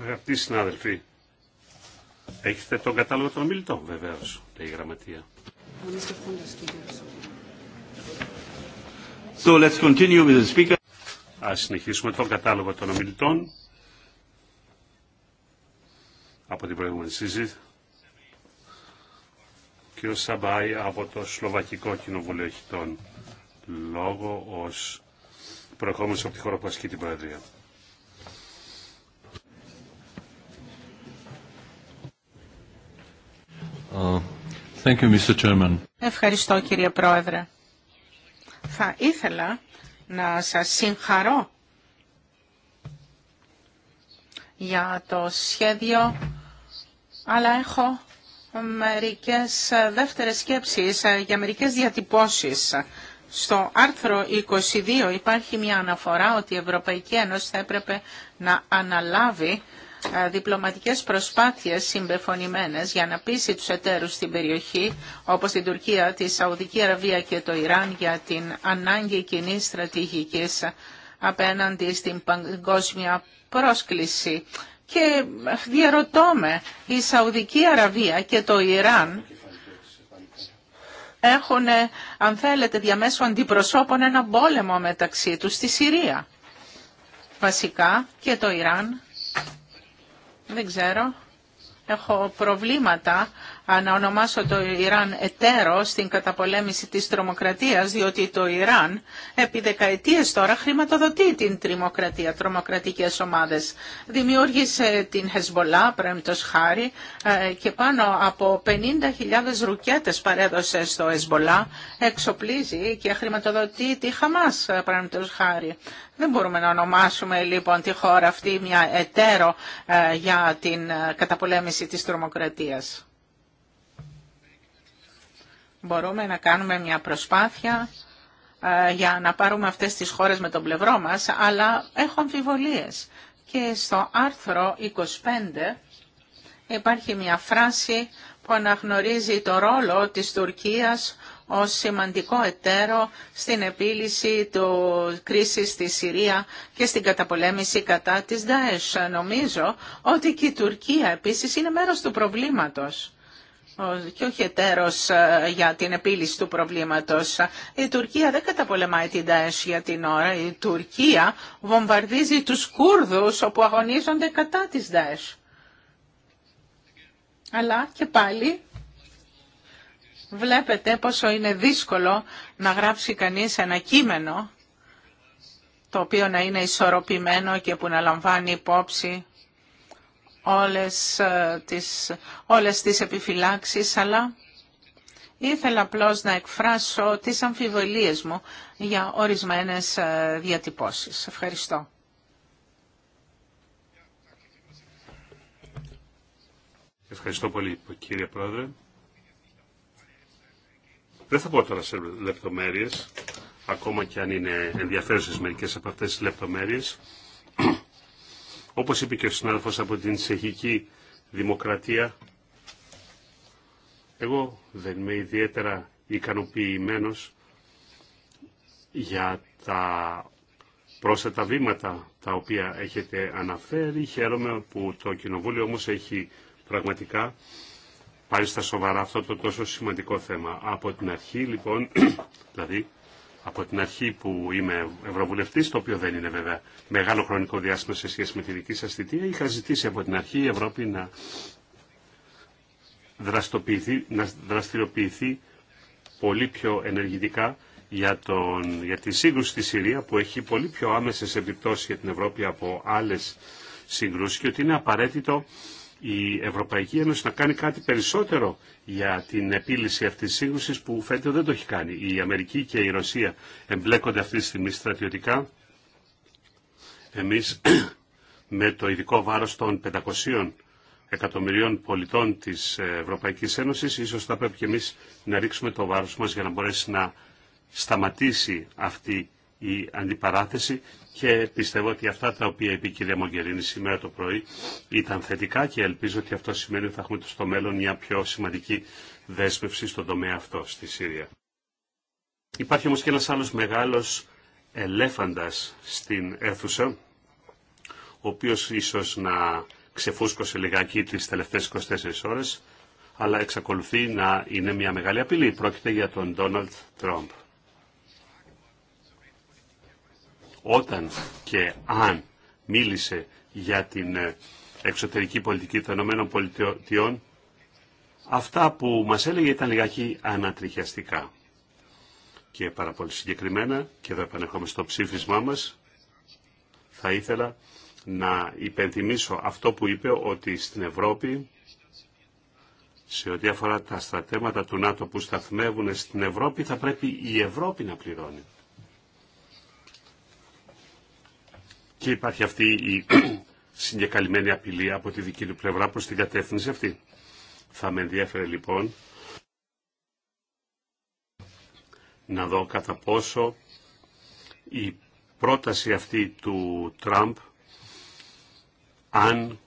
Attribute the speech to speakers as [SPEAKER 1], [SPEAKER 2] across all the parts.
[SPEAKER 1] Αγαπητοί συνάδελφοι, έχετε τον κατάλογο των ομιλητών, βεβαίω, λέει η γραμματεία. So let's continue with the speaker. Ας συνεχίσουμε τον κατάλογο των ομιλητών από την προηγούμενη συζήτηση. Ο Σαμπάη από το Σλοβακικό Κοινοβούλιο έχει τον λόγο ως
[SPEAKER 2] Ευχαριστώ κύριε Πρόεδρε. Θα ήθελα να σας συγχαρώ για το σχέδιο, αλλά έχω μερικές δεύτερες σκέψεις ε, για μερικές διατυπώσεις στο άρθρο 22 υπάρχει μια αναφορά ότι η Ευρωπαϊκή Ένωση θα έπρεπε να αναλάβει ε, διπλωματικές προσπάθειες συμπεφωνημένες για να πείσει τους εταίρους στην περιοχή, όπως την Τουρκία, τη Σαουδική Αραβία και το Ιράν, για την ανάγκη κοινή στρατηγικής απέναντι στην παγκόσμια πρόσκληση. Και διαρωτώ με, η Σαουδική Αραβία και το Ιράν έχουν, αν θέλετε, διαμέσου αντιπροσώπων ένα πόλεμο μεταξύ τους στη Συρία. Βασικά και το Ιράν. Δεν ξέρω. Έχω προβλήματα να ονομάσω το Ιράν εταίρο στην καταπολέμηση της τρομοκρατίας, διότι το Ιράν επί δεκαετίες τώρα χρηματοδοτεί την τρομοκρατία, τρομοκρατικές ομάδες. Δημιούργησε την Χεσμολά, πρέμπτος χάρη, και πάνω από 50.000 ρουκέτες παρέδωσε στο Εσμπολά, εξοπλίζει και χρηματοδοτεί τη Χαμάς, πρέμπτος ε, χάρη. Δεν μπορούμε να ονομάσουμε λοιπόν τη χώρα αυτή μια εταίρο ε, για την ε, καταπολέμηση της τρομοκρατίας μπορούμε να κάνουμε μια προσπάθεια ε, για να πάρουμε αυτές τις χώρες με τον πλευρό μας, αλλά έχω αμφιβολίες. Και στο άρθρο 25 υπάρχει μια φράση που αναγνωρίζει το ρόλο της Τουρκίας ως σημαντικό εταίρο στην επίλυση του κρίσης στη Συρία και στην καταπολέμηση κατά της ΔΑΕΣ. Νομίζω ότι και η Τουρκία επίσης είναι μέρος του προβλήματος και όχι εταίρο ε, για την επίλυση του προβλήματος. Η Τουρκία δεν καταπολεμάει την ΤΑΕΣ για την ώρα. Η Τουρκία βομβαρδίζει τους Κούρδους όπου αγωνίζονται κατά της ΤΑΕΣ. Αλλά και πάλι βλέπετε πόσο είναι δύσκολο να γράψει κανείς ένα κείμενο το οποίο να είναι ισορροπημένο και που να λαμβάνει υπόψη όλες ε, τις, όλες τις επιφυλάξεις, αλλά ήθελα απλώ να εκφράσω τις αμφιβολίες μου για ορισμένες ε, διατυπώσεις. Ευχαριστώ.
[SPEAKER 1] Ευχαριστώ πολύ, κύριε Πρόεδρε. Δεν θα πω τώρα σε λεπτομέρειες, ακόμα και αν είναι ενδιαφέρουσες μερικές από αυτές τις λεπτομέρειες. Όπως είπε και ο συνάδελφος από την Σεχική Δημοκρατία, εγώ δεν είμαι ιδιαίτερα ικανοποιημένος για τα πρόσθετα βήματα τα οποία έχετε αναφέρει. Χαίρομαι που το Κοινοβούλιο όμως έχει πραγματικά πάρει στα σοβαρά αυτό το τόσο σημαντικό θέμα. Από την αρχή λοιπόν, δηλαδή από την αρχή που είμαι Ευρωβουλευτή, το οποίο δεν είναι βέβαια μεγάλο χρονικό διάστημα σε σχέση με τη δική σα θητεία, είχα ζητήσει από την αρχή η Ευρώπη να δραστηριοποιηθεί, να πολύ πιο ενεργητικά για, τον, για τη σύγκρουση στη Συρία που έχει πολύ πιο άμεσες επιπτώσεις για την Ευρώπη από άλλες συγκρούσεις και ότι είναι απαραίτητο η Ευρωπαϊκή Ένωση να κάνει κάτι περισσότερο για την επίλυση αυτής της σύγκρουσης που φαίνεται δεν το έχει κάνει. Η Αμερική και η Ρωσία εμπλέκονται αυτή τη στιγμή στρατιωτικά. Εμείς με το ειδικό βάρος των 500 εκατομμυρίων πολιτών της Ευρωπαϊκής Ένωσης ίσως θα πρέπει και εμείς να ρίξουμε το βάρος μας για να μπορέσει να σταματήσει αυτή η αντιπαράθεση και πιστεύω ότι αυτά τα οποία είπε η κυρία Μογκερίνη σήμερα το πρωί ήταν θετικά και ελπίζω ότι αυτό σημαίνει ότι θα έχουμε στο μέλλον μια πιο σημαντική δέσμευση στον τομέα αυτό στη Συρία. Υπάρχει όμως και ένας άλλος μεγάλος ελέφαντας στην αίθουσα, ο οποίος ίσως να ξεφούσκωσε λιγάκι τις τελευταίες 24 ώρες, αλλά εξακολουθεί να είναι μια μεγάλη απειλή. Πρόκειται για τον Ντόναλτ Τρόμπ. όταν και αν μίλησε για την ε, εξωτερική πολιτική των ΗΠΑ, αυτά που μας έλεγε ήταν λιγάκι ανατριχιαστικά. Και πάρα πολύ συγκεκριμένα, και εδώ επανερχόμαι στο ψήφισμά μας, θα ήθελα να υπενθυμίσω αυτό που είπε ότι στην Ευρώπη σε ό,τι αφορά τα στρατέματα του ΝΑΤΟ που σταθμεύουν στην Ευρώπη, θα πρέπει η Ευρώπη να πληρώνει. και υπάρχει αυτή η συγκεκαλυμμένη απειλή από τη δική του πλευρά προς την κατεύθυνση αυτή. Θα με ενδιαφέρει λοιπόν να δω κατά πόσο η πρόταση αυτή του Τραμπ αν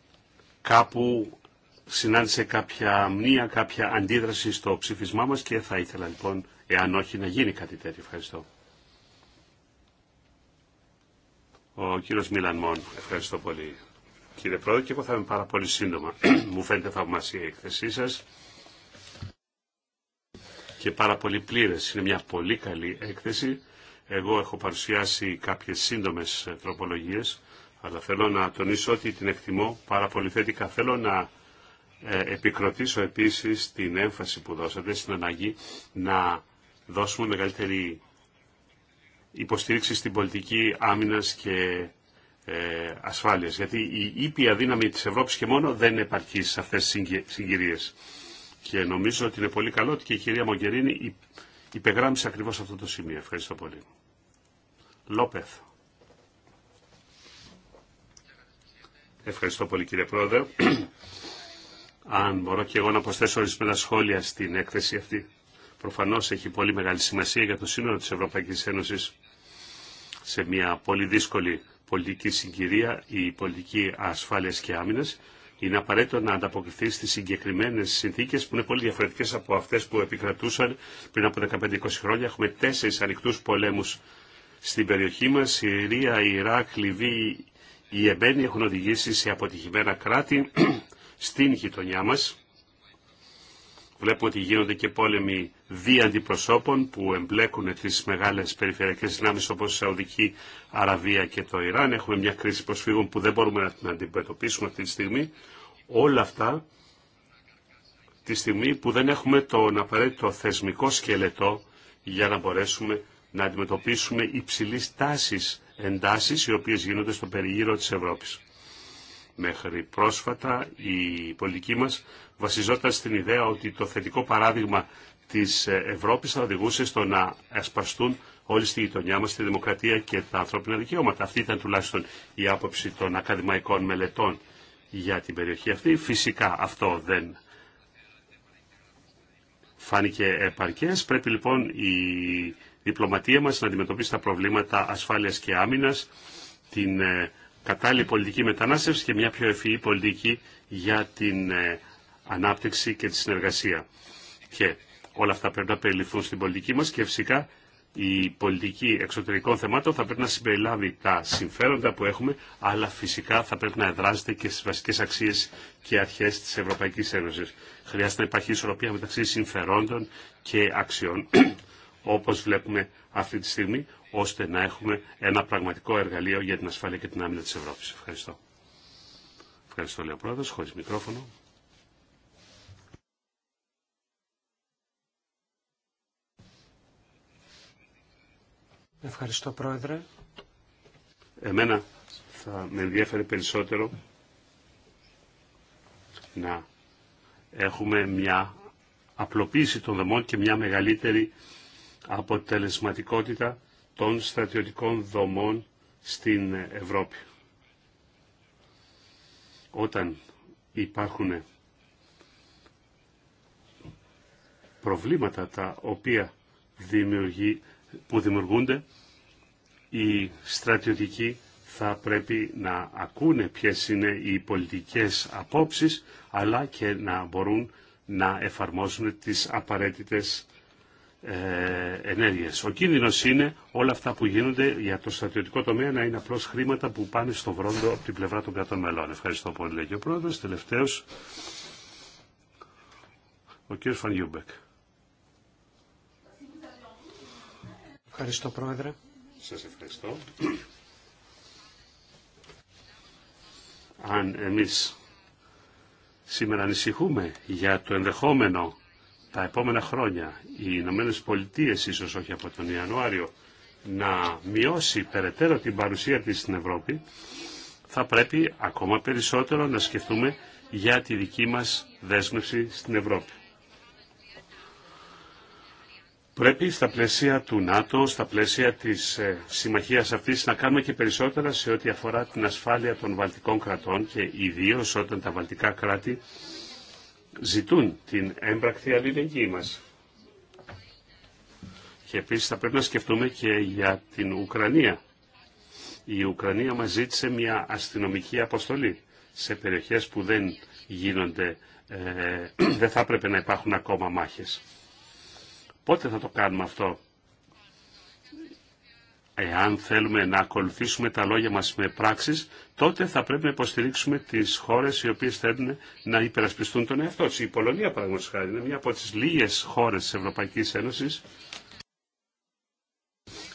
[SPEAKER 1] κάπου συνάντησε κάποια μνήα, κάποια αντίδραση στο ψήφισμά μας και θα ήθελα λοιπόν, εάν όχι, να γίνει κάτι τέτοιο. Ευχαριστώ. Ο κύριος Μιλανμόν, ευχαριστώ πολύ. Κύριε Πρόεδρε, και εγώ θα είμαι πάρα πολύ σύντομα. Μου φαίνεται θαυμασία η εκθεσή σας και πάρα πολύ πλήρε. Είναι μια πολύ καλή έκθεση. Εγώ έχω παρουσιάσει κάποιες σύντομε τροπολογίε, αλλά θέλω να τονίσω ότι την εκτιμώ πάρα πολύ θετικά. Θέλω να ε, επικροτήσω επίσης την έμφαση που δώσατε στην ανάγκη να δώσουμε μεγαλύτερη υποστήριξη στην πολιτική άμυνας και ε, ασφάλειας. Γιατί η ήπια δύναμη της Ευρώπης και μόνο δεν επαρκεί σε αυτές τις συγκυρίες. Και νομίζω ότι είναι πολύ καλό ότι και η κυρία Μογκερίνη υπεγράμμισε ακριβώς αυτό το σημείο. Ευχαριστώ πολύ. Λόπεθ. Ευχαριστώ πολύ κύριε Πρόεδρε. Αν μπορώ και εγώ να προσθέσω ορισμένα σχόλια στην έκθεση αυτή. Προφανώς έχει πολύ μεγάλη σημασία για το σύνολο της Ευρωπαϊκής Ένωσης σε μια πολύ δύσκολη πολιτική συγκυρία η πολιτική ασφάλεια και άμυνα. Είναι απαραίτητο να ανταποκριθεί στι συγκεκριμένε συνθήκε που είναι πολύ διαφορετικέ από αυτέ που επικρατούσαν πριν από 15-20 χρόνια. Έχουμε τέσσερι ανοιχτού πολέμου στην περιοχή μα. Συρία, Ιράκ, Λιβύη, η Εμπένοι έχουν οδηγήσει σε αποτυχημένα κράτη στην γειτονιά μα. Βλέπουμε ότι γίνονται και πόλεμοι δύο αντιπροσώπων που εμπλέκουν τις μεγάλες περιφερειακές δυνάμεις όπως η Σαουδική Αραβία και το Ιράν. Έχουμε μια κρίση προσφύγων που δεν μπορούμε να την αντιμετωπίσουμε αυτή τη στιγμή. Όλα αυτά τη στιγμή που δεν έχουμε τον απαραίτητο θεσμικό σκελετό για να μπορέσουμε να αντιμετωπίσουμε υψηλή τάσης εντάσεις οι οποίες γίνονται στο περιγύρο της Ευρώπης. Μέχρι πρόσφατα η πολιτική μας βασιζόταν στην ιδέα ότι το θετικό παράδειγμα Τη Ευρώπη θα οδηγούσε στο να ασπαστούν όλοι στη γειτονιά μα τη δημοκρατία και τα ανθρώπινα δικαιώματα. Αυτή ήταν τουλάχιστον η άποψη των ακαδημαϊκών μελετών για την περιοχή αυτή. Φυσικά αυτό δεν φάνηκε επαρκές. Πρέπει λοιπόν η διπλωματία μα να αντιμετωπίσει τα προβλήματα ασφάλεια και άμυνας, την ε, κατάλληλη πολιτική μετανάστευση και μια πιο ευφυή πολιτική για την ε, ανάπτυξη και τη συνεργασία. Και Όλα αυτά πρέπει να περιληφθούν στην πολιτική μας και φυσικά η πολιτική εξωτερικών θεμάτων θα πρέπει να συμπεριλάβει τα συμφέροντα που έχουμε, αλλά φυσικά θα πρέπει να εδράζεται και στι βασικέ αξίε και αρχέ τη Ευρωπαϊκή Ένωση. Χρειάζεται να υπάρχει ισορροπία μεταξύ συμφερόντων και αξιών, όπω βλέπουμε αυτή τη στιγμή, ώστε να έχουμε ένα πραγματικό εργαλείο για την ασφάλεια και την άμυνα τη Ευρώπη. Ευχαριστώ. Ευχαριστώ, λέει ο μικρόφωνο.
[SPEAKER 3] Ευχαριστώ Πρόεδρε.
[SPEAKER 1] Εμένα θα με ενδιαφέρει περισσότερο να έχουμε μια απλοποίηση των δομών και μια μεγαλύτερη αποτελεσματικότητα των στρατιωτικών δομών στην Ευρώπη. Όταν υπάρχουν προβλήματα τα οποία δημιουργεί που δημιουργούνται, οι στρατιωτικοί θα πρέπει να ακούνε ποιες είναι οι πολιτικές απόψεις, αλλά και να μπορούν να εφαρμόσουν τις απαραίτητες ε, ενέργειες. Ο κίνδυνος είναι όλα αυτά που γίνονται για το στρατιωτικό τομέα να είναι απλώς χρήματα που πάνε στο βρόντο από την πλευρά των κρατών μελών. Ευχαριστώ πολύ, λέγει και ο πρόεδρος. Τελευταίος, ο κ. Φανιούμπεκ.
[SPEAKER 3] Ευχαριστώ, Πρόεδρε.
[SPEAKER 1] Σας ευχαριστώ. Αν εμείς σήμερα ανησυχούμε για το ενδεχόμενο τα επόμενα χρόνια οι Ηνωμένε Πολιτείε, ίσως όχι από τον Ιανουάριο, να μειώσει περαιτέρω την παρουσία της στην Ευρώπη, θα πρέπει ακόμα περισσότερο να σκεφτούμε για τη δική μας δέσμευση στην Ευρώπη. Πρέπει στα πλαίσια του ΝΑΤΟ, στα πλαίσια της ε, συμμαχίας αυτής, να κάνουμε και περισσότερα σε ό,τι αφορά την ασφάλεια των βαλτικών κρατών και ιδίω όταν τα βαλτικά κράτη ζητούν την έμπρακτη αλληλεγγύη μας. Και επίσης θα πρέπει να σκεφτούμε και για την Ουκρανία. Η Ουκρανία μας ζήτησε μια αστυνομική αποστολή σε περιοχές που δεν γίνονται, ε, δεν θα έπρεπε να υπάρχουν ακόμα μάχες. Πότε θα το κάνουμε αυτό. Εάν θέλουμε να ακολουθήσουμε τα λόγια μας με πράξεις, τότε θα πρέπει να υποστηρίξουμε τις χώρες οι οποίες θέλουν να υπερασπιστούν τον εαυτό τους. Η Πολωνία, παραδείγματος χάρη, είναι μια από τις λίγες χώρες της Ευρωπαϊκής Ένωσης,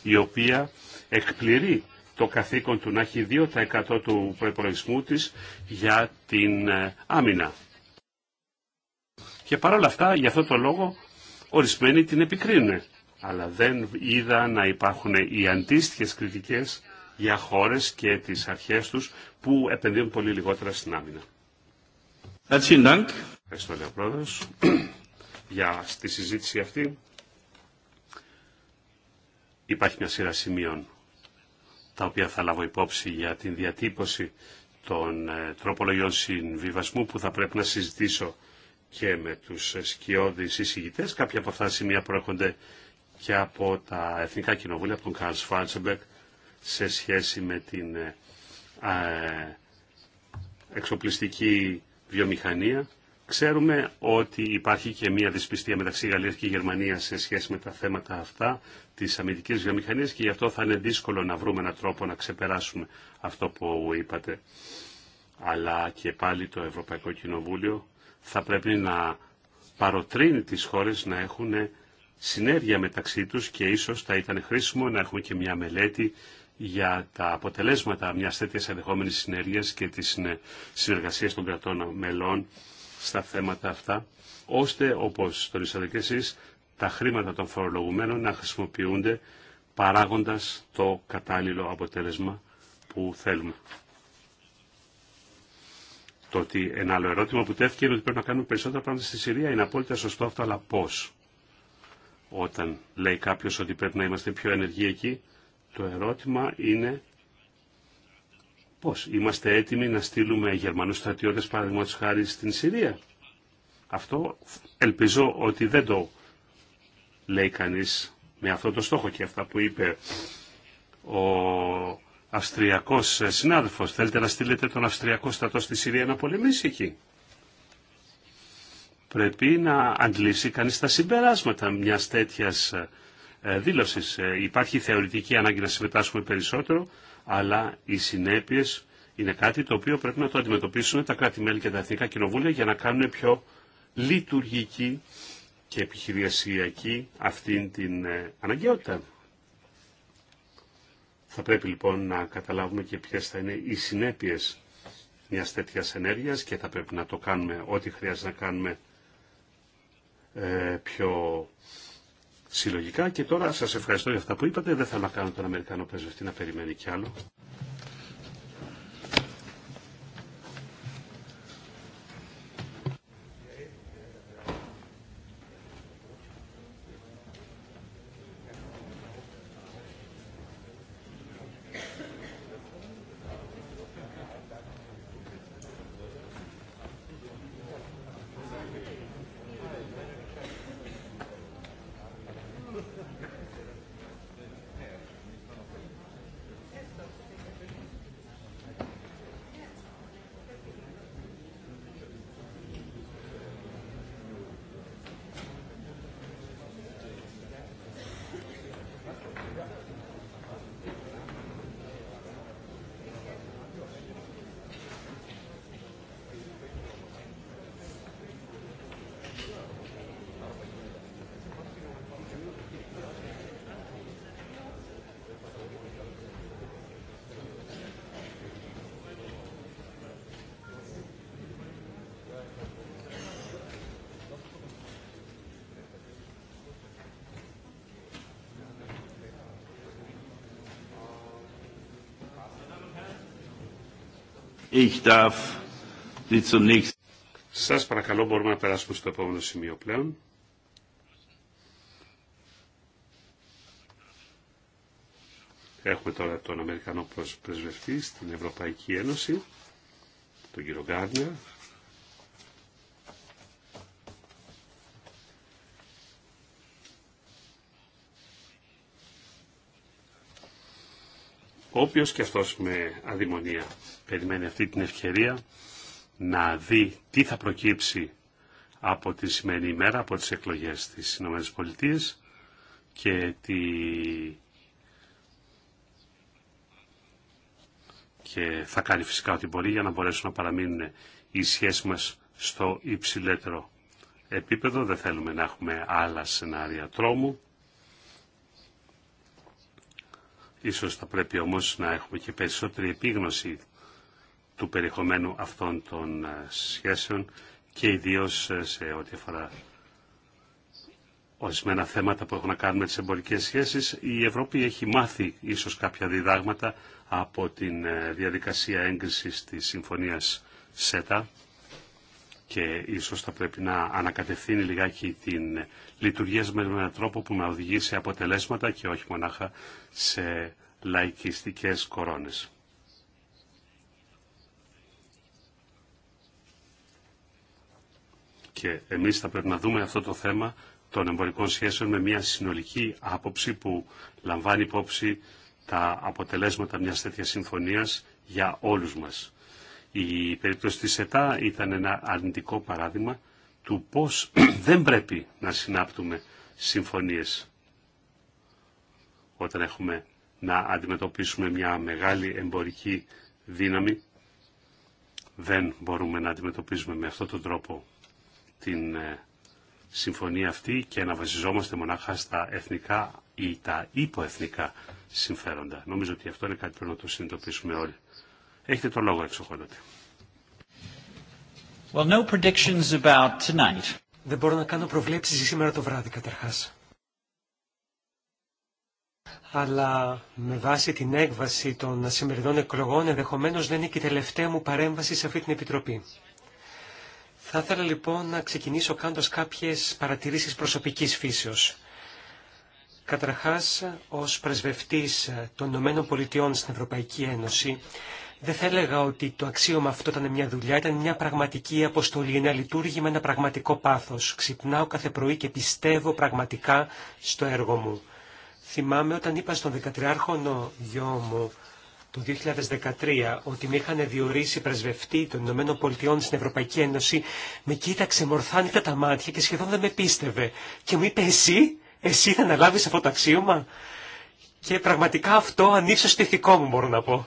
[SPEAKER 1] η οποία εκπληρεί το καθήκον του να έχει 2% του προπολογισμού της για την ε, άμυνα. Και παρόλα αυτά, για αυτό το λόγο, ορισμένοι την επικρίνουν. Αλλά δεν είδα να υπάρχουν οι αντίστοιχε κριτικές για χώρες και τις αρχές τους που επενδύουν πολύ λιγότερα στην άμυνα. Ευχαριστώ, Λέω για τη συζήτηση αυτή. Υπάρχει μια σειρά σημείων τα οποία θα λάβω υπόψη για την διατύπωση των ε, τροπολογιών συμβιβασμού που θα πρέπει να συζητήσω και με τους σκιώδεις εισηγητές. Κάποια από αυτά τα σημεία προέρχονται και από τα Εθνικά Κοινοβούλια, από τον Καρλ Σφάντσεμπεκ, σε σχέση με την ε, εξοπλιστική βιομηχανία. Ξέρουμε ότι υπάρχει και μία δυσπιστία μεταξύ Γαλλίας και Γερμανίας σε σχέση με τα θέματα αυτά της αμυντικής βιομηχανίας και γι' αυτό θα είναι δύσκολο να βρούμε έναν τρόπο να ξεπεράσουμε αυτό που είπατε. Αλλά και πάλι το Ευρωπαϊκό Κοινοβούλιο θα πρέπει να παροτρύνει τις χώρες να έχουν συνέργεια μεταξύ τους και ίσως θα ήταν χρήσιμο να έχουμε και μια μελέτη για τα αποτελέσματα μιας τέτοια ενδεχόμενη συνέργεια και της συνεργασίας των κρατών μελών στα θέματα αυτά, ώστε, όπως τον τα χρήματα των φορολογουμένων να χρησιμοποιούνται παράγοντας το κατάλληλο αποτέλεσμα που θέλουμε. Το ότι ένα άλλο ερώτημα που τέθηκε είναι ότι πρέπει να κάνουμε περισσότερα πράγματα στη Συρία. Είναι απόλυτα σωστό αυτό, αλλά πώ. Όταν λέει κάποιο ότι πρέπει να είμαστε πιο ενεργοί εκεί, το ερώτημα είναι πώ. Είμαστε έτοιμοι να στείλουμε Γερμανού στρατιώτε, παραδείγματο χάρη, στην Συρία. Αυτό ελπίζω ότι δεν το λέει κανεί με αυτό το στόχο και αυτά που είπε ο Αυστριακός ε, συνάδελφος. Θέλετε να στείλετε τον Αυστριακό στρατό στη Συρία να πολεμήσει εκεί. Πρέπει να αντλήσει κανείς τα συμπεράσματα μιας τέτοιας ε, ε, δήλωσης. Υπάρχει θεωρητική ανάγκη να συμμετάσχουμε περισσότερο, αλλά οι συνέπειες είναι κάτι το οποίο πρέπει να το αντιμετωπίσουν τα κράτη-μέλη και τα εθνικά κοινοβούλια για να κάνουν πιο λειτουργική και επιχειριασιακή αυτή την αναγκαιότητα. Θα πρέπει λοιπόν να καταλάβουμε και ποιες θα είναι οι συνέπειες μιας τέτοιας ενέργειας και θα πρέπει να το κάνουμε ό,τι χρειάζεται να κάνουμε ε, πιο συλλογικά. Και τώρα σας ευχαριστώ για αυτά που είπατε. Δεν θα να κάνω τον Αμερικανό πρεσβευτή να περιμένει κι άλλο. Ich Σας παρακαλώ μπορούμε να περάσουμε στο επόμενο σημείο πλέον. Έχουμε τώρα τον Αμερικανό Πρεσβευτή στην Ευρωπαϊκή Ένωση, τον κύριο Γκάρνια. όποιος και αυτός με αδημονία περιμένει αυτή την ευκαιρία να δει τι θα προκύψει από τη σημερινή ημέρα, από τις εκλογές της ΗΠΑ και τη... και θα κάνει φυσικά ό,τι μπορεί για να μπορέσουν να παραμείνουν οι σχέσεις μας στο υψηλότερο επίπεδο. Δεν θέλουμε να έχουμε άλλα σενάρια τρόμου. Ίσως θα πρέπει όμως να έχουμε και περισσότερη επίγνωση του περιεχομένου αυτών των ε, σχέσεων και ιδίως ε, σε ό,τι αφορά ορισμένα θέματα που έχουν να κάνουν με τις εμπορικές σχέσεις. Η Ευρώπη έχει μάθει ίσως κάποια διδάγματα από την ε, διαδικασία έγκρισης της Συμφωνίας ΣΕΤΑ και ίσως θα πρέπει να ανακατευθύνει λιγάκι την λειτουργία με έναν τρόπο που να οδηγεί σε αποτελέσματα και όχι μονάχα σε λαϊκιστικές κορώνες. Και εμείς θα πρέπει να δούμε αυτό το θέμα των εμπορικών σχέσεων με μια συνολική άποψη που λαμβάνει υπόψη τα αποτελέσματα μιας τέτοιας συμφωνίας για όλους μας. Η περίπτωση της ΕΤΑ ήταν ένα αρνητικό παράδειγμα του πώς δεν πρέπει να συνάπτουμε συμφωνίες όταν έχουμε να αντιμετωπίσουμε μια μεγάλη εμπορική δύναμη. Δεν μπορούμε να αντιμετωπίζουμε με αυτόν τον τρόπο την ε, συμφωνία αυτή και να βασιζόμαστε μονάχα στα εθνικά ή τα υποεθνικά συμφέροντα. Νομίζω ότι αυτό είναι κάτι που να το συνειδητοποιήσουμε όλοι. Έχετε το λόγο
[SPEAKER 3] εξοχότατε. Well, no predictions about tonight. Δεν μπορώ να κάνω προβλέψεις σήμερα το βράδυ καταρχάς. Αλλά με βάση την έκβαση των σημερινών εκλογών ενδεχομένω δεν είναι και η τελευταία μου παρέμβαση σε αυτή την Επιτροπή. Θα ήθελα λοιπόν να ξεκινήσω κάνοντας κάποιες παρατηρήσεις προσωπικής φύσεως. Καταρχάς, ως πρεσβευτής των Ηνωμένων Πολιτειών στην Ευρωπαϊκή Ένωση, δεν θα έλεγα ότι το αξίωμα αυτό ήταν μια δουλειά, ήταν μια πραγματική αποστολή, ένα λειτουργήμα, ένα πραγματικό πάθος. Ξυπνάω κάθε πρωί και πιστεύω πραγματικά στο έργο μου. Θυμάμαι όταν είπα στον 13χρονο γιο μου το 2013 ότι με είχαν διορίσει πρεσβευτή των Ηνωμένων Πολιτειών στην Ευρωπαϊκή Ένωση, με κοίταξε μορθάνικα τα μάτια και σχεδόν δεν με πίστευε. Και μου είπε εσύ, εσύ θα αναλάβεις αυτό το αξίωμα. Και πραγματικά αυτό ανήψε στο ηθικό μου μπορώ να πω.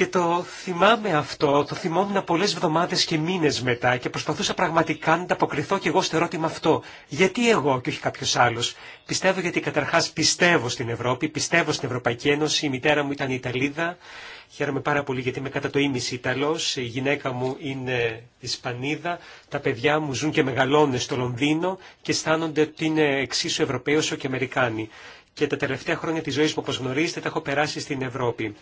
[SPEAKER 3] Και το θυμάμαι αυτό, το θυμόμουν πολλέ εβδομάδε και μήνε μετά και προσπαθούσα πραγματικά να ανταποκριθώ κι εγώ στο ερώτημα αυτό. Γιατί εγώ και όχι κάποιο άλλο. Πιστεύω γιατί καταρχά πιστεύω στην Ευρώπη, πιστεύω στην Ευρωπαϊκή Ένωση. Η μητέρα μου ήταν Ιταλίδα. Χαίρομαι πάρα πολύ γιατί είμαι κατά το ίμιση Ιταλό. Η γυναίκα μου είναι Ισπανίδα. Τα παιδιά μου ζουν και μεγαλώνουν στο Λονδίνο και αισθάνονται ότι είναι εξίσου Ευρωπαϊο όσο και Αμερικάνοι. Και τα τελευταία χρόνια τη ζωή μου, όπω γνωρίζετε, τα έχω περάσει στην Ευρώπη.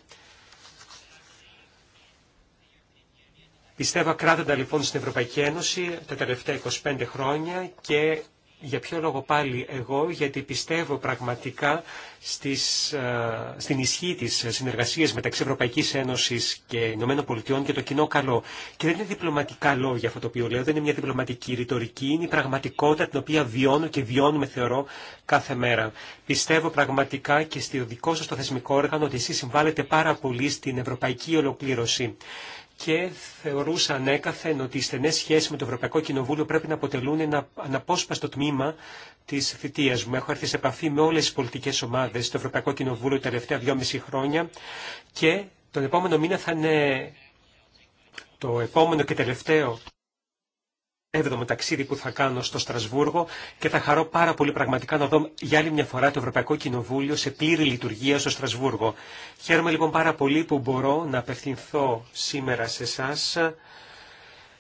[SPEAKER 3] Πιστεύω κράτοντα λοιπόν στην Ευρωπαϊκή Ένωση τα τελευταία 25 χρόνια και για ποιο λόγο πάλι εγώ, γιατί πιστεύω πραγματικά στις, ε, στην ισχύ της συνεργασίας μεταξύ Ευρωπαϊκής Ένωσης και Ηνωμένων Πολιτειών και το κοινό καλό. Και δεν είναι διπλωματικά λόγια αυτό το οποίο λέω, δεν είναι μια διπλωματική ρητορική, είναι η πραγματικότητα την οποία βιώνω και βιώνουμε θεωρώ κάθε μέρα. Πιστεύω πραγματικά και στο δικό σας το θεσμικό όργανο ότι εσεί συμβάλλετε πάρα πολύ στην ευρωπαϊκή ολοκλήρωση και θεωρούσα ανέκαθεν ότι οι στενές σχέσεις με το Ευρωπαϊκό Κοινοβούλιο πρέπει να αποτελούν ένα αναπόσπαστο τμήμα της θητείας μου. Έχω έρθει σε επαφή με όλες τις πολιτικές ομάδες στο Ευρωπαϊκό Κοινοβούλιο τα τελευταία δυόμιση χρόνια και τον επόμενο μήνα θα είναι το επόμενο και τελευταίο έβδομο ταξίδι που θα κάνω στο Στρασβούργο και θα χαρώ πάρα πολύ πραγματικά να δω για άλλη μια φορά το Ευρωπαϊκό Κοινοβούλιο σε πλήρη λειτουργία στο Στρασβούργο. Χαίρομαι λοιπόν πάρα πολύ που μπορώ να απευθυνθώ σήμερα σε εσά.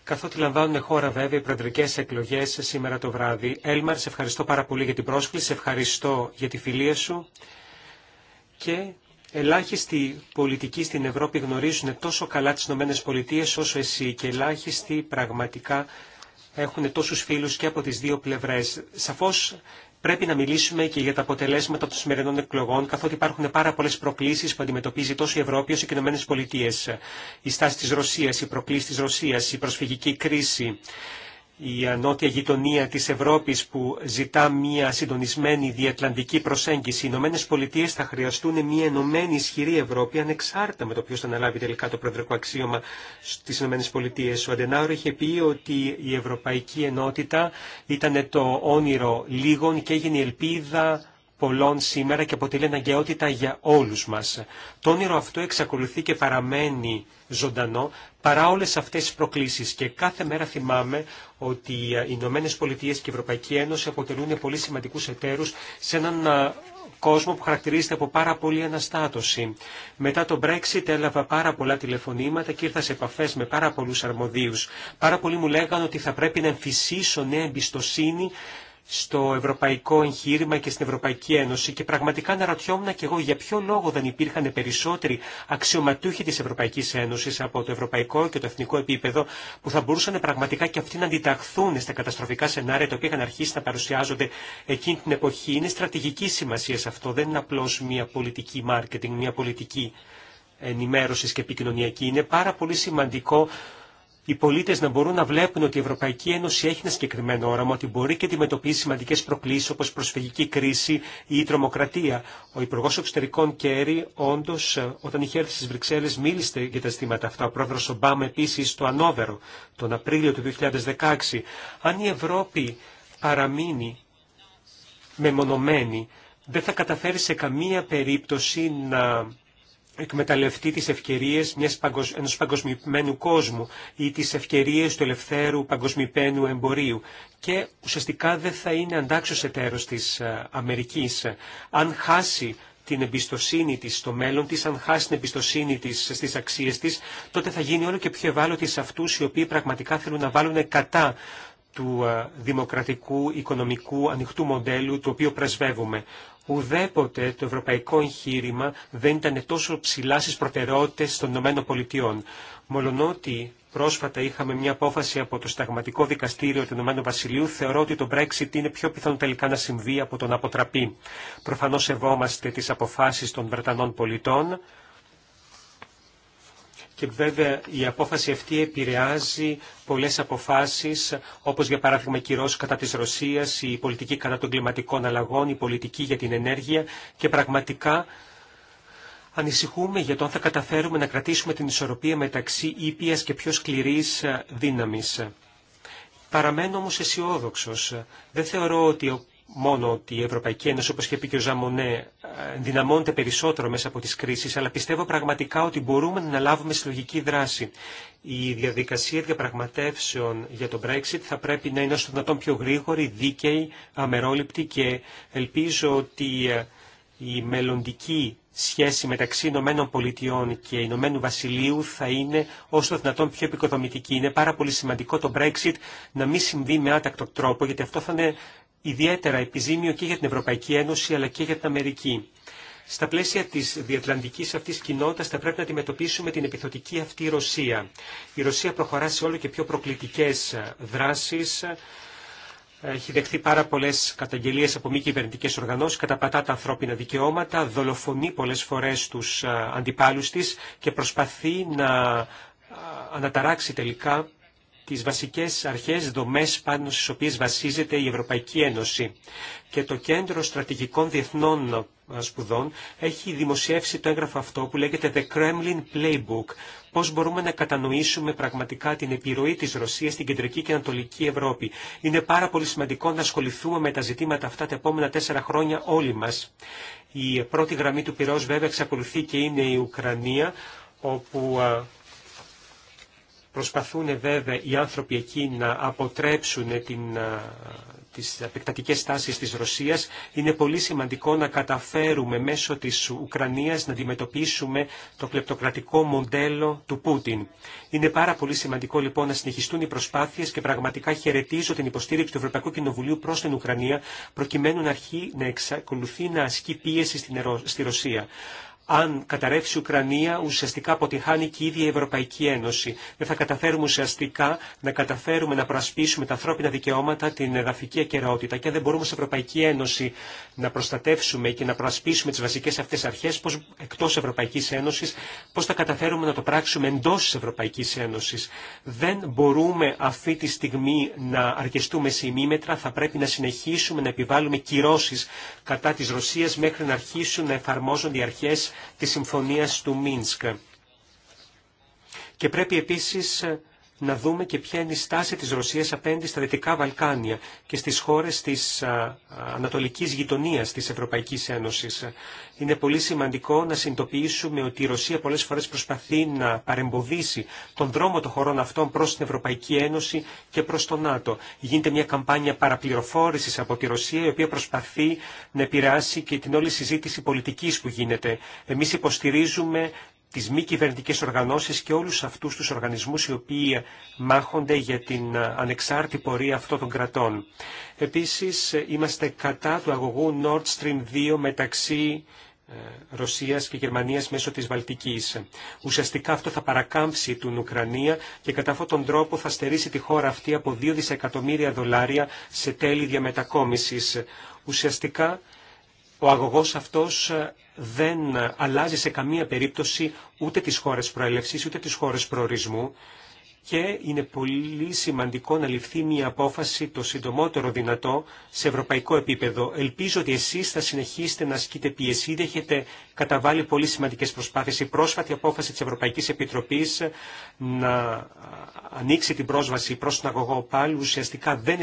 [SPEAKER 3] Καθότι λαμβάνουν χώρα βέβαια οι προεδρικέ εκλογέ σήμερα το βράδυ. Έλμαρ, σε ευχαριστώ πάρα πολύ για την πρόσκληση, σε ευχαριστώ για τη φιλία σου. Και Ελάχιστοι πολιτικοί στην Ευρώπη γνωρίζουν τόσο καλά τις Ηνωμένε όσο εσύ και ελάχιστοι πραγματικά έχουν τόσους φίλους και από τις δύο πλευρές. Σαφώς πρέπει να μιλήσουμε και για τα αποτελέσματα των σημερινών εκλογών, καθότι υπάρχουν πάρα πολλές προκλήσεις που αντιμετωπίζει τόσο η Ευρώπη όσο και οι Ηνωμένες Πολιτείες. Η στάση της Ρωσίας, η προκλήση της Ρωσίας, η προσφυγική κρίση, η ανώτια γειτονία της Ευρώπης που ζητά μια συντονισμένη διατλαντική προσέγγιση. Οι Ηνωμένε Πολιτείες θα χρειαστούν μια ενωμένη ισχυρή Ευρώπη ανεξάρτητα με το ποιος θα αναλάβει τελικά το προεδρικό αξίωμα στις Ηνωμένε Πολιτείε. Ο Αντενάουρο είχε πει ότι η Ευρωπαϊκή Ενότητα ήταν το όνειρο λίγων και έγινε η ελπίδα πολλών σήμερα και αποτελεί αναγκαιότητα για όλους μας. Το όνειρο αυτό εξακολουθεί και παραμένει ζωντανό παρά όλες αυτές τις προκλήσεις και κάθε μέρα θυμάμαι ότι οι Ηνωμένε Πολιτείε και η Ευρωπαϊκή Ένωση αποτελούν πολύ σημαντικούς εταίρους σε έναν κόσμο που χαρακτηρίζεται από πάρα πολλή αναστάτωση. Μετά το Brexit έλαβα πάρα πολλά τηλεφωνήματα και ήρθα σε επαφέ με πάρα πολλούς αρμοδίους. Πάρα πολλοί μου λέγανε ότι θα πρέπει να εμφυσίσω νέα εμπιστοσύνη στο ευρωπαϊκό εγχείρημα και στην Ευρωπαϊκή Ένωση και πραγματικά αναρωτιόμουν και εγώ για ποιο λόγο δεν υπήρχαν περισσότεροι αξιωματούχοι της Ευρωπαϊκής Ένωσης από το ευρωπαϊκό και το εθνικό επίπεδο που θα μπορούσαν πραγματικά και αυτοί να αντιταχθούν στα καταστροφικά σενάρια τα οποία είχαν αρχίσει να παρουσιάζονται εκείνη την εποχή. Είναι στρατηγική σημασία αυτό, δεν είναι απλώς μια πολιτική marketing, μια πολιτική ενημέρωση και επικοινωνιακή. Είναι πάρα πολύ σημαντικό οι πολίτε να μπορούν να βλέπουν ότι η Ευρωπαϊκή Ένωση έχει ένα συγκεκριμένο όραμα, ότι μπορεί και αντιμετωπίσει σημαντικέ προκλήσει όπω προσφυγική κρίση ή η τρομοκρατια Ο Υπουργό Εξωτερικών Κέρι, όντω, όταν είχε έρθει στι Βρυξέλλε, μίλησε για τα ζητήματα αυτά. Ο πρόεδρο Ομπάμα επίση στο Ανόβερο τον Απρίλιο του 2016. Αν η Ευρώπη παραμείνει μεμονωμένη, δεν θα καταφέρει σε καμία περίπτωση να εκμεταλλευτεί τις ευκαιρίες μιας παγκοσ... ενός κόσμου ή τις ευκαιρίες του ελευθέρου παγκοσμιμένου εμπορίου και ουσιαστικά δεν θα είναι αντάξιος εταίρος της ε, Αμερικής. Αν χάσει την εμπιστοσύνη της στο μέλλον της, αν χάσει την εμπιστοσύνη της στις αξίες της, τότε θα γίνει όλο και πιο ευάλωτη σε αυτούς οι οποίοι πραγματικά θέλουν να βάλουν κατά του ε, δημοκρατικού, οικονομικού, ανοιχτού μοντέλου, το οποίο πρεσβεύουμε. Ουδέποτε το ευρωπαϊκό εγχείρημα δεν ήταν τόσο ψηλά στις προτεραιότητες των ΗΠΑ. Μολονότι πρόσφατα είχαμε μια απόφαση από το Σταγματικό Δικαστήριο του Ηνωμένου Βασιλείου, θεωρώ ότι το Brexit είναι πιο πιθανό τελικά να συμβεί από τον αποτραπή. Προφανώς σεβόμαστε τις αποφάσεις των Βρετανών πολιτών, και βέβαια η απόφαση αυτή επηρεάζει πολλές αποφάσεις όπως για παράδειγμα η κυρώσεις κατά της Ρωσίας, η πολιτική κατά των κλιματικών αλλαγών, η πολιτική για την ενέργεια και πραγματικά ανησυχούμε για το αν θα καταφέρουμε να κρατήσουμε την ισορροπία μεταξύ ήπιας και πιο σκληρής δύναμης. Παραμένω όμως αισιόδοξο. Δεν θεωρώ ότι μόνο ότι η Ευρωπαϊκή Ένωση, όπως είπε και ο Ζαμονέ, δυναμώνεται περισσότερο μέσα από τις κρίσεις, αλλά πιστεύω πραγματικά ότι μπορούμε να λάβουμε συλλογική δράση. Η διαδικασία διαπραγματεύσεων για το Brexit θα πρέπει να είναι όσο δυνατόν πιο γρήγορη, δίκαιη, αμερόληπτη και ελπίζω ότι ε, η μελλοντική σχέση μεταξύ Ηνωμένων Πολιτειών και Ηνωμένου Βασιλείου θα είναι όσο το δυνατόν πιο επικοδομητική. Είναι πάρα πολύ σημαντικό το Brexit να μην συμβεί με άτακτο τρόπο, γιατί αυτό θα είναι ιδιαίτερα επιζήμιο και για την Ευρωπαϊκή Ένωση αλλά και για την Αμερική. Στα πλαίσια τη διατλαντική αυτή κοινότητα θα πρέπει να αντιμετωπίσουμε την επιθετική αυτή Ρωσία. Η Ρωσία προχωρά σε όλο και πιο προκλητικέ ε, δράσει. Ε, έχει δεχθεί πάρα πολλέ καταγγελίε από μη κυβερνητικέ οργανώσει, καταπατά τα ανθρώπινα δικαιώματα, δολοφονεί πολλέ φορέ του ε, αντιπάλου τη και προσπαθεί να αναταράξει τελικά τις βασικές αρχές δομές πάνω στις οποίες βασίζεται η Ευρωπαϊκή Ένωση. Και το Κέντρο Στρατηγικών Διεθνών ε, Σπουδών έχει δημοσιεύσει το έγγραφο αυτό που λέγεται The Kremlin Playbook, πώς μπορούμε να κατανοήσουμε πραγματικά την επιρροή της Ρωσίας στην κεντρική και ανατολική Ευρώπη. Είναι πάρα πολύ σημαντικό να ασχοληθούμε με τα ζητήματα αυτά τα επόμενα τέσσερα χρόνια όλοι μας. Η πρώτη γραμμή του πυρός βέβαια εξακολουθεί και είναι η Ουκρανία, όπου ε, Προσπαθούν βέβαια οι άνθρωποι εκεί να αποτρέψουν την, τις επεκτατικές τάσεις της Ρωσίας, είναι πολύ σημαντικό να καταφέρουμε μέσω της Ουκρανίας να αντιμετωπίσουμε το κλεπτοκρατικό μοντέλο του Πούτιν. Είναι πάρα πολύ σημαντικό λοιπόν να συνεχιστούν οι προσπάθειες και πραγματικά χαιρετίζω την υποστήριξη του Ευρωπαϊκού Κοινοβουλίου προς την Ουκρανία, προκειμένου να αρχίσει να εξακολουθεί να ασκεί πίεση στη Ρωσία αν καταρρεύσει η Ουκρανία, ουσιαστικά αποτυχάνει και η ίδια η Ευρωπαϊκή Ένωση. Δεν θα καταφέρουμε ουσιαστικά να καταφέρουμε να προασπίσουμε τα ανθρώπινα δικαιώματα, την εδαφική ακαιρεότητα. Και αν δεν μπορούμε στην Ευρωπαϊκή Ένωση να προστατεύσουμε και να προασπίσουμε τι βασικέ αυτέ αρχέ, εκτό Ευρωπαϊκή Ένωση, πώ θα καταφέρουμε να το πράξουμε εντό τη Ευρωπαϊκή Ένωση. Δεν μπορούμε αυτή τη στιγμή να αρκεστούμε σε ημίμετρα. Θα πρέπει να συνεχίσουμε να επιβάλλουμε κυρώσει κατά τη Ρωσία μέχρι να αρχίσουν να εφαρμόζονται οι αρχέ της συμφωνίας του Μίνσκ. Και πρέπει επίσης να δούμε και ποια είναι η στάση της Ρωσίας απέναντι στα Δυτικά Βαλκάνια και στις χώρες της ανατολικής γειτονίας της Ευρωπαϊκής Ένωσης. Είναι πολύ σημαντικό να συνειδητοποιήσουμε ότι η Ρωσία πολλές φορές προσπαθεί να παρεμποδίσει τον δρόμο των χωρών αυτών προς την Ευρωπαϊκή Ένωση και προς το ΝΑΤΟ. Γίνεται μια καμπάνια παραπληροφόρησης από τη Ρωσία η οποία προσπαθεί να επηρεάσει και την όλη συζήτηση πολιτικής που γίνεται. Εμείς υποστηρίζουμε τις μη κυβερνητικέ οργανώσεις και όλους αυτούς τους οργανισμούς οι οποίοι μάχονται για την ανεξάρτητη πορεία αυτών των κρατών. Επίσης, είμαστε κατά του αγωγού Nord Stream 2 μεταξύ ε, Ρωσίας και Γερμανίας μέσω της Βαλτικής. Ουσιαστικά αυτό θα παρακάμψει την Ουκρανία και κατά αυτόν τον τρόπο θα στερήσει τη χώρα αυτή από 2 δισεκατομμύρια δολάρια σε τέλη διαμετακόμισης. Ουσιαστικά ο αγωγός αυτός ε, δεν αλλάζει σε καμία περίπτωση ούτε τις χώρες προέλευσης ούτε τις χώρες προορισμού και είναι πολύ σημαντικό να ληφθεί μια απόφαση το συντομότερο δυνατό σε ευρωπαϊκό επίπεδο. Ελπίζω ότι εσεί θα συνεχίσετε να ασκείτε πίεση. Ήδη έχετε καταβάλει πολύ σημαντικέ προσπάθειε. Η πρόσφατη απόφαση τη Ευρωπαϊκή Επιτροπή να ανοίξει την πρόσβαση προ τον αγωγό πάλι ουσιαστικά δεν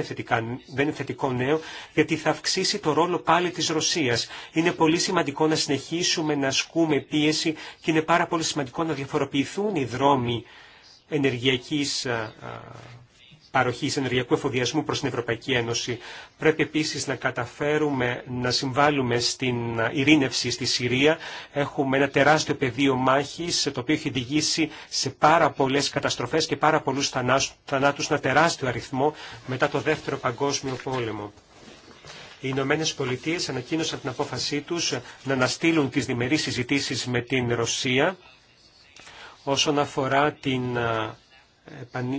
[SPEAKER 3] είναι θετικό νέο, γιατί θα αυξήσει το ρόλο πάλι τη Ρωσία. Είναι πολύ σημαντικό να συνεχίσουμε να ασκούμε πίεση και είναι πάρα πολύ σημαντικό να διαφοροποιηθούν οι δρόμοι ενεργειακής παροχής ενεργειακού εφοδιασμού προς την Ευρωπαϊκή Ένωση. Πρέπει επίσης να καταφέρουμε να συμβάλλουμε στην ειρήνευση στη Συρία. Έχουμε ένα τεράστιο πεδίο μάχης, το οποίο έχει οδηγήσει σε πάρα πολλές καταστροφές και πάρα πολλούς θανάτους, ένα τεράστιο αριθμό μετά το Δεύτερο Παγκόσμιο Πόλεμο. Οι Ηνωμένε Πολιτείε ανακοίνωσαν την απόφασή τους να αναστείλουν τις διμερείς συζητήσεις με την Ρωσία όσον αφορά την, ε,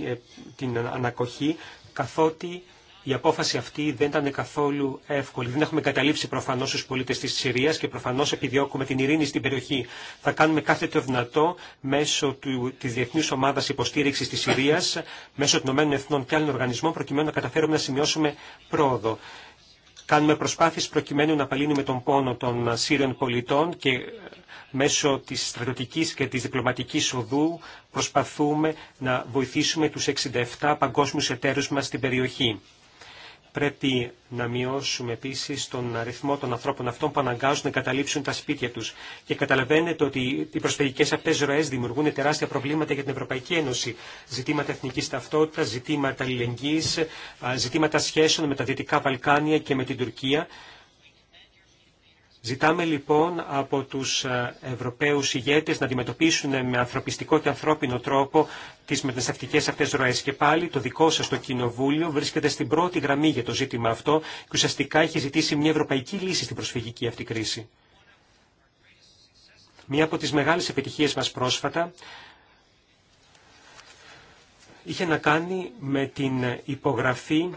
[SPEAKER 3] ε, την ανακοχή, καθότι η απόφαση αυτή δεν ήταν καθόλου εύκολη. Δεν έχουμε καταλήψει προφανώ του πολίτε τη Συρία και προφανώ επιδιώκουμε την ειρήνη στην περιοχή. Θα κάνουμε κάθε το δυνατό μέσω τη Διεθνή Ομάδα Υποστήριξη τη Συρία, μέσω των ΗΠΑ και άλλων οργανισμών, προκειμένου να καταφέρουμε να σημειώσουμε πρόοδο. Κάνουμε προσπάθειε προκειμένου να απαλύνουμε τον πόνο των Σύριων πολιτών και ε, μέσω της στρατιωτικής και της διπλωματικής οδού προσπαθούμε να βοηθήσουμε τους 67 παγκόσμιους εταίρους μας στην περιοχή. Πρέπει να μειώσουμε επίση τον αριθμό των ανθρώπων αυτών που αναγκάζουν να καταλήψουν τα σπίτια του. Και καταλαβαίνετε ότι οι προσφυγικέ αυτέ ροέ δημιουργούν τεράστια προβλήματα για την Ευρωπαϊκή Ένωση. Ζητήματα εθνική ταυτότητα, ζητήματα αλληλεγγύη, ζητήματα σχέσεων με τα Δυτικά Βαλκάνια και με την Τουρκία Ζητάμε λοιπόν από τους ε, Ευρωπαίους ηγέτες να αντιμετωπίσουν με ανθρωπιστικό και ανθρώπινο τρόπο τις μεταναστευτικές αυτές ροές. Και πάλι το δικό σας το Κοινοβούλιο βρίσκεται στην πρώτη γραμμή για το ζήτημα αυτό και ουσιαστικά έχει ζητήσει μια ευρωπαϊκή λύση στην προσφυγική αυτή κρίση. Μία από τις μεγάλες επιτυχίες μας πρόσφατα είχε να κάνει με την υπογραφή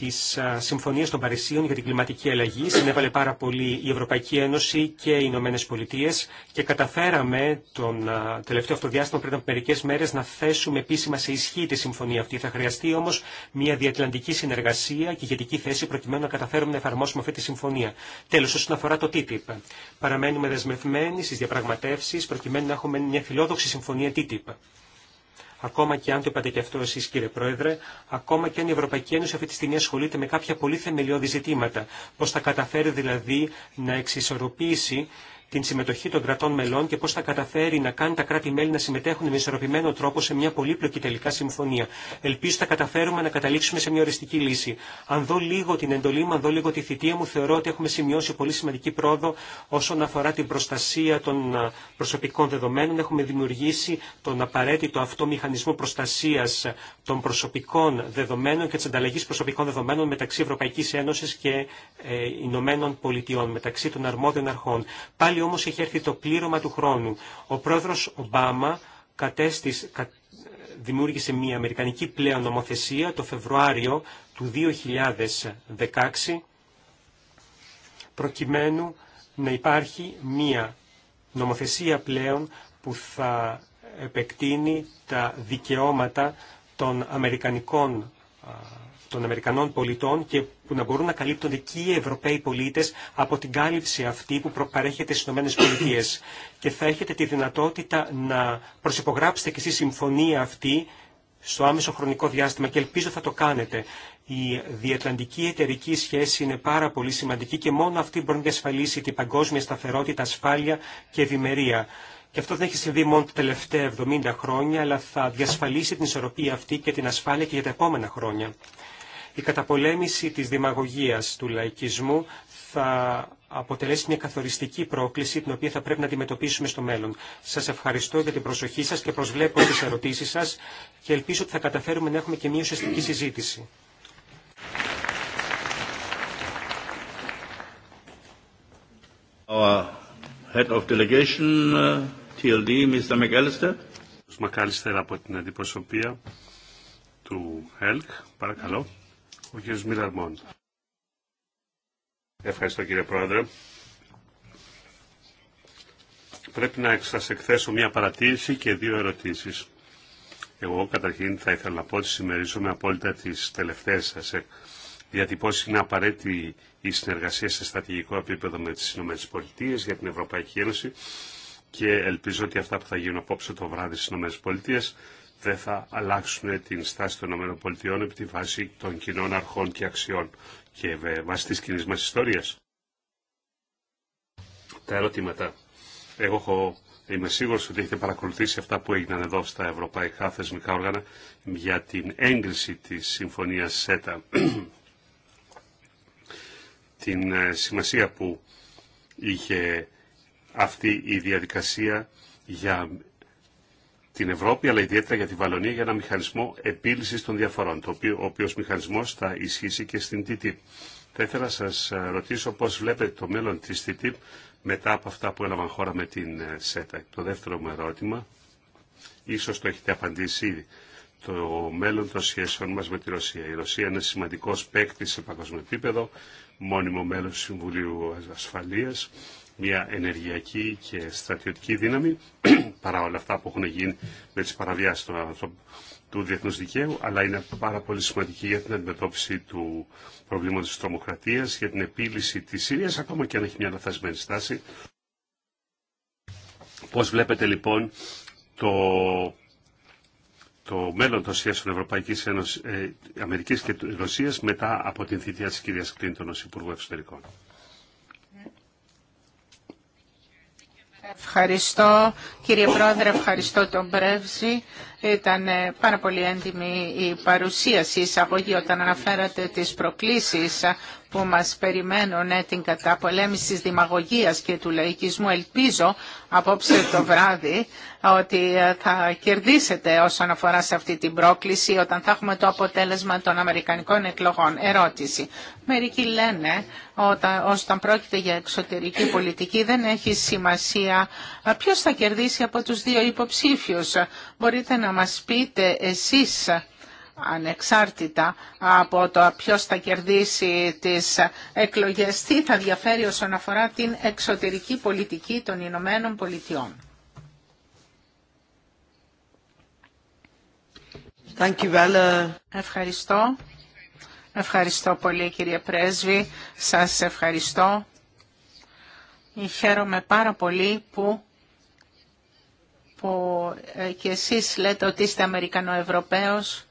[SPEAKER 3] Τη Συμφωνία των Παρισίων για την κλιματική αλλαγή. Συνέβαλε πάρα πολύ η Ευρωπαϊκή Ένωση και οι Ηνωμένε Πολιτείε και καταφέραμε τον τελευταίο αυτό διάστημα πριν από μερικέ μέρε να θέσουμε επίσημα σε ισχύ τη συμφωνία αυτή. Θα χρειαστεί όμω μια διατλαντική συνεργασία και ηγετική θέση προκειμένου να καταφέρουμε να εφαρμόσουμε αυτή τη συμφωνία. Τέλο, όσον αφορά το TTIP, παραμένουμε δεσμευμένοι στι διαπραγματεύσει προκειμένου να έχουμε μια φιλόδοξη συμφωνία TTIP. Ακόμα και αν το είπατε και αυτό εσεί κύριε Πρόεδρε, ακόμα και αν η Ευρωπαϊκή Ένωση αυτή τη στιγμή ασχολείται με κάποια πολύ θεμελιώδη ζητήματα. Πώ θα καταφέρει δηλαδή να εξισορροπήσει την συμμετοχή των κρατών μελών και πώ θα καταφέρει να κάνει τα κράτη-μέλη να συμμετέχουν με ισορροπημένο τρόπο σε μια πολύπλοκη τελικά συμφωνία. Ελπίζω θα καταφέρουμε να καταλήξουμε σε μια οριστική λύση. Αν δω λίγο την εντολή μου, αν δω λίγο τη θητεία μου, θεωρώ ότι έχουμε σημειώσει πολύ σημαντική πρόοδο όσον αφορά την προστασία των προσωπικών δεδομένων. Έχουμε δημιουργήσει τον απαραίτητο αυτό μηχανισμό προστασία των προσωπικών δεδομένων και τη ανταλλαγή προσωπικών δεδομένων μεταξύ Ευρωπαϊκή Ένωση και ε, Ηνωμένων Πολιτειών, μεταξύ των αρμόδιων αρχών πάλι όμως έχει έρθει το πλήρωμα του χρόνου. Ο πρόεδρος Ομπάμα κατέστης, δημιούργησε μια αμερικανική πλέον νομοθεσία το Φεβρουάριο του 2016 προκειμένου να υπάρχει μια νομοθεσία πλέον που θα επεκτείνει τα δικαιώματα των Αμερικανικών των Αμερικανών πολιτών και που να μπορούν να καλύπτονται και οι Ευρωπαίοι πολίτες από την κάλυψη αυτή που προπαρέχεται στις ΗΠΑ. και θα έχετε τη δυνατότητα να προσυπογράψετε και στη συμφωνία αυτή στο άμεσο χρονικό διάστημα και ελπίζω θα το κάνετε. Η διατλαντική εταιρική σχέση είναι πάρα πολύ σημαντική και μόνο αυτή μπορεί να διασφαλίσει την παγκόσμια σταθερότητα, ασφάλεια και ευημερία. Και αυτό δεν έχει συμβεί μόνο τα τελευταία 70 χρόνια, αλλά θα διασφαλίσει την ισορροπία αυτή και την ασφάλεια και για τα επόμενα χρόνια. Η καταπολέμηση της δημαγωγίας του λαϊκισμού θα αποτελέσει μια καθοριστική πρόκληση την οποία θα πρέπει να αντιμετωπίσουμε στο μέλλον. Σας ευχαριστώ για την προσοχή σας και προσβλέπω τις ερωτήσεις σας και ελπίζω ότι θα καταφέρουμε να έχουμε και μια ουσιαστική συζήτηση.
[SPEAKER 1] Our TLD, uh, από την αντιπροσωπεία του ΕΛΚ. Παρακαλώ. Ο κ. Μόντ. Ευχαριστώ κύριε Πρόεδρε. Πρέπει να σας εκθέσω μια παρατήρηση και δύο ερωτήσεις. Εγώ καταρχήν θα ήθελα να πω ότι συμμερίζομαι απόλυτα τις τελευταίες σας Διατυπώσει Είναι απαραίτητη η συνεργασία σε στρατηγικό επίπεδο με τις ΗΠΑ για την Ευρωπαϊκή Ένωση και ελπίζω ότι αυτά που θα γίνουν απόψε το βράδυ στις ΗΠΑ δεν θα αλλάξουν την στάση των ΗΠΑ επί τη βάση των κοινών αρχών και αξιών και βάσει της κοινή μας ιστορίας. Τα ερωτήματα. Εγώ έχω, είμαι σίγουρος ότι έχετε παρακολουθήσει αυτά που έγιναν εδώ στα ευρωπαϊκά θεσμικά όργανα για την έγκριση της συμφωνίας ΣΕΤΑ. την ε, σημασία που είχε αυτή η διαδικασία για την Ευρώπη, αλλά ιδιαίτερα για τη Βαλονία, για ένα μηχανισμό επίλυση των διαφορών, το οποίο, ο οποίο μηχανισμό θα ισχύσει και στην TTIP. Θα ήθελα να σα ε, ρωτήσω πώ βλέπετε το μέλλον τη TTIP μετά από αυτά που έλαβαν χώρα με την ε, ΣΕΤΑ. Το δεύτερο μου ερώτημα, ίσω το έχετε απαντήσει ήδη, το μέλλον των σχέσεων μα με τη Ρωσία. Η Ρωσία είναι σημαντικός παίκτη σε παγκόσμιο επίπεδο, μόνιμο μέλος του Συμβουλίου Ασφαλείας μια ενεργειακή και στρατιωτική δύναμη, παρά όλα αυτά που έχουν γίνει με τις παραβιάσεις του, του, διεθνούς δικαίου, αλλά είναι πάρα πολύ σημαντική για την αντιμετώπιση του προβλήματος της τρομοκρατίας, για την επίλυση της Συρίας, ακόμα και αν έχει μια λαθασμένη στάση. Πώς βλέπετε λοιπόν το, το μέλλον των σχέσεων Ευρωπαϊκής Ένωσης, ε, Αμερικής και Ρωσίας μετά από την θητεία της κυρίας Κλίντον ως Υπουργού Εξωτερικών.
[SPEAKER 2] Ευχαριστώ κύριε Πρόεδρε, ευχαριστώ τον Πρέβζη. Ήταν ε, πάρα πολύ έντιμη η παρουσίαση εισαγωγή όταν αναφέρατε τις προκλήσεις ε, που μας περιμένουν ε, την καταπολέμηση της δημαγωγίας και του λαϊκισμού. Ελπίζω απόψε το βράδυ ότι θα κερδίσετε όσον αφορά σε αυτή την πρόκληση όταν θα έχουμε το αποτέλεσμα των Αμερικανικών εκλογών. Ερώτηση. Μερικοί λένε όταν, όταν πρόκειται για εξωτερική πολιτική δεν έχει σημασία ποιος θα κερδίσει από τους δύο υποψήφιους. Μπορείτε να να μας πείτε εσείς ανεξάρτητα από το ποιος θα κερδίσει τις εκλογές, τι θα διαφέρει όσον αφορά την εξωτερική πολιτική των Ηνωμένων Πολιτειών. Ευχαριστώ. Ευχαριστώ πολύ κύριε Πρέσβη. Σας ευχαριστώ. Χαίρομαι πάρα πολύ που που ε, και εσείς λέτε ότι είστε Αμερικανοευρωπαίος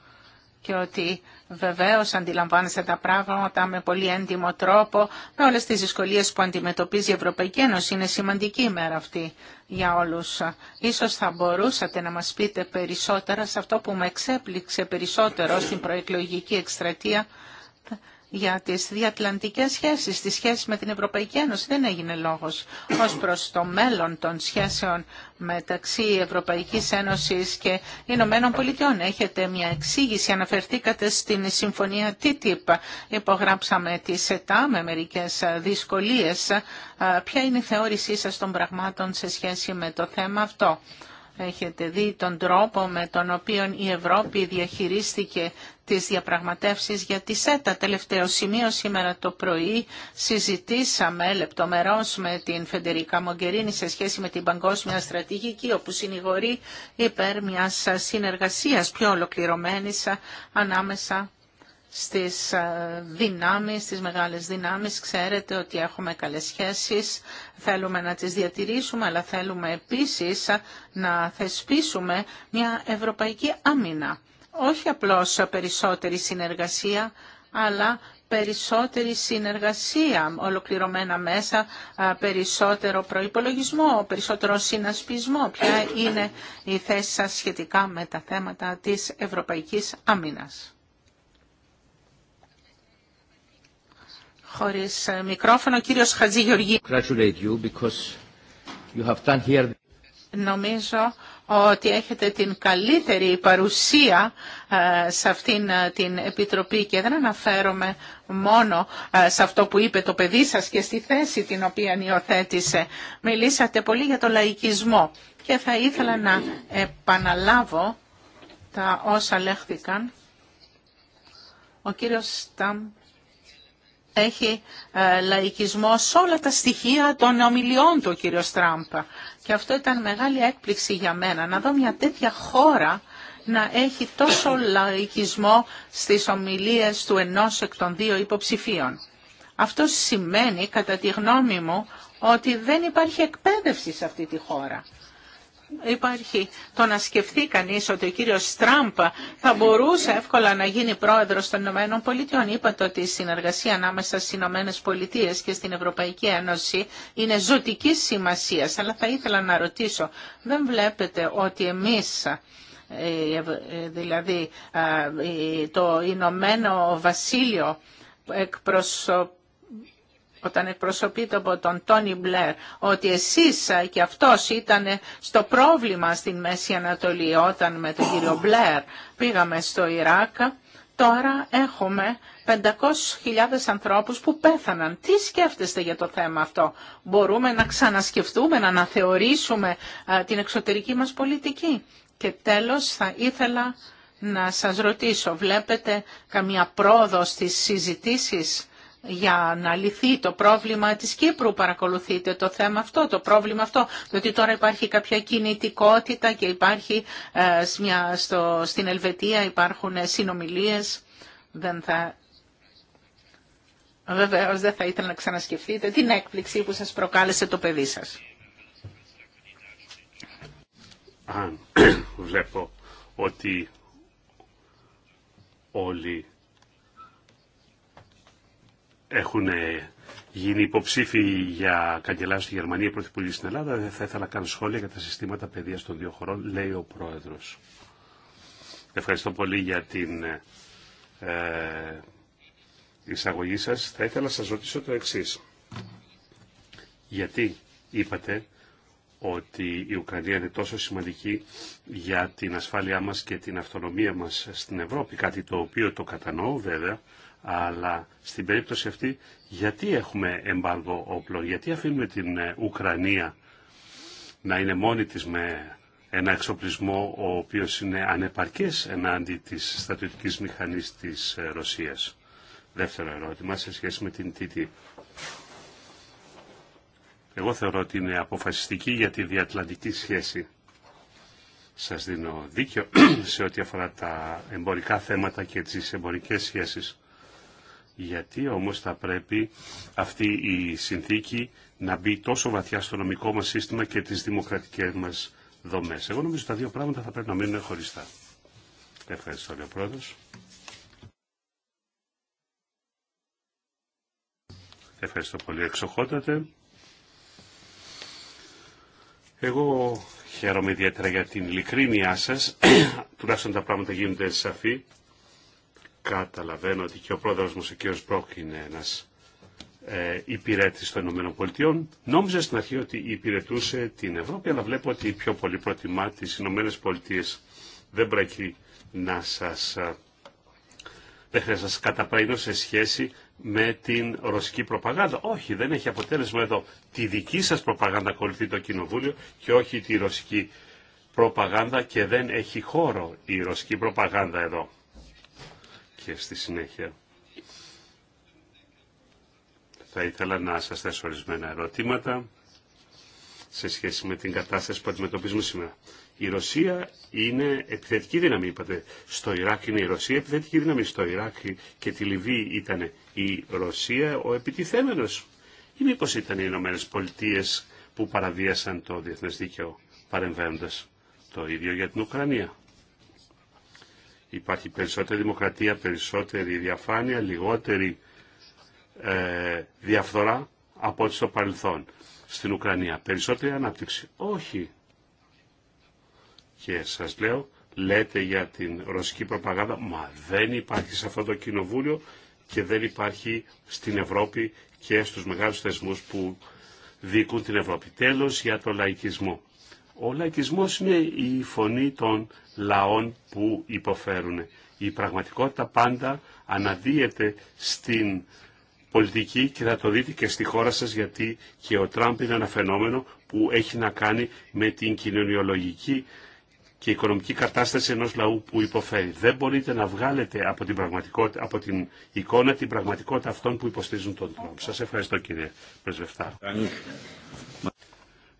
[SPEAKER 2] και ότι βεβαίως αντιλαμβάνεστε τα πράγματα με πολύ έντιμο τρόπο, με όλες τις δυσκολίες που αντιμετωπίζει η Ευρωπαϊκή Ένωση. Είναι σημαντική ημέρα αυτή για όλους. Ίσως θα μπορούσατε να μας πείτε περισσότερα σε αυτό που με εξέπληξε περισσότερο στην προεκλογική εκστρατεία για τις διατλαντικές σχέσεις, τις σχέσεις με την Ευρωπαϊκή Ένωση. Δεν έγινε λόγος ως προς το μέλλον των σχέσεων μεταξύ Ευρωπαϊκής Ένωσης και Ηνωμένων Πολιτειών. Έχετε μια εξήγηση, αναφερθήκατε στην συμφωνία TTIP. Υπογράψαμε τη ΣΕΤΑ με μερικές δυσκολίες. Ποια είναι η θεώρησή σας των πραγμάτων σε σχέση με το θέμα αυτό. Έχετε δει τον τρόπο με τον οποίο η Ευρώπη διαχειρίστηκε τις διαπραγματεύσεις για τη ΣΕΤΑ. Τελευταίο σημείο σήμερα το πρωί συζητήσαμε λεπτομερώς με την Φεντερικά Μογκερίνη σε σχέση με την παγκόσμια στρατηγική όπου συνηγορεί υπέρ μιας συνεργασίας πιο ολοκληρωμένης ανάμεσα στις ε, δυνάμεις, στις μεγάλες δυνάμεις. Ξέρετε ότι έχουμε καλές σχέσεις, θέλουμε να τις διατηρήσουμε, αλλά θέλουμε επίσης να θεσπίσουμε μια ευρωπαϊκή άμυνα. Όχι απλώς περισσότερη συνεργασία, αλλά περισσότερη συνεργασία, ολοκληρωμένα μέσα, ε, περισσότερο προϋπολογισμό, περισσότερο συνασπισμό. Ποια είναι η θέση σας σχετικά με τα θέματα της ευρωπαϊκής άμυνας. χωρίς ε, μικρόφωνο. Κύριος Χατζηγεωργίου. Νομίζω ότι έχετε την καλύτερη παρουσία ε, σε αυτήν ε, την Επιτροπή και δεν αναφέρομαι μόνο σε αυτό που είπε το παιδί σας και στη θέση την οποία υιοθέτησε. Μιλήσατε πολύ για το λαϊκισμό και θα ήθελα να επαναλάβω τα όσα λέχθηκαν. Ο κύριος Στάμπ έχει ε, λαϊκισμό σε όλα τα στοιχεία των ομιλιών του ο κύριος Τραμπ. Και αυτό ήταν μεγάλη έκπληξη για μένα, να δω μια τέτοια χώρα να έχει τόσο λαϊκισμό στις ομιλίες του ενός εκ των δύο υποψηφίων. Αυτό σημαίνει, κατά τη γνώμη μου, ότι δεν υπάρχει εκπαίδευση σε αυτή τη χώρα υπάρχει το να σκεφτεί κανείς ότι ο κύριος Τραμπ θα μπορούσε εύκολα να γίνει πρόεδρος των Ηνωμένων Πολιτειών. Είπατε ότι η συνεργασία ανάμεσα στις Ηνωμένε Πολιτείε και στην Ευρωπαϊκή Ένωση είναι ζωτική σημασία. Αλλά θα ήθελα να ρωτήσω, δεν βλέπετε ότι εμείς ε, ε, δηλαδή ε, το Ηνωμένο Βασίλειο εκπροσωπεί όταν εκπροσωπείται από τον Τόνι Μπλερ, ότι εσείς και αυτός ήταν ε, στο πρόβλημα στην Μέση Ανατολή όταν με τον κύριο Μπλερ πήγαμε στο Ιράκ, τώρα έχουμε 500.000 ανθρώπους που πέθαναν. Τι σκέφτεστε για το θέμα αυτό. Μπορούμε να ξανασκεφτούμε, να αναθεωρήσουμε την εξωτερική μας πολιτική. Και τέλος θα ήθελα να σας ρωτήσω, βλέπετε καμία πρόοδο στις συζητήσεις για να λυθεί το πρόβλημα της Κύπρου. Παρακολουθείτε το θέμα αυτό, το πρόβλημα αυτό, διότι τώρα υπάρχει κάποια κινητικότητα και υπάρχει ε, στο, στην Ελβετία υπάρχουν ε, συνομιλίες. Δεν θα... Βεβαίω δεν θα ήθελα να ξανασκεφτείτε την έκπληξη που σας προκάλεσε το παιδί σας.
[SPEAKER 1] Αν βλέπω ότι όλοι έχουν ε, γίνει υποψήφοι για καγκελάριο στη Γερμανία, πρωθυπουργοί στην Ελλάδα. Δεν θα ήθελα να κάνω σχόλια για τα συστήματα παιδεία των δύο χωρών, λέει ο Πρόεδρος. Ευχαριστώ πολύ για την ε, ε εισαγωγή σας. Θα ήθελα να σας ρωτήσω το εξή. Γιατί είπατε ότι η Ουκρανία είναι τόσο σημαντική για την ασφάλειά μας και την αυτονομία μας στην Ευρώπη, κάτι το οποίο το κατανοώ βέβαια, αλλά στην περίπτωση αυτή, γιατί έχουμε εμπάργο όπλων, γιατί αφήνουμε την ε, Ουκρανία να είναι μόνη της με ένα εξοπλισμό ο οποίος είναι ανεπαρκές ενάντια της στρατιωτικής μηχανής της ε, Ρωσίας. Δεύτερο ερώτημα σε σχέση με την TTIP. Εγώ θεωρώ ότι είναι αποφασιστική για τη διατλαντική σχέση. Σας δίνω δίκιο σε ό,τι αφορά τα εμπορικά θέματα και τις εμπορικές σχέσεις. Γιατί όμως θα πρέπει αυτή η συνθήκη να μπει τόσο βαθιά στο νομικό μας σύστημα και τις δημοκρατικές μας δομές. Εγώ νομίζω τα δύο πράγματα θα πρέπει να μείνουν χωριστά. Ευχαριστώ, Πρόεδρος. Ευχαριστώ πολύ. Εξοχότατε. Εγώ χαίρομαι ιδιαίτερα για την ειλικρίνειά σας. Τουλάχιστον τα πράγματα γίνονται σαφή. Καταλαβαίνω ότι και ο πρόεδρος μου, ο κ. Μπρόκ, είναι ένας ε, υπηρέτης των ΗΠΑ. Νόμιζα στην αρχή ότι υπηρετούσε την Ευρώπη, αλλά βλέπω ότι πιο πολύ προτιμά τις ΗΠΑ. Δεν πρέπει να σας... Ε, δεν σας καταπραίνω σε σχέση με την ρωσική προπαγάνδα. Όχι, δεν έχει αποτέλεσμα εδώ. Τη δική σας προπαγάνδα ακολουθεί το Κοινοβούλιο και όχι τη ρωσική προπαγάνδα και δεν έχει χώρο η ρωσική προπαγάνδα εδώ και στη συνέχεια θα ήθελα να σας θέσω ορισμένα ερωτήματα σε σχέση με την κατάσταση που αντιμετωπίζουμε σήμερα. Η Ρωσία είναι επιθετική δύναμη, είπατε. Στο Ιράκ είναι η Ρωσία επιθετική δύναμη. Στο Ιράκ και τη Λιβύη ήταν η Ρωσία ο επιτιθέμενος. Ή μήπω ήταν οι Ηνωμένε Πολιτείε που παραβίασαν το διεθνές δίκαιο παρεμβαίνοντας. Το ίδιο για την Ουκρανία. Υπάρχει περισσότερη δημοκρατία, περισσότερη διαφάνεια, λιγότερη ε, διαφθορά από ό,τι στο παρελθόν στην Ουκρανία. Περισσότερη ανάπτυξη. Όχι. Και σας λέω, λέτε για την ρωσική προπαγάνδα, μα δεν υπάρχει σε αυτό το κοινοβούλιο και δεν υπάρχει στην Ευρώπη και στους μεγάλους θεσμούς που δικούν την Ευρώπη. Τέλος για το λαϊκισμό. Ο λαϊκισμός είναι η φωνή των λαών που υποφέρουν. Η πραγματικότητα πάντα αναδύεται στην πολιτική και θα το δείτε και στη χώρα σας γιατί και ο Τραμπ είναι ένα φαινόμενο που έχει να κάνει με την κοινωνιολογική και οικονομική κατάσταση ενός λαού που υποφέρει. Δεν μπορείτε να βγάλετε από την, πραγματικότητα, από την εικόνα την πραγματικότητα αυτών που υποστήριζουν τον Τραμπ. Σας ευχαριστώ κύριε Πρεσβευτά.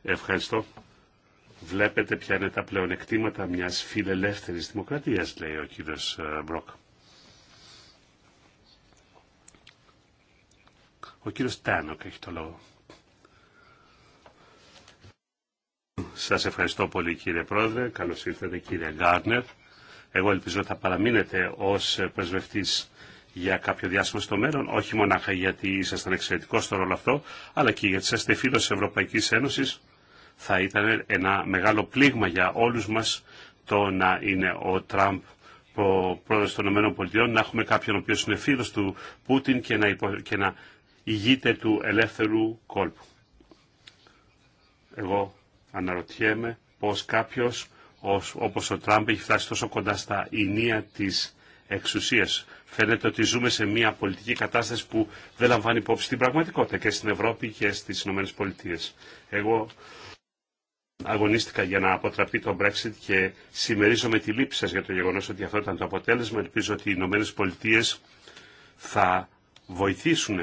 [SPEAKER 1] Ευχαριστώ. Βλέπετε ποια είναι τα πλεονεκτήματα μιας φιλελεύθερης δημοκρατίας, λέει ο κύριος ε, Μπροκ. Ο κύριος Τάνοκ έχει το λόγο. Σας ευχαριστώ πολύ κύριε Πρόεδρε, καλώς ήρθατε κύριε Γκάρνερ. Εγώ ελπίζω θα παραμείνετε ως πρεσβευτής για κάποιο διάστημα στο μέλλον, όχι μονάχα γιατί ήσασταν εξαιρετικό στο ρόλο αυτό, αλλά και γιατί είσαστε φίλος της Ευρωπαϊκής Ένωσης θα ήταν ένα μεγάλο πλήγμα για όλους μας το να είναι ο Τραμπ ο πρόεδρος των ΗΠΑ, να έχουμε κάποιον ο οποίος είναι φίλος του Πούτιν και να, υπο... και να ηγείται του ελεύθερου κόλπου. Εγώ αναρωτιέμαι πώς κάποιος ως, όπως ο Τραμπ έχει φτάσει τόσο κοντά στα ηνία της εξουσίας. Φαίνεται ότι ζούμε σε μια πολιτική κατάσταση που δεν λαμβάνει υπόψη την πραγματικότητα και στην Ευρώπη και στις ΗΠΑ. Εγώ αγωνίστηκα για να αποτραπεί το Brexit και συμμερίζομαι τη λύπη σας για το γεγονός ότι αυτό ήταν το αποτέλεσμα. Ελπίζω ότι οι Ηνωμένε Πολιτείε θα βοηθήσουν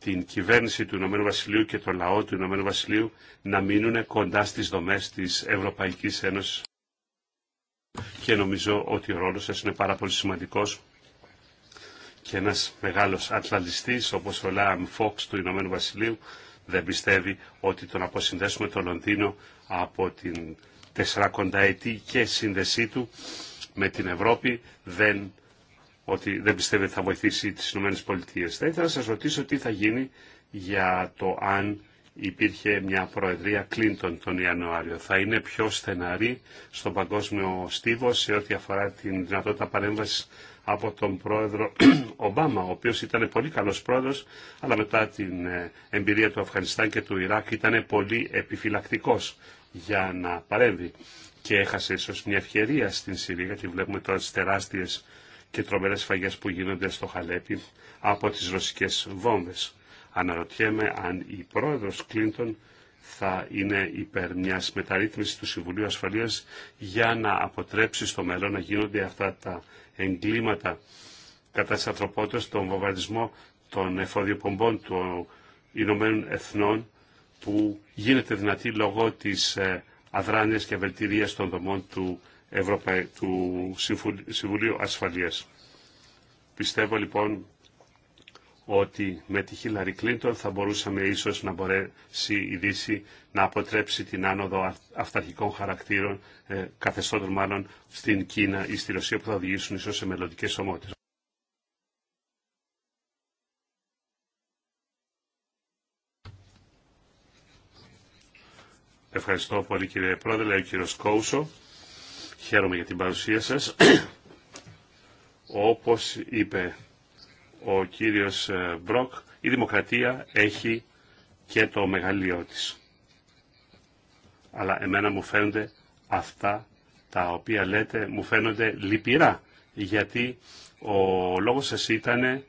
[SPEAKER 1] την κυβέρνηση του Ηνωμένου Βασιλείου και το λαό του Ηνωμένου Βασιλείου να μείνουν κοντά στις δομές της Ευρωπαϊκής Ένωσης. Και νομίζω ότι ο ρόλος σας είναι πάρα πολύ σημαντικός και ένας μεγάλος ατλαντιστής όπως ο Λάμ Φόξ του Ηνωμένου Βασιλείου δεν πιστεύει ότι το να αποσυνδέσουμε το Λονδίνο από την τεσσερακονταετή και σύνδεσή του με την Ευρώπη δεν, ότι δεν πιστεύει ότι θα βοηθήσει τις Ηνωμένες Πολιτείες. Θα ήθελα να σας ρωτήσω τι θα γίνει για το αν υπήρχε μια προεδρία Κλίντον τον Ιανουάριο. Θα είναι πιο στεναρή στον παγκόσμιο στίβο σε ό,τι αφορά την δυνατότητα παρέμβασης από τον πρόεδρο Ομπάμα, ο οποίος ήταν πολύ καλός πρόεδρος, αλλά μετά την ε, εμπειρία του Αφγανιστάν και του Ιράκ ήταν πολύ επιφυλακτικός για να παρέμβει. Και έχασε ίσω μια ευκαιρία στην Συρία, γιατί βλέπουμε τώρα τι τεράστιε και τρομερέ σφαγέ που γίνονται στο Χαλέπι από τι ρωσικέ βόμβε. Αναρωτιέμαι αν η πρόεδρο Κλίντον θα είναι υπέρ μια μεταρρύθμιση του Συμβουλίου Ασφαλεία για να αποτρέψει στο μέλλον να γίνονται αυτά τα εγκλήματα κατά τη ανθρωπότητα, τον βομβαρδισμό των εφοδιοπομπών του Ηνωμένων Εθνών που γίνεται δυνατή λόγω της ε, αδράνειας και αβελτηρίας των δομών του, του Συμβουλίου Ασφαλείας. Πιστεύω λοιπόν ότι με τη Χίλαρη Κλίντον θα μπορούσαμε ίσως να μπορέσει η Δύση να αποτρέψει την άνοδο αυταρχικών χαρακτήρων, ε, καθεστώτων μάλλον, στην Κίνα ή στη Ρωσία που θα οδηγήσουν ίσως σε μελλοντικές ομότητες. Ευχαριστώ πολύ κύριε Πρόεδρε, λέει ο κύριος Κόουσο. Χαίρομαι για την παρουσία σας. Όπως είπε ο κύριος ε, Μπροκ, η δημοκρατία έχει και το μεγαλείο της. Αλλά εμένα μου φαίνονται αυτά τα οποία λέτε, μου φαίνονται λυπηρά, γιατί ο λόγος σας ήταν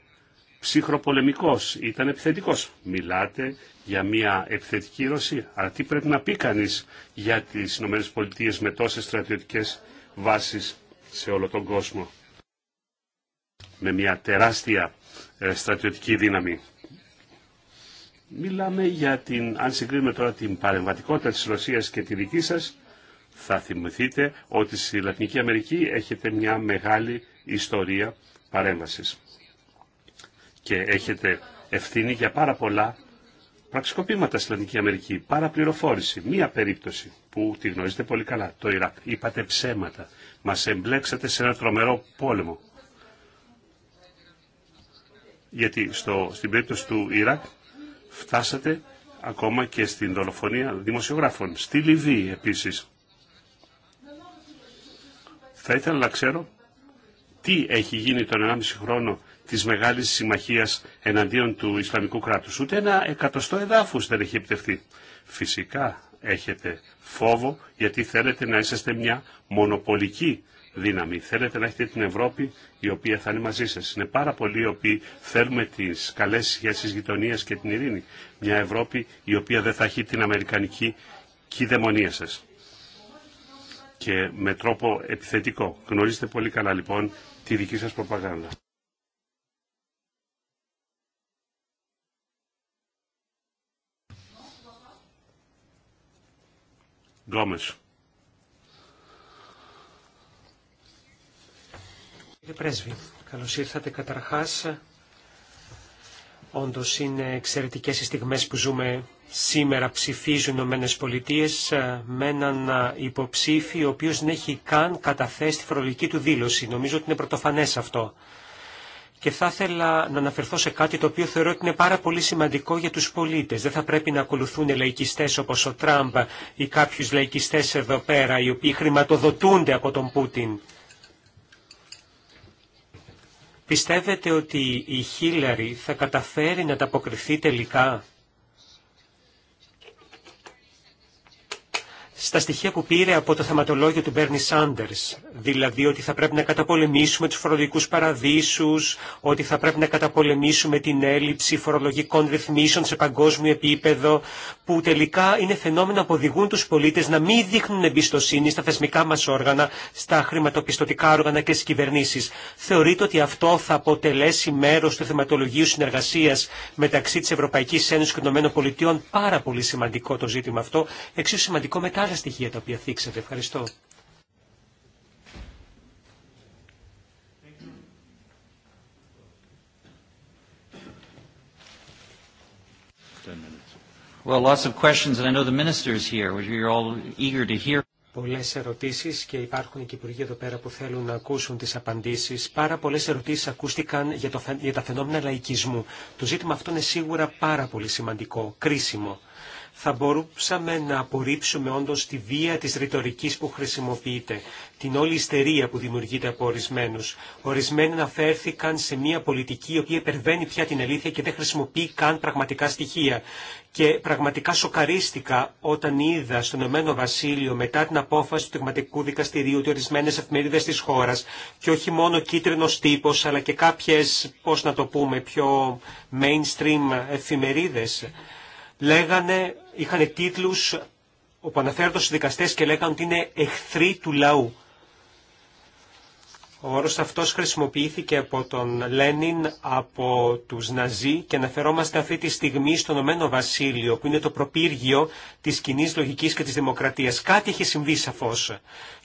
[SPEAKER 1] ψυχροπολεμικός, ήταν επιθετικός. Μιλάτε για μια επιθετική Ρωσία. Αλλά τι πρέπει να πει κανείς για τις ΗΠΑ με τόσες στρατιωτικές βάσεις σε όλο τον κόσμο. Με μια τεράστια ε, στρατιωτική δύναμη. Μιλάμε για την, αν συγκρίνουμε τώρα την παρεμβατικότητα της Ρωσίας και τη δική σας, θα θυμηθείτε ότι στη Λατινική Αμερική έχετε μια μεγάλη ιστορία παρέμβασης και έχετε ευθύνη για πάρα πολλά πραξικοπήματα στη Λατινική Αμερική, παραπληροφόρηση. Μία περίπτωση που τη γνωρίζετε πολύ καλά, το Ιράκ. Είπατε ψέματα. Μα εμπλέξατε σε ένα τρομερό πόλεμο. Γιατί στο, στην περίπτωση του Ιράκ φτάσατε ακόμα και στην δολοφονία δημοσιογράφων. Στη Λιβύη επίσης. Θα ήθελα να ξέρω τι έχει γίνει τον 1,5 χρόνο Τη μεγάλη συμμαχία εναντίον του Ισλαμικού κράτου. Ούτε ένα εκατοστό εδάφου δεν έχει επιτευχθεί. Φυσικά έχετε φόβο γιατί θέλετε να είσαστε μια μονοπολική δύναμη. Θέλετε να έχετε την Ευρώπη η οποία θα είναι μαζί σας. Είναι πάρα πολλοί οι οποίοι θέλουμε τις καλές σχέσεις γειτονίας και την ειρήνη. Μια Ευρώπη η οποία δεν θα έχει την αμερικανική κυδαιμονία σας. Και με τρόπο επιθετικό. Γνωρίζετε πολύ καλά λοιπόν τη δική σας προπαγάνδα. Κύριε
[SPEAKER 3] Πρέσβη, καλώς ήρθατε καταρχάς. Όντως είναι εξαιρετικές οι στιγμές που ζούμε σήμερα ψηφίζουν οι Ηνωμένες ε, με έναν ε, υποψήφιο ο οποίος δεν έχει καν καταθέσει τη φορολογική του δήλωση. Νομίζω ότι είναι πρωτοφανές αυτό και θα ήθελα να αναφερθώ σε κάτι το οποίο θεωρώ ότι είναι πάρα πολύ σημαντικό για τους πολίτες. Δεν θα πρέπει να ακολουθούν λαϊκιστές όπως ο Τραμπ ή κάποιους λαϊκιστές εδώ πέρα οι οποίοι χρηματοδοτούνται από τον Πούτιν. Πιστεύετε ότι η Χίλαρη θα καταφέρει να αποκριθεί τελικά στα στοιχεία που πήρε από το θεματολόγιο του Μπέρνι Σάντερς, δηλαδή ότι θα πρέπει να καταπολεμήσουμε τους φορολογικούς παραδείσους, ότι θα πρέπει να καταπολεμήσουμε την έλλειψη φορολογικών ρυθμίσεων σε παγκόσμιο επίπεδο, που τελικά είναι φαινόμενα που οδηγούν τους πολίτες να μην δείχνουν εμπιστοσύνη στα θεσμικά μας όργανα, στα χρηματοπιστωτικά όργανα και στις κυβερνήσεις. Θεωρείτε ότι αυτό θα αποτελέσει μέρος του θεματολογίου συνεργασίας μεταξύ της Ευρωπαϊκής Ένωσης και των ΗΠΑ, πάρα πολύ σημαντικό το ζήτημα αυτό, εξίσου σημαντικό μετά άλλα στοιχεία τα οποία θίξατε. Ευχαριστώ.
[SPEAKER 2] Well, lots of questions, and I know the all eager to hear.
[SPEAKER 3] Πολλές ερωτήσεις και υπάρχουν και υπουργοί εδώ πέρα που θέλουν να ακούσουν τις απαντήσεις. Πάρα πολλές ερωτήσεις ακούστηκαν για, το, για τα φαινόμενα λαϊκισμού. Το ζήτημα αυτό είναι σίγουρα πάρα πολύ σημαντικό, κρίσιμο θα μπορούσαμε να απορρίψουμε όντως τη βία της ρητορική που χρησιμοποιείται, την όλη ιστερία που δημιουργείται από ορισμένου. Ορισμένοι αναφέρθηκαν σε μια πολιτική η οποία υπερβαίνει πια την αλήθεια και δεν χρησιμοποιεί καν πραγματικά στοιχεία. Και πραγματικά σοκαρίστηκα όταν είδα στον Ηνωμένο Βασίλειο μετά την απόφαση του Τεγματικού Δικαστηρίου ότι ορισμένε εφημερίδε τη χώρα και όχι μόνο κίτρινο τύπο αλλά και κάποιε, πώ να το πούμε, πιο mainstream εφημερίδε λέγανε, είχαν τίτλους ο αναφέρονταν στους δικαστές και λέγανε ότι είναι εχθροί του λαού. Ο όρος αυτός χρησιμοποιήθηκε από τον Λένιν, από τους Ναζί και αναφερόμαστε αυτή τη στιγμή στον Ομένο Βασίλειο που είναι το προπύργιο της κοινή λογικής και της δημοκρατίας. Κάτι έχει συμβεί σαφώς.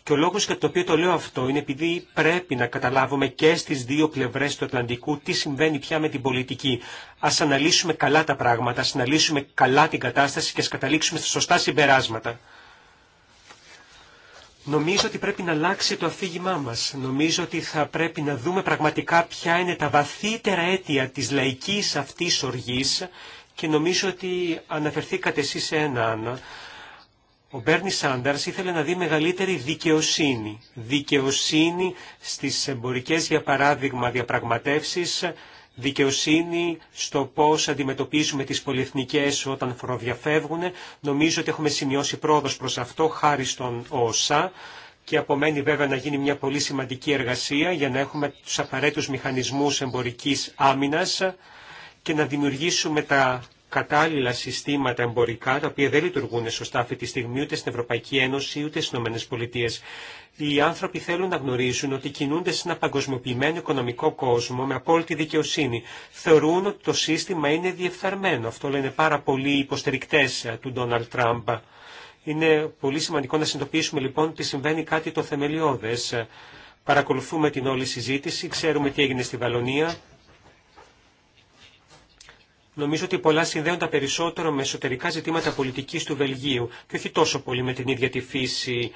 [SPEAKER 3] Και ο λόγος για τον οποίο το λέω αυτό είναι επειδή πρέπει να καταλάβουμε και στις δύο πλευρές του Ατλαντικού τι συμβαίνει πια με την πολιτική. Ας αναλύσουμε καλά τα πράγματα, ας αναλύσουμε καλά την κατάσταση και ας καταλήξουμε στα σωστά συμπεράσματα. Νομίζω ότι πρέπει να αλλάξει το αφήγημά μας. Νομίζω ότι θα πρέπει να δούμε πραγματικά ποια είναι τα βαθύτερα αίτια της λαϊκής αυτής οργής και νομίζω ότι αναφερθήκατε εσείς σε ένα, Ο Μπέρνι Σάνταρς ήθελε να δει μεγαλύτερη δικαιοσύνη. Δικαιοσύνη στις εμπορικές, για παράδειγμα, διαπραγματεύσεις δικαιοσύνη στο πώς αντιμετωπίζουμε τις πολυεθνικές όταν φοροδιαφεύγουν. Νομίζω ότι έχουμε σημειώσει πρόοδος προς αυτό χάρη στον ΟΣΑ και απομένει βέβαια να γίνει μια πολύ σημαντική εργασία για να έχουμε τους απαραίτητους μηχανισμούς εμπορικής άμυνας και να δημιουργήσουμε τα κατάλληλα συστήματα εμπορικά, τα οποία δεν λειτουργούν σωστά αυτή τη στιγμή ούτε στην Ευρωπαϊκή Ένωση ούτε στι ΗΠΑ. Οι άνθρωποι θέλουν να γνωρίζουν ότι κινούνται σε ένα παγκοσμιοποιημένο οικονομικό κόσμο με απόλυτη δικαιοσύνη. Θεωρούν ότι το σύστημα είναι διεφθαρμένο. Αυτό λένε πάρα πολλοί υποστηρικτέ του Ντόναλτ Τραμπ. Είναι πολύ σημαντικό να συνειδητοποιήσουμε λοιπόν ότι συμβαίνει κάτι το θεμελιώδε. Παρακολουθούμε την όλη συζήτηση, ξέρουμε τι έγινε στη Βαλονία, Νομίζω ότι πολλά συνδέονται περισσότερο με εσωτερικά ζητήματα πολιτική του Βελγίου και όχι τόσο πολύ με την ίδια τη φύση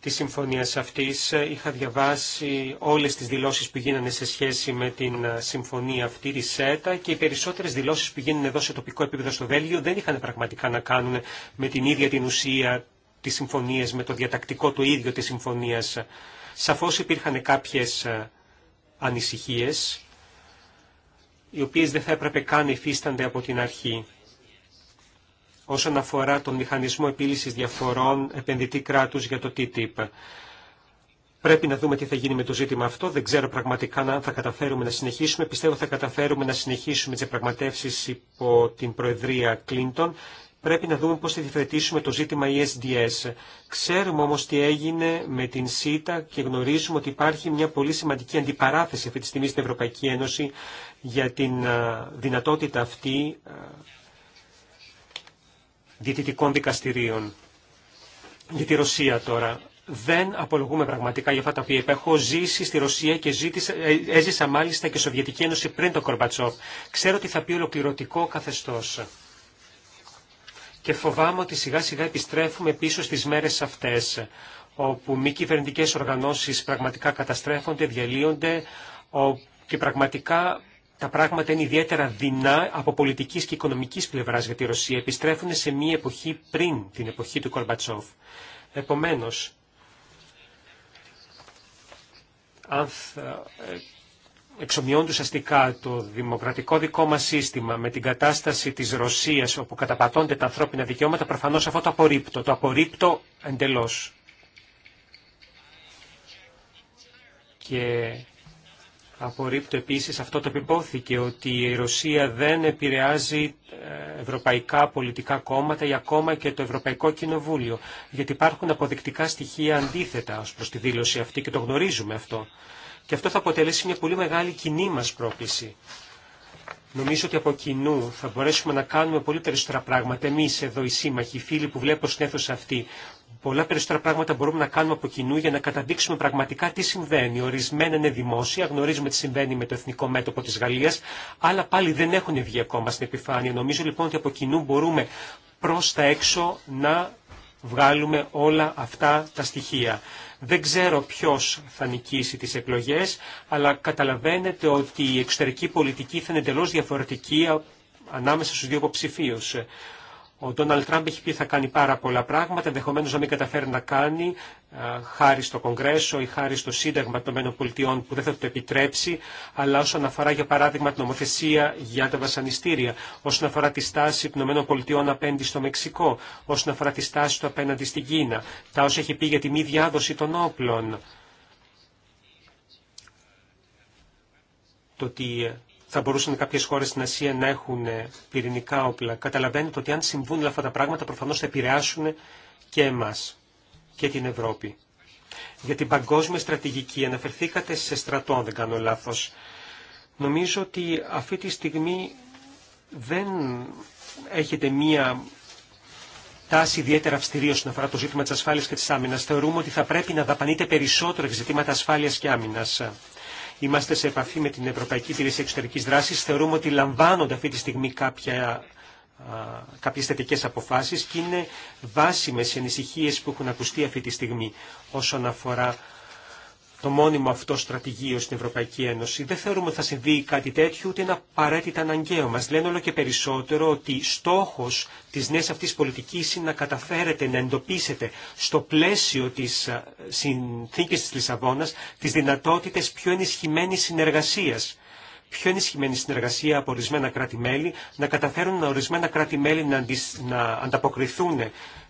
[SPEAKER 3] της συμφωνίας αυτής. Είχα διαβάσει όλες τις δηλώσεις που γίνανε σε σχέση με την συμφωνία αυτή τη ΣΕΤΑ και οι περισσότερες δηλώσεις που γίνανε εδώ σε τοπικό επίπεδο στο Βέλγιο δεν είχαν πραγματικά να κάνουν με την ίδια την ουσία της συμφωνίας, με το διατακτικό του ίδιο της συμφωνίας. Σαφώς υπήρχαν κάποιες ανησυχίε οι οποίες δεν θα έπρεπε καν υφίστανται από την αρχή. Όσον αφορά τον μηχανισμό επίλυσης διαφορών επενδυτή κράτους για το TTIP. Πρέπει να δούμε τι θα γίνει με το ζήτημα αυτό. Δεν ξέρω πραγματικά αν θα καταφέρουμε να συνεχίσουμε. Πιστεύω θα καταφέρουμε να συνεχίσουμε τις επραγματεύσεις υπό την Προεδρία Κλίντον. Πρέπει να δούμε πώς θα διευθετήσουμε το ζήτημα ESDS. Ξέρουμε όμως τι έγινε με την ΣΥΤΑ και γνωρίζουμε ότι υπάρχει μια πολύ σημαντική αντιπαράθεση αυτή τη στιγμή στην Ευρωπαϊκή Ένωση για την ε, δυνατότητα αυτή ε, διαιτητικών δικαστηρίων. Για τη Ρωσία τώρα. Δεν απολογούμε πραγματικά για αυτά τα οποία είπα. Έχω ζήσει στη Ρωσία και ζήτησα, ε, έζησα μάλιστα και Σοβιετική Ένωση πριν τον Κορμπατσόφ. Ξέρω ότι θα πει ολοκληρωτικό καθεστώς. Και φοβάμαι ότι σιγά σιγά επιστρέφουμε πίσω στις μέρες αυτές, όπου μη κυβερνητικέ οργανώσεις πραγματικά καταστρέφονται, διαλύονται, και πραγματικά τα πράγματα είναι ιδιαίτερα δεινά από πολιτική και οικονομικής πλευράς για τη Ρωσία. Επιστρέφουν σε μία εποχή πριν την εποχή του Κορμπατσόφ. Επομένω. αν θα ε, ουσιαστικά το δημοκρατικό δικό μα σύστημα με την κατάσταση της Ρωσίας όπου καταπατώνται τα ανθρώπινα δικαιώματα, προφανώς αυτό το απορρίπτω. Το απορρίπτω εντελώ. Και Απορρίπτω επίσης αυτό το επιπόθηκε ότι η Ρωσία δεν επηρεάζει ε, ευρωπαϊκά πολιτικά κόμματα ή ακόμα και το Ευρωπαϊκό Κοινοβούλιο, γιατί υπάρχουν αποδεικτικά στοιχεία αντίθετα ως προς τη δήλωση αυτή και το γνωρίζουμε αυτό. Και αυτό θα αποτελέσει μια πολύ μεγάλη κοινή μας πρόκληση. Νομίζω ότι από κοινού θα μπορέσουμε να κάνουμε πολύ περισσότερα πράγματα. Εμεί εδώ οι σύμμαχοι, οι φίλοι που βλέπω στην αίθουσα αυτή, πολλά περισσότερα πράγματα μπορούμε να κάνουμε από κοινού για να καταδείξουμε πραγματικά τι συμβαίνει. Ορισμένα είναι δημόσια, γνωρίζουμε τι συμβαίνει με το εθνικό μέτωπο τη Γαλλία, αλλά πάλι δεν έχουν βγει ακόμα στην επιφάνεια. Νομίζω λοιπόν ότι από κοινού μπορούμε προ τα έξω να βγάλουμε όλα αυτά τα στοιχεία. Δεν ξέρω ποιος θα νικήσει τις εκλογές, αλλά καταλαβαίνετε ότι η εξωτερική πολιτική θα είναι εντελώ διαφορετική ανάμεσα στους δύο υποψηφίους. Ο Ντόναλτ Τραμπ έχει πει θα κάνει πάρα πολλά πράγματα, ενδεχομένω να μην καταφέρει να κάνει, χάρη στο Κογκρέσο ή χάρη στο Σύνταγμα των ΗΠΑ που δεν θα το επιτρέψει, αλλά όσον αφορά για παράδειγμα την νομοθεσία για τα βασανιστήρια, όσον αφορά τη στάση των ΗΠΑ απέναντι στο Μεξικό, όσον αφορά τη στάση του απέναντι στην Κίνα, τα όσα έχει πει για τη μη διάδοση των όπλων. Το ότι θα μπορούσαν κάποιες χώρες στην Ασία να έχουν πυρηνικά όπλα. Καταλαβαίνετε ότι αν συμβούν αυτά τα πράγματα προφανώς θα επηρεάσουν και εμάς και την Ευρώπη. Για την παγκόσμια στρατηγική αναφερθήκατε σε στρατό, αν δεν κάνω λάθος. Νομίζω ότι αυτή τη στιγμή δεν έχετε μία τάση ιδιαίτερα αυστηρή όσον αφορά το ζήτημα της ασφάλειας και της άμυνας. Θεωρούμε ότι θα πρέπει να δαπανείτε περισσότερο για ζητήματα ασφάλειας και άμυνας. Είμαστε σε επαφή με την Ευρωπαϊκή Υπηρεσία Εξωτερική Δράση. Θεωρούμε ότι λαμβάνονται αυτή τη στιγμή κάποια κάποιες θετικές αποφάσεις και είναι βάσιμες οι ανησυχίες που έχουν ακουστεί αυτή τη στιγμή όσον αφορά το μόνιμο αυτό στρατηγείο στην Ευρωπαϊκή Ένωση. Δεν θεωρούμε ότι θα συμβεί κάτι τέτοιο, ούτε είναι απαραίτητα αναγκαίο. Μα λένε όλο και περισσότερο ότι στόχο τη νέα αυτή πολιτική είναι να καταφέρετε να εντοπίσετε στο πλαίσιο τη ε, συνθήκη τη Λισαβόνα τι δυνατότητε πιο ενισχυμένη συνεργασία πιο ενισχυμένη συνεργασία από ορισμένα κράτη-μέλη, να καταφέρουν ορισμένα κράτη-μέλη να, να ανταποκριθούν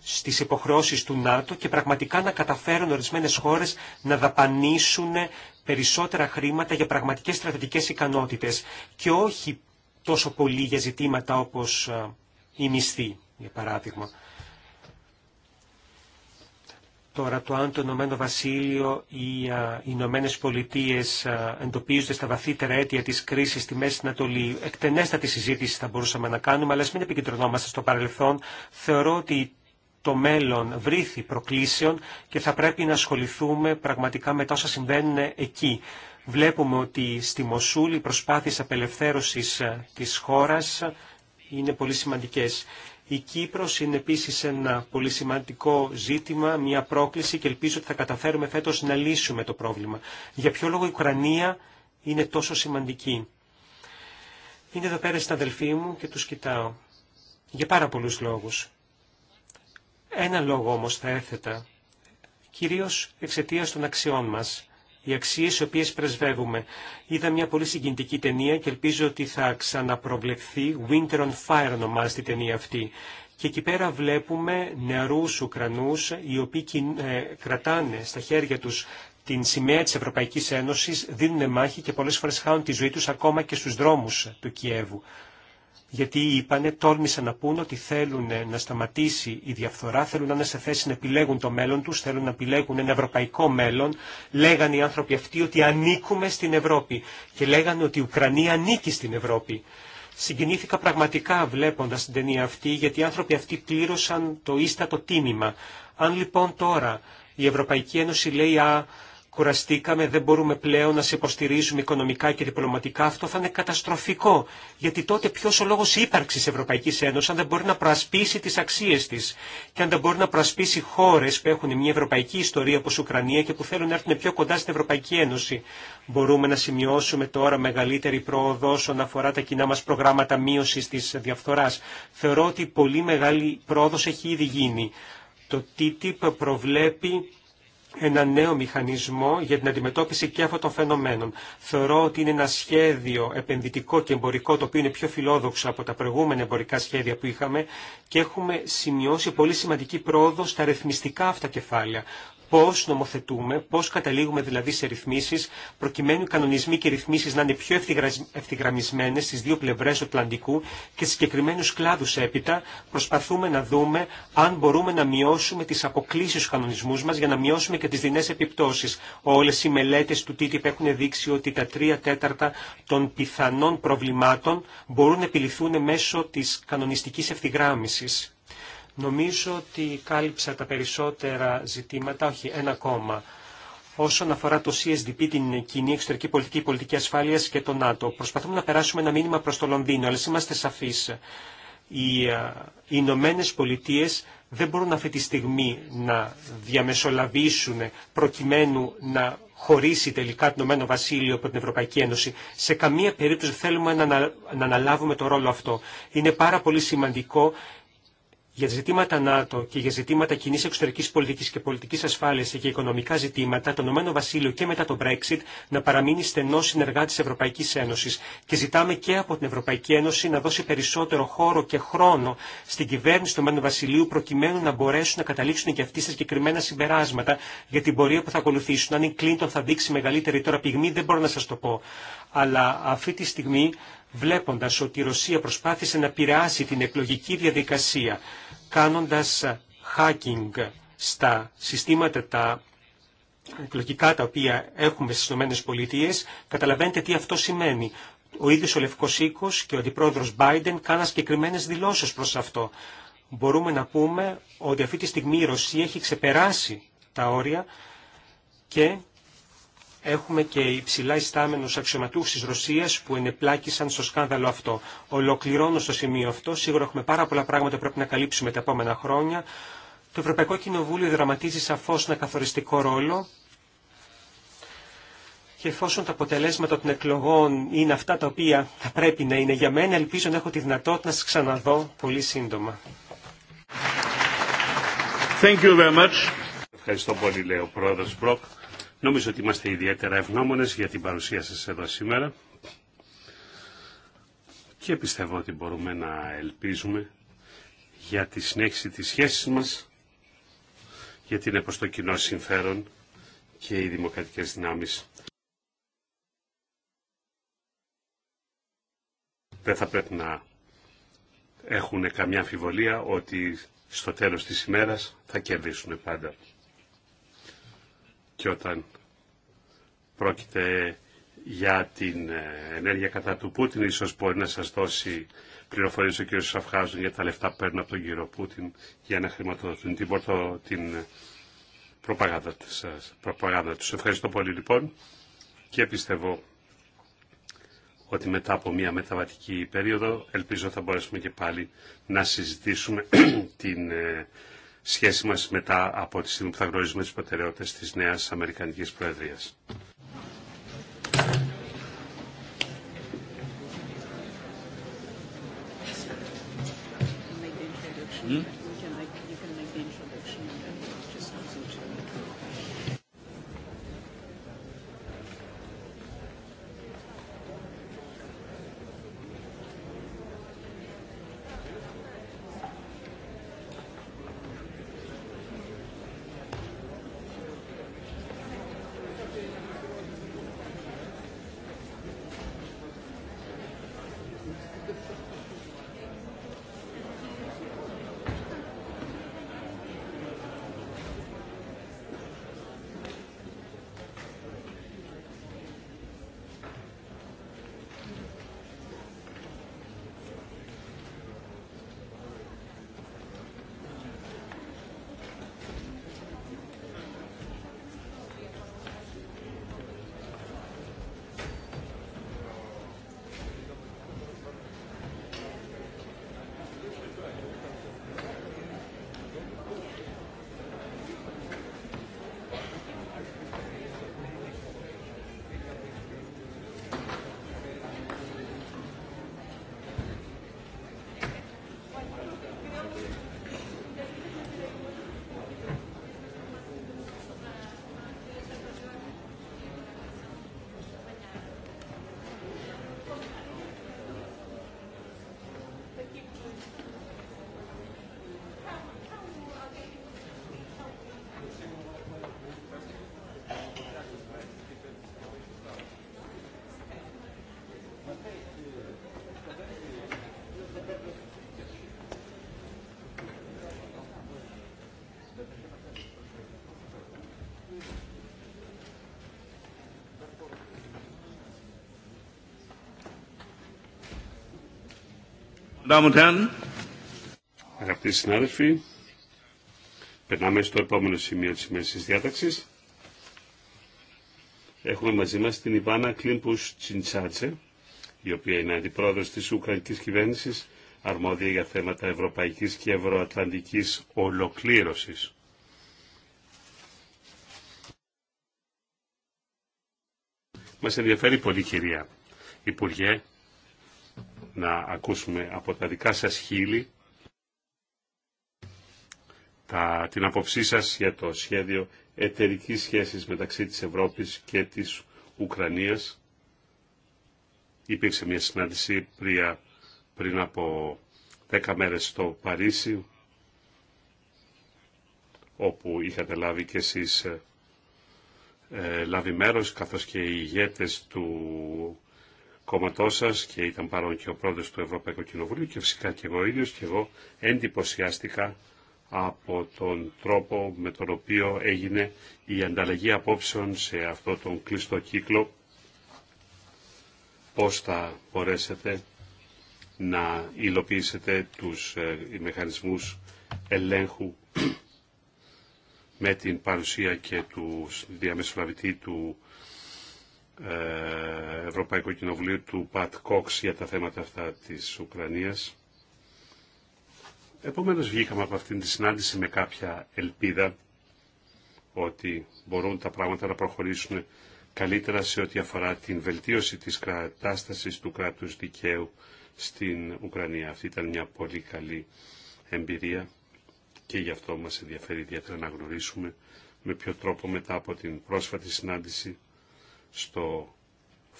[SPEAKER 3] στις υποχρεώσεις του ΝΑΤΟ και πραγματικά να καταφέρουν ορισμένες χώρες να δαπανίσουν περισσότερα χρήματα για πραγματικές στρατιωτικές ικανότητες και όχι τόσο πολύ για ζητήματα όπως ε, η μισθή, για παράδειγμα. Τώρα το αν το Ηνωμένο Βασίλειο ή οι Ηνωμένε Πολιτείε εντοπίζονται στα βαθύτερα αίτια τη κρίση στη Μέση Ανατολή, εκτενέστατη συζήτηση θα μπορούσαμε να κάνουμε, αλλά α μην επικεντρωνόμαστε στο παρελθόν. Θεωρώ ότι το μέλλον βρίθει προκλήσεων και θα πρέπει να ασχοληθούμε πραγματικά με τα όσα συμβαίνουν εκεί. Βλέπουμε ότι στη Μοσούλη οι προσπάθειες απελευθέρωσης της χώρας είναι πολύ σημαντικές. Η Κύπρος είναι επίσης ένα πολύ σημαντικό ζήτημα, μια πρόκληση και ελπίζω ότι θα καταφέρουμε φέτος να λύσουμε το πρόβλημα. Για ποιο λόγο η Ουκρανία είναι τόσο σημαντική. Είναι εδώ πέρα στην αδελφή μου και τους κοιτάω. Για πάρα πολλούς λόγους. Ένα λόγο όμως θα έθετα, κυρίως εξαιτία των αξιών μας οι αξίες οι οποίες πρεσβεύουμε. Είδα μια πολύ συγκινητική ταινία και ελπίζω ότι θα ξαναπροβλεφθεί. Winter on Fire ονομάζεται η ταινία αυτή. Και εκεί πέρα βλέπουμε νεαρούς Ουκρανούς οι οποίοι ε, κρατάνε στα χέρια τους την σημαία της Ευρωπαϊκής Ένωσης, δίνουν μάχη και πολλές φορές χάνουν τη ζωή τους ακόμα και στους δρόμους του Κιέβου γιατί είπανε, τόλμησαν να πούν ότι θέλουν να σταματήσει η διαφθορά, θέλουν να είναι σε θέση να επιλέγουν το μέλλον τους, θέλουν να επιλέγουν ένα ευρωπαϊκό μέλλον. Λέγανε οι άνθρωποι αυτοί ότι ανήκουμε στην Ευρώπη και λέγανε ότι η Ουκρανία ανήκει στην Ευρώπη. Συγκινήθηκα πραγματικά βλέποντας την ταινία αυτή, γιατί οι άνθρωποι αυτοί πλήρωσαν το ίστατο τίμημα. Αν λοιπόν τώρα η Ευρωπαϊκή Ένωση λέει «Α, κουραστήκαμε, δεν μπορούμε πλέον να σε υποστηρίζουμε οικονομικά και διπλωματικά, αυτό θα είναι καταστροφικό. Γιατί τότε ποιο ο λόγο ύπαρξη Ευρωπαϊκή Ένωση, αν δεν μπορεί να προασπίσει τι αξίε τη και αν δεν μπορεί να προασπίσει χώρε που έχουν μια ευρωπαϊκή ιστορία όπω Ουκρανία και που θέλουν να έρθουν πιο κοντά στην Ευρωπαϊκή Ένωση. Μπορούμε να σημειώσουμε τώρα μεγαλύτερη πρόοδο όσον αφορά τα κοινά μα προγράμματα μείωση τη διαφθορά. Θεωρώ ότι πολύ μεγάλη πρόοδο έχει ήδη γίνει. Το TTIP προβλέπει ένα νέο μηχανισμό για την αντιμετώπιση και αυτών των φαινομένων. Θεωρώ ότι είναι ένα σχέδιο επενδυτικό και εμπορικό το οποίο είναι πιο φιλόδοξο από τα προηγούμενα εμπορικά σχέδια που είχαμε και έχουμε σημειώσει πολύ σημαντική πρόοδο στα ρυθμιστικά αυτά κεφάλαια πώς νομοθετούμε, πώς καταλήγουμε δηλαδή σε ρυθμίσεις, προκειμένου οι κανονισμοί και οι ρυθμίσεις να είναι πιο ευθυγραμμισμένες στις δύο πλευρές του Ατλαντικού και σε συγκεκριμένου κλάδους έπειτα προσπαθούμε να δούμε αν μπορούμε να μειώσουμε τις αποκλήσεις στους κανονισμούς μας για να μειώσουμε και τις δεινές επιπτώσεις. Όλες οι μελέτες του TTIP έχουν δείξει ότι τα τρία τέταρτα των πιθανών προβλημάτων μπορούν να επιληθούν μέσω της κανονιστικής ευθυγράμμισης. Νομίζω ότι κάλυψα τα περισσότερα ζητήματα, όχι ένα ακόμα. Όσον αφορά το CSDP, την κοινή εξωτερική πολιτική, πολιτική ασφάλεια και το ΝΑΤΟ, προσπαθούμε να περάσουμε ένα μήνυμα προ το Λονδίνο, αλλά είμαστε σαφεί. Οι Ηνωμένε Πολιτείε δεν μπορούν αυτή τη στιγμή να διαμεσολαβήσουν προκειμένου να χωρίσει τελικά το Ηνωμένο Βασίλειο από την Ευρωπαϊκή Ένωση. Σε καμία περίπτωση θέλουμε να αναλάβουμε το ρόλο αυτό. Είναι πάρα πολύ σημαντικό για ζητήματα ΝΑΤΟ και για ζητήματα κοινή εξωτερική πολιτική και πολιτική ασφάλεια και οικονομικά ζητήματα, το Ηνωμένο Βασίλειο και μετά το Brexit να παραμείνει στενό συνεργάτη Ευρωπαϊκή Ένωση. Και ζητάμε και από την Ευρωπαϊκή Ένωση να δώσει περισσότερο χώρο και χρόνο στην κυβέρνηση του Ηνωμένου Βασιλείου προκειμένου να μπορέσουν να καταλήξουν και αυτοί σε συγκεκριμένα συμπεράσματα για την πορεία που θα ακολουθήσουν. Αν η Κλίντον θα δείξει μεγαλύτερη τώρα πυγμή, δεν μπορώ να σα το πω. Αλλά αυτή τη στιγμή βλέποντας ότι η Ρωσία προσπάθησε να πειράσει την εκλογική διαδικασία κάνοντας hacking στα συστήματα τα εκλογικά τα οποία έχουμε στις ΗΠΑ, καταλαβαίνετε τι αυτό σημαίνει. Ο ίδιος ο Λευκός Οίκος και ο αντιπρόεδρος Biden κάναν συγκεκριμένε δηλώσεις προς αυτό. Μπορούμε να πούμε ότι αυτή τη στιγμή η Ρωσία έχει ξεπεράσει τα όρια και έχουμε και υψηλά ιστάμενους αξιωματούχους της Ρωσίας που ενεπλάκησαν στο σκάνδαλο αυτό. Ολοκληρώνω στο σημείο αυτό. Σίγουρα έχουμε πάρα πολλά πράγματα που πρέπει να καλύψουμε τα επόμενα χρόνια. Το Ευρωπαϊκό Κοινοβούλιο δραματίζει σαφώς ένα καθοριστικό ρόλο και εφόσον τα αποτελέσματα των εκλογών είναι αυτά τα οποία θα πρέπει να είναι για μένα, ελπίζω να έχω τη δυνατότητα να σας ξαναδώ πολύ σύντομα.
[SPEAKER 2] Thank you
[SPEAKER 1] very much. Ευχαριστώ πολύ, λέει ο πρόεδρος Μπροκ. Νομίζω ότι είμαστε ιδιαίτερα ευγνώμονες για την παρουσία σας εδώ σήμερα και πιστεύω ότι μπορούμε να ελπίζουμε για τη συνέχιση της σχέσης μας, για την προς το κοινό συμφέρον και οι δημοκρατικές δυνάμεις. Δεν θα πρέπει να έχουν καμιά αμφιβολία ότι στο τέλος της ημέρας θα κερδίσουν πάντα και όταν πρόκειται για την ε, ενέργεια κατά του Πούτιν, ίσως μπορεί να σας δώσει πληροφορίες ο κ. Σαφχάζων για τα λεφτά που παίρνουν από τον κ. Πούτιν για να χρηματοδοτούν την, πορτο, την ε, προπαγάνδα, ε, προπαγάνδα τους. Ευχαριστώ πολύ λοιπόν και πιστεύω ότι μετά από μια μεταβατική περίοδο ελπίζω θα μπορέσουμε και πάλι να συζητήσουμε την σχέση μας μετά από τη στιγμή που θα γνωρίζουμε τις προτεραιότητες της νέας Αμερικανικής Προεδρίας. Αγαπητοί συνάδελφοι, περνάμε στο επόμενο σημείο της σημερινής διάταξης. Έχουμε μαζί μας την Ιβάνα Κλίμπους Τσιντσάτσε, η οποία είναι αντιπρόεδρος της Ουκρανικής Κυβέρνησης, αρμόδια για θέματα ευρωπαϊκής και ευρωατλαντικής ολοκλήρωσης. Μας ενδιαφέρει πολύ, κυρία Υπουργέ, να ακούσουμε από τα δικά σας χείλη τα, την αποψή σας για το σχέδιο εταιρική σχέσης μεταξύ της Ευρώπης και της Ουκρανίας. Υπήρξε μια συνάντηση πριν, πριν από 10 μέρες στο Παρίσι, όπου είχατε λάβει και εσείς ε, ε, λάβει μέρος, καθώς και οι ηγέτες του κόμματό και ήταν παρόν και ο πρόεδρο του Ευρωπαϊκού Κοινοβουλίου και φυσικά και εγώ ίδιο και εγώ εντυπωσιάστηκα από τον τρόπο με τον οποίο έγινε η ανταλλαγή απόψεων σε αυτό τον κλειστό κύκλο πώς θα μπορέσετε να υλοποιήσετε τους ε, μηχανισμούς ελέγχου με την παρουσία και του διαμεσολαβητή του ε, Ευρωπαϊκό κοινοβούλιο του Πατ Κόξ για τα θέματα αυτά της Ουκρανίας. Επομένως βγήκαμε από αυτήν τη συνάντηση με κάποια ελπίδα ότι μπορούν τα πράγματα να προχωρήσουν καλύτερα σε ό,τι αφορά την βελτίωση της κατάστασης του κράτους δικαίου στην Ουκρανία. Αυτή ήταν μια πολύ καλή εμπειρία και γι' αυτό μας ενδιαφέρει ιδιαίτερα να γνωρίσουμε με ποιο τρόπο μετά από την πρόσφατη συνάντηση στο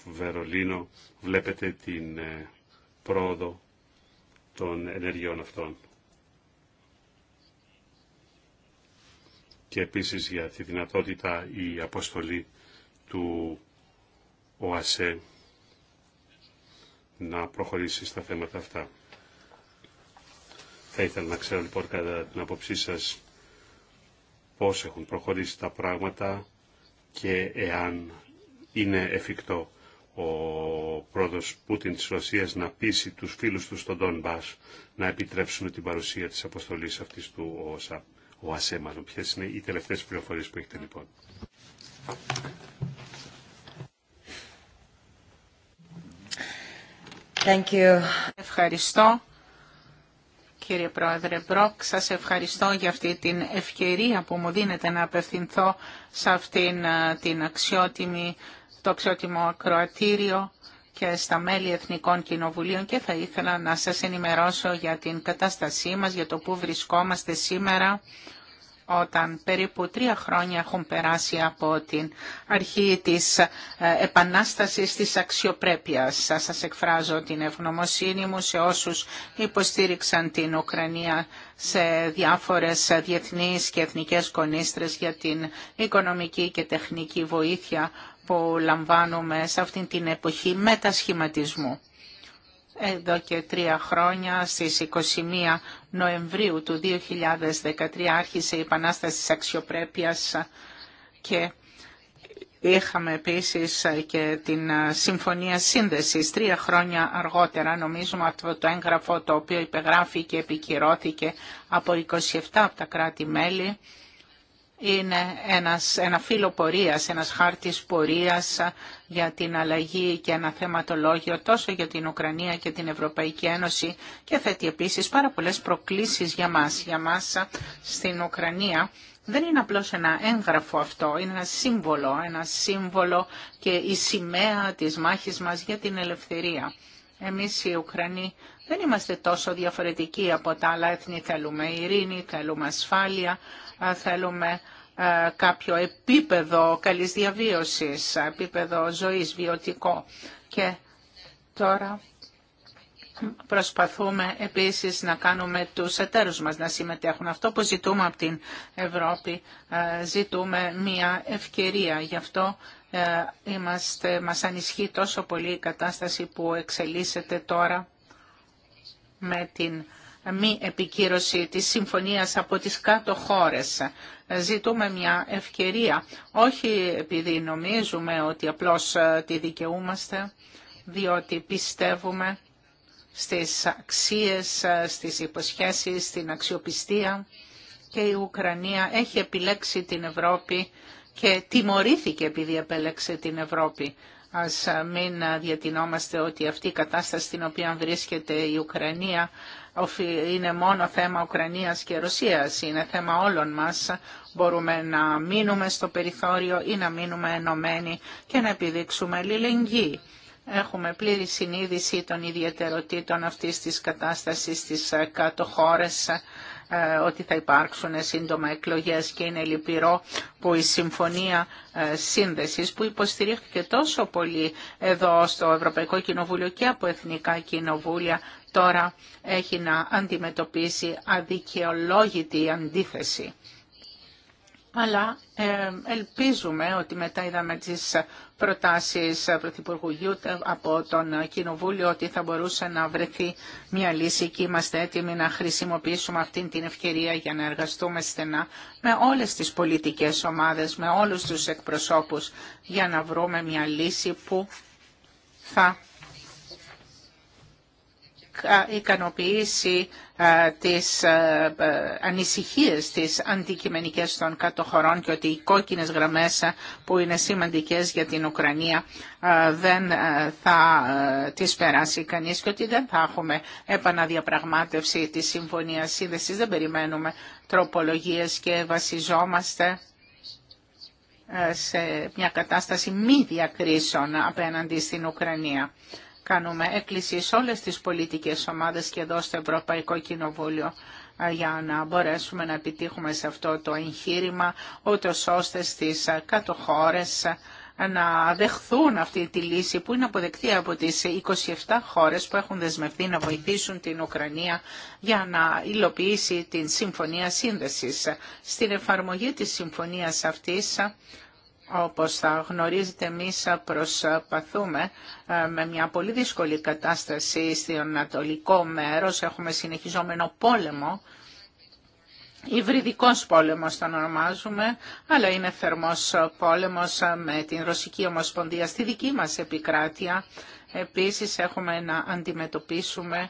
[SPEAKER 1] Βερολίνο βλέπετε την ε, πρόοδο των ενεργειών αυτών. Και επίσης για τη δυνατότητα η αποστολή του ΟΑΣΕ να προχωρήσει στα θέματα αυτά. Θα ήθελα να ξέρω λοιπόν κατά την άποψή σας πώς έχουν προχωρήσει τα πράγματα και εάν είναι εφικτό ο πρόεδρος Πούτιν της Ρωσίας να πείσει τους φίλους του στον Τόν Μπάς να επιτρέψουν την παρουσία της αποστολής αυτής του ΟΣΑ, ο ΑΣΕ Ποιες είναι οι τελευταίες πληροφορίες που έχετε λοιπόν.
[SPEAKER 2] Thank you. Ευχαριστώ κύριε Πρόεδρε Μπρόκ. Σας ευχαριστώ για αυτή την ευκαιρία που μου δίνετε να απευθυνθώ σε αυτήν ε, την αξιότιμη το αξιότιμο ακροατήριο και στα μέλη Εθνικών Κοινοβουλίων και θα ήθελα να σας ενημερώσω για την κατάστασή μας, για το που βρισκόμαστε σήμερα όταν περίπου τρία χρόνια έχουν περάσει από την αρχή της ε, επανάστασης της αξιοπρέπειας. Σας εκφράζω την ευγνωμοσύνη μου σε όσους υποστήριξαν την Ουκρανία σε διάφορες διεθνείς και εθνικές κονίστρες για την οικονομική και τεχνική βοήθεια που λαμβάνουμε σε αυτήν την εποχή μετασχηματισμού. Εδώ και τρία χρόνια, στις 21 Νοεμβρίου του 2013, άρχισε η Επανάσταση της Αξιοπρέπειας και Είχαμε επίσης και την Συμφωνία Σύνδεσης τρία χρόνια αργότερα. Νομίζουμε αυτό το έγγραφο το οποίο υπεγράφηκε και επικυρώθηκε από 27 από τα κράτη-μέλη είναι ένας, ένα φύλλο πορείας, ένας χάρτης πορείας για την αλλαγή και ένα θεματολόγιο τόσο για την Ουκρανία και την Ευρωπαϊκή Ένωση και θέτει επίσης πάρα πολλές προκλήσεις για μας. Για μας στην Ουκρανία δεν είναι απλώς ένα έγγραφο αυτό, είναι ένα σύμβολο, ένα σύμβολο και η σημαία της μάχης μας για την ελευθερία. Εμείς οι Ουκρανοί δεν είμαστε τόσο διαφορετικοί από τα άλλα έθνη, θέλουμε ειρήνη, θέλουμε ασφάλεια, θέλουμε ε, κάποιο επίπεδο καλής διαβίωσης, επίπεδο ζωής βιωτικό. Και τώρα προσπαθούμε επίσης να κάνουμε τους εταίρους μας να συμμετέχουν. Αυτό που ζητούμε από την Ευρώπη, ε, ζητούμε μια ευκαιρία. Γι' αυτό ε, είμαστε, μας ανισχύει τόσο πολύ η κατάσταση που εξελίσσεται τώρα με την μη επικύρωση της συμφωνίας από τις κάτω χώρες. Ζητούμε μια ευκαιρία, όχι επειδή νομίζουμε ότι απλώς ε, τη δικαιούμαστε, διότι πιστεύουμε στις αξίες, ε, στις υποσχέσεις, στην αξιοπιστία και η Ουκρανία έχει επιλέξει την Ευρώπη και τιμωρήθηκε επειδή επέλεξε την Ευρώπη. Ας μην διατηνόμαστε ότι αυτή η κατάσταση στην οποία βρίσκεται η Ουκρανία είναι μόνο θέμα Ουκρανίας και Ρωσίας, είναι θέμα όλων μας. Μπορούμε να μείνουμε στο περιθώριο ή να μείνουμε ενωμένοι και να επιδείξουμε αλληλεγγύη. Έχουμε πλήρη συνείδηση των ιδιαιτεροτήτων αυτής της κατάστασης στις ε, κάτω χώρες ε, ότι θα υπάρξουν σύντομα εκλογές και είναι λυπηρό που η Συμφωνία ε, Σύνδεσης που υποστηρίχθηκε τόσο πολύ εδώ στο Ευρωπαϊκό Κοινοβούλιο και από Εθνικά Κοινοβούλια τώρα έχει να αντιμετωπίσει αδικαιολόγητη αντίθεση αλλά ε, ελπίζουμε ότι μετά είδαμε τις προτάσεις Πρωθυπουργού Γιούτ από τον Κοινοβούλιο ότι θα μπορούσε να βρεθεί μια λύση και είμαστε έτοιμοι να χρησιμοποιήσουμε αυτή την ευκαιρία για να εργαστούμε στενά με όλες τις πολιτικές ομάδες, με όλους τους εκπροσώπους για να βρούμε μια λύση που θα ικανοποιήσει τις ανησυχίες της αντικειμενικές των κατοχωρών και ότι οι κόκκινες γραμμές που είναι σημαντικές για την Ουκρανία δεν θα τις περάσει κανείς και ότι δεν θα έχουμε επαναδιαπραγμάτευση της Συμφωνίας Σύνδεσης. Δεν περιμένουμε τροπολογίες και βασιζόμαστε ε, σε μια κατάσταση μη διακρίσεων απέναντι στην Ουκρανία. Κάνουμε έκκληση σε όλες τις πολιτικές ομάδες και εδώ στο Ευρωπαϊκό Κοινοβούλιο ε, για να μπορέσουμε να επιτύχουμε σε αυτό το εγχείρημα, ούτως ώστε στις ε, κάτω χώρες ε, να δεχθούν αυτή τη λύση που είναι αποδεκτή από τις 27 χώρες που έχουν δεσμευτεί να βοηθήσουν την Ουκρανία για να υλοποιήσει την Συμφωνία Σύνδεσης. Στην εφαρμογή της Συμφωνίας αυτής όπως θα γνωρίζετε εμείς προσπαθούμε ε, με μια πολύ δύσκολη κατάσταση στο ανατολικό μέρος. Έχουμε συνεχιζόμενο πόλεμο. Υβριδικός πόλεμος τον ονομάζουμε, αλλά είναι θερμός πόλεμος με την Ρωσική Ομοσπονδία στη δική μας επικράτεια. Επίσης έχουμε να αντιμετωπίσουμε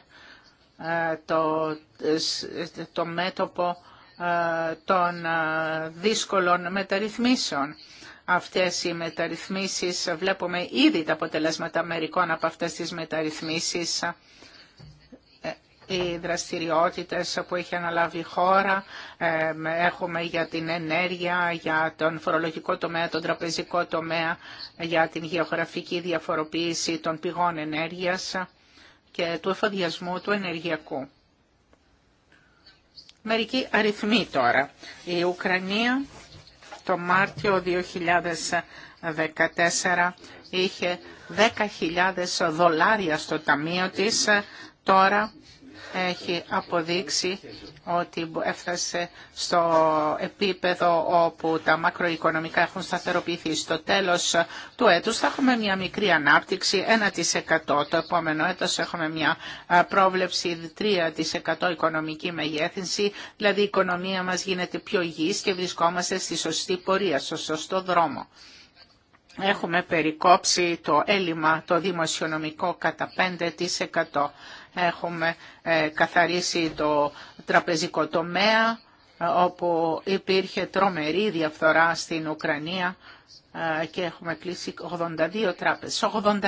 [SPEAKER 2] ε, το, το μέτωπο ε, των δύσκολων μεταρρυθμίσεων αυτές οι μεταρρυθμίσεις. Βλέπουμε ήδη τα αποτελέσματα μερικών από αυτές τις μεταρρυθμίσεις. Ε, οι δραστηριότητες που έχει αναλάβει η χώρα, ε, έχουμε για την ενέργεια, για τον φορολογικό τομέα, τον τραπεζικό τομέα, για την γεωγραφική διαφοροποίηση των πηγών ενέργειας και του εφοδιασμού του ενεργειακού. Μερικοί αριθμοί τώρα. Η Ουκρανία το Μάρτιο 2014 είχε 10.000 δολάρια στο ταμείο της, τώρα έχει αποδείξει ότι έφτασε στο επίπεδο όπου τα μακροοικονομικά έχουν σταθεροποιηθεί. Στο τέλος του έτους θα έχουμε μια μικρή ανάπτυξη, 1%. Το επόμενο έτος έχουμε μια πρόβλεψη 3% οικονομική μεγέθυνση, δηλαδή η οικονομία μας γίνεται πιο υγιής και βρισκόμαστε στη σωστή πορεία, στο σωστό δρόμο. Έχουμε περικόψει το έλλειμμα το δημοσιονομικό κατά 5%. Έχουμε ε, καθαρίσει το τραπεζικό τομέα ε, όπου υπήρχε τρομερή διαφθορά στην Ουκρανία ε, και έχουμε κλείσει 82 τράπεζες. 82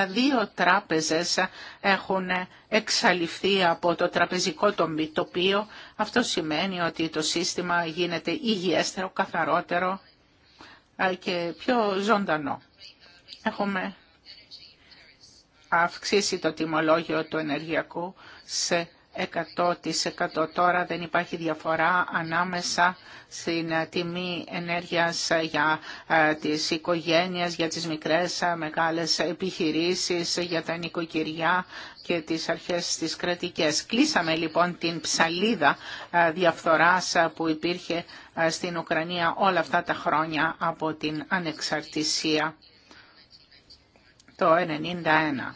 [SPEAKER 2] τράπεζες έχουν εξαλειφθεί από το τραπεζικό οποίο Αυτό σημαίνει ότι το σύστημα γίνεται υγιέστερο, καθαρότερο και πιο ζωντανό. Έχουμε αυξήσει το τιμολόγιο του ενεργειακού σε 100% τώρα δεν υπάρχει διαφορά ανάμεσα στην ε, τιμή ενέργειας ε, για ε, τις οικογένειες, για τις μικρές μεγάλες επιχειρήσεις, για τα νοικοκυριά και τις αρχές της κρατικές. Κλείσαμε λοιπόν την ψαλίδα διαφθοράς που υπήρχε στην Ουκρανία όλα αυτά τα χρόνια από την ανεξαρτησία το 1991.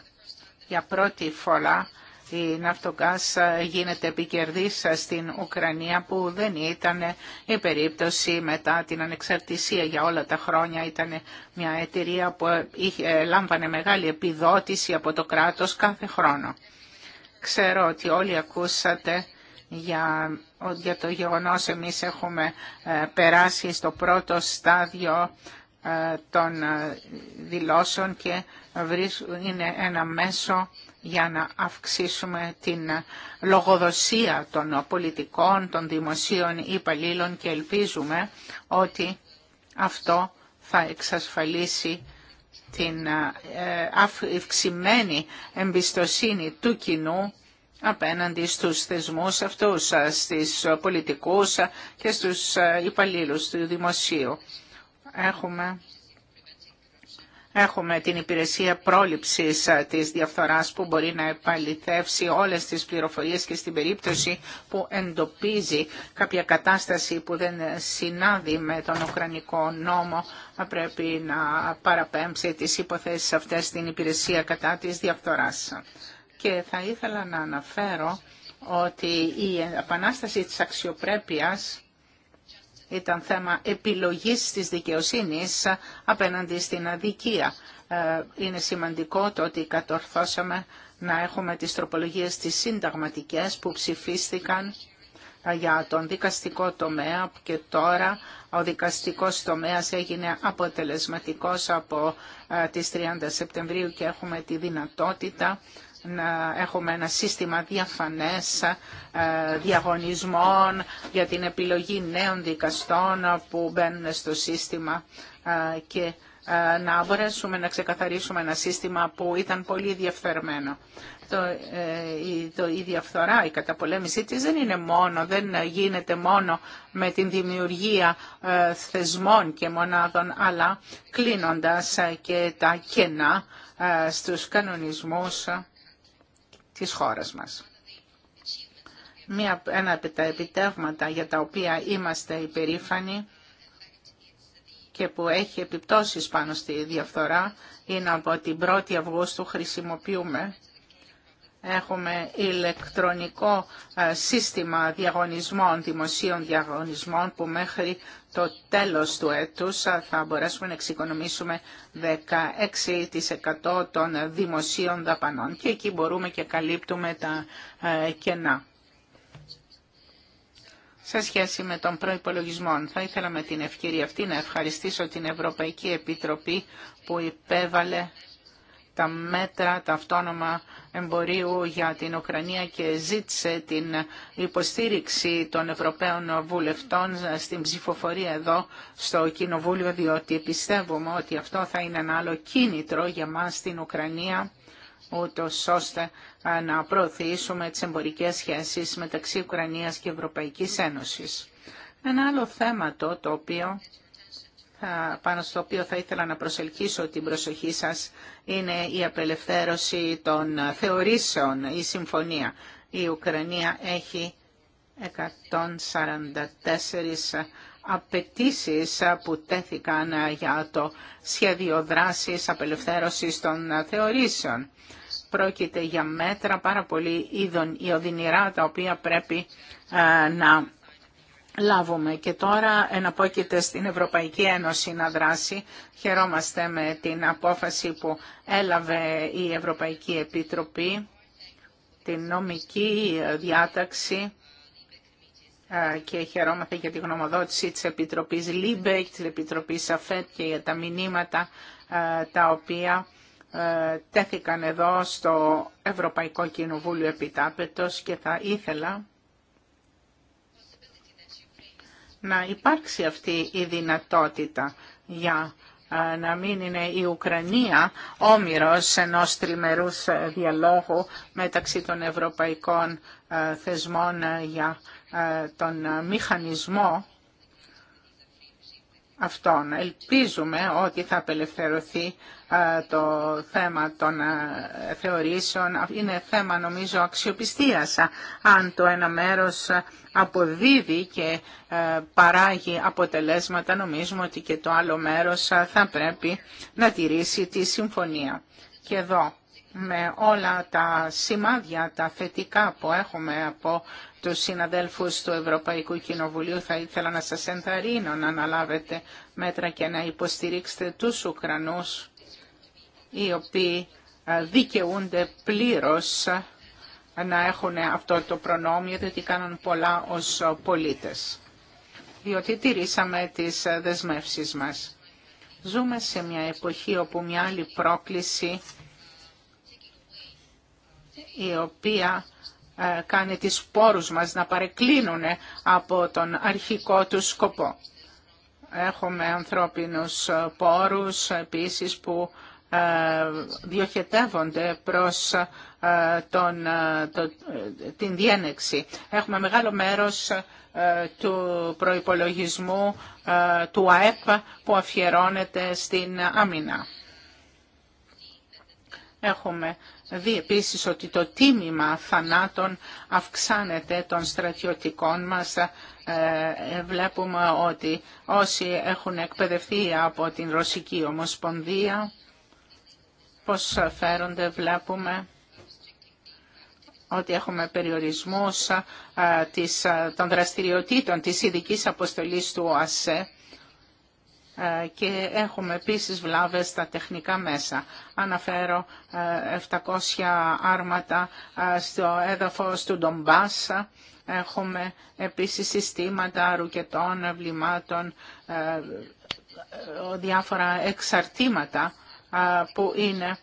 [SPEAKER 2] Για πρώτη φορά η Ναυτογκάς γίνεται επικερδής στην Ουκρανία που δεν ήταν η περίπτωση μετά την ανεξαρτησία για όλα τα χρόνια. Ήταν μια εταιρεία που είχε, λάμβανε μεγάλη επιδότηση από το κράτος κάθε χρόνο. Ξέρω ότι όλοι ακούσατε για, το γεγονός εμείς έχουμε ε, περάσει στο πρώτο στάδιο ε, των ε, δηλώσεων και είναι ένα μέσο για να αυξήσουμε την ε, λογοδοσία των πολιτικών, των δημοσίων υπαλλήλων και ελπίζουμε ότι αυτό θα εξασφαλίσει την αυξημένη εμπιστοσύνη του κοινού απέναντι στους θεσμούς αυτούς, στις πολιτικούς και στους υπαλλήλους του δημοσίου έχουμε Έχουμε την υπηρεσία πρόληψης ε, της διαφθοράς που μπορεί να επαληθεύσει όλες τις πληροφορίες και στην περίπτωση που εντοπίζει κάποια κατάσταση που δεν συνάδει με τον Ουκρανικό νόμο πρέπει να παραπέμψει τις υποθέσεις αυτές στην υπηρεσία κατά της διαφθοράς. Και θα ήθελα να αναφέρω ότι η επανάσταση της αξιοπρέπειας ήταν θέμα επιλογής της δικαιοσύνης απέναντι στην αδικία. Ε, είναι σημαντικό το ότι κατορθώσαμε να έχουμε τις τροπολογίες τις συνταγματικές που ψηφίστηκαν ε, για τον δικαστικό τομέα και τώρα ο δικαστικός τομέας έγινε αποτελεσματικός από ε, τις 30 Σεπτεμβρίου και έχουμε τη δυνατότητα να έχουμε ένα σύστημα διαφανές ε, διαγωνισμών για την επιλογή νέων δικαστών που μπαίνουν στο σύστημα ε, και ε, να μπορέσουμε να ξεκαθαρίσουμε ένα σύστημα που ήταν πολύ διαφθαρμένο. Το, το, η διαφθορά, η καταπολέμησή της δεν είναι μόνο, δεν γίνεται μόνο με την δημιουργία θεσμών και μονάδων, αλλά κλείνοντας και τα κενά ε, στους κανονισμούς της χώρας μας. Μία, ένα από τα επιτεύγματα για τα οποία είμαστε υπερήφανοι και που έχει επιπτώσεις πάνω στη διαφθορά είναι από την 1η Αυγούστου χρησιμοποιούμε Έχουμε ηλεκτρονικό ε, σύστημα διαγωνισμών, δημοσίων διαγωνισμών που μέχρι το τέλος του έτους ε, θα μπορέσουμε να εξοικονομήσουμε 16% των δημοσίων δαπανών και εκεί μπορούμε και καλύπτουμε τα ε, κενά. Σε σχέση με τον προϋπολογισμό, θα ήθελα με την ευκαιρία αυτή να ευχαριστήσω την Ευρωπαϊκή Επιτροπή που υπέβαλε τα μέτρα, τα αυτόνομα εμπορίου για την Ουκρανία και ζήτησε την υποστήριξη των Ευρωπαίων βουλευτών στην ψηφοφορία εδώ στο Κοινοβούλιο, διότι πιστεύουμε ότι αυτό θα είναι ένα άλλο κίνητρο για μας στην Ουκρανία ούτω ώστε να προωθήσουμε τις εμπορικές σχέσεις μεταξύ Ουκρανίας και Ευρωπαϊκής Ένωσης. Ένα άλλο θέμα το οποίο πάνω στο οποίο θα ήθελα να προσελκύσω την προσοχή σας είναι η απελευθέρωση των θεωρήσεων, η συμφωνία. Η Ουκρανία έχει 144 απαιτήσει που τέθηκαν για το σχέδιο δράσης απελευθέρωσης των θεωρήσεων. Πρόκειται για μέτρα πάρα πολύ οδυνηρά τα οποία πρέπει ε, να λάβουμε. Και τώρα εναπόκειται στην Ευρωπαϊκή Ένωση να δράσει. Χαιρόμαστε με την απόφαση που έλαβε η Ευρωπαϊκή Επίτροπη, την νομική διάταξη και χαιρόμαστε για τη γνωμοδότηση της Επιτροπής ΛΥΜΠΕ, της Επιτροπής ΑΦΕΤ και για τα μηνύματα τα οποία τέθηκαν εδώ στο Ευρωπαϊκό Κοινοβούλιο Επιτάπετος και θα ήθελα να υπάρξει αυτή η δυνατότητα για ε, να μην είναι η Ουκρανία όμοιρος ενός τριμερούς ε, διαλόγου μεταξύ των ευρωπαϊκών ε, θεσμών για τον μηχανισμό αυτών. Ελπίζουμε ότι θα απελευθερωθεί το θέμα των θεωρήσεων. Είναι θέμα νομίζω αξιοπιστίας αν το ένα μέρος αποδίδει και παράγει αποτελέσματα νομίζουμε ότι και το άλλο μέρος θα πρέπει να τηρήσει τη συμφωνία. Και εδώ με όλα τα σημάδια, τα θετικά που έχουμε από τους συναδέλφους του Ευρωπαϊκού Κοινοβουλίου. Θα ήθελα να σας ενθαρρύνω να αναλάβετε μέτρα και να υποστηρίξετε τους Ουκρανούς οι οποίοι ε, δικαιούνται πλήρως ε, να έχουν αυτό το προνόμιο, διότι κάνουν πολλά ως πολίτες, διότι τηρήσαμε τις ε, δεσμεύσεις μας. Ζούμε σε μια εποχή όπου μια άλλη πρόκληση η οποία ε, κάνει τις πόρους μας να παρεκκλίνουν από τον αρχικό του σκοπό. Έχουμε ανθρώπινους ε, πόρους επίσης που ε, διοχετεύονται προς τον, την διένεξη. Έχουμε μεγάλο μέρος του προϋπολογισμού του ΑΕΠ που αφιερώνεται στην άμυνα. Έχουμε δει επίσης ότι το τίμημα θανάτων αυξάνεται των στρατιωτικών μας. Ε, βλέπουμε ότι όσοι έχουν εκπαιδευτεί από την Ρωσική Ομοσπονδία, πώς φέρονται βλέπουμε ότι έχουμε περιορισμούς ε, ε, των δραστηριοτήτων της ειδική αποστολής του ΟΑΣΕ ε, και έχουμε επίσης βλάβες στα τεχνικά μέσα. Αναφέρω 700 ε, άρματα ε, στο έδαφος του Ντομπάσα. Έχουμε επίσης συστήματα ρουκετών, βλημάτων, διάφορα εξαρτήματα που είναι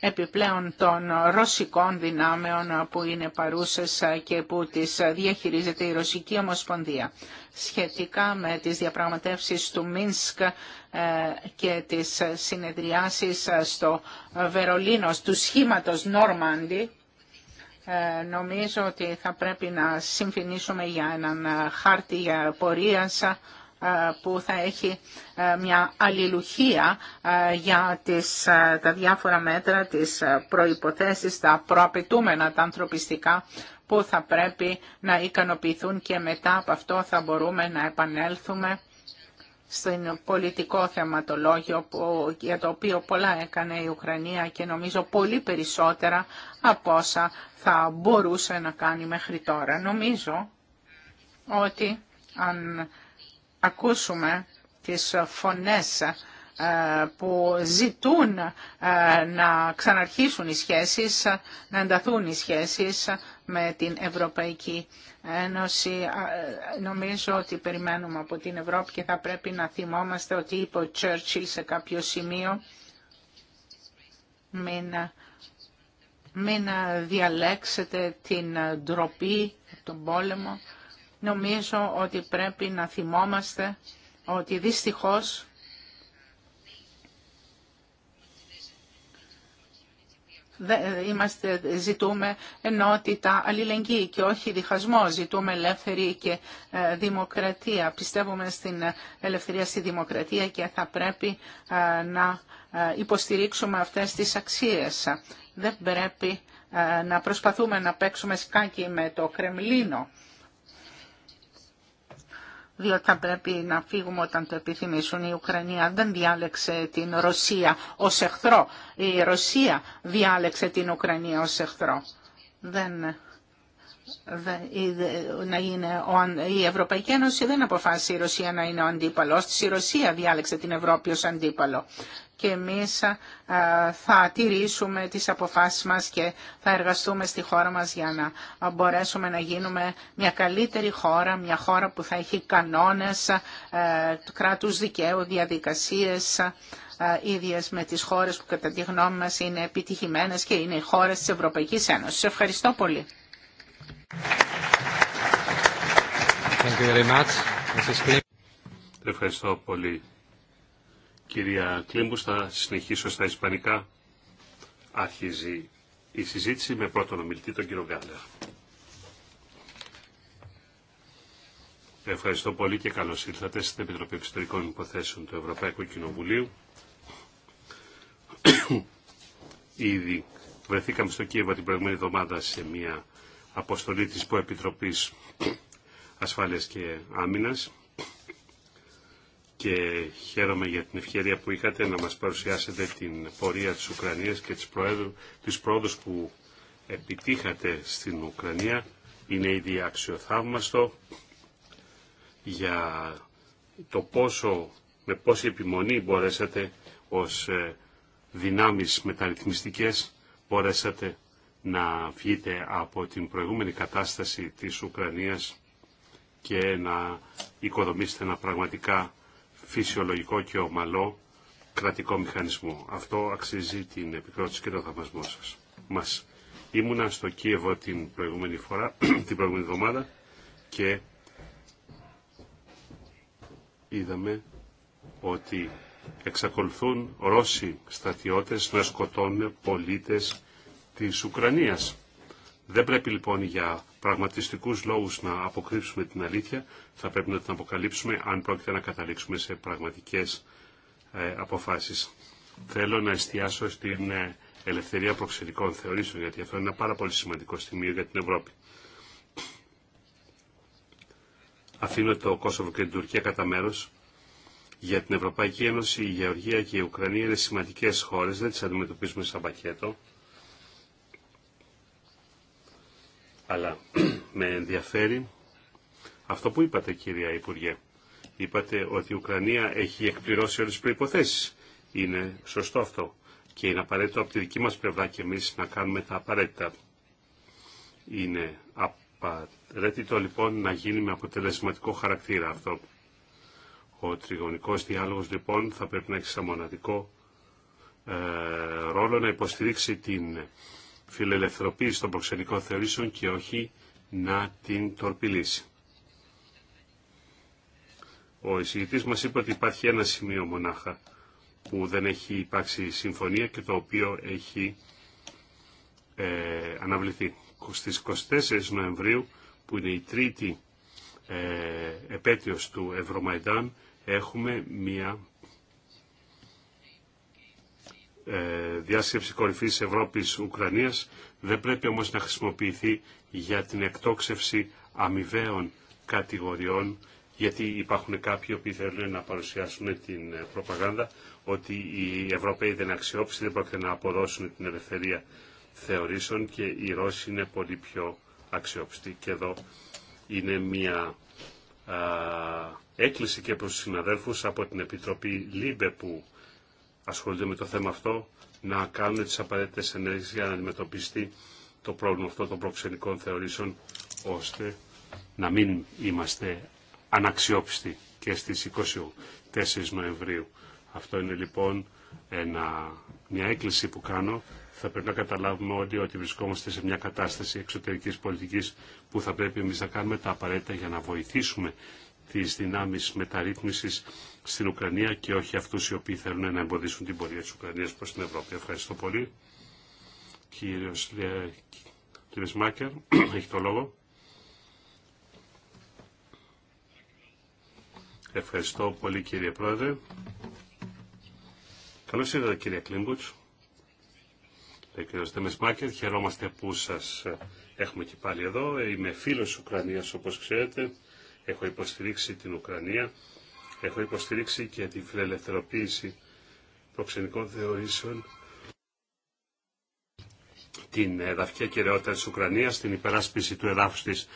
[SPEAKER 2] επιπλέον των ρωσικών δυνάμεων που είναι παρούσες και που τις διαχειρίζεται η Ρωσική Ομοσπονδία σχετικά με τις διαπραγματεύσεις του Μίνσκ ε, και τις συνεδριάσεις ε, στο Βερολίνο, του σχήματος Νόρμαντι, ε, νομίζω ότι θα πρέπει να συμφωνήσουμε για έναν χάρτη πορείας που θα έχει μια αλληλουχία για τις, τα διάφορα μέτρα, τις προϋποθέσεις, τα προαπαιτούμενα, τα ανθρωπιστικά που θα πρέπει να ικανοποιηθούν και μετά από αυτό θα μπορούμε να επανέλθουμε στην πολιτικό θεματολόγιο που, για το οποίο πολλά έκανε η Ουκρανία και νομίζω πολύ περισσότερα από όσα θα μπορούσε να κάνει μέχρι τώρα. Νομίζω ότι αν ακούσουμε τις φωνές ε, που ζητούν ε, να ξαναρχίσουν οι σχέσεις, να ενταθούν οι σχέσεις, με την Ευρωπαϊκή Ένωση. Νομίζω ότι περιμένουμε από την Ευρώπη και θα πρέπει να θυμόμαστε ότι είπε ο Τσέρτσιλ σε κάποιο σημείο μην, διαλέξετε την ντροπή, τον πόλεμο. Νομίζω ότι πρέπει να θυμόμαστε ότι δυστυχώς Είμαστε, ζητούμε ενότητα, αλληλεγγύη και όχι διχασμό. Ζητούμε ελεύθερη και ε, δημοκρατία. Πιστεύουμε στην ε, ελευθερία, στη δημοκρατία και θα πρέπει ε, να υποστηρίξουμε αυτές τις αξίες. Δεν πρέπει να προσπαθούμε να παίξουμε σκάκι με το Κρεμλίνο διότι θα πρέπει να φύγουμε όταν το επιθυμήσουν. Η Ουκρανία δεν διάλεξε την Ρωσία ως εχθρό. Η Ρωσία διάλεξε την Ουκρανία ως εχθρό. Δεν να είναι, η Ευρωπαϊκή Ένωση δεν αποφάσισε η Ρωσία να είναι ο αντίπαλος της. Η Ρωσία διάλεξε την Ευρώπη ως αντίπαλο. Και εμείς θα τηρήσουμε τις αποφάσεις μας και θα εργαστούμε στη χώρα μας για να μπορέσουμε να γίνουμε μια καλύτερη χώρα, μια χώρα που θα έχει κανόνες, ε, κράτους δικαίου, διαδικασίες, ίδιες με τις χώρες που κατά τη γνώμη μας είναι επιτυχημένες και είναι οι χώρες της Ευρωπαϊκής Ένωσης. Ευχαριστώ πολύ.
[SPEAKER 1] Ευχαριστώ πολύ. Κυρία Κλίμπους, θα συνεχίσω στα ισπανικά. Αρχίζει η συζήτηση με πρώτον ομιλητή τον κύριο Γκάλερ. Ευχαριστώ πολύ και καλώς ήρθατε στην Επιτροπή Εξωτερικών Υποθέσεων του Ευρωπαϊκού Κοινοβουλίου. Ήδη βρεθήκαμε στο Κίεβο την προηγούμενη εβδομάδα σε μια αποστολή της Προεπιτροπής Ασφάλειας και Άμυνας και χαίρομαι για την ευκαιρία που είχατε να μας παρουσιάσετε την πορεία της Ουκρανίας και της προέδρου, της που επιτύχατε στην Ουκρανία. Είναι ήδη αξιοθαύμαστο για το πόσο, με πόση επιμονή μπορέσατε ως ε, δυνάμεις μεταρρυθμιστικές μπορέσατε να βγείτε από την προηγούμενη κατάσταση της Ουκρανίας και να οικοδομήσετε ένα πραγματικά φυσιολογικό και ομαλό κρατικό μηχανισμό. Αυτό αξίζει την επικρότηση και τον θαυμασμό σας. Μας. Ήμουνα στο Κίεβο την προηγούμενη φορά, την προηγούμενη εβδομάδα και είδαμε ότι εξακολουθούν Ρώσοι στρατιώτες να σκοτώνουν πολίτες της Ουκρανίας. Δεν πρέπει λοιπόν για πραγματιστικούς λόγους να αποκρύψουμε την αλήθεια, θα πρέπει να την αποκαλύψουμε αν πρόκειται να καταλήξουμε σε πραγματικές ε, αποφάσεις. Θέλω να εστιάσω στην ε, ελευθερία προξενικών θεωρήσεων, γιατί αυτό είναι ένα πάρα πολύ σημαντικό σημείο για την Ευρώπη. Αφήνω το Κόσοβο και την Τουρκία κατά μέρο. Για την Ευρωπαϊκή Ένωση η Γεωργία και η Ουκρανία είναι σημαντικέ χώρε, δεν τι αντιμετωπίζουμε σαν πακέτο. Αλλά με ενδιαφέρει αυτό που είπατε κυρία Υπουργέ. Είπατε ότι η Ουκρανία έχει εκπληρώσει όλες τις προϋποθέσεις. Είναι σωστό αυτό. Και είναι απαραίτητο από τη δική μας πλευρά και εμείς να κάνουμε τα απαραίτητα. Είναι απαραίτητο λοιπόν να γίνει με αποτελεσματικό χαρακτήρα αυτό. Ο τριγωνικός διάλογος λοιπόν θα πρέπει να έχει σαν μοναδικό ε, ρόλο να υποστηρίξει την φιλελευθερωποίηση των προξενικών θεωρήσεων και όχι να την τορπιλήσει. Ο εισηγητής μας είπε ότι υπάρχει ένα σημείο μονάχα που δεν έχει υπάρξει συμφωνία και το οποίο έχει ε, αναβληθεί. Στις 24 Νοεμβρίου, που είναι η τρίτη ε, επέτειος του Ευρωμαϊντάν, έχουμε μία ε, διάσκεψη κορυφής Ευρώπης-Ουκρανίας δεν πρέπει όμως να χρησιμοποιηθεί για την εκτόξευση αμοιβαίων κατηγοριών γιατί υπάρχουν κάποιοι που θέλουν να παρουσιάσουν την ε, προπαγάνδα ότι οι Ευρωπαίοι δεν αξιόπιστοι, δεν πρόκειται να αποδώσουν την ελευθερία θεωρήσεων και οι Ρώσοι είναι πολύ πιο αξιόπιστοι. Και εδώ είναι μια έκκληση και προς τους συναδέλφους από την Επιτροπή ΛΥΜΠΕ που ασχολούνται με το θέμα αυτό να κάνουν τις απαραίτητες ενέργειες για να αντιμετωπιστεί το πρόβλημα αυτό των προξενικών θεωρήσεων ώστε να μην είμαστε αναξιόπιστοι και στις 24 Νοεμβρίου. Αυτό είναι λοιπόν ένα, μια έκκληση που κάνω. Θα πρέπει να καταλάβουμε ότι βρισκόμαστε σε μια κατάσταση εξωτερικής πολιτικής που θα πρέπει εμείς να κάνουμε τα απαραίτητα για να βοηθήσουμε τις δυνάμεις μεταρρύθμισης στην Ουκρανία και όχι αυτούς οι οποίοι θέλουν να εμποδίσουν την πορεία της Ουκρανίας προς την Ευρώπη. Ευχαριστώ πολύ. Κύριος, Μάκερ, έχει το λόγο. Ευχαριστώ πολύ κύριε Πρόεδρε. Καλώς ήρθατε κύριε Κλίμπουτς. κύριο κύριος χαιρόμαστε που σας έχουμε και πάλι εδώ. Είμαι φίλος Ουκρανίας όπως ξέρετε έχω υποστηρίξει την Ουκρανία, έχω υποστηρίξει και την φιλελευθερωποίηση προξενικών θεωρήσεων, την εδαφική ακεραιότητα της Ουκρανίας, την υπεράσπιση του εδάφους της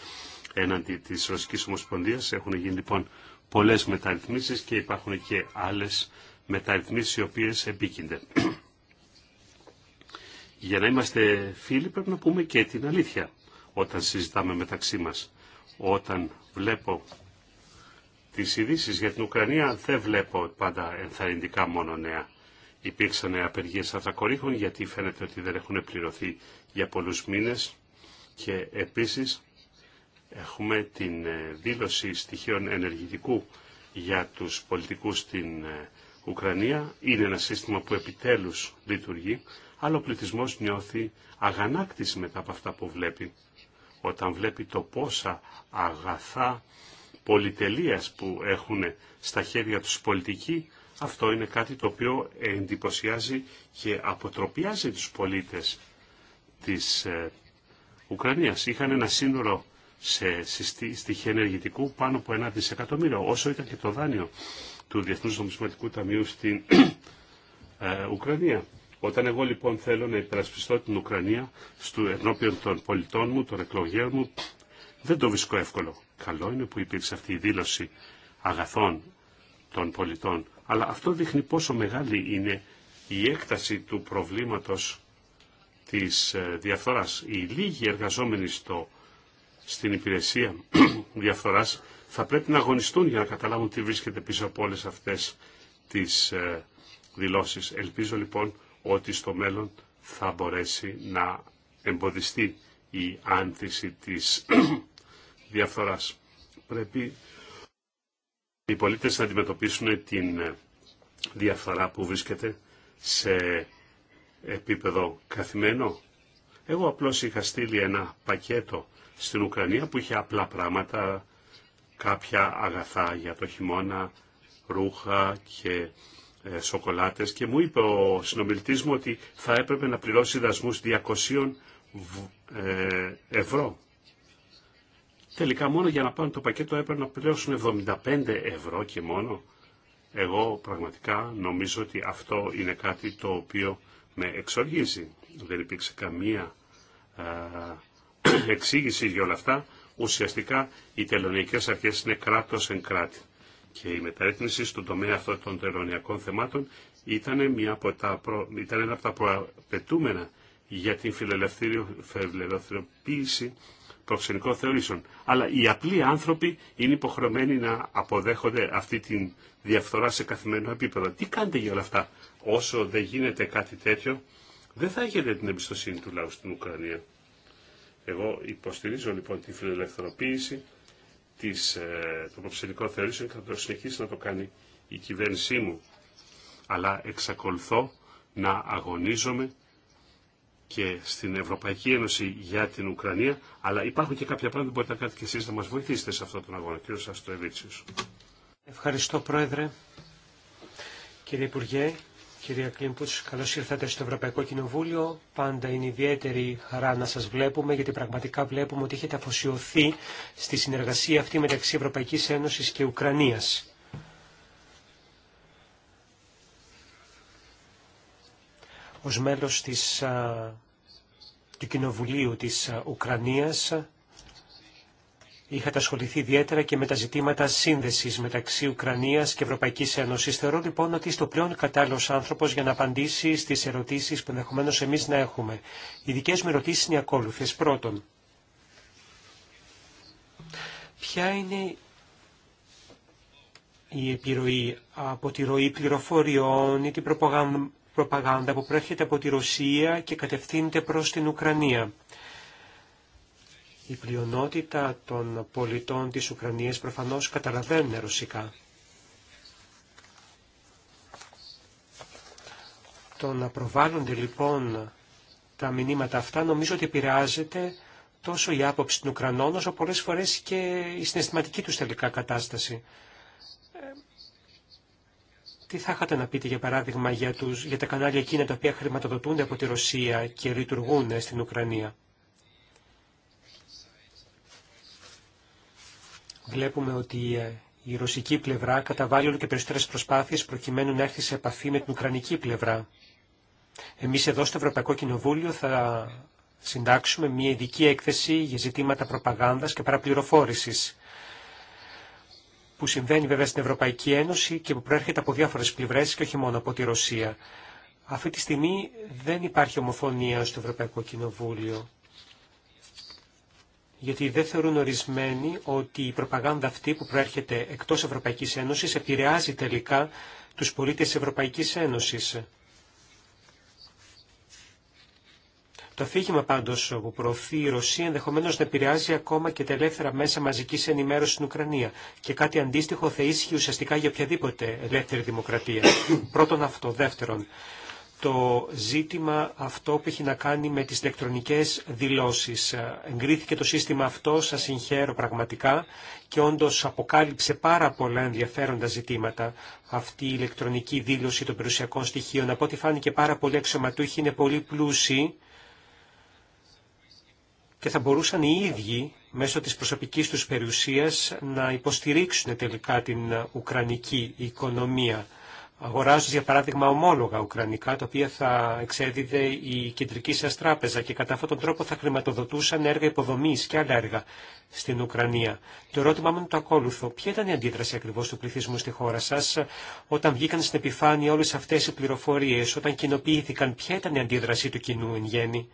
[SPEAKER 1] έναντι της Ρωσικής Ομοσπονδίας. Έχουν γίνει λοιπόν πολλές μεταρρυθμίσεις και υπάρχουν και άλλες μεταρρυθμίσεις οι οποίες επίκυνται. Για να είμαστε φίλοι πρέπει να πούμε και την αλήθεια όταν συζητάμε μεταξύ μας. Όταν βλέπω τις ειδήσει για την Ουκρανία δεν βλέπω πάντα ενθαρρυντικά μόνο νέα. Υπήρξαν απεργίες ανθρακορίχων γιατί φαίνεται ότι δεν έχουν πληρωθεί για πολλούς μήνες και επίσης έχουμε την ε, δήλωση στοιχείων ενεργητικού για τους πολιτικούς στην ε, Ουκρανία. Είναι ένα σύστημα που επιτέλους λειτουργεί, αλλά ο πληθυσμός νιώθει αγανάκτηση μετά από αυτά που βλέπει όταν βλέπει το πόσα αγαθά πολυτελείας που έχουν στα χέρια τους πολιτικοί, αυτό είναι κάτι το οποίο εντυπωσιάζει και αποτροπιάζει τους πολίτες της ε, Ουκρανίας. Είχαν ένα σύνολο σε στοιχεία ενεργητικού πάνω από ένα δισεκατομμύριο, όσο ήταν και το δάνειο του Διεθνούς Νομισματικού Ταμείου στην ε, Ουκρανία. Όταν εγώ λοιπόν θέλω να υπερασπιστώ την Ουκρανία στου ενώπιον των πολιτών μου, των εκλογέων μου, δεν το βρίσκω εύκολο. Καλό είναι που υπήρξε αυτή η δήλωση αγαθών των πολιτών, αλλά αυτό δείχνει πόσο μεγάλη είναι η έκταση του προβλήματος της ε, διαφθοράς. Οι λίγοι εργαζόμενοι στο, στην υπηρεσία διαφθοράς θα πρέπει να αγωνιστούν για να καταλάβουν τι βρίσκεται πίσω από όλες αυτές τις ε, δηλώσεις. Ελπίζω λοιπόν ότι στο μέλλον θα μπορέσει να εμποδιστεί η άνθηση της διαφθοράς. Πρέπει οι πολίτες να αντιμετωπίσουν την διαφθορά που βρίσκεται σε επίπεδο καθημενο. Εγώ απλώς είχα στείλει ένα πακέτο στην Ουκρανία που είχε απλά πράγματα, κάποια αγαθά για το χειμώνα, ρούχα και ε, σοκολάτες και μου είπε ο συνομιλητής μου ότι θα έπρεπε να πληρώσει δασμούς 200 ε, ευρώ. Τελικά μόνο για να πάνε το πακέτο έπρεπε να πληρώσουν 75 ευρώ και μόνο. Εγώ πραγματικά νομίζω ότι αυτό είναι κάτι το οποίο με εξοργίζει. Δεν υπήρξε καμία ε, εξήγηση για όλα αυτά. Ουσιαστικά οι τελωνικές αρχές είναι κράτος εν κράτη. Και η μεταρρύθμιση στον τομέα αυτών των τελωνιακών θεμάτων ήταν, μια από τα προ... ήταν ένα από τα προαπαιτούμενα για την φιλελευθερωποίηση προξενικών θεωρήσεων. Αλλά οι απλοί άνθρωποι είναι υποχρεωμένοι να αποδέχονται αυτή τη διαφθορά σε καθημερινό επίπεδο. Τι κάνετε για όλα αυτά. Όσο δεν γίνεται κάτι τέτοιο, δεν θα έχετε την εμπιστοσύνη του λαού στην Ουκρανία. Εγώ υποστηρίζω λοιπόν τη φιλελευθερωποίηση της, ε, το προψηφιακό θεωρήσεων και θα το συνεχίσει να το κάνει η κυβέρνησή μου. Αλλά εξακολουθώ να αγωνίζομαι και στην Ευρωπαϊκή Ένωση για την Ουκρανία, αλλά υπάρχουν και κάποια πράγματα που μπορείτε να κάνετε και εσείς να μας βοηθήσετε σε αυτόν τον αγώνα. το Σαστοεβίτσιος.
[SPEAKER 3] Ευχαριστώ Πρόεδρε. Κύριε Υπουργέ, Κυρία Κλίμπουτς, καλώς ήρθατε στο Ευρωπαϊκό Κοινοβούλιο. Πάντα είναι ιδιαίτερη χαρά να σας βλέπουμε, γιατί πραγματικά βλέπουμε ότι έχετε αφοσιωθεί στη συνεργασία αυτή μεταξύ Ευρωπαϊκής Ένωσης και Ουκρανίας. Ως μέλος της, του Κοινοβουλίου της Ουκρανίας, είχατε ασχοληθεί ιδιαίτερα και με τα ζητήματα σύνδεση μεταξύ Ουκρανία και Ευρωπαϊκή Ένωση. Θεωρώ λοιπόν ότι είστε ο πλέον κατάλληλο άνθρωπο για να απαντήσει στι ερωτήσει που ενδεχομένω εμεί να έχουμε. Οι δικέ μου ερωτήσει είναι οι ακόλουθε. Πρώτον, ποια είναι η επιρροή από τη ροή πληροφοριών ή την προπαγάνδα που προέρχεται από τη Ρωσία και κατευθύνεται προς την Ουκρανία. Η πλειονότητα των πολιτών της Ουκρανίας προφανώς καταλαβαίνουν ρωσικά. Το να προβάλλονται λοιπόν τα μηνύματα αυτά νομίζω ότι επηρεάζεται τόσο η άποψη των Ουκρανών όσο πολλές φορές και η συναισθηματική τους τελικά κατάσταση. Ε, τι θα είχατε να πείτε για παράδειγμα για, τους, για τα κανάλια εκείνα τα οποία χρηματοδοτούνται από τη Ρωσία και λειτουργούν στην Ουκρανία. Βλέπουμε ότι ε, η ρωσική πλευρά καταβάλει όλο και περισσότερες προσπάθειες προκειμένου να έρθει σε επαφή με την ουκρανική πλευρά. Εμείς εδώ στο Ευρωπαϊκό Κοινοβούλιο θα συντάξουμε μια ειδική έκθεση για ζητήματα προπαγάνδας και παραπληροφόρησης που συμβαίνει βέβαια στην Ευρωπαϊκή Ένωση και που προέρχεται από διάφορες πλευρές και όχι μόνο από τη Ρωσία. Αυτή τη στιγμή δεν υπάρχει ομοφωνία στο Ευρωπαϊκό Κοινοβούλιο γιατί δεν θεωρούν ορισμένοι ότι η προπαγάνδα αυτή που προέρχεται εκτός Ευρωπαϊκής Ένωσης επηρεάζει τελικά τους πολίτες της Ευρωπαϊκής Ένωσης. Το αφήγημα πάντως που προωθεί η Ρωσία ενδεχομένως να επηρεάζει ακόμα και τα ελεύθερα μέσα μαζικής ενημέρωσης στην Ουκρανία και κάτι αντίστοιχο θα ίσχυε ουσιαστικά για οποιαδήποτε ελεύθερη δημοκρατία. Πρώτον αυτό. Δεύτερον, το ζήτημα αυτό που έχει να κάνει με τις ηλεκτρονικές δηλώσεις. Εγκρίθηκε το σύστημα αυτό, σας συγχαίρω πραγματικά και όντως αποκάλυψε πάρα πολλά ενδιαφέροντα ζητήματα αυτή η ηλεκτρονική δήλωση των περιουσιακών στοιχείων. Από ό,τι φάνηκε πάρα πολύ αξιωματούχοι, είναι πολύ πλούσιοι και θα μπορούσαν οι ίδιοι μέσω της προσωπικής τους περιουσίας να υποστηρίξουν τελικά την ουκρανική οικονομία αγοράζοντας για παράδειγμα ομόλογα ουκρανικά τα οποία θα εξέδιδε η κεντρική σας τράπεζα και κατά αυτόν τον τρόπο θα χρηματοδοτούσαν έργα υποδομής και άλλα έργα στην Ουκρανία. Το ερώτημά μου είναι το ακόλουθο. Ποια ήταν η αντίδραση ακριβώς του πληθυσμού στη χώρα σας όταν βγήκαν στην επιφάνεια όλες αυτές οι πληροφορίες, όταν κοινοποιήθηκαν, ποια ήταν η αντίδραση του κοινού εν γέννη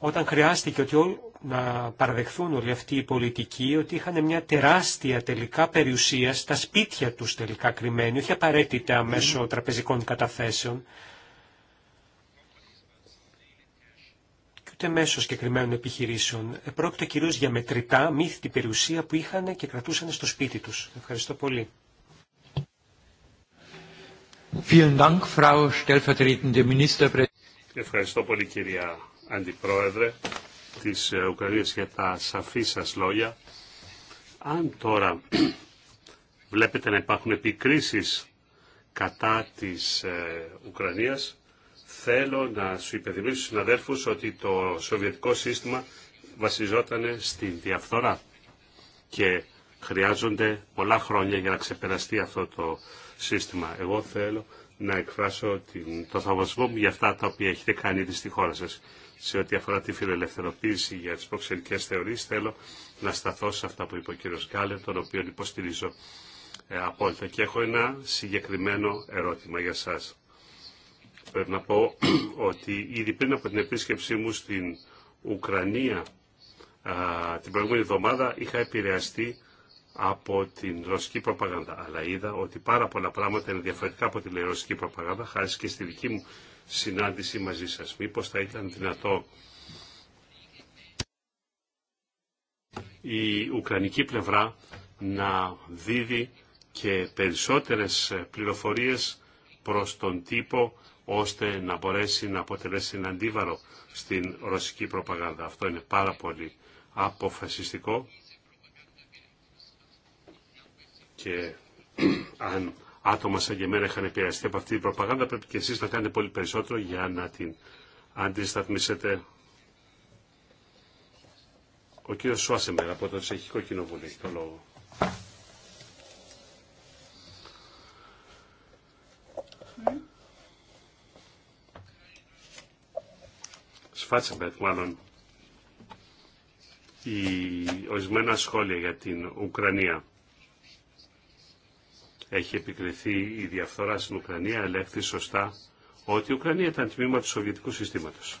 [SPEAKER 3] όταν χρειάστηκε ότι ό, να παραδεχθούν όλοι αυτοί οι πολιτικοί ότι είχαν μια τεράστια τελικά περιουσία στα σπίτια τους τελικά κρυμμένη, όχι απαραίτητα μέσω τραπεζικών καταθέσεων και ούτε μέσω συγκεκριμένων επιχειρήσεων. Πρόκειται κυρίως για μετρητά, μύθιτη περιουσία που είχαν και κρατούσαν στο σπίτι τους. Ευχαριστώ πολύ.
[SPEAKER 1] Ευχαριστώ πολύ κυρία Αντιπρόεδρε της ε, Ουκρανίας για τα σαφή σας λόγια. Αν τώρα βλέπετε να υπάρχουν επικρίσεις κατά της ε, Ουκρανίας, θέλω να σου υπενθυμίσω στους συναδέλφους ότι το σοβιετικό σύστημα βασιζόταν στην διαφθορά και χρειάζονται πολλά χρόνια για να ξεπεραστεί αυτό το σύστημα. Εγώ θέλω να εκφράσω την, το θαυμασμό μου για αυτά τα οποία έχετε κάνει στη χώρα σας σε ό,τι αφορά τη φιλελευθερωποίηση για τις προξενικές θεωρίες, θέλω να σταθώ σε αυτά που είπε ο κύριος Γκάλερ, τον οποίο υποστηρίζω ε, απόλυτα. Και έχω ένα συγκεκριμένο ερώτημα για σας. Πρέπει να πω ότι ήδη πριν από την επίσκεψή μου στην Ουκρανία την προηγούμενη εβδομάδα είχα επηρεαστεί από την ρωσική προπαγάνδα. Αλλά είδα ότι πάρα πολλά πράγματα είναι διαφορετικά από την ρωσική προπαγάνδα, χάρη και στη δική μου συνάντηση μαζί σας. Μήπως θα ήταν δυνατό η Ουκρανική πλευρά να δίδει και περισσότερες πληροφορίες προς τον τύπο ώστε να μπορέσει να αποτελέσει ένα αντίβαρο στην ρωσική προπαγάνδα. Αυτό είναι πάρα πολύ αποφασιστικό και αν άτομα σαν και εμένα είχαν επηρεαστεί από αυτή την προπαγάνδα, πρέπει και εσείς να κάνετε πολύ περισσότερο για να την αντισταθμίσετε. Ο κύριο Σουάσεμερ από το Τσεχικό Κοινοβούλιο έχει το λόγο. Mm. μάλλον, η ορισμένα σχόλια για την Ουκρανία έχει επικριθεί η διαφθορά στην Ουκρανία, ελέγχθη σωστά ότι η Ουκρανία ήταν τμήμα του Σοβιετικού συστήματος.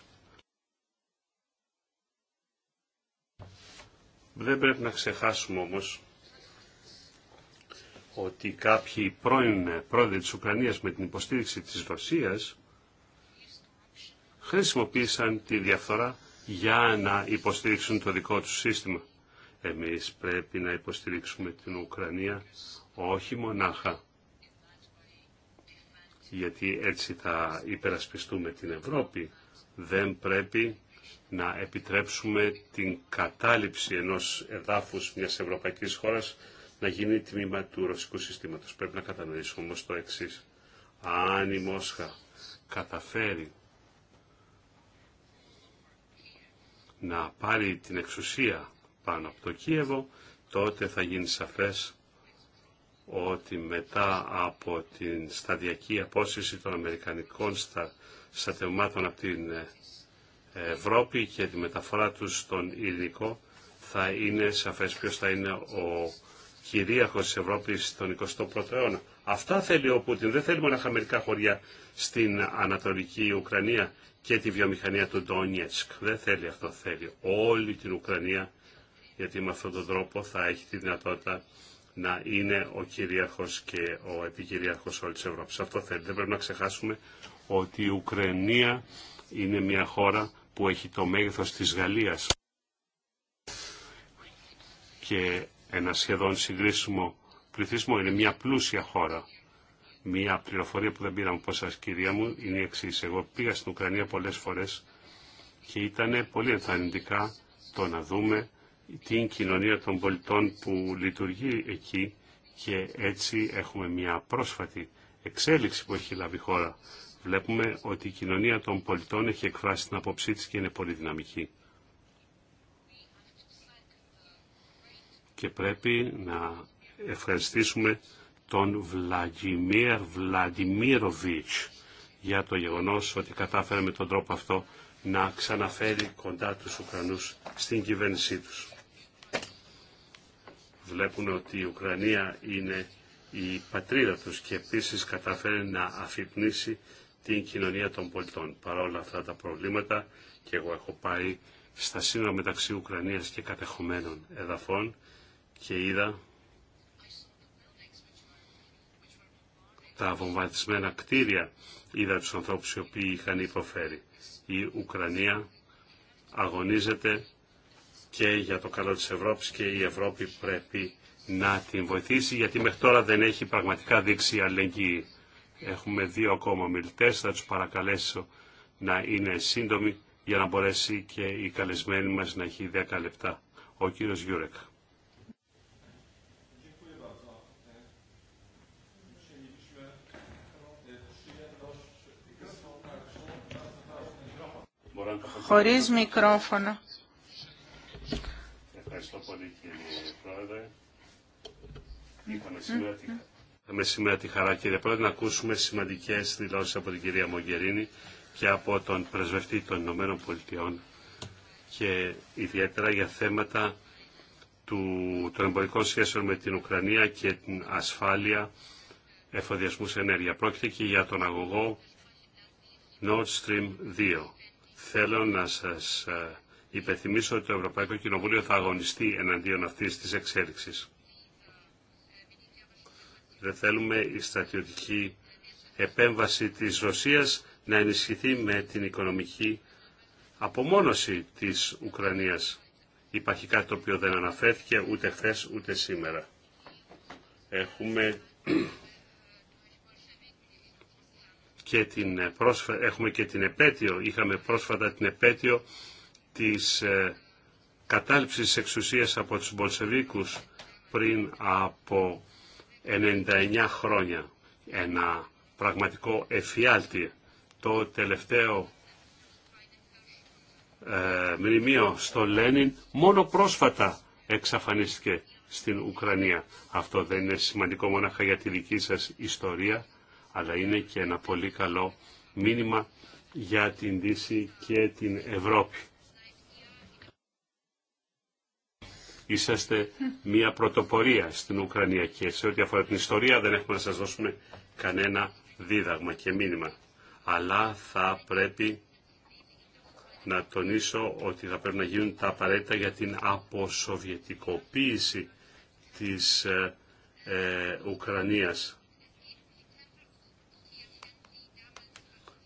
[SPEAKER 1] Δεν πρέπει να ξεχάσουμε όμως ότι κάποιοι πρώην πρόεδροι της Ουκρανίας με την υποστήριξη της Ρωσίας χρησιμοποίησαν τη διαφθορά για να υποστηρίξουν το δικό τους σύστημα. Εμείς πρέπει να υποστηρίξουμε την Ουκρανία όχι μονάχα γιατί έτσι θα υπερασπιστούμε την Ευρώπη. Δεν πρέπει να επιτρέψουμε την κατάληψη ενός εδάφους μιας ευρωπαϊκής χώρας να γίνει τμήμα του ρωσικού συστήματος. Πρέπει να κατανοήσουμε όμως το εξής. Αν η Μόσχα καταφέρει να πάρει την εξουσία πάνω από το Κίεβο, τότε θα γίνει σαφές ότι μετά από την σταδιακή απόσυρση των Αμερικανικών στα, στρατευμάτων από την ε, Ευρώπη και τη μεταφορά τους στον Ειρηνικό θα είναι σαφές ποιος θα είναι ο κυρίαρχος της Ευρώπης στον 21ο αιώνα. Αυτά θέλει ο Πούτιν. Δεν θέλει μόνο αμερικά χωριά στην Ανατολική Ουκρανία και τη βιομηχανία του Ντόνιετσκ. Δεν θέλει αυτό. Θέλει όλη την Ουκρανία γιατί με αυτόν τον τρόπο θα έχει τη δυνατότητα να είναι ο κυρίαρχος και ο επικυρίαρχος όλης της Ευρώπης. Αυτό θέλει. Δεν πρέπει να ξεχάσουμε ότι η Ουκρανία είναι μια χώρα που έχει το μέγεθος της Γαλλίας και ένα σχεδόν συγκρίσιμο πληθυσμό. Είναι μια πλούσια χώρα. Μια πληροφορία που δεν πήραμε από σας κυρία μου είναι η εξή. Εγώ πήγα στην Ουκρανία πολλές φορές και ήταν πολύ ενθαρρυντικά το να δούμε την κοινωνία των πολιτών που λειτουργεί εκεί και έτσι έχουμε μια πρόσφατη εξέλιξη που έχει λάβει η χώρα. Βλέπουμε ότι η κοινωνία των πολιτών έχει εκφράσει την απόψή της και είναι πολύ δυναμική. Και πρέπει να ευχαριστήσουμε τον Βλαντιμίρ Βλαντιμίροβιτς για το γεγονός ότι κατάφερε με τον τρόπο αυτό να ξαναφέρει κοντά τους Ουκρανούς στην κυβέρνησή τους βλέπουν ότι η Ουκρανία είναι η πατρίδα τους και επίσης καταφέρει να αφυπνίσει την κοινωνία των πολιτών. Παρόλα όλα αυτά τα προβλήματα και εγώ έχω πάει στα σύνορα μεταξύ Ουκρανίας και κατεχομένων εδαφών και είδα τα βομβαρδισμένα κτίρια, είδα τους ανθρώπους οι οποίοι είχαν υποφέρει. Η Ουκρανία αγωνίζεται και για το καλό της Ευρώπης και η Ευρώπη πρέπει να την βοηθήσει γιατί μέχρι τώρα δεν έχει πραγματικά δείξει αλληλεγγύη. Έχουμε δύο ακόμα μιλητές, θα τους παρακαλέσω να είναι σύντομοι για να μπορέσει και η καλεσμένη μας να έχει 10 λεπτά. Ο κύριος Γιούρεκ.
[SPEAKER 2] Χωρίς μικρόφωνο.
[SPEAKER 1] Ευχαριστώ πολύ κύριε Πρόεδρε. Είχαμε σήμερα, τη... τη χαρά κύριε Πρόεδρε να ακούσουμε σημαντικές δηλώσεις από την κυρία Μογκερίνη και από τον πρεσβευτή των Ηνωμένων Πολιτειών και ιδιαίτερα για θέματα του, των εμπορικών σχέσεων με την Ουκρανία και την ασφάλεια εφοδιασμού ενέργεια. Πρόκειται και για τον αγωγό Nord Stream 2. Θέλω να σας ε, Υπενθυμίσω ότι το Ευρωπαϊκό Κοινοβούλιο θα αγωνιστεί εναντίον αυτή τη εξέλιξη. Δεν θέλουμε η στρατιωτική επέμβαση της Ρωσίας να ενισχυθεί με την οικονομική απομόνωση της Ουκρανίας. Υπάρχει κάτι το οποίο δεν αναφέρθηκε ούτε χθε ούτε σήμερα. Έχουμε και την, Έχουμε και την επέτειο, είχαμε πρόσφατα την επέτειο της ε, κατάληψης εξουσίας από τους Μπολσεβίκους πριν από 99 χρόνια. Ένα πραγματικό εφιάλτη. Το τελευταίο ε, μνημείο στο Λένιν μόνο πρόσφατα εξαφανίστηκε στην Ουκρανία. Αυτό δεν είναι σημαντικό μόναχα για τη δική σας ιστορία, αλλά είναι και ένα πολύ καλό μήνυμα για την Δύση και την Ευρώπη. είσαστε μια πρωτοπορία στην Ουκρανία και σε ό,τι αφορά την ιστορία δεν έχουμε να σας δώσουμε κανένα δίδαγμα και μήνυμα. Αλλά θα πρέπει να τονίσω ότι θα πρέπει να γίνουν τα απαραίτητα για την αποσοβιετικοποίηση της ε, ε Ουκρανίας.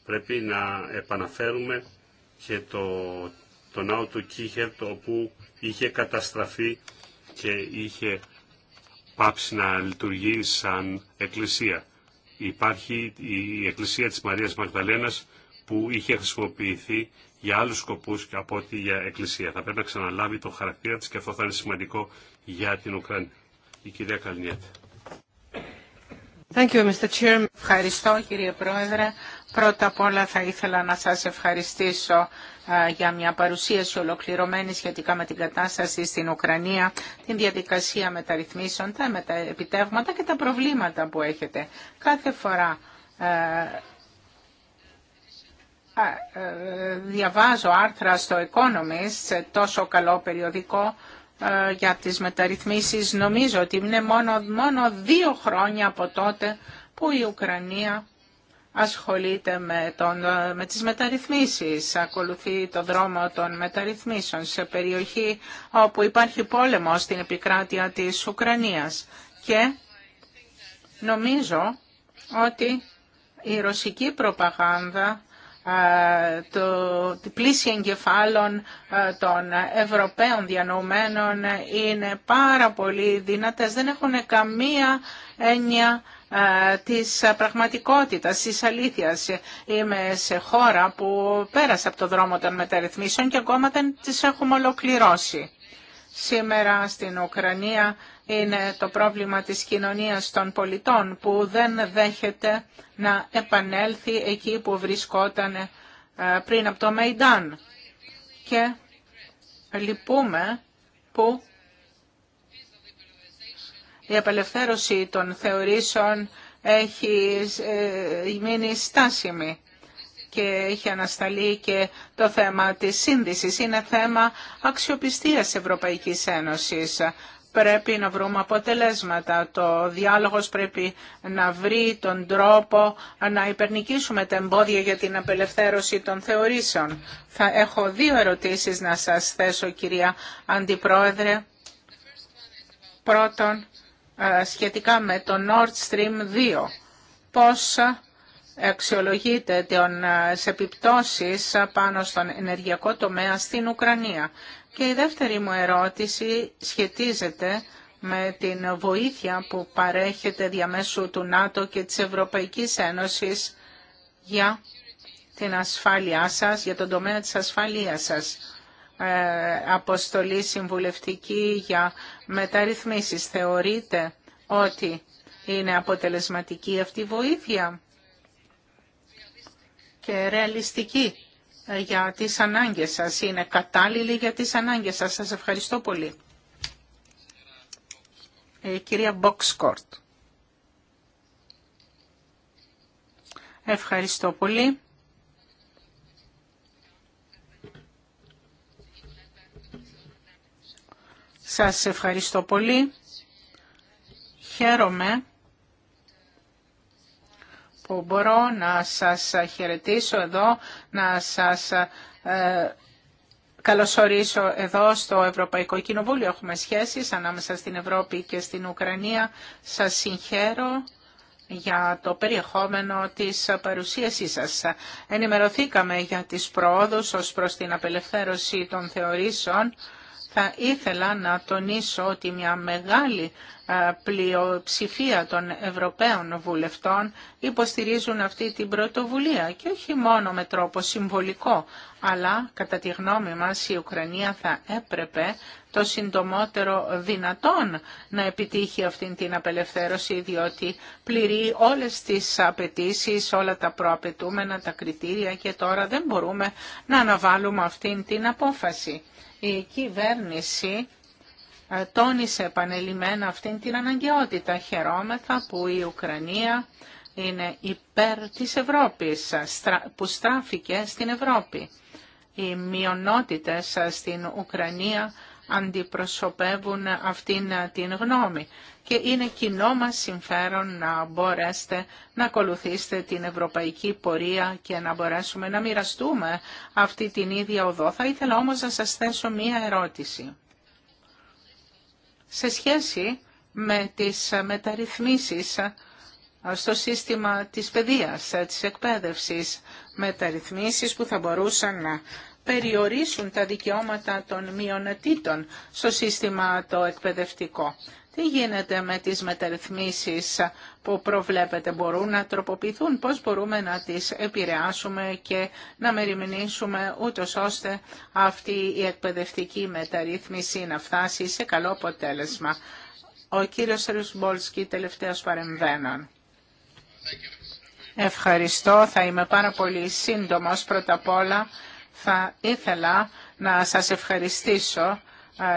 [SPEAKER 1] Πρέπει να επαναφέρουμε και το, το ναό του το όπου είχε καταστραφεί και είχε πάψει να λειτουργεί σαν εκκλησία. Υπάρχει η εκκλησία της Μαρίας Μαγδαλένας που είχε χρησιμοποιηθεί για άλλους σκοπούς και από ότι για εκκλησία. Θα πρέπει να ξαναλάβει το χαρακτήρα της και αυτό θα είναι σημαντικό για την Ουκρανία. Η κυρία Καλνιέτη.
[SPEAKER 2] Ευχαριστώ κύριε Πρόεδρε. Πρώτα απ' όλα θα ήθελα να σας ευχαριστήσω για μια παρουσίαση ολοκληρωμένη σχετικά με την κατάσταση στην Ουκρανία, την διαδικασία μεταρρυθμίσεων, τα επιτεύγματα και τα προβλήματα που έχετε. Κάθε φορά διαβάζω άρθρα στο Economist, τόσο καλό περιοδικό, για τις μεταρρυθμίσεις. Νομίζω ότι είναι μόνο, μόνο δύο χρόνια από τότε που η Ουκρανία ασχολείται με, τον, με τις μεταρρυθμίσεις, ακολουθεί το δρόμο των μεταρρυθμίσεων σε περιοχή όπου υπάρχει πόλεμο στην επικράτεια της Ουκρανίας. Και νομίζω ότι η ρωσική προπαγάνδα το, τη πλήση εγκεφάλων των Ευρωπαίων διανομένων, είναι πάρα πολύ δυνατές. Δεν έχουν καμία έννοια ε, της πραγματικότητας, της αλήθειας. Είμαι σε χώρα που πέρασε από το δρόμο των μεταρρυθμίσεων και ακόμα δεν τις έχουμε ολοκληρώσει. Σήμερα στην Ουκρανία είναι το πρόβλημα της κοινωνίας των πολιτών που δεν δέχεται να επανέλθει εκεί που βρισκόταν ε, πριν από το Μεϊντάν. Και λυπούμε που η απελευθέρωση των θεωρήσεων έχει ε, μείνει στάσιμη και έχει ανασταλεί και το θέμα της σύνδεσης. Είναι θέμα αξιοπιστίας Ευρωπαϊκής Ένωσης. Πρέπει να βρούμε αποτελέσματα. Το διάλογος πρέπει να βρει τον τρόπο να υπερνικήσουμε τα εμπόδια για την απελευθέρωση των θεωρήσεων. Θα έχω δύο ερωτήσεις να σας θέσω, κυρία Αντιπρόεδρε. Πρώτον, ε, σχετικά με το Nord Stream 2. Πώς αξιολογείται τις ε, επιπτώσεις πάνω στον ενεργειακό τομέα στην Ουκρανία. Και η δεύτερη μου ερώτηση σχετίζεται με την βοήθεια που παρέχεται διαμέσου του ΝΑΤΟ και της Ευρωπαϊκής Ένωσης για την ασφάλειά σας, για τον τομέα της ασφαλείας σας. Ε, αποστολή συμβουλευτική για μεταρρυθμίσεις. Θεωρείτε ότι είναι αποτελεσματική αυτή η βοήθεια και ρεαλιστική ε, για τις ανάγκες σας. Είναι κατάλληλη για τις ανάγκες σας. Σας ευχαριστώ πολύ. Η ε, κυρία Μπόξκορτ. Ευχαριστώ πολύ. Σας ευχαριστώ πολύ. Χαίρομαι που μπορώ να σας χαιρετήσω εδώ, να σας ε, καλωσορίσω εδώ στο Ευρωπαϊκό Κοινοβούλιο. Έχουμε σχέσεις ανάμεσα στην Ευρώπη και στην Ουκρανία. Σας συγχαίρω για το περιεχόμενο της παρουσίασής σας. Ενημερωθήκαμε για τις προόδους ως προς την απελευθέρωση των θεωρήσεων θα ήθελα να τονίσω ότι μια μεγάλη πλειοψηφία των Ευρωπαίων βουλευτών υποστηρίζουν αυτή την πρωτοβουλία και όχι μόνο με τρόπο συμβολικό, αλλά κατά τη γνώμη μας η Ουκρανία θα έπρεπε το συντομότερο δυνατόν να επιτύχει αυτή την απελευθέρωση, διότι πληρεί όλες τις απαιτήσει, όλα τα προαπαιτούμενα, τα κριτήρια και τώρα δεν μπορούμε να αναβάλουμε αυτή την απόφαση η κυβέρνηση ε, τόνισε επανελειμμένα αυτήν την αναγκαιότητα. Χαιρόμεθα που η Ουκρανία είναι υπέρ της Ευρώπης, που στράφηκε στην Ευρώπη. Οι μειονότητες ε, στην Ουκρανία αντιπροσωπεύουν αυτήν την γνώμη. Και είναι κοινό μας συμφέρον να μπορέσετε να ακολουθήσετε την ευρωπαϊκή πορεία και να μπορέσουμε να μοιραστούμε αυτή την ίδια οδό. Θα ήθελα όμως να σας θέσω μία ερώτηση. Σε σχέση με τις μεταρρυθμίσεις ε, στο σύστημα της παιδείας, ε, της εκπαίδευσης, μεταρρυθμίσεις που θα μπορούσαν να περιορίσουν τα δικαιώματα των μειονατήτων στο σύστημα το εκπαιδευτικό. Τι γίνεται με τις μεταρρυθμίσεις που προβλέπετε, μπορούν να τροποποιηθούν, πώς μπορούμε να τις επηρεάσουμε και να μεριμνήσουμε ούτως ώστε αυτή η εκπαιδευτική μεταρρύθμιση να φτάσει σε καλό αποτέλεσμα. Ο κύριος Ρουσμπόλσκι, τελευταίος παρεμβαίνων. Ευχαριστώ, θα είμαι πάρα πολύ σύντομος πρώτα απ' όλα θα ήθελα να σας ευχαριστήσω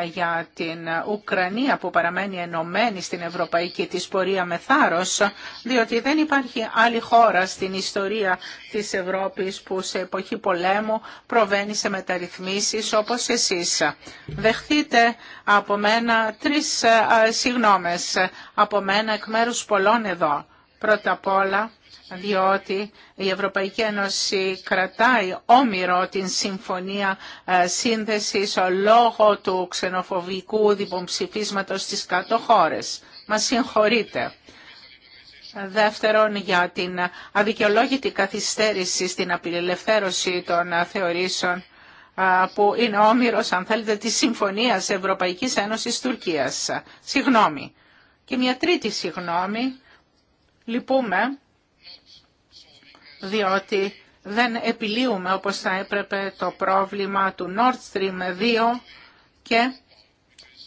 [SPEAKER 2] για την Ουκρανία που παραμένει ενωμένη στην ευρωπαϊκή της πορεία με θάρρος, διότι δεν υπάρχει άλλη χώρα στην ιστορία της Ευρώπης που σε εποχή πολέμου προβαίνει σε μεταρρυθμίσεις όπως εσείς. Δεχτείτε από μένα τρεις συγγνώμες, από μένα εκ μέρους πολλών εδώ. Πρώτα απ' όλα διότι η Ευρωπαϊκή Ένωση κρατάει όμοιρο την Συμφωνία ε, Σύνδεσης λόγω του ξενοφοβικού διπομψηφίσματος στις κάτω χώρες. Μας συγχωρείτε. Δεύτερον, για την αδικαιολόγητη καθυστέρηση στην απελευθέρωση των θεωρήσεων ε, που είναι όμοιρος, αν θέλετε, της Συμφωνίας Ευρωπαϊκής Ένωσης Τουρκίας. Συγγνώμη. Και μια τρίτη συγγνώμη. Λυπούμε διότι δεν επιλύουμε όπως θα έπρεπε το πρόβλημα του Nord Stream 2 και,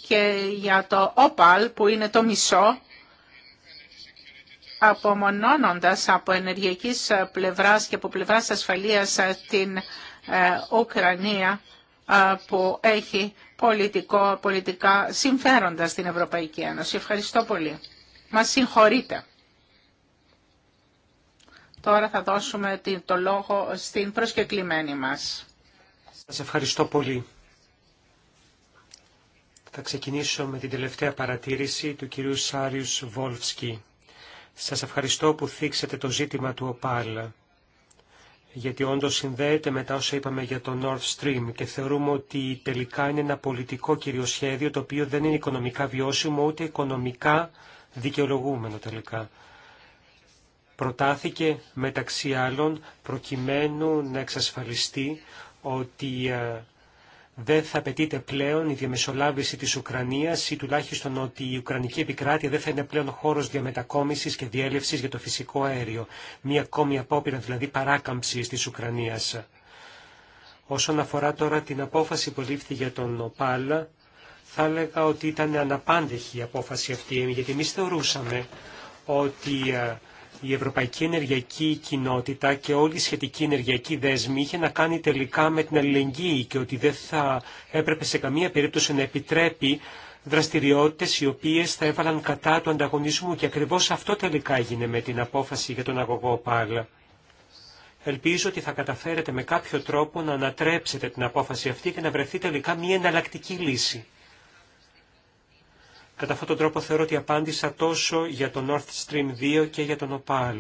[SPEAKER 2] και για το OPAL που είναι το μισό απομονώνοντας από ενεργειακής πλευράς και από πλευράς ασφαλείας ε, την ε, Ουκρανία ε, που έχει πολιτικό, πολιτικά συμφέροντα στην Ευρωπαϊκή Ένωση. Ευχαριστώ πολύ. Μας συγχωρείτε. Τώρα θα δώσουμε το λόγο στην προσκεκλημένη μας.
[SPEAKER 3] Σας ευχαριστώ πολύ. Θα ξεκινήσω με την τελευταία παρατήρηση του κυρίου Σάριους Βόλφσκι. Σας ευχαριστώ που θίξετε το ζήτημα του ΟΠΑΛ, γιατί όντως συνδέεται μετά όσα είπαμε για το North Stream και θεωρούμε ότι τελικά είναι ένα πολιτικό κυριοσχέδιο το οποίο δεν είναι οικονομικά βιώσιμο ούτε οικονομικά δικαιολογούμενο τελικά προτάθηκε μεταξύ άλλων προκειμένου να εξασφαλιστεί ότι ε, δεν θα απαιτείται πλέον η διαμεσολάβηση της Ουκρανίας ή τουλάχιστον ότι η Ουκρανική επικράτεια δεν θα είναι πλέον χώρος διαμετακόμισης και διέλευσης για το φυσικό αέριο. Μία ακόμη απόπειρα δηλαδή παράκαμψης της Ουκρανίας. Όσον αφορά τώρα την απόφαση που λήφθη για τον ΟΠΑΛ, θα έλεγα ότι ήταν αναπάντεχη η απόφαση αυτή, γιατί εμεί θεωρούσαμε ότι ε, η Ευρωπαϊκή Ενεργειακή Κοινότητα και όλη η σχετική ενεργειακή δέσμη είχε να κάνει τελικά με την αλληλεγγύη και ότι δεν θα έπρεπε σε καμία περίπτωση να επιτρέπει δραστηριότητες οι οποίες θα έβαλαν κατά του ανταγωνισμού και ακριβώς αυτό τελικά έγινε με την απόφαση για τον αγωγό ΠΑΛ. Ελπίζω ότι θα καταφέρετε με κάποιο τρόπο να ανατρέψετε την απόφαση αυτή και να βρεθεί τελικά μια εναλλακτική λύση. Κατά αυτόν τον τρόπο θεωρώ ότι απάντησα τόσο για το North Stream 2 και για τον ΟΠΑΛ.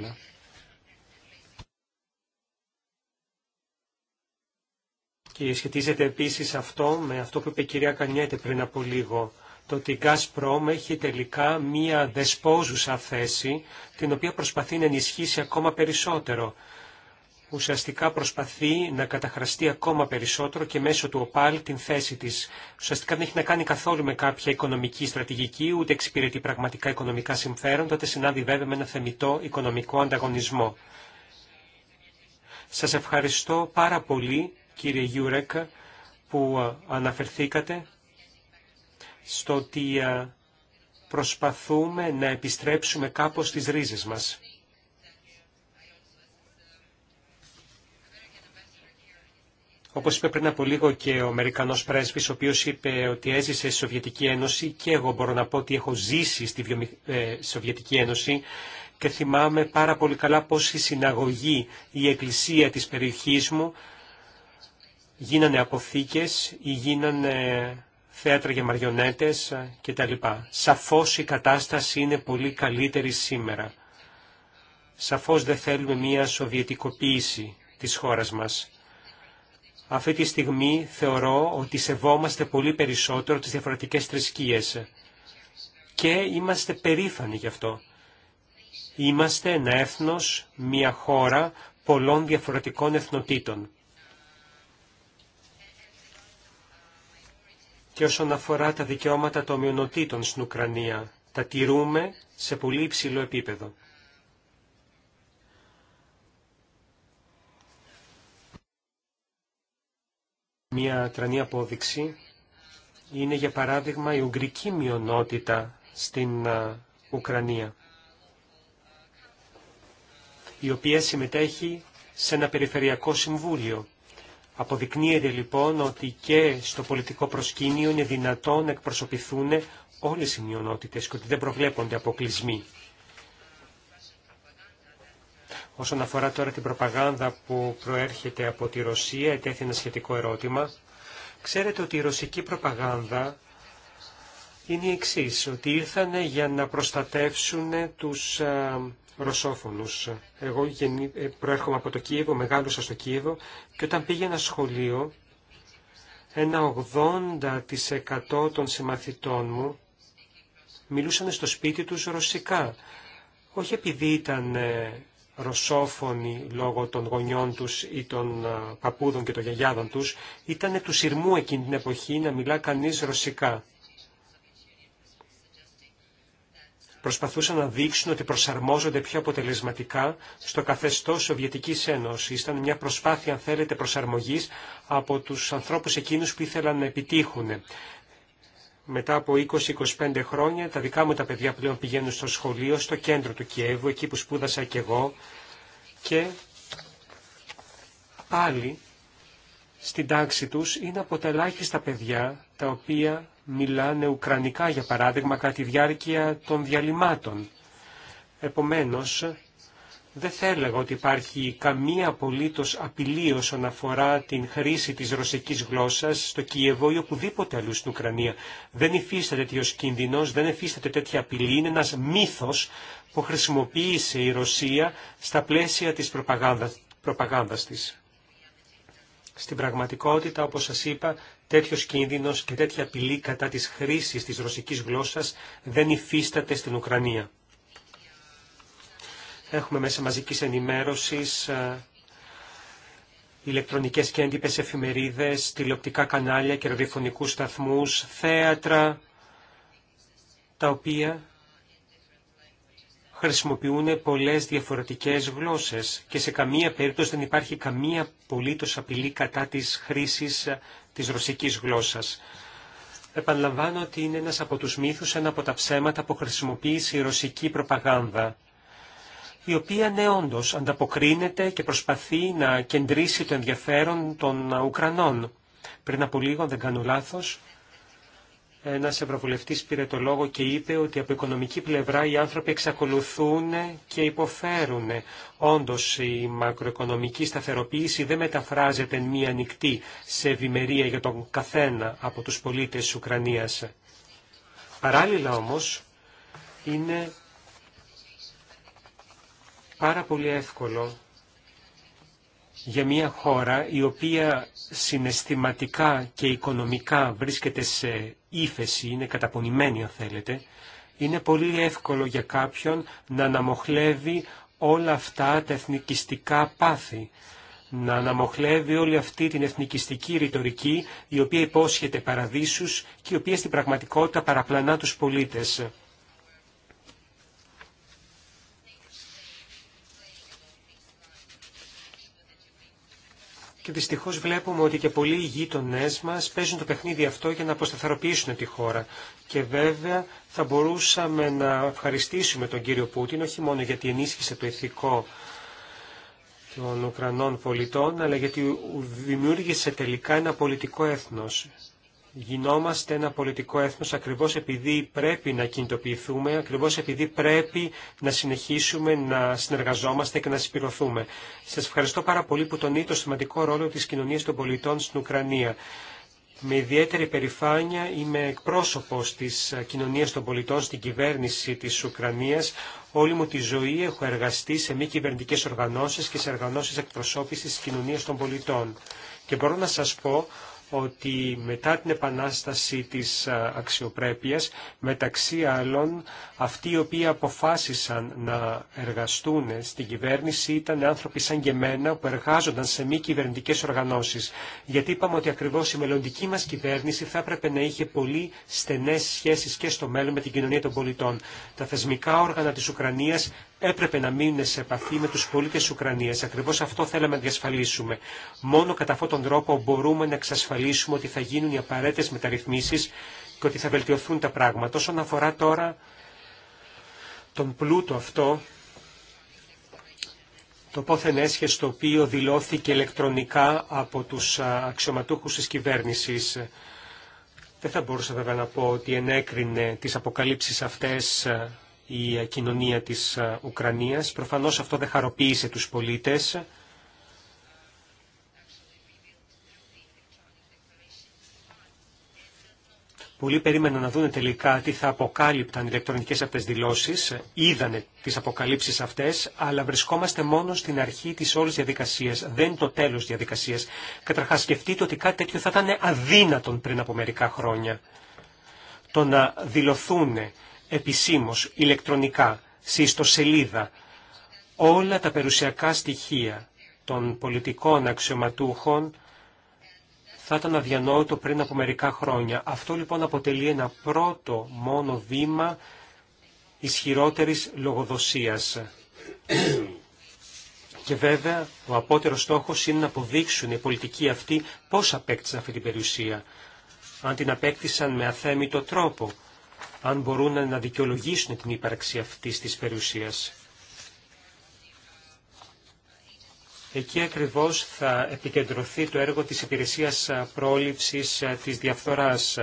[SPEAKER 3] Και σχετίζεται επίσης αυτό με αυτό που είπε η κυρία Κανιέτε πριν από λίγο, το ότι η Gazprom έχει τελικά μία δεσπόζουσα θέση, την οποία προσπαθεί να ενισχύσει ακόμα περισσότερο ουσιαστικά προσπαθεί να καταχραστεί ακόμα περισσότερο και μέσω του ΟΠΑΛ την θέση της. Ουσιαστικά δεν έχει να κάνει καθόλου με κάποια οικονομική στρατηγική, ούτε εξυπηρετεί πραγματικά οικονομικά συμφέροντα, ούτε συνάδει βέβαια με ένα θεμητό οικονομικό ανταγωνισμό. Σας ευχαριστώ πάρα πολύ κύριε Γιούρεκ που ε, αναφερθήκατε στο ότι ε, προσπαθούμε να επιστρέψουμε κάπως στις ρίζες μας. Όπως είπε πριν από λίγο και ο Αμερικανός πρέσβης, ο οποίος είπε ότι έζησε στη Σοβιετική Ένωση και εγώ μπορώ να πω ότι έχω ζήσει στη ε, Σοβιετική Ένωση και θυμάμαι πάρα πολύ καλά πώς η συναγωγή, η εκκλησία της περιοχής μου γίνανε αποθήκες ή γίνανε θέατρα για μαριονέτες κτλ. Σαφώς η κατάσταση είναι πολύ καλύτερη σήμερα. Σαφώς δεν θέλουμε μία σοβιετικοποίηση της χώρας μας. Αυτή τη στιγμή θεωρώ ότι σεβόμαστε πολύ περισσότερο τις διαφορετικές θρησκείες και είμαστε περήφανοι γι' αυτό. Είμαστε ένα έθνος, μια χώρα πολλών διαφορετικών εθνοτήτων. Και όσον αφορά τα δικαιώματα των μειονοτήτων στην Ουκρανία, τα τηρούμε σε πολύ υψηλό επίπεδο. Μία τρανή απόδειξη είναι για παράδειγμα η ουγγρική μειονότητα στην Ουκρανία, η οποία συμμετέχει σε ένα περιφερειακό συμβούλιο. Αποδεικνύεται λοιπόν ότι και στο πολιτικό προσκήνιο είναι δυνατόν να εκπροσωπηθούν όλες οι μειονότητες και ότι δεν προβλέπονται αποκλεισμοί. Όσον αφορά τώρα την προπαγάνδα που προέρχεται από τη Ρωσία, ετέθη ένα σχετικό ερώτημα. Ξέρετε ότι η ρωσική προπαγάνδα είναι η εξή ότι ήρθαν για να προστατεύσουν τους α, Εγώ ε, προέρχομαι από το Κίεβο, μεγάλωσα στο Κίεβο και όταν ένα σχολείο, ένα 80% των συμμαθητών μου μιλούσαν στο σπίτι τους ρωσικά. Όχι επειδή ήταν ε, ρωσόφωνοι λόγω των γονιών τους ή των παππούδων και των γιαγιάδων τους, ήταν του σειρμού εκείνη την εποχή να μιλά κανείς ρωσικά. Προσπαθούσαν να δείξουν ότι προσαρμόζονται πιο αποτελεσματικά στο καθεστώς Σοβιετικής Ένωσης. Ήταν μια προσπάθεια, αν θέλετε, προσαρμογής από τους ανθρώπους εκείνους που ήθελαν να επιτύχουν μετά από 20-25 χρόνια τα δικά μου τα παιδιά πλέον πηγαίνουν στο σχολείο, στο κέντρο του Κιέβου, εκεί που σπούδασα και εγώ και πάλι στην τάξη τους είναι από τα ελάχιστα παιδιά τα οποία μιλάνε ουκρανικά για παράδειγμα κατά τη διάρκεια των διαλυμάτων. Επομένως, δεν θα έλεγα ότι υπάρχει καμία απολύτως απειλή όσον αφορά την χρήση της ρωσικής γλώσσας στο Κιεβό ή οπουδήποτε αλλού στην Ουκρανία. Δεν υφίσταται τέτοιο κίνδυνος, δεν υφίσταται τέτοια απειλή. Είναι ένας μύθος που χρησιμοποίησε η Ρωσία στα πλαίσια της προπαγάνδας, προπαγάνδας της. Στην πραγματικότητα, όπως σας είπα, τέτοιος κίνδυνος και τέτοια απειλή κατά της χρήσης της ρωσικής γλώσσας δεν υφίσταται στην Ουκρανία. Έχουμε μέσα μαζικής ενημέρωσης, ε, ηλεκτρονικές και έντυπες εφημερίδες, τηλεοπτικά κανάλια και ραδιοφωνικούς σταθμούς, θέατρα, τα οποία χρησιμοποιούν πολλές διαφορετικές γλώσσες και σε καμία περίπτωση δεν υπάρχει καμία απολύτως απειλή κατά της χρήσης ε, της ρωσικής γλώσσας. Επαναλαμβάνω ότι είναι ένας από τους μύθους, ένα από τα ψέματα που χρησιμοποιεί η ρωσική προπαγάνδα η οποία ναι όντως ανταποκρίνεται και προσπαθεί να κεντρήσει το ενδιαφέρον των Ουκρανών. Πριν από λίγο, δεν κάνω λάθος, ένας Ευρωβουλευτής πήρε το λόγο και είπε ότι από οικονομική πλευρά οι άνθρωποι εξακολουθούν και υποφέρουν. Όντως η μακροοικονομική σταθεροποίηση δεν μεταφράζεται μία ανοιχτή σε ευημερία για τον καθένα από τους πολίτες της Ουκρανίας. Παράλληλα όμως είναι πάρα πολύ εύκολο για μια χώρα η οποία συναισθηματικά και οικονομικά βρίσκεται σε ύφεση, είναι καταπονημένη αν θέλετε, είναι πολύ εύκολο για κάποιον να αναμοχλεύει όλα αυτά τα εθνικιστικά πάθη, να αναμοχλεύει όλη αυτή την εθνικιστική ρητορική η οποία υπόσχεται παραδείσους και η οποία στην πραγματικότητα παραπλανά τους πολίτες. Και δυστυχώς βλέπουμε ότι και πολλοί γείτονέ μας παίζουν το παιχνίδι αυτό για να αποσταθεροποιήσουν τη χώρα. Και βέβαια θα μπορούσαμε να ευχαριστήσουμε τον κύριο Πούτιν, όχι μόνο γιατί ενίσχυσε το ηθικό των Ουκρανών πολιτών, αλλά γιατί δημιούργησε τελικά ένα πολιτικό έθνος γινόμαστε ένα πολιτικό έθνος ακριβώς επειδή πρέπει να κινητοποιηθούμε, ακριβώς επειδή πρέπει να συνεχίσουμε να συνεργαζόμαστε και να συμπληρωθούμε. Σας ευχαριστώ πάρα πολύ που τονεί το σημαντικό ρόλο της κοινωνίας των πολιτών στην Ουκρανία. Με ιδιαίτερη περηφάνεια είμαι εκπρόσωπος της κοινωνίας των πολιτών στην κυβέρνηση της Ουκρανίας. Όλη μου τη ζωή έχω εργαστεί σε μη κυβερνητικέ οργανώσεις και σε οργανώσεις εκπροσώπησης τη κοινωνίας των πολιτών. Και μπορώ να σας πω ότι μετά την επανάσταση της αξιοπρέπειας, μεταξύ άλλων, αυτοί οι οποίοι αποφάσισαν να εργαστούν στην κυβέρνηση ήταν άνθρωποι σαν και εμένα που εργάζονταν σε μη κυβερνητικέ οργανώσεις. Γιατί είπαμε ότι ακριβώς η μελλοντική μας κυβέρνηση θα έπρεπε να είχε πολύ στενές σχέσεις και στο μέλλον με την κοινωνία των πολιτών. Τα θεσμικά όργανα της Ουκρανίας έπρεπε να μείνουν σε επαφή με τους πολίτες Ουκρανίας. Ακριβώς αυτό θέλαμε να διασφαλίσουμε. Μόνο κατά αυτόν τον τρόπο μπορούμε να εξασφαλίσουμε ότι θα γίνουν οι απαραίτητες μεταρρυθμίσεις και ότι θα βελτιωθούν τα πράγματα. Όσον αφορά τώρα τον πλούτο αυτό, το πόθεν έσχεστο το οποίο δηλώθηκε ηλεκτρονικά από τους αξιωματούχους της κυβέρνησης. Δεν θα μπορούσα βέβαια να πω ότι ενέκρινε τις αποκαλύψεις αυτές η κοινωνία της ε, Ουκρανίας. Προφανώς αυτό δεν χαροποίησε τους πολίτες. Πολλοί περίμεναν να δούνε τελικά τι θα αποκάλυπταν οι ηλεκτρονικές αυτές δηλώσεις, είδανε τις αποκαλύψεις αυτές, αλλά βρισκόμαστε μόνο στην αρχή της όλης διαδικασίας, δεν το τέλος διαδικασίας. Καταρχάς σκεφτείτε ότι κάτι τέτοιο θα ήταν αδύνατον πριν από μερικά χρόνια. Το να δηλωθούν επισήμως, ηλεκτρονικά, στη ιστοσελίδα, όλα τα περιουσιακά στοιχεία των πολιτικών αξιωματούχων θα ήταν αδιανόητο πριν από μερικά χρόνια. Αυτό λοιπόν αποτελεί ένα πρώτο μόνο βήμα ισχυρότερης λογοδοσίας. Και βέβαια ο απότερος στόχος είναι να αποδείξουν οι πολιτικοί αυτοί πώς απέκτησαν αυτή την περιουσία. Αν την απέκτησαν με αθέμητο τρόπο, αν μπορούν να δικαιολογήσουν την ύπαρξη αυτής της περιουσίας. Εκεί ακριβώς θα επικεντρωθεί το έργο της υπηρεσίας πρόληψης ε, της διαφθοράς.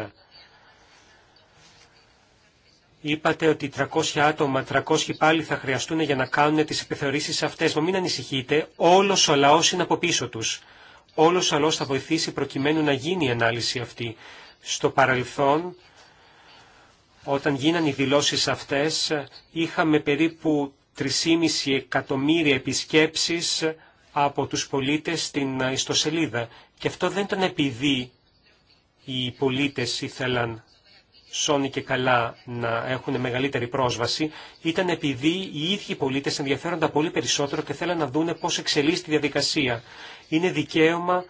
[SPEAKER 3] Είπατε ότι 300 άτομα, 300 πάλι θα χρειαστούν για να κάνουν τις επιθεωρήσεις αυτές. Μα μην ανησυχείτε, όλος ο λαός είναι από πίσω τους. Όλος ο λαός θα βοηθήσει προκειμένου να γίνει η ανάλυση αυτή. Στο παρελθόν όταν γίνανε οι δηλώσεις αυτές, είχαμε περίπου 3,5 εκατομμύρια επισκέψεις από τους πολίτες στην ιστοσελίδα. Και αυτό δεν ήταν επειδή οι πολίτες ήθελαν σώνει και καλά να έχουν μεγαλύτερη πρόσβαση, ήταν επειδή οι ίδιοι πολίτες ενδιαφέρονταν πολύ περισσότερο και θέλαν να δούνε πώς εξελίσσεται η διαδικασία. Είναι δικαίωμα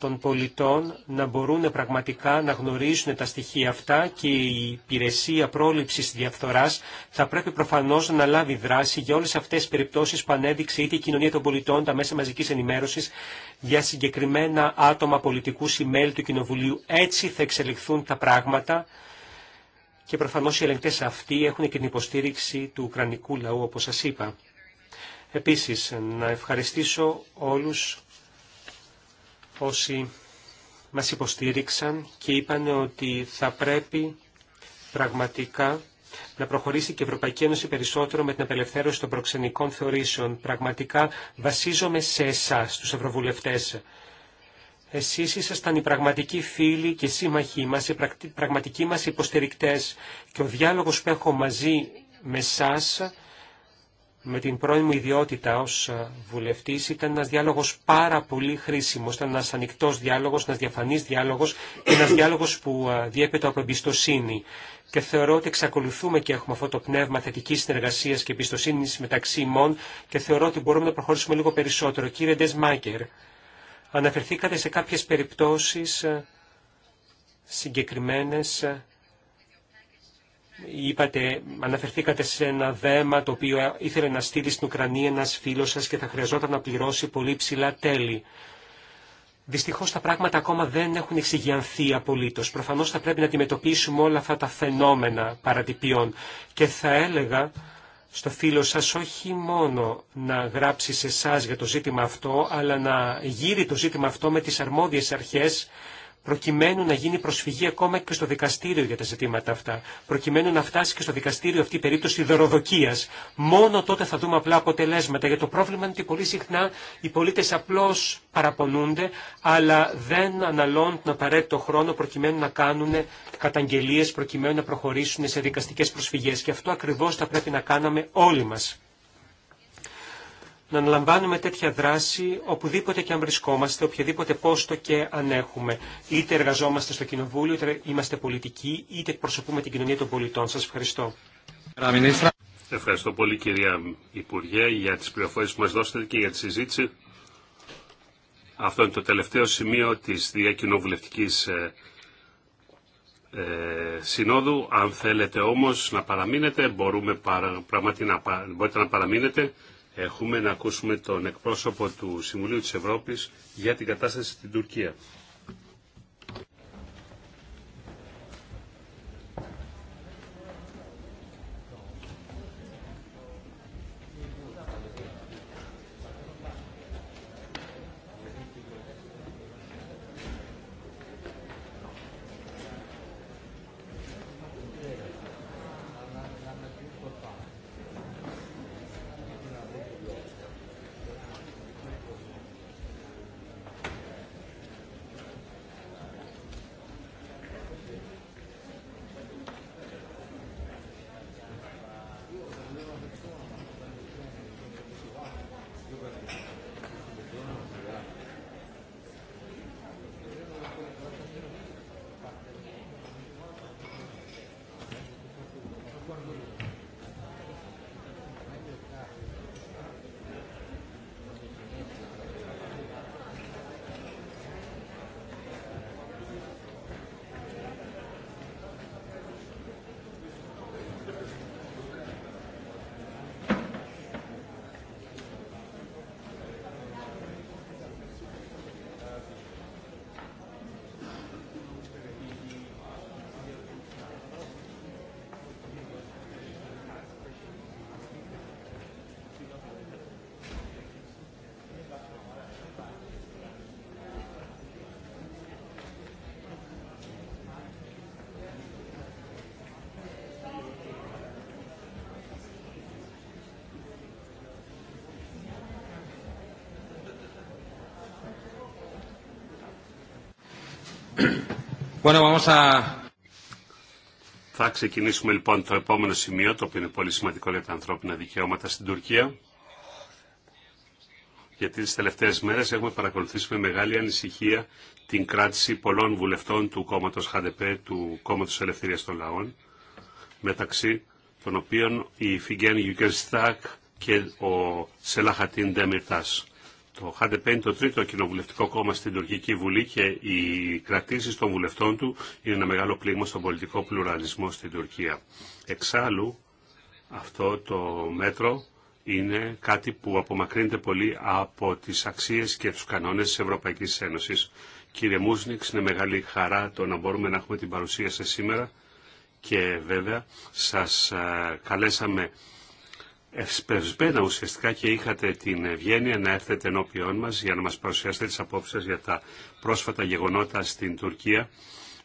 [SPEAKER 3] των πολιτών να μπορούν πραγματικά να γνωρίζουν τα στοιχεία αυτά και η υπηρεσία πρόληψης διαφθοράς θα πρέπει προφανώς να λάβει δράση για όλες αυτές τις περιπτώσεις που ανέδειξε είτε η κοινωνία των πολιτών, τα μέσα μαζικής ενημέρωσης για συγκεκριμένα άτομα πολιτικού ή μέλη του Κοινοβουλίου. Έτσι θα εξελιχθούν τα πράγματα και προφανώς οι ελεγκτές αυτοί έχουν και την υποστήριξη του Ουκρανικού λαού όπως σας είπα. Επίσης, να ευχαριστήσω όλους όσοι μας υποστήριξαν και είπαν ότι θα πρέπει πραγματικά να προχωρήσει και η Ευρωπαϊκή Ένωση περισσότερο με την απελευθέρωση των προξενικών θεωρήσεων. Πραγματικά βασίζομαι σε εσά, τους ευρωβουλευτές. Εσείς ήσασταν οι πραγματικοί φίλοι και σύμμαχοί μας, οι πραγματικοί μας υποστηρικτές και ο διάλογος που έχω μαζί με εσά με την πρώην μου ιδιότητα ως ε, βουλευτής ήταν ένας διάλογος πάρα πολύ χρήσιμος, ήταν ένας ανοιχτός διάλογος, ένας διαφανής διάλογος και ένας διάλογος που ε, διέπεται από εμπιστοσύνη. Και θεωρώ ότι εξακολουθούμε και έχουμε αυτό το πνεύμα θετική συνεργασία και εμπιστοσύνη μεταξύ ημών και θεωρώ ότι μπορούμε να προχωρήσουμε λίγο περισσότερο. Κύριε Ντεσμάκερ, αναφερθήκατε σε κάποιε περιπτώσει ε, συγκεκριμένες Είπατε, αναφερθήκατε σε ένα δέμα το οποίο ήθελε να στείλει στην Ουκρανία ένα φίλο σα και θα χρειαζόταν να πληρώσει πολύ ψηλά τέλη. Δυστυχώ τα πράγματα ακόμα δεν έχουν εξηγιανθεί απολύτω. Προφανώ θα πρέπει να αντιμετωπίσουμε όλα αυτά τα φαινόμενα παρατυπιών. Και θα έλεγα στο φίλο σας όχι μόνο να γράψει σε εσά για το ζήτημα αυτό, αλλά να γύρει το ζήτημα αυτό με τι αρμόδιε αρχέ προκειμένου να γίνει προσφυγή ακόμα και στο δικαστήριο για τα ζητήματα αυτά, προκειμένου να φτάσει και στο δικαστήριο αυτή η περίπτωση δωροδοκία. Μόνο τότε θα δούμε απλά αποτελέσματα, για το πρόβλημα είναι ότι πολύ συχνά οι πολίτε απλώ παραπονούνται, αλλά δεν αναλώνουν τον απαραίτητο χρόνο προκειμένου να κάνουν καταγγελίε, προκειμένου να προχωρήσουν σε δικαστικέ προσφυγέ. Και αυτό ακριβώ θα πρέπει να κάναμε όλοι μα να αναλαμβάνουμε τέτοια δράση οπουδήποτε και αν βρισκόμαστε, οποιοδήποτε πόστο και αν έχουμε. Είτε εργαζόμαστε στο Κοινοβούλιο, είτε είμαστε πολιτικοί, είτε εκπροσωπούμε την κοινωνία των πολιτών. Σα ευχαριστώ.
[SPEAKER 1] Ευχαριστώ πολύ κυρία Υπουργέ για τις πληροφορίες που μας δώσατε και για τη συζήτηση. Αυτό είναι το τελευταίο σημείο της διακοινοβουλευτικής ε, ε συνόδου. Αν θέλετε όμως να παραμείνετε, μπορούμε παρα, μπορείτε να παραμείνετε έχουμε να ακούσουμε τον εκπρόσωπο του Συμβουλίου της Ευρώπης για την κατάσταση στην Τουρκία. Θα ξεκινήσουμε λοιπόν το επόμενο σημείο, το οποίο είναι πολύ σημαντικό για τα ανθρώπινα δικαιώματα στην Τουρκία. Γιατί τις τελευταίες μέρες έχουμε παρακολουθήσει με μεγάλη ανησυχία την κράτηση πολλών βουλευτών του κόμματος ΧΑΝΤΕΠΕ, του κόμματος Ελευθερίας των Λαών, μεταξύ των οποίων η Φιγγένη Στακ και ο Σελαχατίν Ντεμιρτάς. Το HDP είναι το τρίτο κοινοβουλευτικό κόμμα στην τουρκική βουλή και οι κρατήσεις των βουλευτών του είναι ένα μεγάλο πλήγμα στον πολιτικό πλουραλισμό στην Τουρκία. Εξάλλου, αυτό το μέτρο είναι κάτι που απομακρύνεται πολύ από τις αξίες και τους κανόνες της Ευρωπαϊκής Ένωσης. Κύριε Μούσνιξ, είναι μεγάλη χαρά το να μπορούμε να έχουμε την παρουσία σας σήμερα και βέβαια σας ε, καλέσαμε ευσπευσμένα ουσιαστικά και είχατε την ευγένεια να έρθετε ενώπιόν μας για να μας παρουσιάσετε τις απόψεις σας για τα πρόσφατα γεγονότα στην Τουρκία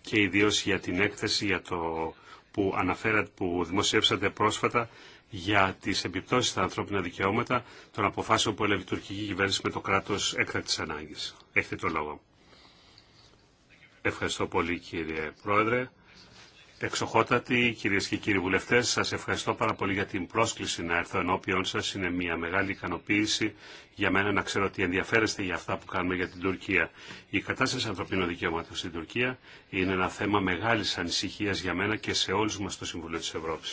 [SPEAKER 1] και ιδίως για την έκθεση για το που, αναφέρατε, που δημοσιεύσατε πρόσφατα για τις επιπτώσεις στα ανθρώπινα δικαιώματα των αποφάσεων που έλεγε η τουρκική κυβέρνηση με το κράτος έκτακτης ανάγκης. Έχετε το λόγο. Ευχαριστώ πολύ κύριε Πρόεδρε. Εξοχότατοι κυρίε και κύριοι βουλευτέ, σα ευχαριστώ πάρα πολύ για την πρόσκληση να έρθω ενώπιον σα. Είναι μια μεγάλη ικανοποίηση για μένα να ξέρω ότι ενδιαφέρεστε για αυτά που κάνουμε για την Τουρκία. Η κατάσταση ανθρωπίνων δικαιωμάτων στην Τουρκία είναι ένα θέμα μεγάλη ανησυχία για μένα και σε όλου μα στο Συμβουλίο τη Ευρώπη.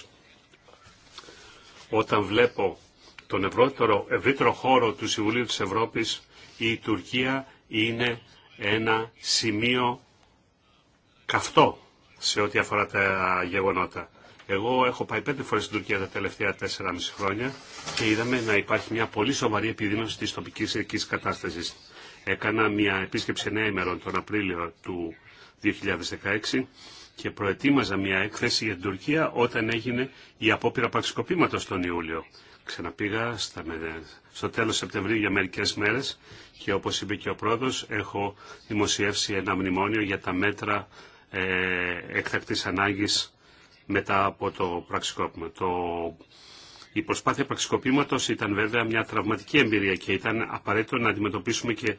[SPEAKER 1] Όταν βλέπω τον ευρύτερο, ευρύτερο χώρο του Συμβουλίου τη Ευρώπη, η Τουρκία είναι ένα σημείο καυτό σε ό,τι αφορά τα γεγονότα. Εγώ έχω πάει πέντε φορές στην Τουρκία τα τελευταία τέσσερα μισή χρόνια και είδαμε να υπάρχει μια πολύ σοβαρή επιδείνωση της τοπικής ειδικής κατάστασης. Έκανα μια επίσκεψη 9 ημερών τον Απρίλιο του 2016 και προετοίμαζα μια έκθεση για την Τουρκία όταν έγινε η απόπειρα πραξικοπήματος τον Ιούλιο. Ξαναπήγα στα, στο τέλος Σεπτεμβρίου για μερικές μέρες και όπως είπε και ο πρόεδρος έχω δημοσιεύσει ένα μνημόνιο για τα μέτρα εκτακτής ανάγκης μετά από το πραξικόπημα. Το... Η προσπάθεια πραξικοπήματος ήταν βέβαια μια τραυματική εμπειρία και ήταν απαραίτητο να αντιμετωπίσουμε και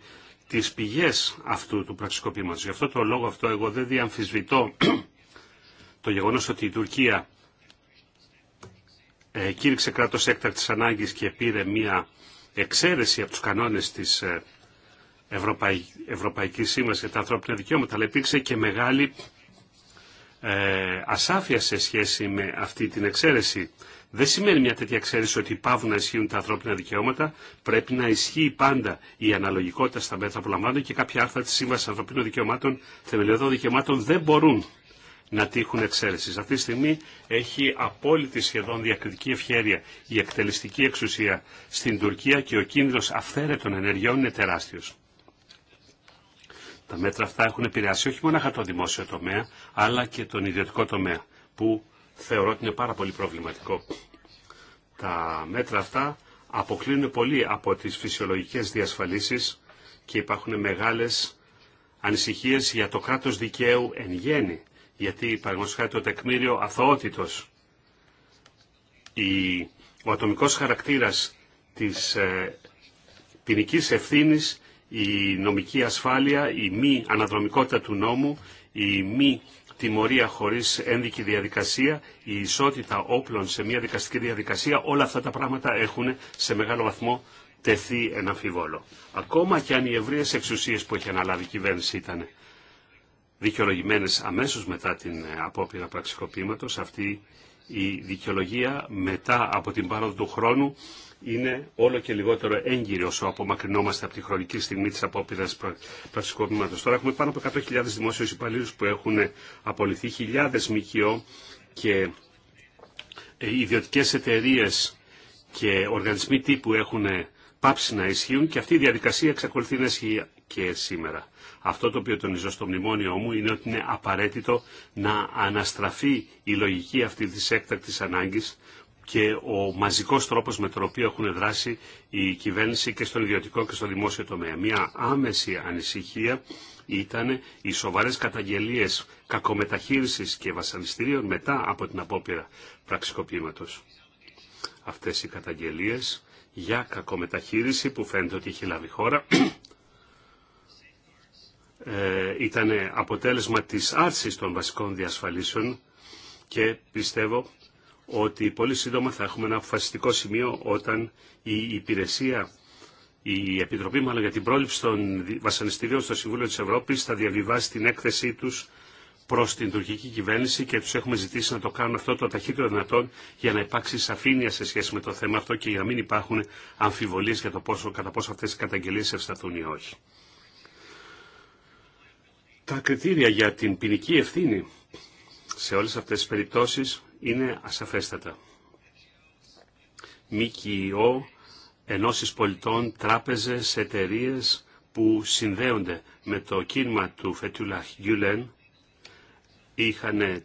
[SPEAKER 1] τις πηγές αυτού του πραξικοπήματος. Γι' αυτό το λόγο αυτό εγώ δεν διαμφισβητώ το γεγονός ότι η Τουρκία ε, κήρυξε κράτος έκτακτης ανάγκης και πήρε μια εξαίρεση από τους κανόνες της ε, Ευρωπαϊκή Σύμβαση για τα Ανθρώπινα Δικαιώματα, αλλά υπήρξε και μεγάλη ε, ασάφεια σε σχέση με αυτή την εξαίρεση. Δεν σημαίνει μια τέτοια εξαίρεση ότι πάβουν να ισχύουν τα ανθρώπινα δικαιώματα. Πρέπει να ισχύει πάντα η αναλογικότητα στα μέτρα που λαμβάνονται και κάποια άρθρα τη Σύμβαση Ανθρωπίνων Δικαιωμάτων, θεμελιωδών δικαιωμάτων δεν μπορούν να τύχουν εξαίρεση. Αυτή τη στιγμή έχει απόλυτη σχεδόν διακριτική ευχέρεια η εκτελεστική εξουσία στην Τουρκία και ο κίνδυνο αυθαίρετων ενεργειών είναι τεράστιο. Τα μέτρα αυτά έχουν επηρεάσει όχι μόνο το δημόσιο τομέα, αλλά και τον ιδιωτικό τομέα, που θεωρώ ότι είναι πάρα πολύ προβληματικό. Τα μέτρα αυτά αποκλίνουν πολύ από τις φυσιολογικές διασφαλίσεις και υπάρχουν μεγάλες ανησυχίες για το κράτος δικαίου εν γέννη, γιατί παραγωγικά το τεκμήριο αθωότητος, η, ο ατομικός χαρακτήρας της ε, ποινική ευθύνης η νομική ασφάλεια, η μη αναδρομικότητα του νόμου, η μη τιμωρία χωρίς ένδικη διαδικασία, η ισότητα όπλων σε μια δικαστική διαδικασία, όλα αυτά τα πράγματα έχουν σε μεγάλο βαθμό τεθεί ένα αμφιβόλο. Ακόμα και αν οι ευρείες εξουσίες που έχει αναλάβει η κυβέρνηση ήταν δικαιολογημένες αμέσως μετά την ε, απόπειρα πραξικοπήματος, αυτή η δικαιολογία μετά από την πάροδο του χρόνου είναι όλο και λιγότερο έγκυρο όσο απομακρυνόμαστε από τη χρονική στιγμή τη απόπειρα πραξικοπήματο. Τώρα έχουμε πάνω από 100.000 δημόσιου υπαλλήλου που έχουν απολυθεί, χιλιάδε ΜΚΟ και ε, ιδιωτικέ εταιρείε και οργανισμοί τύπου έχουν ε, πάψει να ισχύουν και αυτή η διαδικασία εξακολουθεί να ισχύει και σήμερα. Αυτό το οποίο τονίζω στο μνημόνιο μου είναι ότι είναι απαραίτητο να αναστραφεί η λογική αυτή της έκτακτης ανάγκης και ο μαζικός τρόπος με τον οποίο έχουν δράσει η κυβέρνηση και στον ιδιωτικό και στο δημόσιο τομέα. Μια άμεση ανησυχία ήταν οι σοβαρές καταγγελίες κακομεταχείρισης και βασανιστήριων μετά από την απόπειρα πραξικοπήματος. Αυτές οι καταγγελίες για κακομεταχείριση που φαίνεται ότι έχει λάβει χώρα ε, ήταν αποτέλεσμα της άρσης των βασικών διασφαλίσεων και πιστεύω ότι πολύ σύντομα θα έχουμε ένα αποφασιστικό σημείο όταν η υπηρεσία, η Επιτροπή μάλλον για την πρόληψη των βασανιστήριων στο Συμβούλιο της Ευρώπης θα διαβιβάσει την έκθεσή τους προς την τουρκική κυβέρνηση και τους έχουμε ζητήσει να το κάνουν αυτό το ταχύτερο δυνατόν για να υπάρξει σαφήνεια σε σχέση με το θέμα αυτό και για να μην υπάρχουν αμφιβολίες για το πόσο, κατά πόσο αυτές οι καταγγελίες ευσταθούν ή όχι. Τα κριτήρια για την ποινική ευθύνη σε όλες αυτές τις περιπτώσεις είναι ασαφέστατα. ΜΚΟ, ενώσεις πολιτών, τράπεζες, εταιρείε που συνδέονται με το κίνημα του Φετιουλαχ Γιουλέν είχαν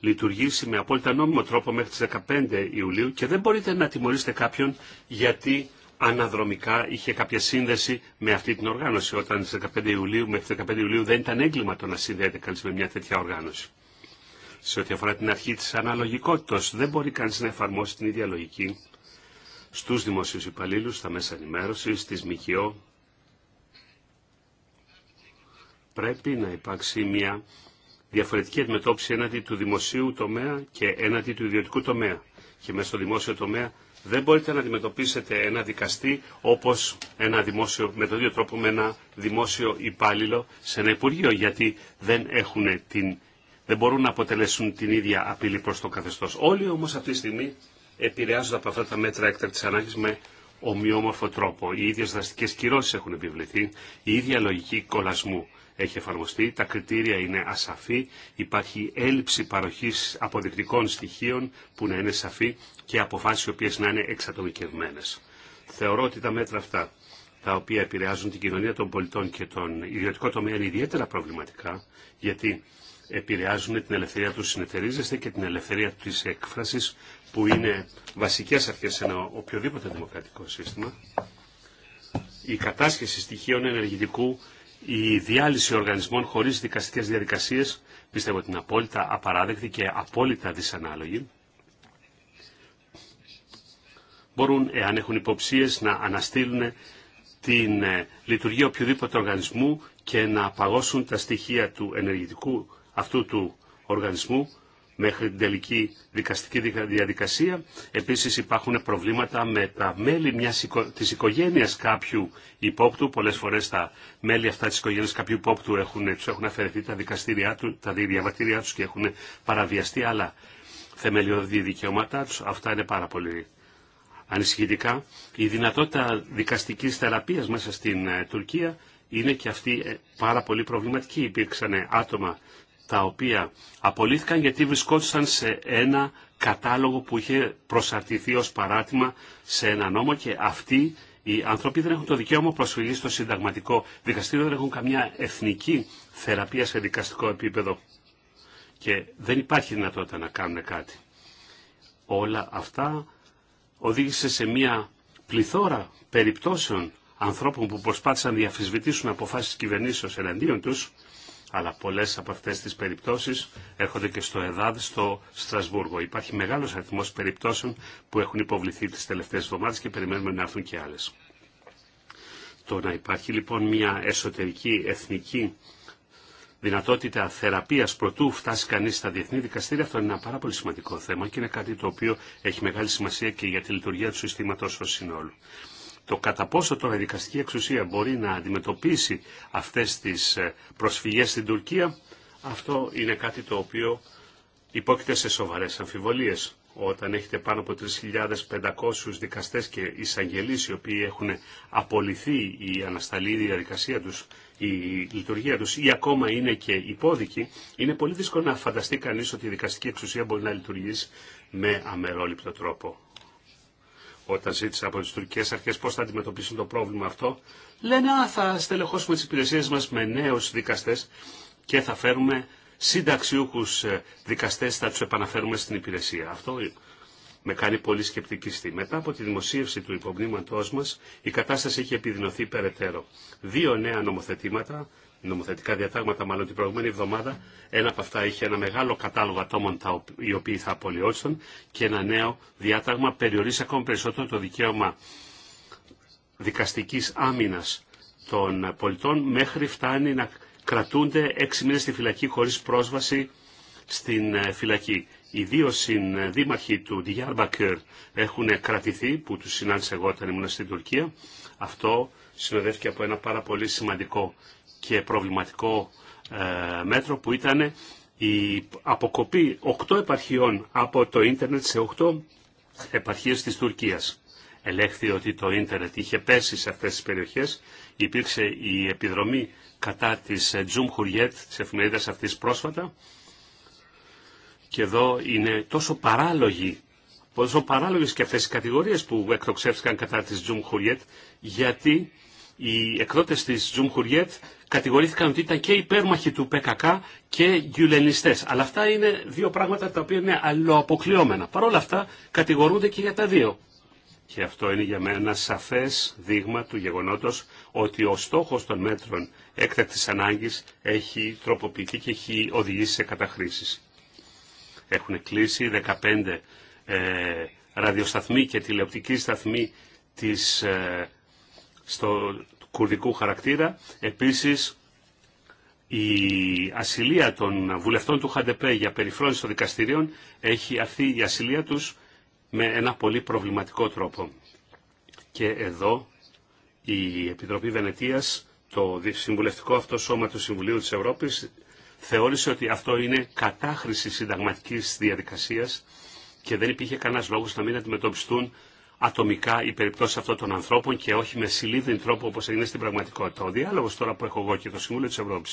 [SPEAKER 1] λειτουργήσει με απόλυτα νόμιμο τρόπο μέχρι τις 15 Ιουλίου και δεν μπορείτε να τιμωρήσετε κάποιον γιατί αναδρομικά είχε κάποια σύνδεση με αυτή την οργάνωση όταν στις 15 Ιουλίου, μέχρι τις 15 Ιουλίου δεν ήταν έγκλημα το να συνδέεται κανείς με μια τέτοια οργάνωση σε ό,τι αφορά την αρχή της αναλογικότητας. Δεν μπορεί κανείς να εφαρμόσει την ίδια λογική στους δημοσίους υπαλλήλους, στα μέσα ενημέρωση, στις ΜΚΟ. Πρέπει να υπάρξει μια διαφορετική αντιμετώπιση έναντι του δημοσίου τομέα και έναντι του ιδιωτικού τομέα. Και μέσα στο δημόσιο τομέα δεν μπορείτε να αντιμετωπίσετε ένα δικαστή όπως ένα δημόσιο, με τον ίδιο τρόπο με ένα δημόσιο υπάλληλο σε ένα υπουργείο, γιατί δεν έχουν την δεν μπορούν να αποτελέσουν την ίδια απειλή προς το καθεστώς. Όλοι όμως αυτή τη στιγμή επηρεάζονται από αυτά τα μέτρα έκτακτης ανάγκης με ομοιόμορφο τρόπο. Οι ίδιες δραστικές κυρώσεις έχουν επιβληθεί, η ίδια λογική κολασμού έχει εφαρμοστεί, τα κριτήρια είναι ασαφή, υπάρχει έλλειψη παροχής αποδεικτικών στοιχείων που να είναι σαφή και αποφάσεις οι οποίες να είναι εξατομικευμένες. Θεωρώ ότι τα μέτρα αυτά τα οποία επηρεάζουν την κοινωνία των πολιτών και τον ιδιωτικό τομέα είναι ιδιαίτερα προβληματικά, γιατί επηρεάζουν την ελευθερία του συνεταιρίζεστε και την ελευθερία της έκφρασης που είναι βασικές αρχές σε ένα οποιοδήποτε δημοκρατικό σύστημα. Η κατάσχεση στοιχείων ενεργητικού, η διάλυση οργανισμών χωρίς δικαστικές διαδικασίες, πιστεύω ότι είναι απόλυτα απαράδεκτη και απόλυτα δυσανάλογη. Μπορούν, εάν έχουν υποψίες, να αναστείλουν την ε, λειτουργία οποιοδήποτε οργανισμού και να παγώσουν τα στοιχεία του ενεργητικού αυτού του οργανισμού μέχρι την τελική δικαστική διαδικασία. Επίσης υπάρχουν προβλήματα με τα μέλη μιας οικο... της οικογένειας κάποιου υπόπτου. Πολλές φορές τα μέλη αυτά της οικογένειας κάποιου υπόπτου έχουν, έχουν αφαιρεθεί τα δικαστήριά του, τα διαβατήριά τους και έχουν παραβιαστεί άλλα θεμελιώδη δικαιώματά τους. Αυτά είναι πάρα πολύ ανησυχητικά. Η δυνατότητα δικαστικής θεραπείας μέσα στην ε, Τουρκία είναι και αυτή ε, πάρα πολύ προβληματική. Υπήρξαν άτομα τα οποία απολύθηκαν γιατί βρισκόντουσαν σε ένα κατάλογο που είχε προσαρτηθεί ως παράτημα σε ένα νόμο και αυτοί οι άνθρωποι δεν έχουν το δικαίωμα προσφυγής στο συνταγματικό δικαστήριο, δεν έχουν καμιά εθνική θεραπεία σε δικαστικό επίπεδο και δεν υπάρχει δυνατότητα να κάνουν κάτι. Όλα αυτά οδήγησε σε μια πληθώρα περιπτώσεων ανθρώπων που προσπάθησαν να διαφυσβητήσουν αποφάσεις κυβερνήσεως εναντίον τους αλλά πολλές από αυτές τις περιπτώσεις έρχονται και στο ΕΔΑΔ στο Στρασβούργο. Υπάρχει μεγάλος αριθμός περιπτώσεων που έχουν υποβληθεί τις τελευταίες εβδομάδες και περιμένουμε να έρθουν και άλλες. Το να υπάρχει λοιπόν μια εσωτερική εθνική δυνατότητα θεραπεία προτού φτάσει κανεί στα διεθνή δικαστήρια, αυτό είναι ένα πάρα πολύ σημαντικό θέμα και είναι κάτι το οποίο έχει μεγάλη σημασία και για τη λειτουργία του συστήματο ω συνόλου το κατά πόσο τώρα η δικαστική εξουσία μπορεί να αντιμετωπίσει αυτές τις ε, προσφυγές στην Τουρκία, αυτό είναι κάτι το οποίο υπόκειται σε σοβαρές αμφιβολίες. Όταν έχετε πάνω από 3.500 δικαστές και εισαγγελείς οι οποίοι έχουν απολυθεί η ανασταλή διαδικασία τους, η λειτουργία τους ή ακόμα είναι και υπόδικοι, είναι πολύ δύσκολο να φανταστεί κανείς ότι η δικαστική εξουσία μπορεί να λειτουργήσει με αμερόληπτο τρόπο όταν ζήτησα από τι τουρκικέ αρχές πώ θα αντιμετωπίσουν το πρόβλημα αυτό, λένε «Α, θα στελεχώσουμε τις υπηρεσίες μας με νέους δικαστές και θα φέρουμε συνταξιούχου ε, δικαστές, θα του επαναφέρουμε στην υπηρεσία». Αυτό με κάνει πολύ σκεπτικιστή. Μετά από τη δημοσίευση του υπομνήματός μας, η κατάσταση έχει επιδεινωθεί περαιτέρω. Δύο νέα νομοθετήματα νομοθετικά διατάγματα, μάλλον την προηγούμενη εβδομάδα, ένα από αυτά είχε ένα μεγάλο κατάλογο ατόμων τα, οι οποίοι θα απολυώσουν και ένα νέο διάταγμα περιορίζει ακόμα περισσότερο το δικαίωμα δικαστικής άμυνας των πολιτών μέχρι φτάνει να κρατούνται έξι μήνες στη φυλακή χωρίς πρόσβαση στην ε, φυλακή. Οι δύο συνδήμαρχοι του Διάρμπακερ έχουν κρατηθεί, που τους συνάντησα εγώ όταν ήμουν στην Τουρκία. Αυτό συνοδεύτηκε από ένα πάρα πολύ σημαντικό και προβληματικό ε, μέτρο που ήταν η αποκοπή 8 επαρχιών από το ίντερνετ σε 8 επαρχίες της Τουρκίας. Ελέγχθη ότι το ίντερνετ είχε πέσει σε αυτές τις περιοχές. Υπήρξε η επιδρομή κατά της Τζουμ Χουριέτ, της εφημερίδας αυτής πρόσφατα. Και εδώ είναι τόσο παράλογη Πόσο παράλογες και αυτές οι κατηγορίες που εκτοξεύστηκαν κατά της Τζουμ Χουριέτ, γιατί οι εκδότες της Τζουμχουριέτ κατηγορήθηκαν ότι ήταν και υπέρμαχοι του ΠΚΚ και γιουλενιστές. Αλλά αυτά είναι δύο πράγματα τα οποία είναι αλλοαποκλειόμενα. Παρ' όλα αυτά κατηγορούνται και για τα δύο. Και αυτό είναι για μένα σαφές δείγμα του γεγονότος ότι ο στόχος των μέτρων έκτακτης ανάγκης έχει τροποποιηθεί και έχει οδηγήσει σε καταχρήσεις. Έχουν κλείσει 15 ε, ραδιοσταθμοί και τηλεοπτικοί σταθμοί της ε, στο κουρδικού χαρακτήρα. Επίσης, η ασυλία των βουλευτών του Χαντεπέ για περιφρόνηση των δικαστηρίων έχει αρθεί η ασυλία τους με ένα πολύ προβληματικό τρόπο. Και εδώ η Επιτροπή Βενετίας, το συμβουλευτικό αυτό σώμα του Συμβουλίου της Ευρώπης, θεώρησε ότι αυτό είναι κατάχρηση συνταγματικής διαδικασίας και δεν υπήρχε κανένας λόγος να μην αντιμετωπιστούν ατομικά οι περιπτώσει αυτών των ανθρώπων και όχι με συλλήβδιν τρόπο όπω έγινε στην πραγματικότητα. Ο διάλογο τώρα που έχω εγώ και το Συμβούλιο τη Ευρώπη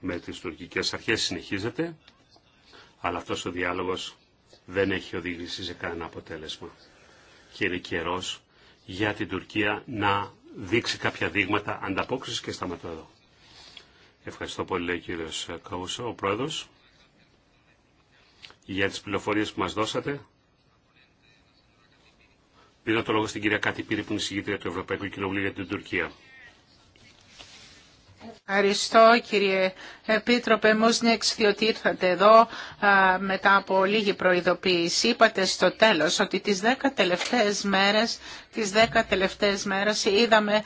[SPEAKER 1] με τι τουρκικέ αρχέ συνεχίζεται, αλλά αυτό ο διάλογο δεν έχει οδηγήσει σε κανένα αποτέλεσμα. Και είναι καιρό για την Τουρκία να δείξει κάποια δείγματα ανταπόκριση και σταματώ εδώ. Ευχαριστώ πολύ, λέει ο κύριο Καούσο, ο πρόεδρο, για τι πληροφορίε που μα δώσατε. Δίνω το λόγο στην κυρία Κάτι Πύρη που είναι συγγήτρια του Ευρωπαϊκού Κοινοβουλίου για την Τουρκία.
[SPEAKER 2] Ευχαριστώ κύριε Επίτροπε Μουσνιξ διότι ήρθατε εδώ μετά από λίγη προειδοποίηση. Είπατε στο τέλος ότι τις δέκα τελευταίες μέρες, τις δέκα τελευταίες μέρες είδαμε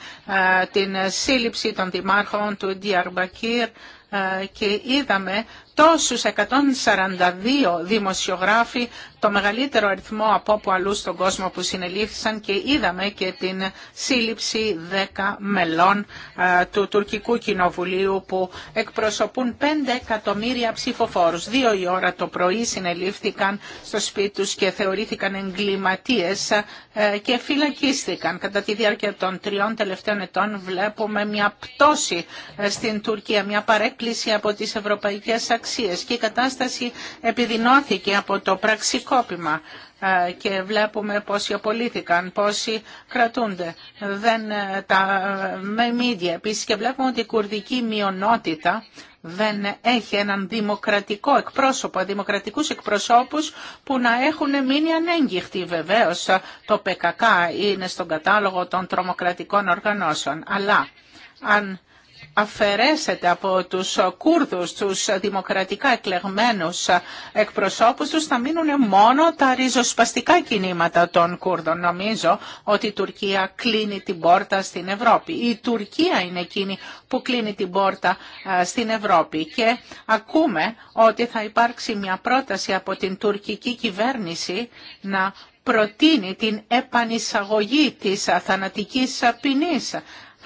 [SPEAKER 2] την σύλληψη των δημάρχων του Διαρμπακύρ και είδαμε τόσους 142 δημοσιογράφοι το μεγαλύτερο αριθμό από όπου αλλού στον κόσμο που συνελήφθησαν και είδαμε και την σύλληψη 10 μελών ε, του τουρκικού κοινοβουλίου που εκπροσωπούν 5 εκατομμύρια ψηφοφόρους. Δύο η ώρα το πρωί συνελήφθηκαν στο σπίτι τους και θεωρήθηκαν εγκληματίες ε, και φυλακίστηκαν. Κατά τη διάρκεια των τριών τελευταίων ετών βλέπουμε μια πτώση ε, στην Τουρκία, μια παρέκκληση από τις ευρωπαϊκές αξίες και η κατάσταση επιδεινώθηκε από το πραξικό σκόπιμα ε, και βλέπουμε πόσοι απολύθηκαν, πόσοι κρατούνται. Δεν, ε, τα με μίδια. Επίσης και βλέπουμε ότι η κουρδική μειονότητα δεν έχει έναν δημοκρατικό εκπρόσωπο, δημοκρατικούς εκπροσώπους που να έχουν μείνει ανέγγιχτοι. Βεβαίως το ΠΚΚ είναι στον κατάλογο των τρομοκρατικών οργανώσεων. Αλλά αν αφαιρέσετε από τους Κούρδους, τους δημοκρατικά εκλεγμένους εκπροσώπους τους, θα μείνουν μόνο τα ριζοσπαστικά κινήματα των Κούρδων. Νομίζω ότι η Τουρκία κλείνει την πόρτα στην Ευρώπη. Η Τουρκία είναι εκείνη που κλείνει την πόρτα στην Ευρώπη και ακούμε ότι θα υπάρξει μια πρόταση από την τουρκική κυβέρνηση να προτείνει την επανεισαγωγή της θανατικής ποινής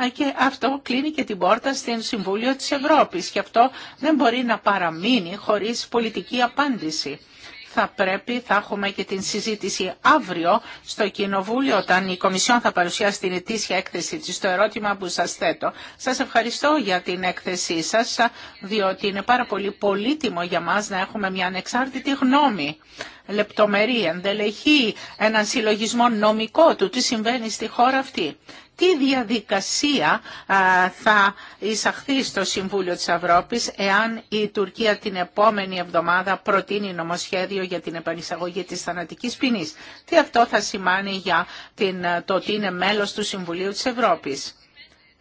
[SPEAKER 2] και αυτό κλείνει και την πόρτα στην Συμβούλιο της Ευρώπης και αυτό δεν μπορεί να παραμείνει χωρίς πολιτική απάντηση. Θα πρέπει, θα έχουμε και την συζήτηση αύριο στο Κοινοβούλιο όταν η Κομισιόν θα παρουσιάσει την ετήσια έκθεση της στο ερώτημα που σας θέτω. Σας ευχαριστώ για την έκθεσή σας διότι είναι πάρα πολύ πολύτιμο για μας να έχουμε μια ανεξάρτητη γνώμη λεπτομερή, ενδελεχή, έναν συλλογισμό νομικό του τι συμβαίνει στη χώρα αυτή τι διαδικασία θα εισαχθεί στο Συμβούλιο της Ευρώπης εάν η Τουρκία την επόμενη εβδομάδα προτείνει νομοσχέδιο για την επανεισαγωγή της θανατικής ποινής. Τι αυτό θα σημάνει για την, το ότι είναι μέλος του Συμβουλίου της Ευρώπης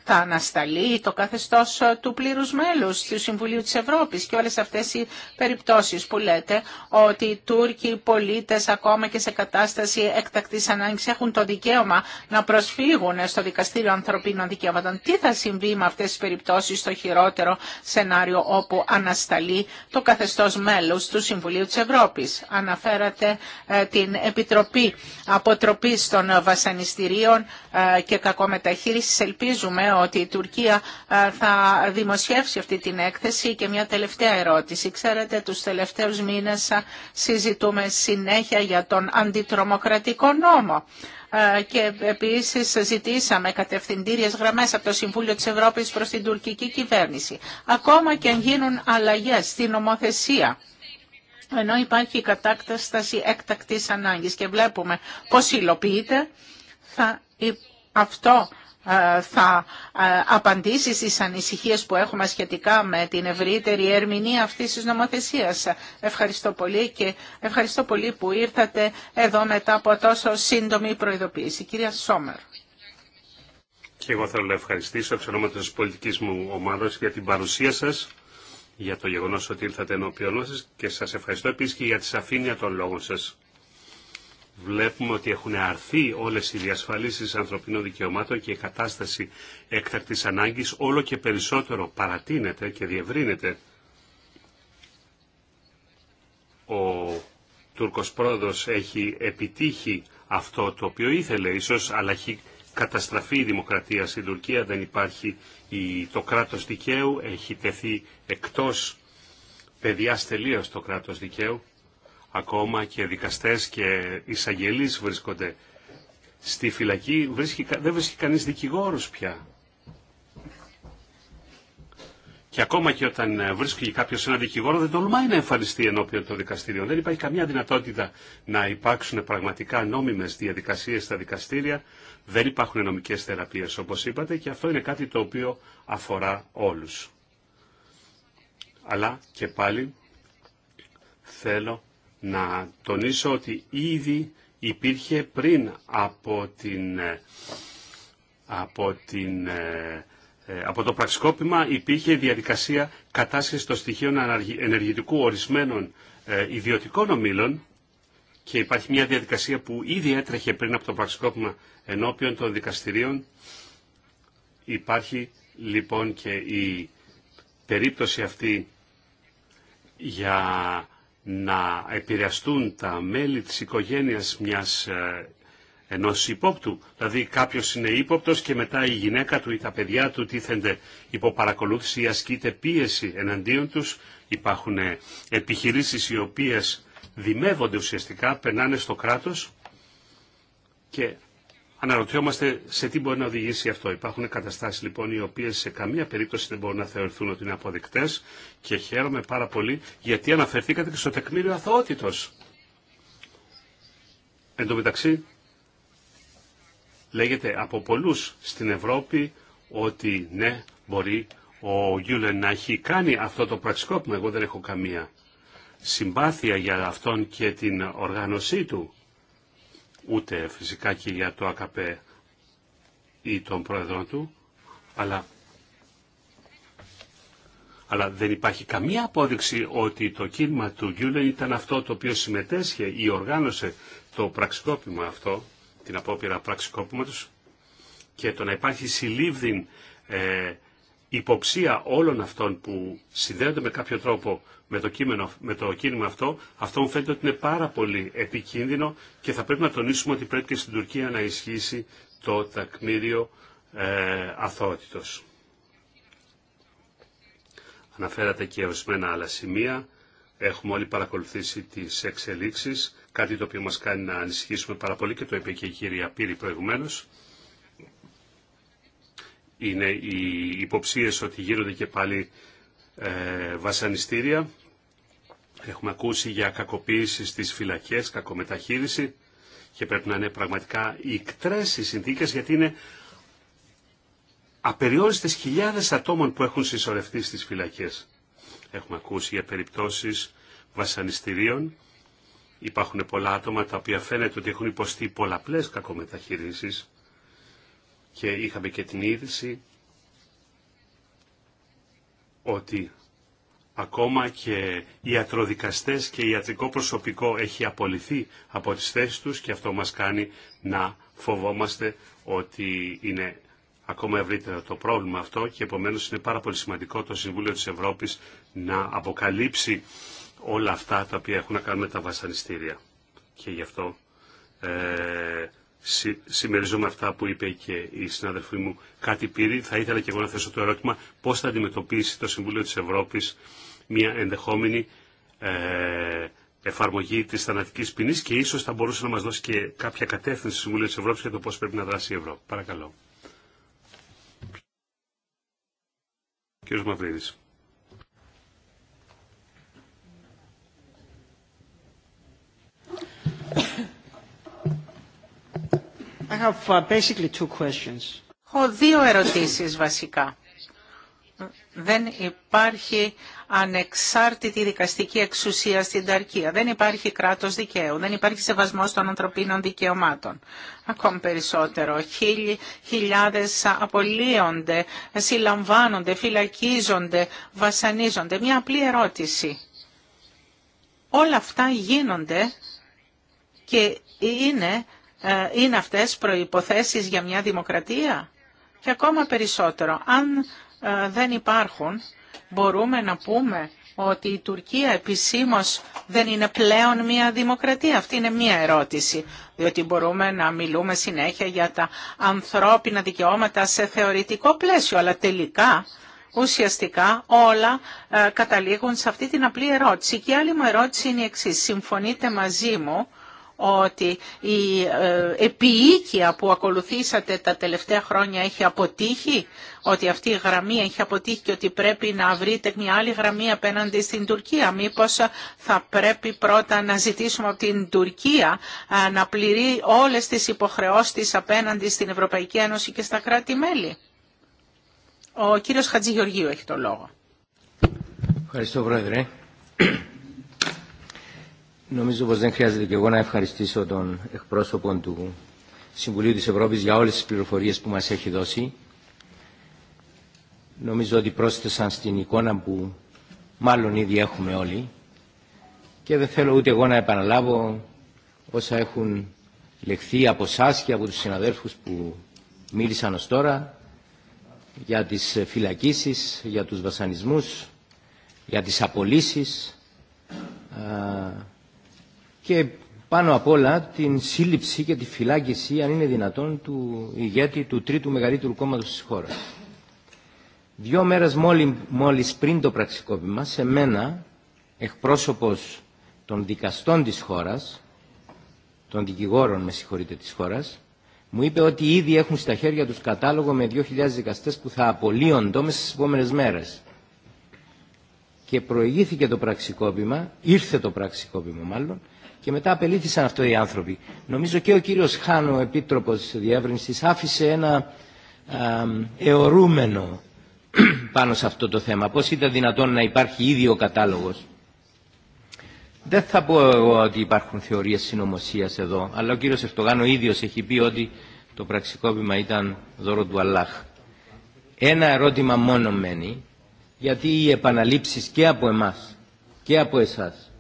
[SPEAKER 2] θα ανασταλεί το καθεστώς ε, του πλήρους μέλους του Συμβουλίου της Ευρώπης και όλες αυτές οι περιπτώσεις που λέτε ότι οι Τούρκοι πολίτες ακόμα και σε κατάσταση έκτακτης ανάγκης έχουν το δικαίωμα να προσφύγουν στο Δικαστήριο Ανθρωπίνων Δικαιωμάτων. Τι θα συμβεί με αυτές τις περιπτώσεις στο χειρότερο σενάριο όπου ανασταλεί το καθεστώς μέλους του Συμβουλίου της Ευρώπης. Αναφέρατε ε, την Επιτροπή Αποτροπής των Βασανιστήριων ε, και Κακομεταχείρισης. Ελπίζουμε ότι η Τουρκία θα δημοσιεύσει αυτή την έκθεση. Και μια τελευταία ερώτηση. Ξέρετε, τους τελευταίους μήνες συζητούμε συνέχεια για τον αντιτρομοκρατικό νόμο και επίσης ζητήσαμε κατευθυντήριες γραμμές από το Συμβούλιο της Ευρώπης προς την τουρκική κυβέρνηση. Ακόμα και αν γίνουν αλλαγές στην νομοθεσία ενώ υπάρχει η κατάκτασταση έκτακτης ανάγκης και βλέπουμε πώς υλοποιείται, θα αυτό ε, θα ε, απαντήσει στις ανησυχίες που έχουμε σχετικά με την ευρύτερη ερμηνεία αυτής της νομοθεσίας. Ευχαριστώ πολύ και ευχαριστώ πολύ που ήρθατε εδώ μετά από τόσο σύντομη προειδοποίηση. Κυρία Σόμερ.
[SPEAKER 1] Και εγώ θέλω να ευχαριστήσω εξ ονόματος τη πολιτική μου ομάδα για την παρουσία σας, για το γεγονός ότι ήρθατε ενώπιον σας και σας ευχαριστώ επίσης και για τη σαφήνεια των λόγων σας βλέπουμε ότι έχουν αρθεί όλες οι διασφαλίσεις ανθρωπίνων δικαιωμάτων και η κατάσταση έκτακτης ανάγκης όλο και περισσότερο παρατείνεται και διευρύνεται. Ο Τούρκος πρόεδρος έχει επιτύχει αυτό το οποίο ήθελε ίσως, αλλά έχει καταστραφεί η δημοκρατία στην Τουρκία, δεν υπάρχει το κράτος δικαίου, έχει τεθεί εκτός παιδιάς τελείως το κράτος δικαίου ακόμα και δικαστές και εισαγγελείς βρίσκονται στη φυλακή, βρίσκει, δεν βρίσκει κανείς δικηγόρος πια. Και ακόμα και όταν ε, βρίσκει κάποιο ένα δικηγόρο, δεν τολμάει να εμφανιστεί ενώπιον των δικαστηρίων. Δεν υπάρχει καμιά δυνατότητα να υπάρξουν πραγματικά νόμιμες διαδικασίε στα δικαστήρια. Δεν υπάρχουν νομικέ θεραπείε, όπω είπατε, και αυτό είναι κάτι το οποίο αφορά όλου. Αλλά και πάλι θέλω να τονίσω ότι ήδη υπήρχε πριν από, την, ε, από, την, ε, ε, από το πραξικόπημα υπήρχε διαδικασία κατάσχεσης των στοιχείων ενεργητικού ορισμένων ιδιωτικών ομήλων και υπάρχει μια διαδικασία που ήδη έτρεχε πριν από το πραξικόπημα ενώπιον των δικαστηρίων. Υπάρχει λοιπόν και η περίπτωση αυτή για να επηρεαστούν τα μέλη της οικογένειας μιας ε, ενός ύποπτου. Δηλαδή κάποιος είναι υπόπτος και μετά η γυναίκα του ή τα παιδιά του τίθενται υπό παρακολούθηση ή ασκείται πίεση εναντίον τους, Υπάρχουν ε, επιχειρήσεις οι οποίες δημεύονται ουσιαστικά, περνάνε στο κράτος και Αναρωτιόμαστε σε τι μπορεί να οδηγήσει αυτό. Υπάρχουν καταστάσεις λοιπόν οι οποίες σε καμία περίπτωση δεν μπορούν να θεωρηθούν ότι είναι αποδεικτές και χαίρομαι πάρα πολύ γιατί αναφερθήκατε και στο τεκμήριο αθωότητος. Εν τω μεταξύ λέγεται από πολλούς στην Ευρώπη ότι ναι μπορεί ο Γιούλεν να έχει κάνει αυτό το πραξικόπημα. Εγώ δεν έχω καμία συμπάθεια για αυτόν και την οργάνωσή του ούτε φυσικά και για το ΑΚΠ ή τον πρόεδρο του, αλλά, αλλά δεν υπάρχει καμία απόδειξη ότι το κίνημα του Γιούλεν ήταν αυτό το οποίο συμμετέσχε ή οργάνωσε το πραξικόπημα αυτό, την απόπειρα πραξικόπηματος και το να υπάρχει συλλήβδιν ε, υποψία όλων αυτών που συνδέονται με κάποιο τρόπο με το, κείμενο, κίνημα αυτό, αυτό μου φαίνεται ότι είναι πάρα πολύ επικίνδυνο και θα πρέπει να τονίσουμε ότι πρέπει και στην Τουρκία να ισχύσει το τακμήριο ε, Αναφέρατε και ορισμένα άλλα σημεία. Έχουμε όλοι παρακολουθήσει τις εξελίξεις, κάτι το οποίο μας κάνει να ανησυχήσουμε πάρα πολύ και το είπε και η κυρία Πύρη προηγουμένως είναι οι υποψίες ότι γίνονται και πάλι ε, βασανιστήρια. Έχουμε ακούσει για κακοποίηση στις φυλακές, κακομεταχείριση και πρέπει να είναι πραγματικά ικτρές οι συνθήκες γιατί είναι απεριόριστες χιλιάδες ατόμων που έχουν συσσωρευτεί στις φυλακές. Έχουμε ακούσει για περιπτώσεις βασανιστήριων. Υπάρχουν πολλά άτομα τα οποία φαίνεται ότι έχουν υποστεί πολλαπλές κακομεταχειρήσεις και είχαμε και την είδηση ότι ακόμα και οι ιατροδικαστές και ιατρικό προσωπικό έχει απολυθεί από τις θέσεις τους και αυτό μας κάνει να φοβόμαστε ότι είναι ακόμα ευρύτερο το πρόβλημα αυτό και επομένως είναι πάρα πολύ σημαντικό το Συμβούλιο της Ευρώπης να αποκαλύψει όλα αυτά τα οποία έχουν να κάνουν με τα βασανιστήρια. Και γι' αυτό ε, συμμεριζόμαι αυτά που είπε και η συνάδελφή μου κάτι πήρη. Θα ήθελα και εγώ να θέσω το ερώτημα πώς θα αντιμετωπίσει το Συμβούλιο της Ευρώπης μια ενδεχόμενη ε, εφαρμογή της θανατικής ποινής και ίσως θα μπορούσε να μας δώσει και κάποια κατεύθυνση στο Συμβούλιο της Ευρώπης για το πώς πρέπει να δράσει η Ευρώπη. Παρακαλώ. Κύριος Μαυρίδης.
[SPEAKER 3] Uh,
[SPEAKER 2] Έχω δύο ερωτήσεις βασικά. Δεν υπάρχει ανεξάρτητη δικαστική εξουσία στην Ταρκία. Δεν υπάρχει κράτος δικαίου. Δεν υπάρχει σεβασμός των ανθρωπίνων δικαιωμάτων. Ακόμη περισσότερο. Χίλιοι, χιλιάδες απολύονται, συλλαμβάνονται, φυλακίζονται, βασανίζονται. Μια απλή ερώτηση. Όλα αυτά γίνονται και είναι ε, είναι αυτές προϋποθέσεις για μια δημοκρατία και ακόμα περισσότερο. Αν ε, δεν υπάρχουν, μπορούμε να πούμε ότι η Τουρκία επισήμως δεν είναι πλέον μια δημοκρατία. Αυτή είναι μια ερώτηση, διότι μπορούμε να μιλούμε συνέχεια για τα ανθρώπινα δικαιώματα σε θεωρητικό πλαίσιο, αλλά τελικά ουσιαστικά όλα ε, καταλήγουν σε αυτή την απλή ερώτηση. Και η άλλη μου ερώτηση είναι η εξής. Συμφωνείτε μαζί μου ότι η ε, επιοίκεια που ακολουθήσατε τα τελευταία χρόνια έχει αποτύχει, ότι αυτή η γραμμή έχει αποτύχει και ότι πρέπει να βρείτε μια άλλη γραμμή απέναντι στην Τουρκία. Μήπως ε, θα πρέπει πρώτα να ζητήσουμε από την Τουρκία ε, να πληρεί όλες τις υποχρεώσεις της απέναντι στην Ευρωπαϊκή Ένωση και στα κράτη-μέλη. Ο κύριος Χατζηγεωργίου έχει το λόγο.
[SPEAKER 4] Ευχαριστώ, Πρόεδρε. Νομίζω πως δεν χρειάζεται και εγώ να ευχαριστήσω τον εκπρόσωπο του Συμβουλίου της Ευρώπης για όλες τις πληροφορίες που μας έχει δώσει. Νομίζω ότι πρόσθεσαν στην εικόνα που μάλλον ήδη έχουμε όλοι και δεν θέλω ούτε εγώ να επαναλάβω όσα έχουν λεχθεί από εσά και από τους συναδέλφους που μίλησαν ως τώρα για τις φυλακίσεις, για τους βασανισμούς, για τις απολύσεις και πάνω απ' όλα την σύλληψη και τη φυλάκιση, αν είναι δυνατόν, του ηγέτη του τρίτου μεγαλύτερου κόμματος της χώρας. Δύο μέρες μόλι, μόλις πριν το πραξικόπημα, σε μένα, εκπρόσωπος των δικαστών της χώρας, των δικηγόρων, με συγχωρείτε, της χώρας, μου είπε ότι ήδη έχουν στα χέρια τους κατάλογο με 2.000 δικαστές που θα απολύονται μέσα στις επόμενες μέρες. Και προηγήθηκε το πραξικόπημα, ήρθε το πραξικόπημα μάλλον, και μετά απελήθησαν αυτοί οι άνθρωποι. Νομίζω και ο κύριος Χάνο, επίτροπος διεύρυνσης, άφησε ένα αιωρούμενο πάνω σε αυτό το θέμα. Πώς ήταν δυνατόν να υπάρχει ήδη ο κατάλογος. Δεν θα πω εγώ ότι υπάρχουν θεωρίες συνωμοσία εδώ, αλλά ο κύριος Ερτογάν ο ίδιος έχει πει ότι το πραξικόπημα ήταν δώρο του Αλλάχ. Ένα ερώτημα μόνο μένει, γιατί οι επαναλήψεις και από εμάς και από εσάς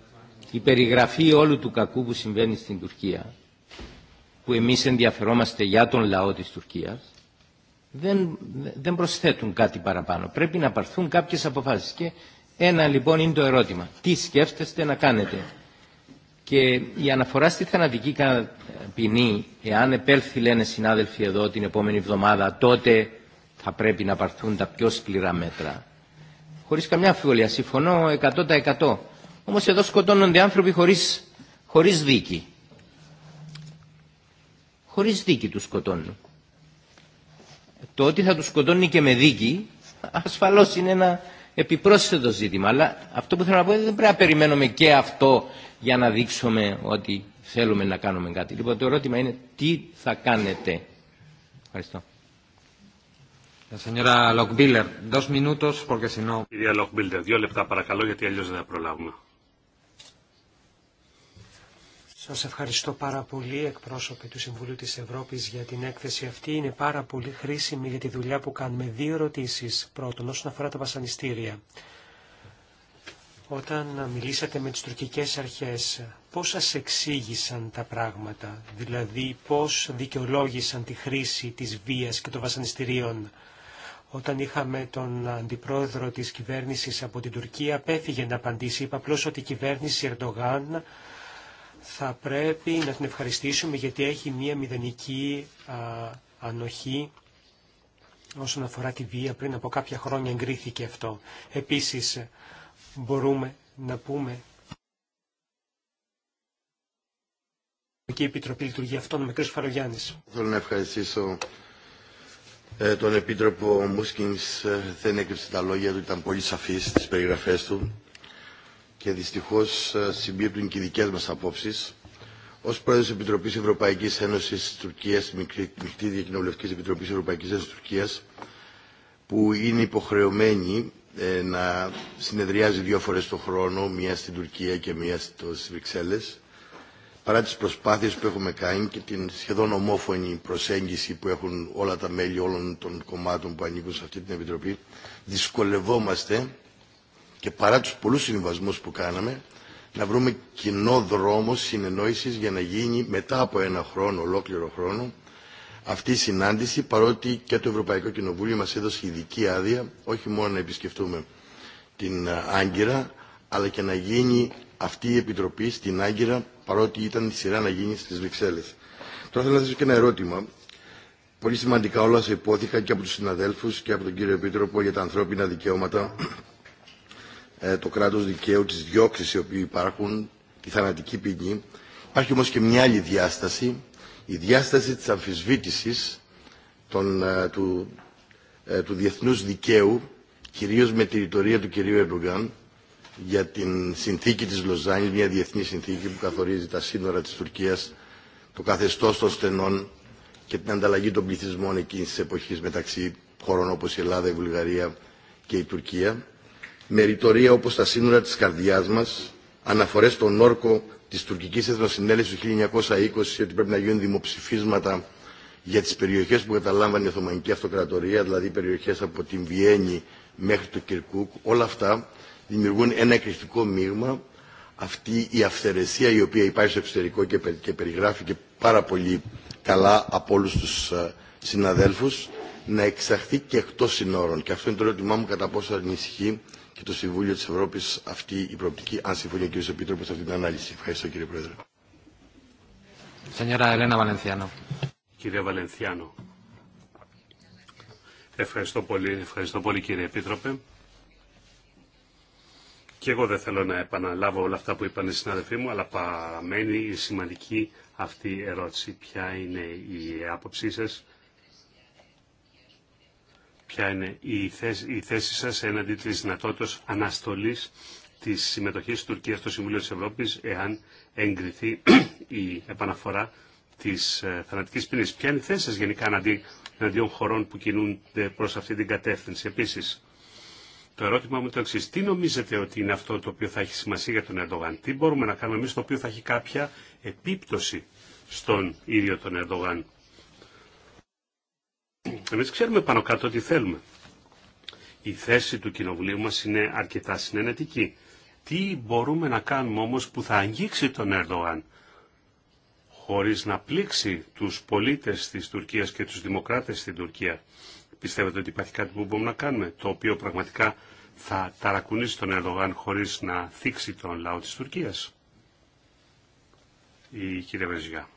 [SPEAKER 4] η περιγραφή όλου του κακού που συμβαίνει στην Τουρκία, που εμείς ενδιαφερόμαστε για τον λαό της Τουρκίας, δεν, δεν προσθέτουν κάτι παραπάνω. Πρέπει να πάρθουν κάποιες αποφάσεις. Και ένα λοιπόν είναι το ερώτημα. Τι σκέφτεστε να κάνετε. Και η αναφορά στη θανατική ποινή, εάν επέλθει λένε συνάδελφοι εδώ την επόμενη εβδομάδα, τότε θα πρέπει να πάρθουν τα πιο σκληρά μέτρα. Χωρίς καμιά αφιβολία Συμφωνώ 100%. Όμως εδώ σκοτώνονται άνθρωποι χωρίς, χωρίς δίκη. Χωρίς δίκη τους σκοτώνουν. Το ότι θα τους σκοτώνει και με δίκη ασφαλώς είναι ένα επιπρόσθετο ζήτημα. Αλλά αυτό που θέλω να πω είναι δεν πρέπει να περιμένουμε και αυτό για να δείξουμε ότι θέλουμε να κάνουμε κάτι. Λοιπόν, το ερώτημα είναι τι θα κάνετε.
[SPEAKER 3] Ευχαριστώ. Ε, Κυρία Λοκμπίλερ, δύο
[SPEAKER 1] λεπτά παρακαλώ γιατί αλλιώς δεν θα προλάβουμε.
[SPEAKER 3] Σας ευχαριστώ πάρα πολύ εκπρόσωποι του Συμβουλίου της Ευρώπης για την έκθεση αυτή. Είναι πάρα πολύ χρήσιμη για τη δουλειά που κάνουμε. Δύο ερωτήσεις. Πρώτον, όσον αφορά τα βασανιστήρια. Όταν μιλήσατε με τις τουρκικές αρχές, πώς σας εξήγησαν τα πράγματα, δηλαδή πώς δικαιολόγησαν τη χρήση της βίας και των βασανιστήριων. Όταν είχαμε τον αντιπρόεδρο της κυβέρνησης από την Τουρκία, απέφυγε να απαντήσει, είπα απλώς ότι η κυβέρνηση Ερντογάν θα πρέπει να την ευχαριστήσουμε γιατί έχει μία μηδενική ανοχή όσον αφορά τη βία. Πριν από κάποια χρόνια εγκρίθηκε αυτό. Επίσης μπορούμε να πούμε και η Επιτροπή Λειτουργία Αυτών με κ. Φαρογιάννης.
[SPEAKER 5] Θέλω να ευχαριστήσω ε, τον Επίτροπο Μούσκινς ε, δεν έκρυψε τα λόγια του, ήταν πολύ σαφής στις περιγραφές του και δυστυχώς ε, συμπίπτουν και οι δικές μας απόψεις. Ως πρόεδρος της Επιτροπής Ευρωπαϊκής Ένωσης Τουρκίας, Μικρή Διακοινοβουλευτικής Επιτροπής Ευρωπαϊκής Ένωσης Τουρκίας, που είναι υποχρεωμένη ε, να συνεδριάζει δύο φορές το χρόνο, μία στην Τουρκία και μία στις Βρυξέλλες, παρά τις προσπάθειες που έχουμε κάνει και την σχεδόν ομόφωνη προσέγγιση που έχουν όλα τα μέλη όλων των κομμάτων που ανήκουν σε αυτή την Επιτροπή, δυσκολευόμαστε και παρά τους πολλούς συμβασμούς που κάναμε να βρούμε κοινό δρόμο συνεννόησης για να γίνει μετά από ένα χρόνο, ολόκληρο χρόνο αυτή η συνάντηση παρότι και το Ευρωπαϊκό Κοινοβούλιο μας έδωσε ειδική άδεια όχι μόνο να επισκεφτούμε την ε, Άγκυρα αλλά και να γίνει αυτή η Επιτροπή στην Άγκυρα παρότι ήταν η σειρά να γίνει στις Βρυξέλλες. Τώρα θέλω να θέσω και ένα ερώτημα. Πολύ σημαντικά όλα σε υπόθηκα και από τους συναδέλφους και από τον κύριο Επίτροπο για τα ανθρώπινα δικαιώματα ε, το κράτος δικαίου, τις διώξεις οι οποίοι υπάρχουν, τη θανατική ποινή. Υπάρχει όμως και μια άλλη διάσταση, η διάσταση της αμφισβήτησης ε, του, ε, του διεθνούς δικαίου, κυρίως με τη ρητορία του κυρίου Ερντογκάν, για την συνθήκη της Λοζάνης, μια διεθνή συνθήκη που καθορίζει τα σύνορα της Τουρκίας, το καθεστώς των στενών και την ανταλλαγή των πληθυσμών εκείνης της εποχής μεταξύ χωρών όπως η Ελλάδα, η Βουλγαρία και η Τουρκία με ρητορία όπως τα σύνορα της καρδιάς μας, αναφορές στον όρκο της τουρκικής εθνοσυνέλευσης του 1920 ότι πρέπει να γίνουν δημοψηφίσματα για τις περιοχές που καταλάμβανε η Οθωμανική Αυτοκρατορία, δηλαδή περιοχές από την Βιέννη μέχρι το Κυρκούκ, όλα αυτά δημιουργούν ένα εκρηκτικό μείγμα. Αυτή η αυθαιρεσία η οποία υπάρχει στο εξωτερικό και περιγράφει και πάρα πολύ καλά από όλους τους ε, συναδέλφους να εξαχθεί και εκτός συνόρων. Και αυτό είναι το ερώτημά μου κατά πόσο ανησυχεί και το Συμβούλιο της Ευρώπης αυτή η προοπτική, αν συμφωνεί ο κ. Επίτροπος σε αυτή την ανάλυση. Ευχαριστώ κύριε Πρόεδρε.
[SPEAKER 1] Ελένα Κύριε Βαλενθιάνο. Ευχαριστώ πολύ, ευχαριστώ πολύ κύριε Επίτροπε. Και εγώ δεν θέλω να επαναλάβω όλα αυτά που είπαν οι συναδελφοί μου, αλλά παραμένει η σημαντική αυτή η ερώτηση. Ποια είναι η άποψή σας ποια είναι η θέση, η θέση σας έναντι της δυνατότητας αναστολής της συμμετοχής της Τουρκίας στο Συμβούλιο της Ευρώπης εάν εγκριθεί η επαναφορά της ε, θανατικής ποινής. Ποια είναι η θέση σας γενικά εναντί, εναντίον χωρών που κινούνται προς αυτή την κατεύθυνση. Επίσης, το ερώτημα μου είναι το εξή. Τι νομίζετε ότι είναι αυτό το οποίο θα έχει σημασία για τον Ερντογάν. Τι μπορούμε να κάνουμε εμείς το οποίο θα έχει κάποια επίπτωση στον ίδιο τον Ερντογάν. Εμείς ξέρουμε πάνω κάτω τι θέλουμε. Η θέση του Κοινοβουλίου μας είναι αρκετά συνενετική. Τι μπορούμε να κάνουμε όμως που θα αγγίξει τον Ερδογάν χωρίς να πλήξει τους πολίτες της Τουρκίας και τους δημοκράτες στην Τουρκία. Πιστεύετε ότι υπάρχει κάτι που μπορούμε να κάνουμε, το οποίο πραγματικά θα ταρακουνήσει τον Ερδογάν χωρίς να θίξει τον λαό της Τουρκίας. Η κυρία Βεζιά.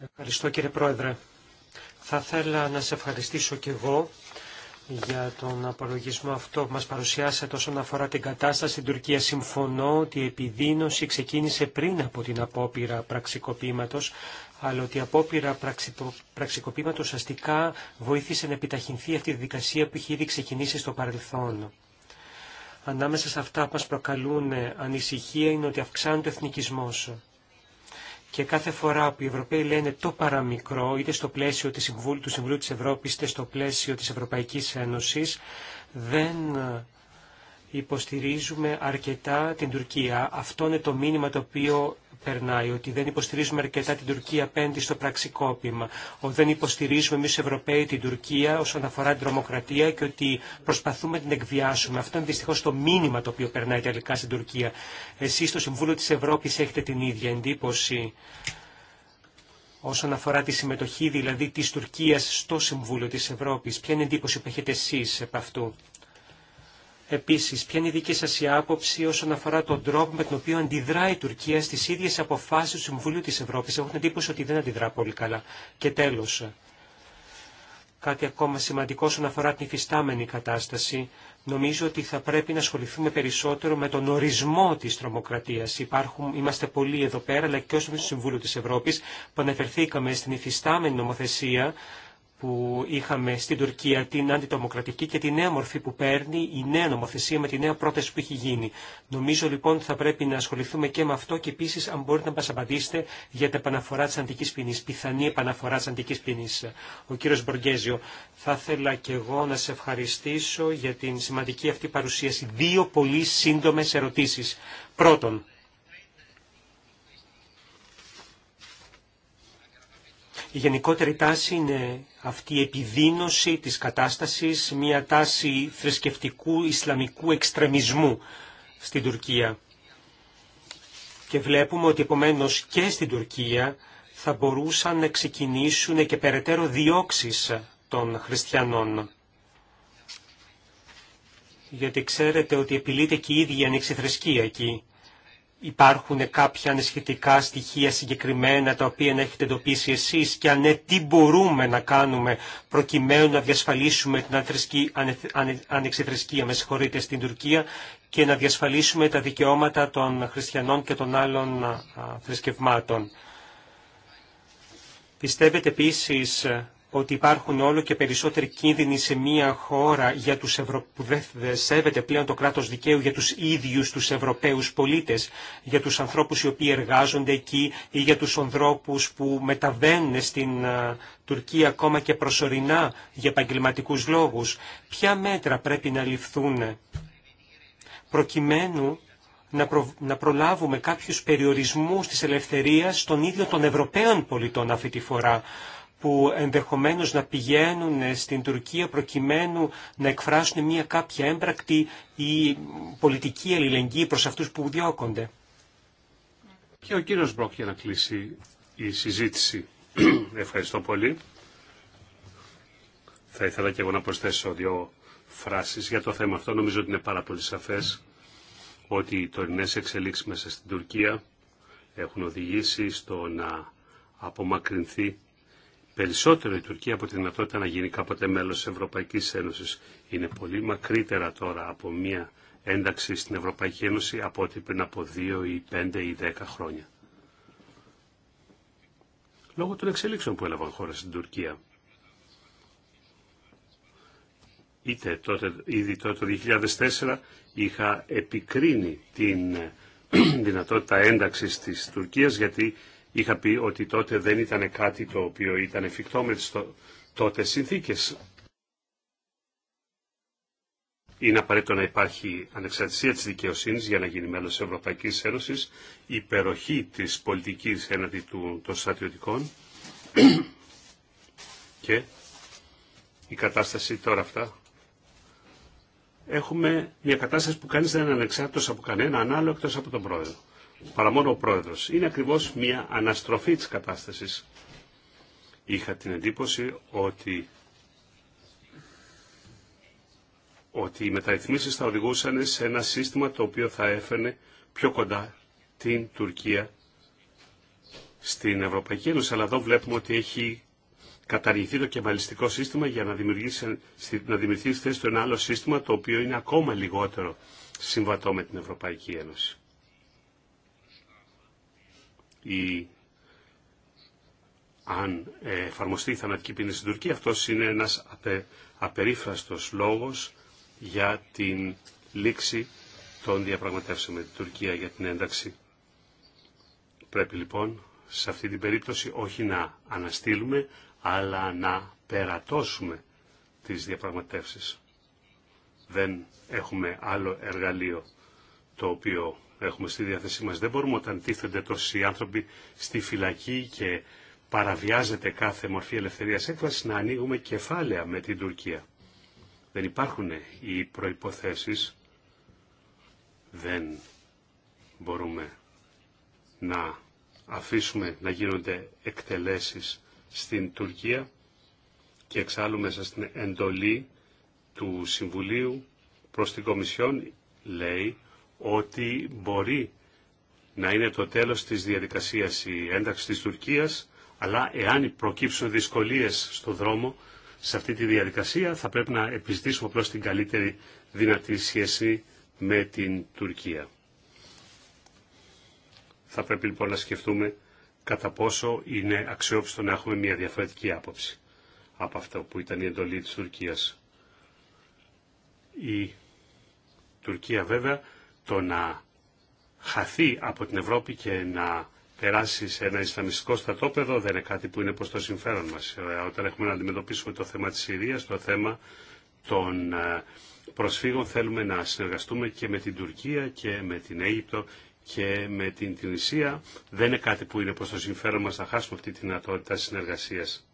[SPEAKER 3] Ευχαριστώ κύριε Πρόεδρε. Θα ήθελα να σε ευχαριστήσω και εγώ για τον απολογισμό αυτό που μας παρουσιάσατε όσον αφορά την κατάσταση στην Τουρκία. Συμφωνώ ότι η επιδείνωση ξεκίνησε πριν από την απόπειρα πραξικοπήματος, αλλά ότι η απόπειρα πραξικοπήματος αστικά βοήθησε να επιταχυνθεί αυτή η δικασία που είχε ήδη ξεκινήσει στο παρελθόν. Ανάμεσα σε αυτά που μας προκαλούν ανησυχία είναι ότι αυξάνεται ο εθνικισμός και κάθε φορά που οι Ευρωπαίοι λένε το παραμικρό, είτε στο πλαίσιο του Συμβουλίου, του Συμβουλίου της Ευρώπης, είτε στο πλαίσιο της Ευρωπαϊκής Ένωσης, δεν ε, υποστηρίζουμε αρκετά την Τουρκία. Αυτό είναι το μήνυμα το οποίο περνάει, ότι δεν υποστηρίζουμε αρκετά την Τουρκία απέναντι στο πραξικόπημα, ότι δεν υποστηρίζουμε εμεί Ευρωπαίοι την Τουρκία όσον αφορά την τρομοκρατία και ότι προσπαθούμε να την εκβιάσουμε. Αυτό είναι δυστυχώ το μήνυμα το οποίο περνάει τελικά στην Τουρκία. Εσεί στο Συμβούλιο τη Ευρώπη έχετε την ίδια εντύπωση όσον αφορά τη συμμετοχή δηλαδή της Τουρκίας στο Συμβούλιο της Ευρώπης. Ποια είναι η εντύπωση που έχετε εσείς επ' αυτού. Επίσης, ποια είναι η δική σας άποψη όσον αφορά τον τρόπο με τον οποίο αντιδράει η Τουρκία στις ίδιες αποφάσεις του Συμβουλίου της Ευρώπης. Έχω την εντύπωση ότι δεν αντιδρά πολύ καλά. Και τέλος, κάτι ακόμα σημαντικό όσον αφορά την υφιστάμενη κατάσταση. Νομίζω ότι θα πρέπει να ασχοληθούμε περισσότερο με τον ορισμό της τρομοκρατίας. είμαστε πολλοί εδώ πέρα, αλλά και ως το Συμβούλιο της Ευρώπης, που αναφερθήκαμε στην υφιστάμενη νομοθεσία που είχαμε στην Τουρκία, την αντιτομοκρατική και τη νέα μορφή που παίρνει, η νέα νομοθεσία με τη νέα πρόταση που έχει γίνει. Νομίζω λοιπόν ότι θα πρέπει να ασχοληθούμε και με αυτό και επίση αν μπορείτε να μα απαντήσετε για την επαναφορά τη ποινή, πιθανή επαναφορά τη αντική ποινή. Ο κύριο Μποργέζιο, θα ήθελα και εγώ να σε ευχαριστήσω για την σημαντική αυτή παρουσίαση. Δύο πολύ σύντομε ερωτήσει. Πρώτον, Η γενικότερη τάση είναι αυτή η επιδείνωση της κατάστασης, μια τάση θρησκευτικού ισλαμικού εξτρεμισμού στην Τουρκία. Και βλέπουμε ότι επομένως και στην Τουρκία θα μπορούσαν να ξεκινήσουν και περαιτέρω διώξεις των χριστιανών. Γιατί ξέρετε ότι επιλείται και η ίδια η θρησκεία εκεί υπάρχουν κάποια ανεσχετικά στοιχεία συγκεκριμένα τα οποία να έχετε εντοπίσει εσείς και αν ναι, τι μπορούμε να κάνουμε προκειμένου να διασφαλίσουμε την ανεξιθρησκεία με συγχωρείτε στην Τουρκία και να διασφαλίσουμε τα δικαιώματα των χριστιανών και των άλλων θρησκευμάτων. Πιστεύετε επίσης ότι υπάρχουν όλο και περισσότεροι κίνδυνοι σε μια χώρα για τους Ευρω... που δεν σέβεται πλέον το κράτος δικαίου για τους ίδιους τους Ευρωπαίους πολίτες, για τους ανθρώπους οι οποίοι εργάζονται εκεί ή για τους ανθρώπους που μεταβαίνουν στην Τουρκία ακόμα και προσωρινά για επαγγελματικού λόγους. Ποια μέτρα πρέπει να ληφθούν προκειμένου να, να προλάβουμε κάποιους περιορισμούς της ελευθερίας των ίδιων των Ευρωπαίων πολιτών αυτή τη φορά που ενδεχομένως να πηγαίνουν στην Τουρκία προκειμένου να εκφράσουν μια κάποια έμπρακτη ή πολιτική αλληλεγγύη προς αυτούς που διώκονται.
[SPEAKER 1] Και ο κύριος Μπρόκ για να κλείσει η συζήτηση. Ευχαριστώ πολύ. Θα ήθελα και εγώ να προσθέσω δύο φράσεις για το θέμα αυτό. Νομίζω ότι είναι πάρα πολύ σαφές ότι οι τωρινές εξελίξεις μέσα στην Τουρκία έχουν οδηγήσει στο να απομακρυνθεί περισσότερο η Τουρκία από τη δυνατότητα να γίνει κάποτε μέλος της Ευρωπαϊκής Ένωσης. Είναι πολύ μακρύτερα τώρα από μια ένταξη στην Ευρωπαϊκή Ένωση από ό,τι πριν από δύο ή πέντε ή δέκα χρόνια. Λόγω των εξελίξεων που έλαβαν χώρα στην Τουρκία. Είτε τότε, ήδη τότε το 2004 είχα επικρίνει την δυνατότητα ένταξης της Τουρκίας γιατί Είχα πει ότι τότε δεν ήταν κάτι το οποίο ήταν εφικτό με τις τότε συνθήκες. Είναι απαραίτητο να υπάρχει ανεξαρτησία της δικαιοσύνης για να γίνει μέλος της Ευρωπαϊκής Ένωσης, υπεροχή της πολιτικής έναντι του, των στρατιωτικών και η κατάσταση τώρα αυτά. Έχουμε μια κατάσταση που κανείς δεν είναι ανεξάρτητος από κανένα, ανάλογα εκτός από τον πρόεδρο παρά μόνο ο πρόεδρος. Είναι ακριβώς μια αναστροφή της κατάστασης. Είχα την εντύπωση ότι, ότι οι μεταρρυθμίσεις θα οδηγούσαν σε ένα σύστημα το οποίο θα έφερνε πιο κοντά την Τουρκία στην Ευρωπαϊκή Ένωση. Αλλά εδώ βλέπουμε ότι έχει καταργηθεί το κεμαλιστικό σύστημα για να, δημιουργήσει, να θέση του ένα άλλο σύστημα το οποίο είναι ακόμα λιγότερο συμβατό με την Ευρωπαϊκή Ένωση αν ε, εφαρμοστεί η θανατική ποινή στην Τουρκία, αυτός είναι ένας απε, απερίφραστος λόγος για την λήξη των διαπραγματεύσεων με την Τουρκία για την ένταξη. Πρέπει λοιπόν σε αυτή την περίπτωση όχι να αναστείλουμε, αλλά να περατώσουμε τις διαπραγματεύσεις. Δεν έχουμε άλλο εργαλείο το οποίο έχουμε στη διάθεσή μας. Δεν μπορούμε όταν τίθενται τόσοι άνθρωποι στη φυλακή και παραβιάζεται κάθε μορφή ελευθερίας έκφρασης να ανοίγουμε κεφάλαια με την Τουρκία. Δεν υπάρχουν οι προϋποθέσεις, δεν μπορούμε να αφήσουμε να γίνονται εκτελέσεις στην Τουρκία και εξάλλου μέσα στην εντολή του Συμβουλίου προς την Κομισιόν λέει ότι μπορεί να είναι το τέλος της διαδικασίας η ένταξη της Τουρκίας, αλλά εάν προκύψουν δυσκολίες στο δρόμο, σε αυτή τη διαδικασία θα πρέπει να επιστήσουμε απλώς την καλύτερη δυνατή σχέση με την Τουρκία. Θα πρέπει λοιπόν να σκεφτούμε κατά πόσο είναι αξιόπιστο να έχουμε μια διαφορετική άποψη από αυτό που ήταν η εντολή της Τουρκίας. Η Τουρκία βέβαια το να χαθεί από την Ευρώπη και να περάσει σε ένα Ισλαμιστικό στρατόπεδο δεν είναι κάτι που είναι προς το συμφέρον μας. Ε, όταν έχουμε να αντιμετωπίσουμε το θέμα της Συρίας, το θέμα των ε, προσφύγων θέλουμε να συνεργαστούμε και με την Τουρκία και με την Αίγυπτο και με την Τινησία. Δεν είναι κάτι που είναι προς το συμφέρον μας να χάσουμε αυτή τη δυνατότητα συνεργασίας.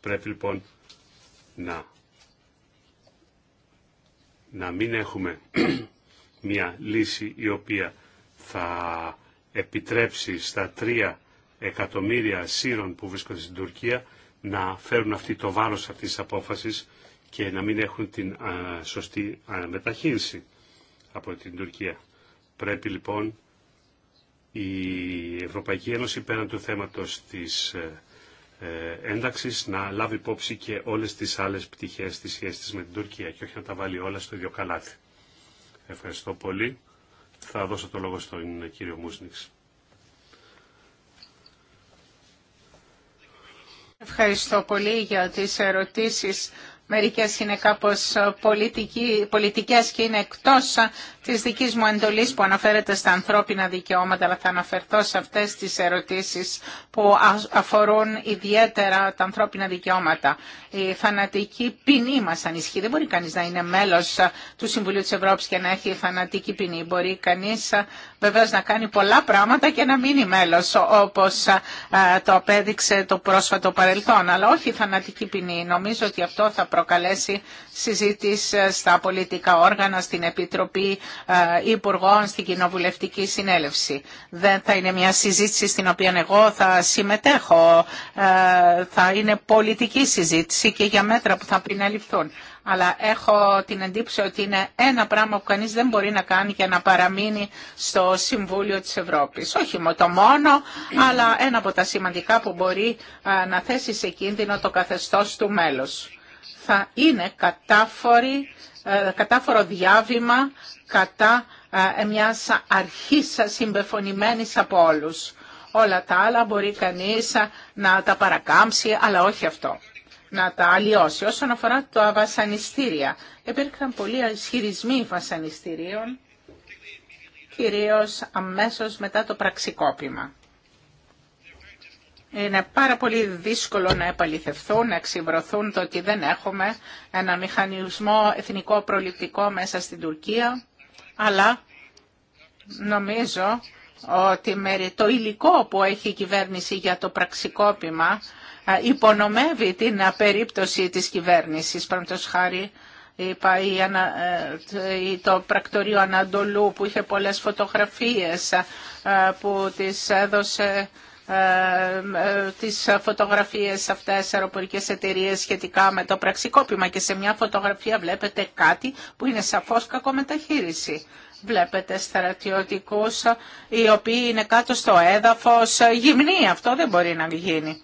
[SPEAKER 1] Πρέπει λοιπόν να να μην έχουμε μια λύση η οποία θα επιτρέψει στα τρία εκατομμύρια Σύρων που βρίσκονται στην Τουρκία να φέρουν αυτή το βάρος αυτής της απόφασης και να μην έχουν την σωστή α, από την Τουρκία. Πρέπει λοιπόν η Ευρωπαϊκή Ένωση πέραν του θέματος της ε, ε, ένταξης να λάβει υπόψη και όλες τις άλλες πτυχές της σχέση της με την Τουρκία και όχι να τα βάλει όλα στο ίδιο καλάθι. Ευχαριστώ πολύ. Θα δώσω το λόγο στον κύριο Μούσνιξ.
[SPEAKER 2] Ευχαριστώ πολύ για τις ερωτήσεις Μερικές είναι κάπως πολιτική, πολιτικές και είναι εκτός της δικής μου εντολής που αναφέρεται στα ανθρώπινα δικαιώματα, αλλά θα αναφερθώ σε αυτές τις ερωτήσεις που αφορούν ιδιαίτερα τα ανθρώπινα δικαιώματα. Η θανατική ποινή μας ανισχύει. Δεν μπορεί κανείς να είναι μέλος του Συμβουλίου της Ευρώπης και να έχει θανατική ποινή. Μπορεί κανείς βεβαίω να κάνει πολλά πράγματα και να μείνει μέλος, όπως το απέδειξε το πρόσφατο παρελθόν, αλλά όχι θανατική ποινή. Νομίζω ότι αυτό θα προκαλέσει συζήτηση ε, στα πολιτικά όργανα, στην Επιτροπή ε, Υπουργών, στην Κοινοβουλευτική Συνέλευση. Δεν θα είναι μια συζήτηση στην οποία εγώ θα συμμετέχω. Ε, θα είναι πολιτική συζήτηση και για μέτρα που θα πρέπει να ληφθούν. Αλλά έχω την εντύπωση ότι είναι ένα πράγμα που κανείς δεν μπορεί να κάνει και να παραμείνει στο Συμβούλιο της Ευρώπης. Όχι το μόνο, αλλά ένα από τα σημαντικά που μπορεί να θέσει σε κίνδυνο το καθεστώς του μέλους θα είναι ε, κατάφορο διάβημα κατά ε, μιας αρχής συμπεφωνημένης από όλους. Όλα τα άλλα μπορεί κανείς να τα παρακάμψει, αλλά όχι αυτό να τα αλλοιώσει. Όσον αφορά τα βασανιστήρια, υπήρχαν πολλοί ισχυρισμοί βασανιστήριων, κυρίως αμέσως μετά το πραξικόπημα είναι πάρα πολύ δύσκολο να επαληθευθούν, να εξυμβρωθούν το ότι δεν έχουμε ένα μηχανισμό εθνικό προληπτικό μέσα στην Τουρκία, αλλά νομίζω ότι με το υλικό που έχει η κυβέρνηση για το πραξικόπημα υπονομεύει την περίπτωση της κυβέρνησης. Παραδείγματος χάρη είπα, ε, το πρακτορείο Ανατολού που είχε πολλές φωτογραφίες που τις έδωσε ε, ε, τις φωτογραφίες αυτές αεροπορικές εταιρείες σχετικά με το πραξικόπημα και σε μια φωτογραφία βλέπετε κάτι που είναι σαφώς κακομεταχείριση. Βλέπετε στρατιωτικούς οι οποίοι είναι κάτω στο έδαφος γυμνοί. Αυτό δεν μπορεί να γίνει.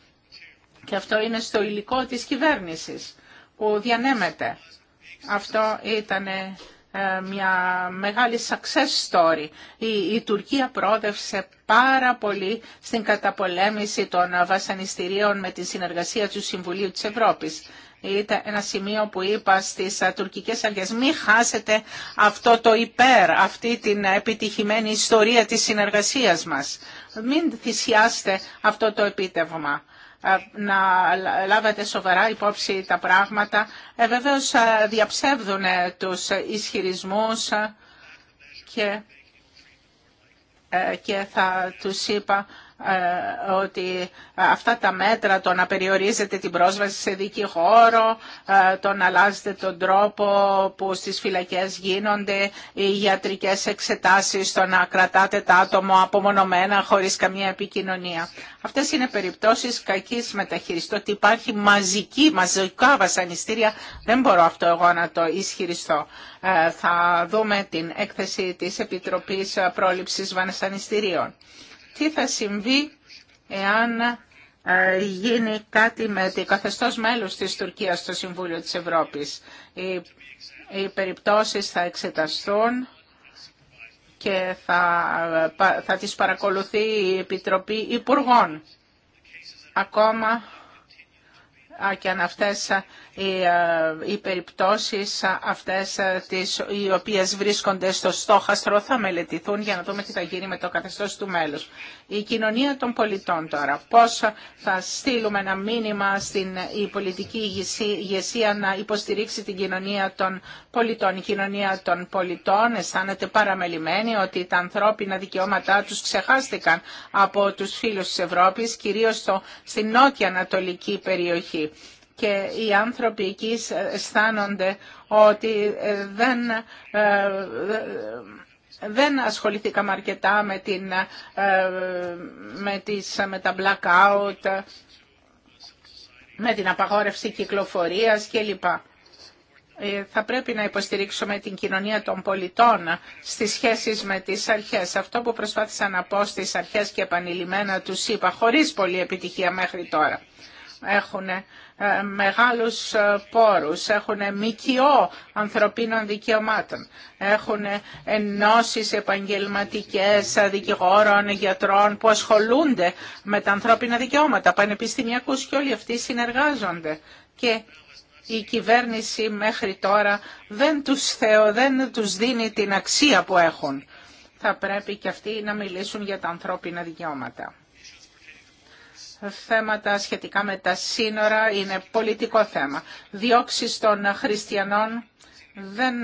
[SPEAKER 2] Και αυτό είναι στο υλικό της κυβέρνησης που διανέμεται. Αυτό ήταν ε, μια μεγάλη success story. Η, Τουρκία πρόδευσε πάρα πολύ στην καταπολέμηση των βασανιστήριων με τη συνεργασία του Συμβουλίου της Ευρώπης. Ήταν ένα σημείο που είπα στις ε, τουρκικές αρχές, μην χάσετε αυτό το υπέρ, αυτή την επιτυχημένη ιστορία της συνεργασίας μας. Μην θυσιάστε αυτό το επίτευγμα να λάβετε σοβαρά υπόψη τα πράγματα. Ε, βεβαίως διαψεύδουν τους ισχυρισμούς και, ε, και θα τους είπα ε, ότι αυτά τα μέτρα, το να περιορίζετε την πρόσβαση σε δίκη χώρο ε, το να αλλάζετε τον τρόπο που στις φυλακές γίνονται οι ιατρικές εξετάσεις, το να κρατάτε τα άτομα απομονωμένα χωρίς καμία επικοινωνία. Αυτές είναι περιπτώσεις κακής μεταχείρισης. ότι υπάρχει μαζική, μαζικά βασανιστήρια, δεν μπορώ αυτό εγώ να το ισχυριστώ. Ε, θα δούμε την έκθεση της Επιτροπής Πρόληψης Βασανιστήριων τι θα συμβεί εάν ε, γίνει κάτι με το καθεστώς μέλους της Τουρκίας στο Συμβούλιο της Ευρώπης. Οι, οι περιπτώσεις θα εξεταστούν και θα, ε, θα τις παρακολουθεί η Επιτροπή Υπουργών. Ακόμα και αν αυτές ε, οι περιπτώσεις αυτές ε, τις, οι οποίες βρίσκονται στο στόχαστρο θα μελετηθούν για να δούμε τι θα γίνει με το καθεστώς του μέλους. Η κοινωνία των πολιτών τώρα. Πώς θα στείλουμε ένα μήνυμα στην η πολιτική ηγεσία να υποστηρίξει την κοινωνία των πολιτών. Η κοινωνία των πολιτών αισθάνεται παραμελημένη ότι τα ανθρώπινα δικαιώματά τους ξεχάστηκαν από τους φίλους της Ευρώπης, κυρίως στην νότια ανατολική περιοχή και οι άνθρωποι εκεί αισθάνονται ότι ε, δεν, ε, δεν ασχοληθήκαμε αρκετά με, την, ε, με, τις, με τα blackout, με την απαγόρευση κυκλοφορίας κλπ. Θα πρέπει να υποστηρίξουμε την κοινωνία των πολιτών στις σχέσεις με τις αρχές. Αυτό που προσπάθησα να πω στις αρχές και επανειλημμένα τους είπα, χωρίς πολλή επιτυχία μέχρι τώρα. Έχουν ε, μεγάλους ε, πόρους, έχουν μικιό ανθρωπίνων δικαιωμάτων, έχουν ενώσεις επαγγελματικές δικηγόρων, γιατρών που ασχολούνται με τα ανθρώπινα δικαιώματα, πανεπιστημιακούς και όλοι αυτοί συνεργάζονται. Και η κυβέρνηση μέχρι τώρα δεν τους, θεω, δεν τους δίνει την αξία που έχουν. Θα πρέπει και αυτοί να μιλήσουν για τα ανθρώπινα δικαιώματα θέματα σχετικά με τα σύνορα είναι πολιτικό θέμα. Διώξεις των χριστιανών δεν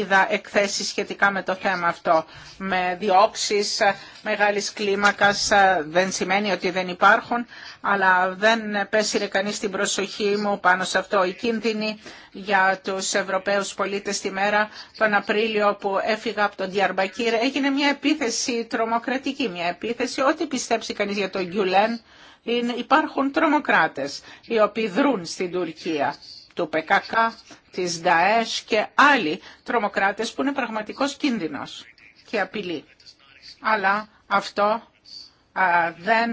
[SPEAKER 2] είδα εκθέσεις σχετικά με το θέμα αυτό. Με διώξεις μεγάλης κλίμακας δεν σημαίνει ότι δεν υπάρχουν, αλλά δεν πέσυρε κανείς την προσοχή μου πάνω σε αυτό. Η κίνδυνη για τους Ευρωπαίους πολίτες τη μέρα τον Απρίλιο που έφυγα από τον Διαρμπακύρ έγινε μια επίθεση τρομοκρατική, μια επίθεση ό,τι πιστέψει κανείς για τον Γκιουλέν είναι, υπάρχουν τρομοκράτες οι οποίοι δρούν στην Τουρκία του ΠΚΚ, της ΔΑΕΣ και άλλοι τρομοκράτες που είναι πραγματικός κίνδυνος και απειλή. Αλλά αυτό δεν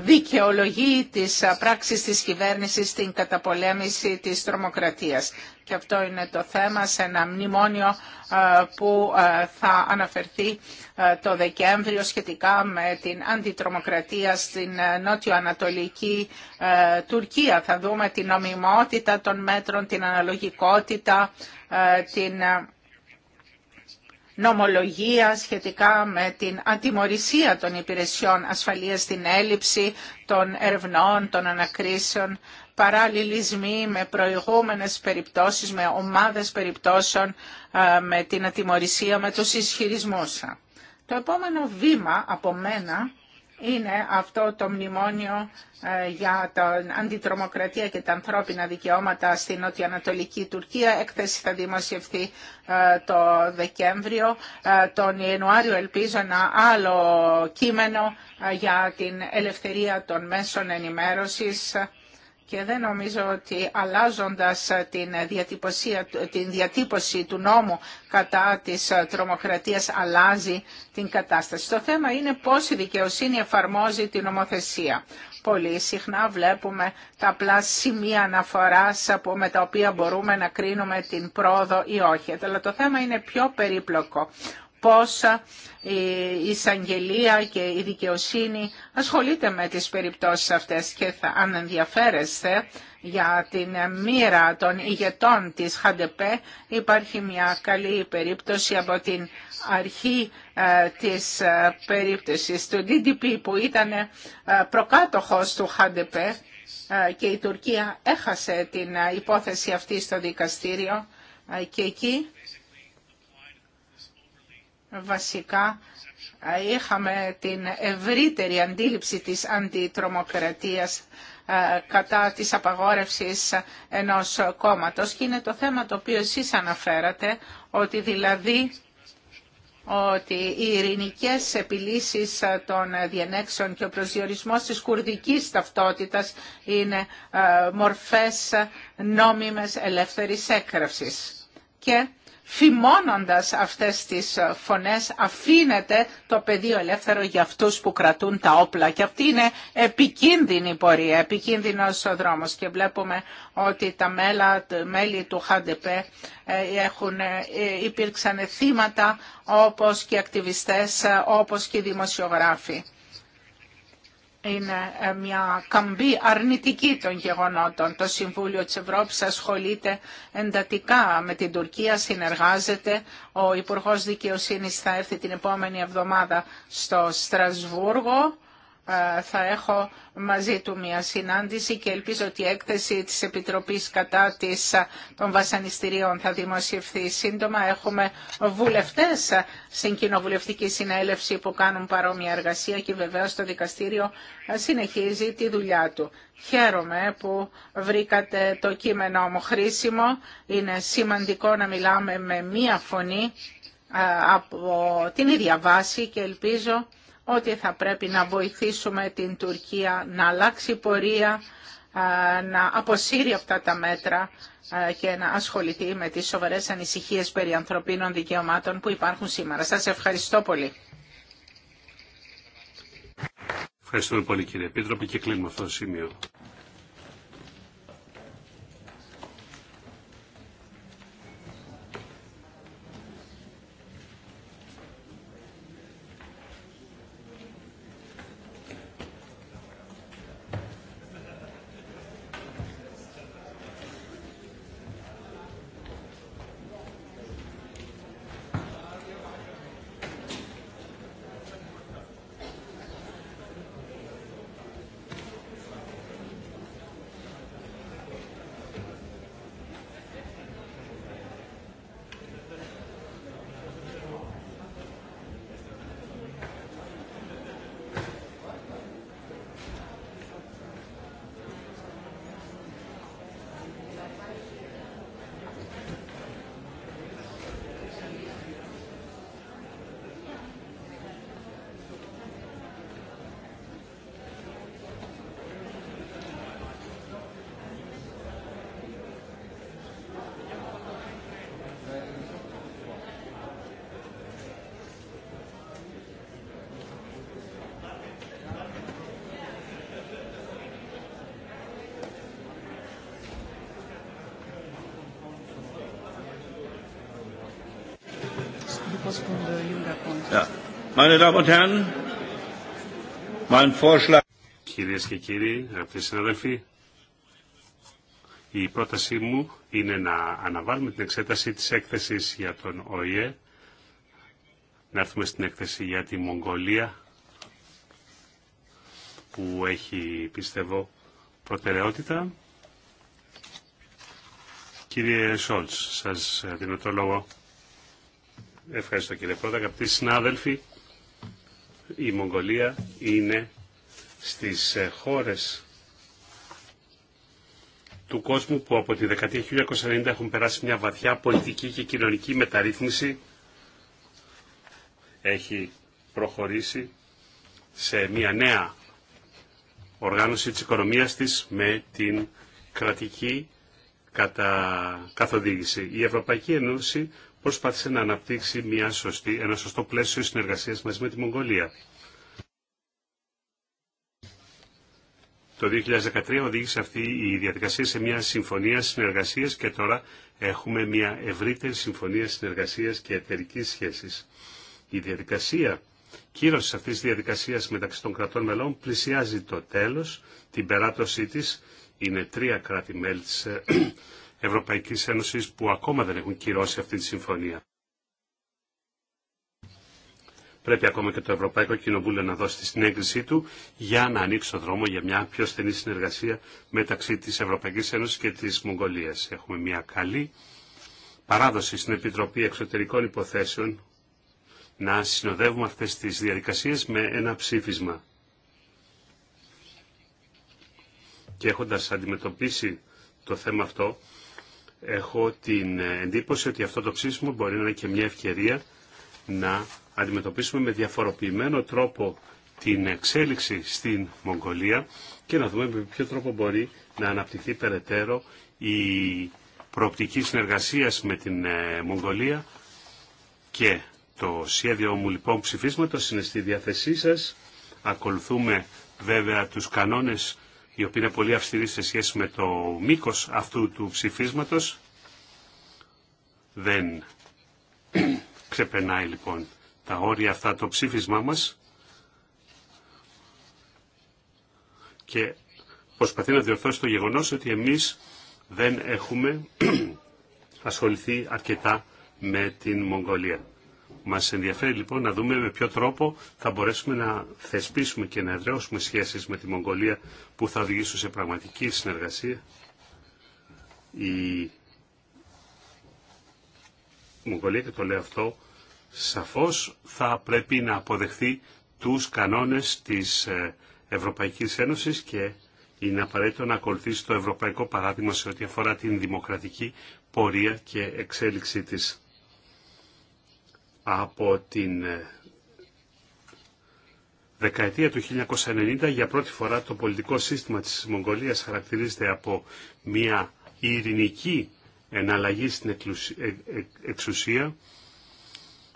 [SPEAKER 2] δικαιολογεί τις πράξεις της κυβέρνησης στην καταπολέμηση της τρομοκρατίας. Και αυτό είναι το θέμα σε ένα μνημόνιο που θα αναφερθεί το Δεκέμβριο σχετικά με την αντιτρομοκρατία στην νότιο-ανατολική Τουρκία. Θα δούμε την νομιμότητα των μέτρων, την αναλογικότητα, την νομολογία σχετικά με την αντιμορισία των υπηρεσιών ασφαλείας στην έλλειψη των ερευνών, των ανακρίσεων, παραλληλισμοί με προηγούμενες περιπτώσεις, με ομάδες περιπτώσεων, με την ατιμορρησία, με τους ισχυρισμούς. Το επόμενο βήμα από μένα είναι αυτό το μνημόνιο ε, για την αντιτρομοκρατία και τα ανθρώπινα δικαιώματα στην νοτιοανατολική Τουρκία. Έκθεση θα δημοσιευθεί ε, το Δεκέμβριο. Ε, τον Ιανουάριο ελπίζω ένα άλλο κείμενο για την ελευθερία των μέσων ενημέρωσης και δεν νομίζω ότι αλλάζοντας την, την διατύπωση του νόμου κατά της ε, τρομοκρατίας αλλάζει την κατάσταση. Το θέμα είναι πώς η δικαιοσύνη εφαρμόζει την νομοθεσία. Πολύ συχνά βλέπουμε τα απλά σημεία αναφοράς με τα οποία μπορούμε να κρίνουμε την πρόοδο ή όχι. Αλλά το θέμα είναι πιο περίπλοκο πώς η εισαγγελία και η δικαιοσύνη ασχολείται με τις περιπτώσεις αυτές και θα, αν ενδιαφέρεστε για την μοίρα των ηγετών της ΧΑΝΤΕΠΕ υπάρχει μια καλή περίπτωση από την αρχή ε, της ε, περίπτωσης του DDP που ήταν ε, προκάτοχος του ΧΑΝΤΕΠΕ και η Τουρκία έχασε την υπόθεση αυτή στο δικαστήριο και εκεί βασικά είχαμε την ευρύτερη αντίληψη της αντιτρομοκρατίας κατά της απαγόρευσης ενός κόμματος και είναι το θέμα το οποίο εσείς αναφέρατε, ότι δηλαδή ότι οι ειρηνικές επιλύσεις των διενέξεων και ο προσδιορισμός της κουρδικής ταυτότητας είναι μορφές νόμιμες ελεύθερης έκρευσης. Και φημώνοντας αυτές τις ε, φωνές αφήνεται το πεδίο ελεύθερο για αυτούς που κρατούν τα όπλα και αυτή είναι επικίνδυνη πορεία, επικίνδυνος ο δρόμος και βλέπουμε ότι τα μέλη του ΧΑΝΤΕΠΕ έχουν, ε, υπήρξαν θύματα όπως και ακτιβιστές, ε, όπως και δημοσιογράφοι είναι ε, μια καμπή αρνητική των γεγονότων. Το Συμβούλιο της Ευρώπης ασχολείται εντατικά με την Τουρκία, συνεργάζεται. Ο Υπουργός Δικαιοσύνης θα έρθει την επόμενη εβδομάδα στο Στρασβούργο θα έχω μαζί του μια συνάντηση και ελπίζω ότι η έκθεση της Επιτροπής κατά της, των βασανιστήριων θα δημοσιευθεί σύντομα. Έχουμε βουλευτές στην Κοινοβουλευτική Συνέλευση που κάνουν παρόμοια εργασία και βεβαίως το δικαστήριο συνεχίζει τη δουλειά του. Χαίρομαι που βρήκατε το κείμενό μου χρήσιμο. Είναι σημαντικό να μιλάμε με μία φωνή από την ίδια βάση και ελπίζω ότι θα πρέπει να βοηθήσουμε την Τουρκία να αλλάξει πορεία, να αποσύρει αυτά τα μέτρα και να ασχοληθεί με τις σοβαρές ανησυχίες περί ανθρωπίνων δικαιωμάτων που υπάρχουν σήμερα. Σας ευχαριστώ πολύ.
[SPEAKER 1] Ευχαριστούμε πολύ κύριε Επίτροπε και κλείνουμε αυτό το σημείο. Meine Damen und Κυρίες και κύριοι, αγαπητοί συναδελφοί, η πρότασή μου είναι να αναβάλουμε την εξέταση της έκθεσης για τον ΟΗΕ, να έρθουμε στην έκθεση για τη Μογγολία, που έχει, πιστεύω, προτεραιότητα. Κύριε Σόλτς, σας δίνω το λόγο. Ευχαριστώ κύριε Πρόεδρε, αγαπητοί συνάδελφοι η Μογγολία είναι στις ε, χώρες του κόσμου που από τη δεκαετία 1990 έχουν περάσει μια βαθιά πολιτική και κοινωνική μεταρρύθμιση έχει προχωρήσει σε μια νέα οργάνωση της οικονομίας της με την κρατική κατα... καθοδήγηση. Η Ευρωπαϊκή Ένωση προσπάθησε να αναπτύξει μια σωστή, ένα σωστό πλαίσιο συνεργασίας μαζί με τη Μογγολία. Το 2013 οδήγησε αυτή η διαδικασία σε μια συμφωνία συνεργασίας και τώρα έχουμε μια ευρύτερη συμφωνία συνεργασίας και εταιρική σχέσης. Η διαδικασία κύρωσης αυτής της διαδικασίας μεταξύ των κρατών μελών πλησιάζει το τέλος, την περάτωσή της είναι τρία κράτη-μέλη της Ευρωπαϊκής Ένωσης που ακόμα δεν έχουν κυρώσει αυτή τη συμφωνία. Πρέπει ακόμα και το Ευρωπαϊκό Κοινοβούλιο να δώσει τη συνέγκρισή του για να ανοίξει το δρόμο για μια πιο στενή συνεργασία μεταξύ της Ευρωπαϊκής Ένωσης και της Μογγολίας. Έχουμε μια καλή παράδοση στην Επιτροπή Εξωτερικών Υποθέσεων να συνοδεύουμε αυτές τις διαδικασίες με ένα ψήφισμα. Και έχοντας αντιμετωπίσει το θέμα αυτό, έχω την εντύπωση ότι αυτό το ψήσιμο μπορεί να είναι και μια ευκαιρία να αντιμετωπίσουμε με διαφοροποιημένο τρόπο την εξέλιξη στην Μογγολία και να δούμε με ποιο τρόπο μπορεί να αναπτυχθεί περαιτέρω η προοπτική συνεργασίας με την ε, Μογγολία και το σχέδιο μου λοιπόν ψηφίσματος είναι στη διάθεσή σας. Ακολουθούμε βέβαια τους κανόνες η οποία είναι πολύ αυστηρή σε σχέση με το μήκος αυτού του ψηφίσματος. Δεν ξεπερνάει λοιπόν τα όρια αυτά το ψήφισμά μας και προσπαθεί να διορθώσει το γεγονός ότι εμείς δεν έχουμε ασχοληθεί αρκετά με την Μογγολία. Μας ενδιαφέρει λοιπόν να δούμε με ποιο τρόπο θα μπορέσουμε να θεσπίσουμε και να εδραιώσουμε σχέσεις με τη Μογγολία που θα οδηγήσουν σε πραγματική συνεργασία. Η Μογγολία, και το λέω αυτό, σαφώς θα πρέπει να αποδεχθεί τους κανόνες της ε, Ευρωπαϊκής Ένωσης και είναι απαραίτητο να ακολουθήσει το ευρωπαϊκό παράδειγμα σε ό,τι αφορά την δημοκρατική πορεία και εξέλιξή της από την ε, δεκαετία του 1990 για πρώτη φορά το πολιτικό σύστημα της Μογγολίας χαρακτηρίζεται από μια ειρηνική εναλλαγή στην ε, ε, εξουσία.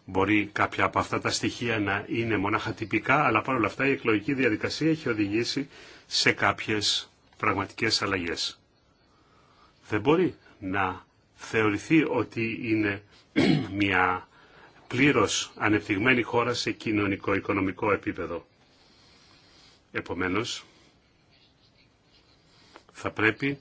[SPEAKER 1] Μπορεί κάποια από αυτά τα στοιχεία να είναι μονάχα τυπικά, αλλά παρόλα αυτά η εκλογική διαδικασία έχει οδηγήσει σε κάποιες πραγματικές αλλαγές. Δεν μπορεί να θεωρηθεί ότι είναι μια πλήρως ανεπτυγμένη χώρα σε κοινωνικό-οικονομικό επίπεδο. Επομένως, θα πρέπει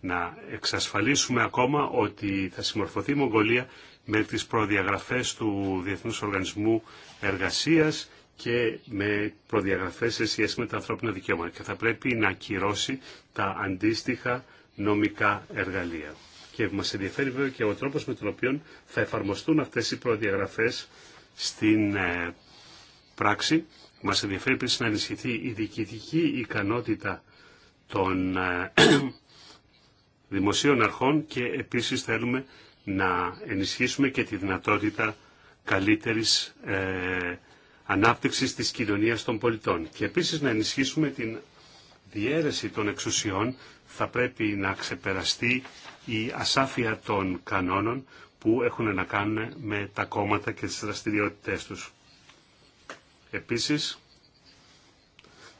[SPEAKER 1] να εξασφαλίσουμε ακόμα ότι θα συμμορφωθεί η Μογγολία με τις προδιαγραφές του Διεθνούς Οργανισμού Εργασίας και με προδιαγραφές σε σχέση με τα ανθρώπινα δικαιώματα και θα πρέπει να ακυρώσει τα αντίστοιχα νομικά εργαλεία. Και μας ενδιαφέρει βέβαια και ο τρόπος με τον οποίο θα εφαρμοστούν αυτές οι προδιαγραφές στην ε, πράξη. Μας ενδιαφέρει επίσης να ενισχυθεί η διοικητική ικανότητα των ε, δημοσίων αρχών και επίσης θέλουμε να ενισχύσουμε και τη δυνατότητα καλύτερης ε, ανάπτυξης της κοινωνίας των πολιτών. Και επίσης να ενισχύσουμε την διαίρεση των εξουσιών θα πρέπει να ξεπεραστεί η ασάφεια των κανόνων που έχουν να κάνουν με τα κόμματα και τις δραστηριότητές τους. Επίσης,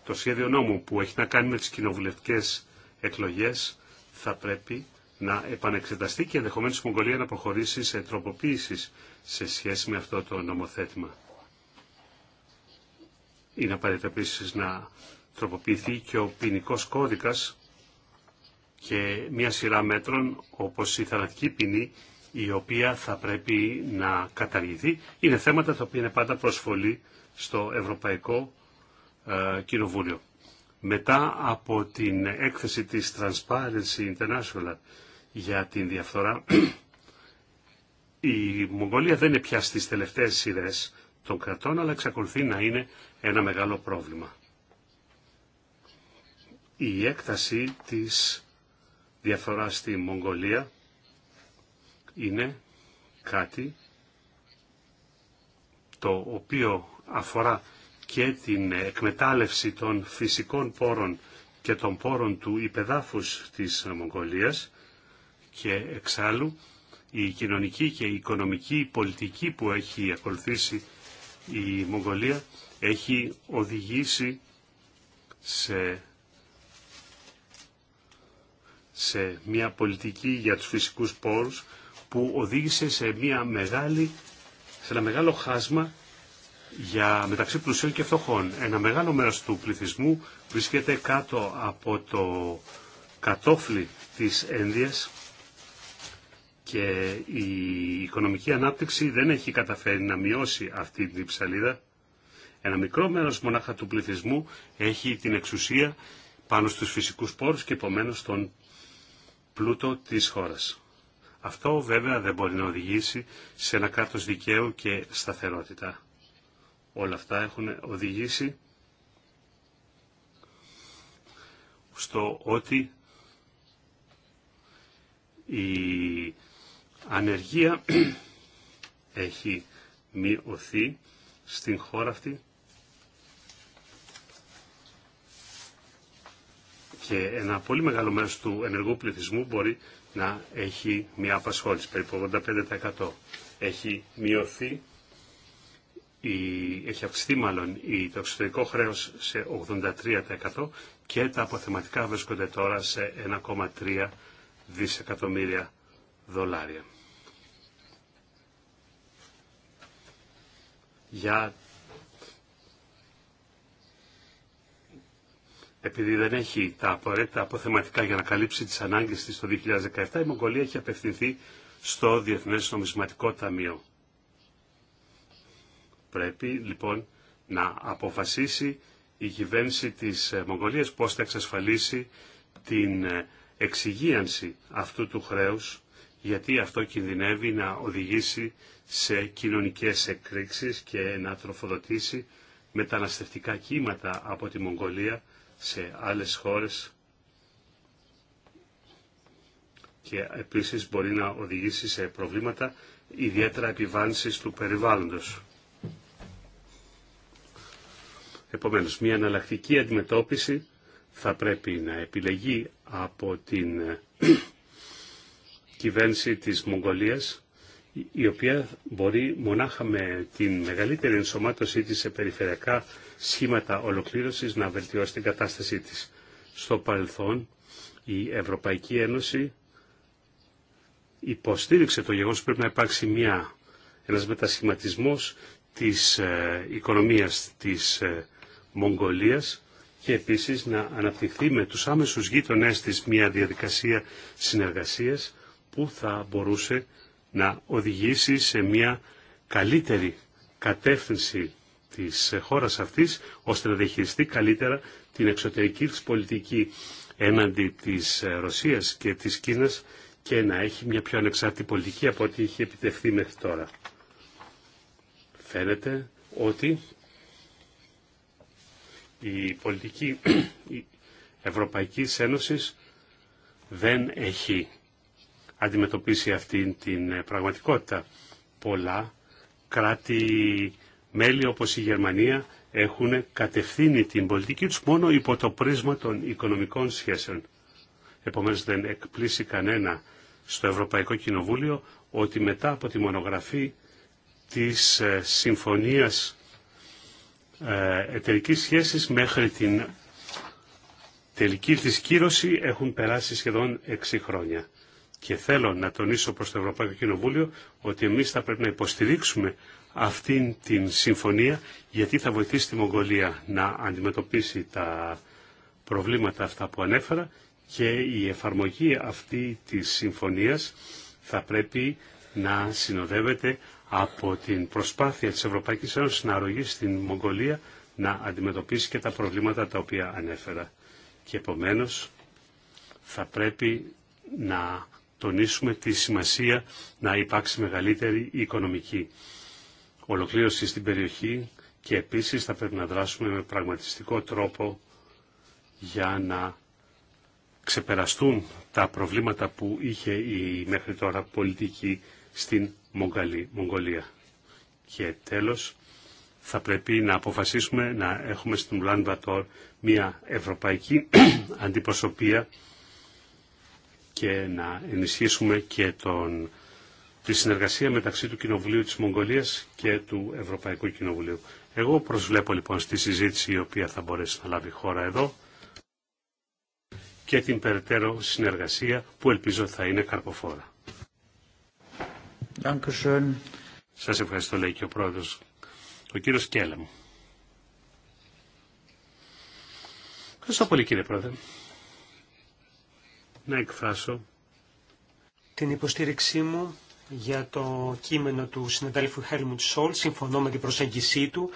[SPEAKER 1] το σχέδιο νόμου που έχει να κάνει με τις κοινοβουλευτικές εκλογές θα πρέπει να επανεξεταστεί και ενδεχομένω η Μογγολία να προχωρήσει σε τροποποίηση σε σχέση με αυτό το νομοθέτημα. Είναι απαραίτητο να τροποποιηθεί και ο ποινικό κώδικας και μια σειρά μέτρων όπως η θανατική ποινή η οποία θα πρέπει να καταργηθεί. Είναι θέματα τα οποία είναι πάντα προσφολή στο Ευρωπαϊκό ε, Κοινοβούλιο. Μετά από την έκθεση της Transparency International για την διαφθορά, η Μογγολία δεν είναι πια στις τελευταίες σειρές των κρατών, αλλά εξακολουθεί να είναι ένα μεγάλο πρόβλημα. Η έκταση της διαφορά στη Μογγολία είναι κάτι το οποίο αφορά και την εκμετάλλευση των φυσικών πόρων και των πόρων του υπεδάφους της Μογγολίας και εξάλλου η κοινωνική και η οικονομική πολιτική που έχει ακολουθήσει η Μογγολία έχει οδηγήσει σε σε μια πολιτική για τους φυσικούς πόρους που οδήγησε σε, μια μεγάλη, σε ένα μεγάλο χάσμα για, μεταξύ πλουσίων και φτωχών. Ένα μεγάλο μέρος του πληθυσμού βρίσκεται κάτω από το κατόφλι της Ένδειας και η οικονομική ανάπτυξη δεν έχει καταφέρει να μειώσει αυτή την ψαλίδα. Ένα μικρό μέρος μονάχα του πληθυσμού έχει την εξουσία πάνω στους φυσικούς πόρους και τον πλούτο της χώρας. Αυτό βέβαια δεν μπορεί να οδηγήσει σε ένα κράτος δικαίου και σταθερότητα. Όλα αυτά έχουν οδηγήσει στο ότι η ανεργία έχει μειωθεί στην χώρα αυτή και ένα πολύ μεγάλο μέρος του ενεργού πληθυσμού μπορεί να έχει μια απασχόληση, περίπου 85%. Έχει μειωθεί, η, έχει αυξηθεί μάλλον η, το εξωτερικό χρέος σε 83% και τα αποθεματικά βρίσκονται τώρα σε 1,3 δισεκατομμύρια δολάρια. Για επειδή δεν έχει τα απαραίτητα αποθεματικά για να καλύψει τις ανάγκες της το 2017, η Μογγολία έχει απευθυνθεί στο Διεθνές Νομισματικό Ταμείο. Πρέπει λοιπόν να αποφασίσει η κυβέρνηση της ε, Μογγολίας πώς θα εξασφαλίσει την ε, εξυγίανση αυτού του χρέους, γιατί αυτό κινδυνεύει να οδηγήσει σε κοινωνικές εκρήξεις και να τροφοδοτήσει μεταναστευτικά κύματα από τη Μογγολία σε άλλες χώρες και επίσης μπορεί να οδηγήσει σε προβλήματα ιδιαίτερα επιβάλλησης του περιβάλλοντος. Επομένως, μια αναλλακτική αντιμετώπιση θα πρέπει να επιλεγεί από την κυβέρνηση της Μογγολίας, η οποία μπορεί μονάχα με την μεγαλύτερη ενσωμάτωσή της σε περιφερειακά σχήματα ολοκλήρωσης να βελτιώσει την κατάστασή της. Στο παρελθόν η Ευρωπαϊκή Ένωση υποστήριξε το γεγονός ότι πρέπει να υπάρξει μια, ένας μετασχηματισμός της ε, οικονομίας της ε, Μογγολίας και επίσης να αναπτυχθεί με τους άμεσους γείτονές της μια διαδικασία συνεργασίας που θα μπορούσε να οδηγήσει σε μια καλύτερη κατεύθυνση της χώρας αυτής, ώστε να διαχειριστεί καλύτερα την εξωτερική της πολιτική έναντι της ε, Ρωσίας και της Κίνας και να έχει μια πιο ανεξάρτητη πολιτική από ό,τι είχε επιτευχθεί μέχρι τώρα. Φαίνεται ότι η πολιτική Ευρωπαϊκής Ένωσης δεν έχει αντιμετωπίσει αυτή την ε, πραγματικότητα. Πολλά κράτη μέλη όπως η Γερμανία έχουν κατευθύνει την πολιτική τους μόνο υπό το πρίσμα των οικονομικών σχέσεων. Επομένως δεν εκπλήσει κανένα στο Ευρωπαϊκό Κοινοβούλιο ότι μετά από τη μονογραφή της ε, συμφωνίας ε, εταιρική σχέσης μέχρι την τελική της κύρωση έχουν περάσει σχεδόν 6 χρόνια. Και θέλω να τονίσω προς το Ευρωπαϊκό Κοινοβούλιο ότι εμείς θα πρέπει να υποστηρίξουμε αυτήν την συμφωνία γιατί θα βοηθήσει τη Μογγολία να αντιμετωπίσει τα προβλήματα αυτά που ανέφερα και η εφαρμογή αυτή της συμφωνίας θα πρέπει να συνοδεύεται από την προσπάθεια της Ευρωπαϊκής Ένωσης να αρρωγεί στην Μογγολία να αντιμετωπίσει και τα προβλήματα τα οποία ανέφερα. Και επομένως θα πρέπει να τονίσουμε τη σημασία να υπάρξει μεγαλύτερη οικονομική ολοκλήρωση στην περιοχή και επίσης θα πρέπει να δράσουμε με πραγματιστικό τρόπο για να ξεπεραστούν τα προβλήματα που είχε η μέχρι τώρα πολιτική στην Μογγολία. Και τέλος, θα πρέπει να αποφασίσουμε να έχουμε στην Ουλάν Βατόρ μια ευρωπαϊκή αντιπροσωπεία και να ενισχύσουμε και τον τη συνεργασία μεταξύ του Κοινοβουλίου της Μογγολίας και του Ευρωπαϊκού Κοινοβουλίου. Εγώ προσβλέπω λοιπόν στη συζήτηση η οποία θα μπορέσει να λάβει χώρα εδώ και την περαιτέρω συνεργασία που ελπίζω θα είναι καρποφόρα. Dankeschön. Σας ευχαριστώ λέει και ο πρόεδρος, ο κύριος Κέλεμ. Ευχαριστώ πολύ κύριε πρόεδρε. Να εκφράσω
[SPEAKER 3] την υποστήριξή μου για το κείμενο του συναδέλφου Χέλμουντ Σόλ. Συμφωνώ με την προσέγγισή του.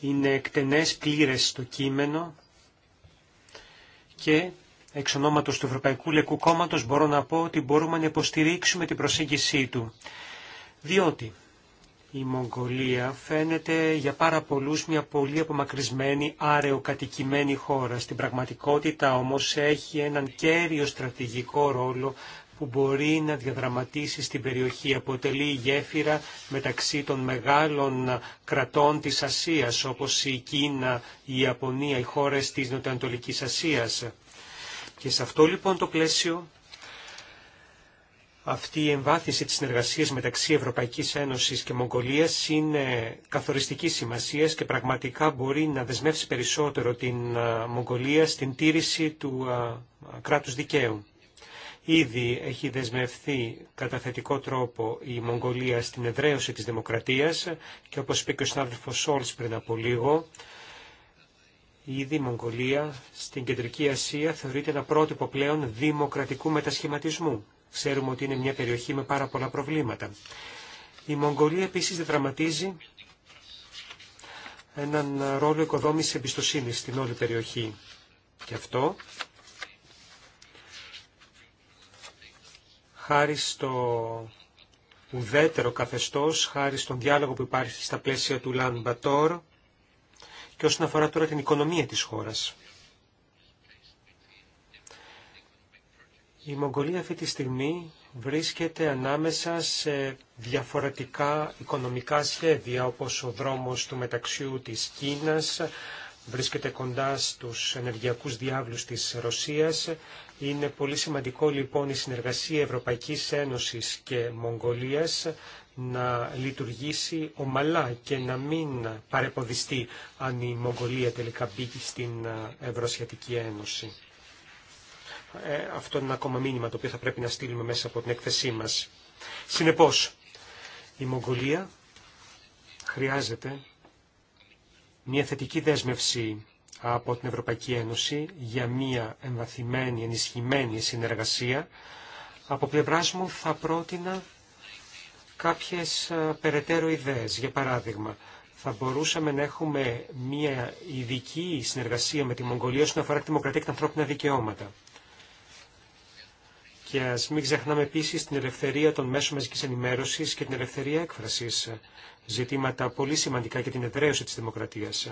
[SPEAKER 3] Είναι εκτενές πλήρες το κείμενο και εξ ονόματος του Ευρωπαϊκού Λεκού Κόμματος μπορώ να πω ότι μπορούμε να υποστηρίξουμε την προσέγγισή του. Διότι η Μογγολία φαίνεται για πάρα πολλούς μια πολύ απομακρυσμένη, κατοικημένη χώρα. Στην πραγματικότητα όμως έχει έναν κέριο στρατηγικό ρόλο που μπορεί να διαδραματίσει στην περιοχή. Αποτελεί γέφυρα μεταξύ των μεγάλων κρατών της Ασίας, όπως η Κίνα, η Ιαπωνία, οι χώρες της Νοτιοανατολικής Ασίας. Και σε αυτό λοιπόν το πλαίσιο αυτή η εμβάθυνση της συνεργασίας μεταξύ Ευρωπαϊκής Ένωσης και Μογγολίας είναι καθοριστικής σημασίας και πραγματικά μπορεί να δεσμεύσει περισσότερο την Μογγολία στην τήρηση του κράτους δικαίου. Ήδη έχει δεσμευθεί κατά θετικό τρόπο η Μογγολία στην εδραίωση της δημοκρατίας και όπως είπε και ο συνάδελφος Σόλς πριν από λίγο, ήδη η Μογγολία στην Κεντρική Ασία θεωρείται ένα πρότυπο πλέον δημοκρατικού μετασχηματισμού. Ξέρουμε ότι είναι μια περιοχή με πάρα πολλά προβλήματα. Η Μογγολία επίσης δραματίζει έναν ρόλο οικοδόμησης εμπιστοσύνης στην όλη περιοχή. Και αυτό χάρη στο ουδέτερο καθεστώς, χάρη στον διάλογο που υπάρχει στα πλαίσια του Λαν Μπατόρ και όσον αφορά τώρα την οικονομία της χώρας. Η Μογγολία αυτή τη στιγμή βρίσκεται ανάμεσα σε διαφορετικά οικονομικά σχέδια όπως ο δρόμος του μεταξιού της Κίνας, βρίσκεται κοντά στους ενεργειακούς διάβλους της Ρωσίας είναι πολύ σημαντικό λοιπόν η συνεργασία Ευρωπαϊκής Ένωσης και Μογγολίας να λειτουργήσει ομαλά και να μην παρεποδιστεί αν η Μογγολία τελικά μπήκε στην ε, Ευρωσιατική Ένωση. Ε, αυτό είναι ένα ακόμα μήνυμα το οποίο θα πρέπει να στείλουμε μέσα από την έκθεσή μας. Συνεπώς, η Μογγολία χρειάζεται μια θετική δέσμευση από την Ευρωπαϊκή Ένωση για μια εμβαθυμένη, ενισχυμένη συνεργασία. Από πλευρά μου θα πρότεινα κάποιες ε, περαιτέρω ιδέες. Για παράδειγμα, θα μπορούσαμε να έχουμε μια ειδική συνεργασία με τη Μογγολία όσον αφορά τη δημοκρατία και τα ανθρώπινα δικαιώματα. Και ας μην ξεχνάμε επίσης την ελευθερία των μέσων μαζικής ενημέρωσης και την ελευθερία έκφρασης, ζητήματα πολύ σημαντικά για την εδραίωση της δημοκρατίας.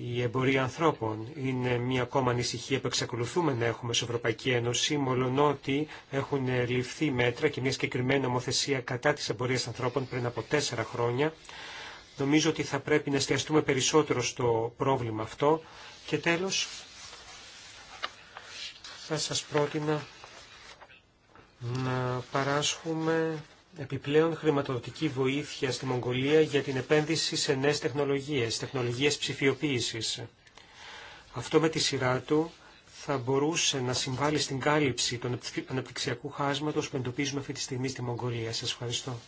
[SPEAKER 3] Η εμπορία ανθρώπων είναι μια ακόμα ανησυχία που εξακολουθούμε να έχουμε σε Ευρωπαϊκή Ένωση, μολονότι έχουν ληφθεί μέτρα και μια συγκεκριμένη νομοθεσία κατά της εμπορίας ανθρώπων πριν από τέσσερα χρόνια. Νομίζω ότι θα πρέπει να εστιαστούμε περισσότερο στο πρόβλημα αυτό. Και τέλος, θα σας πρότεινα να παράσχουμε επιπλέον χρηματοδοτική βοήθεια στη Μογγολία για την επένδυση σε νέες τεχνολογίες, τεχνολογίες ψηφιοποίησης. Αυτό με τη σειρά του θα μπορούσε να συμβάλλει στην κάλυψη των αναπτυξιακού χάσματος που εντοπίζουμε αυτή τη στιγμή στη Μογγολία. Σας ευχαριστώ.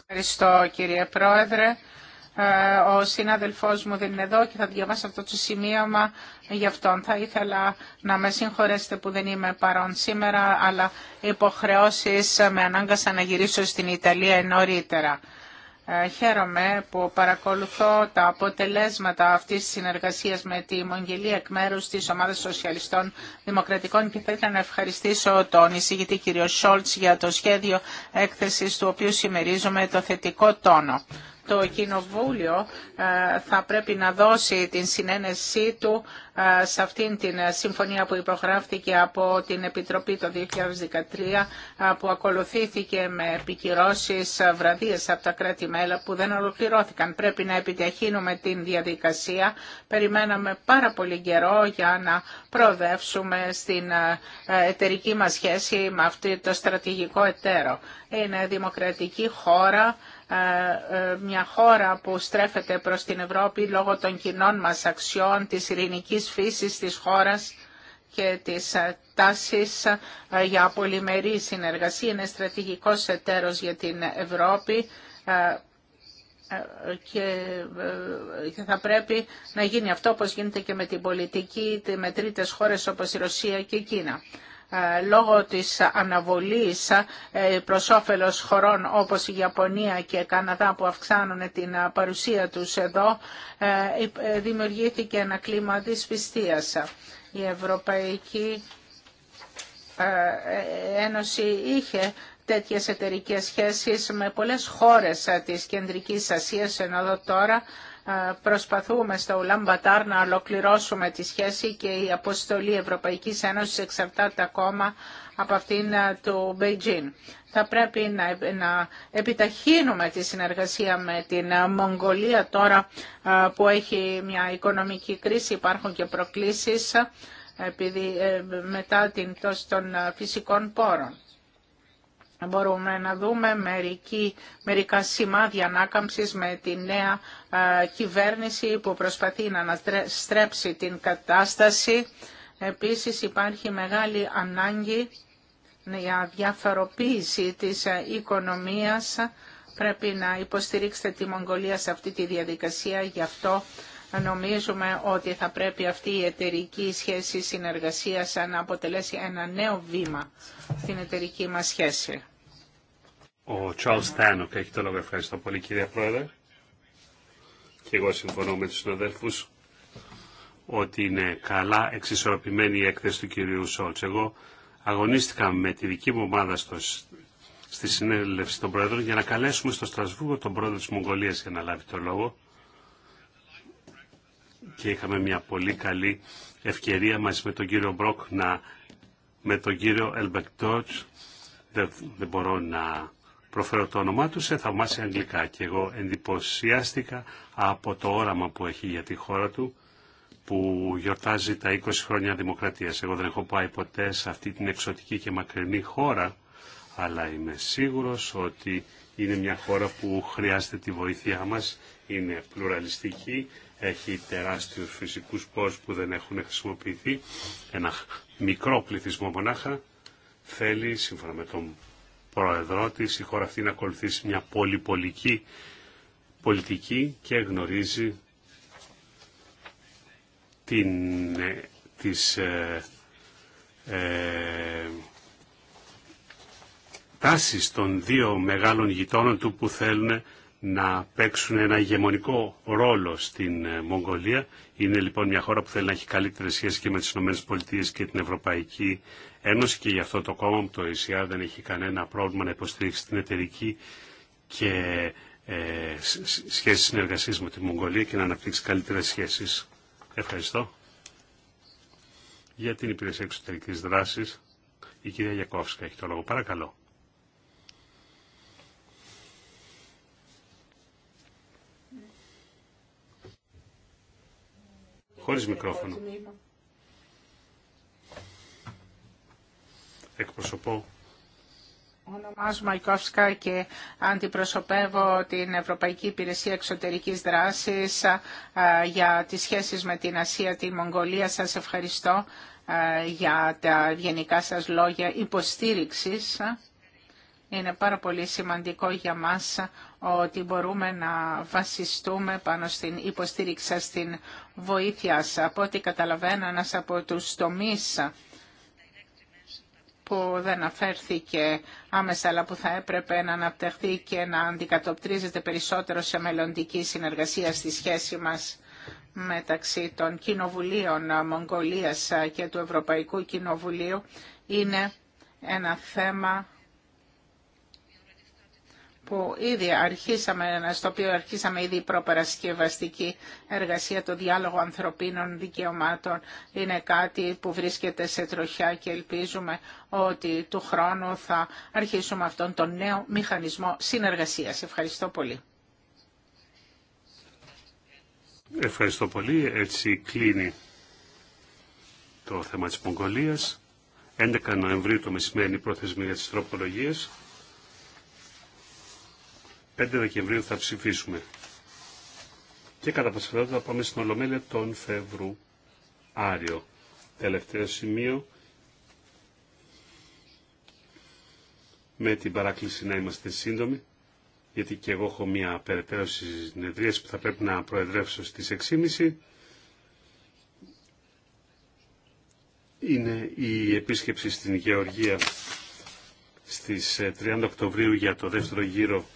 [SPEAKER 2] Ευχαριστώ κύριε Πρόεδρε. Ε, ο συνάδελφός μου δεν είναι εδώ και θα διαβάσω αυτό το σημείωμα γι' αυτόν. Θα ήθελα να με συγχωρέσετε που δεν είμαι παρόν σήμερα, αλλά υποχρεώσεις με ανάγκασαν να γυρίσω στην Ιταλία νωρίτερα. Ε, χαίρομαι που παρακολουθώ τα αποτελέσματα αυτής της συνεργασίας με τη Μογγελία εκ μέρους της Ομάδας Σοσιαλιστών Δημοκρατικών και θα ήθελα να ευχαριστήσω τον εισηγητή κύριο Σόλτς για το σχέδιο έκθεσης του οποίου συμμερίζομαι το θετικό τόνο το Κοινοβούλιο ε, θα πρέπει να δώσει την συνένεσή του ε, σε αυτήν την ε, συμφωνία που υπογράφτηκε από την Επιτροπή το 2013 που ακολουθήθηκε με επικυρώσεις βραδίες από τα κράτη-μέλα που δεν ολοκληρώθηκαν. Πρέπει να επιταχύνουμε την διαδικασία. Περιμέναμε πάρα πολύ καιρό για να προοδεύσουμε στην εταιρική μας σχέση με αυτό το στρατηγικό εταίρο. Είναι δημοκρατική χώρα ε, ε, μια χώρα που στρέφεται προς την Ευρώπη λόγω των κοινών μας αξιών, της ειρηνικής φύσης της χώρας και της ε, τάσης για πολυμερή συνεργασία. Είναι στρατηγικός εταίρος για την Ευρώπη και θα πρέπει να γίνει αυτό όπως γίνεται και με την πολιτική με τρίτες χώρες όπως η Ρωσία και η Κίνα. Ε, λόγω της αναβολής ε, προς όφελος χωρών όπως η Ιαπωνία και η Καναδά που αυξάνουν την ε, παρουσία τους εδώ, δημιουργήθηκε ένα κλίμα δυσπιστίας. Η Ευρωπαϊκή Ένωση είχε τέτοιες εταιρικές σχέσεις με πολλές χώρες της Κεντρικής Ασίας, ενώ εδώ τώρα ε, προσπαθούμε στο Λαμπατάρ να ολοκληρώσουμε τη σχέση και η αποστολή Ευρωπαϊκής Ένωσης εξαρτάται ακόμα από αυτήν ε, του Μπέιτζιν. Θα πρέπει να, να επιταχύνουμε τη συνεργασία με την ε, Μογγολία τώρα που έχει μια οικονομική κρίση, υπάρχουν και προκλήσεις επειδή, μετά την πτώση των φυσικών πόρων. Μπορούμε να δούμε μερική, μερικά σημάδια ανάκαμψης με τη νέα κυβέρνηση που προσπαθεί να αναστρέψει την κατάσταση. Επίσης υπάρχει μεγάλη ανάγκη για διαφοροποίηση της οικονομίας. Πρέπει να υποστηρίξετε τη Μογγολία σε αυτή τη διαδικασία. Γι' αυτό Νομίζουμε ότι θα πρέπει αυτή η εταιρική σχέση συνεργασίας να αποτελέσει ένα νέο βήμα στην εταιρική μας σχέση.
[SPEAKER 1] Ο Charles Τάνοκ έχει το λόγο. Ευχαριστώ πολύ κύριε Πρόεδρε. Και εγώ συμφωνώ με τους συναδέλφους ότι είναι καλά εξισορροπημένη η έκθεση του κυρίου Σόλτς. Εγώ αγωνίστηκα με τη δική μου ομάδα στο, στη συνέλευση των Πρόεδρων για να καλέσουμε στο Στρασβούργο τον Πρόεδρο της Μογγολίας για να λάβει το λόγο και είχαμε μια πολύ καλή ευκαιρία μαζί με τον κύριο Μπρόκ να με τον κύριο Ελμπεκτότς δεν, δεν μπορώ να προφέρω το όνομά του σε θαυμάσια αγγλικά και εγώ εντυπωσιάστηκα από το όραμα που έχει για τη χώρα του που γιορτάζει τα 20 χρόνια δημοκρατίας. Εγώ δεν έχω πάει ποτέ σε αυτή την εξωτική και μακρινή χώρα αλλά είμαι σίγουρος ότι είναι μια χώρα που χρειάζεται τη βοήθειά μας, είναι πλουραλιστική, έχει τεράστιους φυσικούς πόρους που δεν έχουν χρησιμοποιηθεί, ένα μικρό πληθυσμό μονάχα, θέλει, σύμφωνα με τον πρόεδρό της, η χώρα αυτή να ακολουθήσει μια πολυπολική πολιτική και γνωρίζει την, ε, τις, ε, ε, τάσεις των δύο μεγάλων γειτόνων του που θέλουν να παίξουν ένα ηγεμονικό ρόλο στην ε, Μογγολία. Είναι λοιπόν μια χώρα που θέλει να έχει καλύτερες σχέσεις και με τις ΗΠΑ και την Ευρωπαϊκή Ένωση και γι' αυτό το κόμμα το ΕΣΥΑ δεν έχει κανένα πρόβλημα να υποστηρίξει την εταιρική και ε, σχέσεις συνεργασίας με τη Μογγολία και να αναπτύξει καλύτερες σχέσεις. Ευχαριστώ. Για την Υπηρεσία Εξωτερικής Δράσης, η κυρία Γιακόφσκα έχει το λόγο. Παρακαλώ.
[SPEAKER 2] χωρίς μικρόφωνο.
[SPEAKER 1] Εκπροσωπώ.
[SPEAKER 2] Ονομάζω Μαϊκόφσκα και αντιπροσωπεύω την Ευρωπαϊκή Υπηρεσία Εξωτερικής Δράσης για τις σχέσεις με την Ασία, τη Μογγολία. Σας ευχαριστώ για τα γενικά σας λόγια υποστήριξης είναι πάρα πολύ σημαντικό για μας ότι μπορούμε να βασιστούμε πάνω στην υποστήριξη στην βοήθεια σας. Από ό,τι καταλαβαίνω, ένας από του τομείς που δεν αφέρθηκε άμεσα, αλλά που θα έπρεπε να αναπτυχθεί και να αντικατοπτρίζεται περισσότερο σε μελλοντική συνεργασία στη σχέση μας μεταξύ των Κοινοβουλίων Μογγολίας και του Ευρωπαϊκού Κοινοβουλίου είναι ένα θέμα που ήδη αρχίσαμε, στο οποίο αρχίσαμε ήδη η προπαρασκευαστική εργασία, το διάλογο ανθρωπίνων δικαιωμάτων είναι κάτι που βρίσκεται σε τροχιά και ελπίζουμε ότι του χρόνου θα αρχίσουμε αυτόν τον νέο μηχανισμό συνεργασίας. Ευχαριστώ πολύ.
[SPEAKER 1] Ευχαριστώ πολύ. Έτσι κλείνει το θέμα της Μογγολίας. 11 Νοεμβρίου το μεσημέρι προθεσμία για τις τροπολογίες. 5 Δεκεμβρίου θα ψηφίσουμε. Και κατά πασχεδότητα θα πάμε στην Ολομέλεια τον Φεβρουάριο. Τελευταίο σημείο. Με την παράκληση να είμαστε σύντομοι, γιατί και εγώ έχω μια περαιτέρω συνεδρία που θα πρέπει να προεδρεύσω στις 6.30. Είναι η επίσκεψη στην Γεωργία στις 30 ε, Οκτωβρίου για το δεύτερο γύρο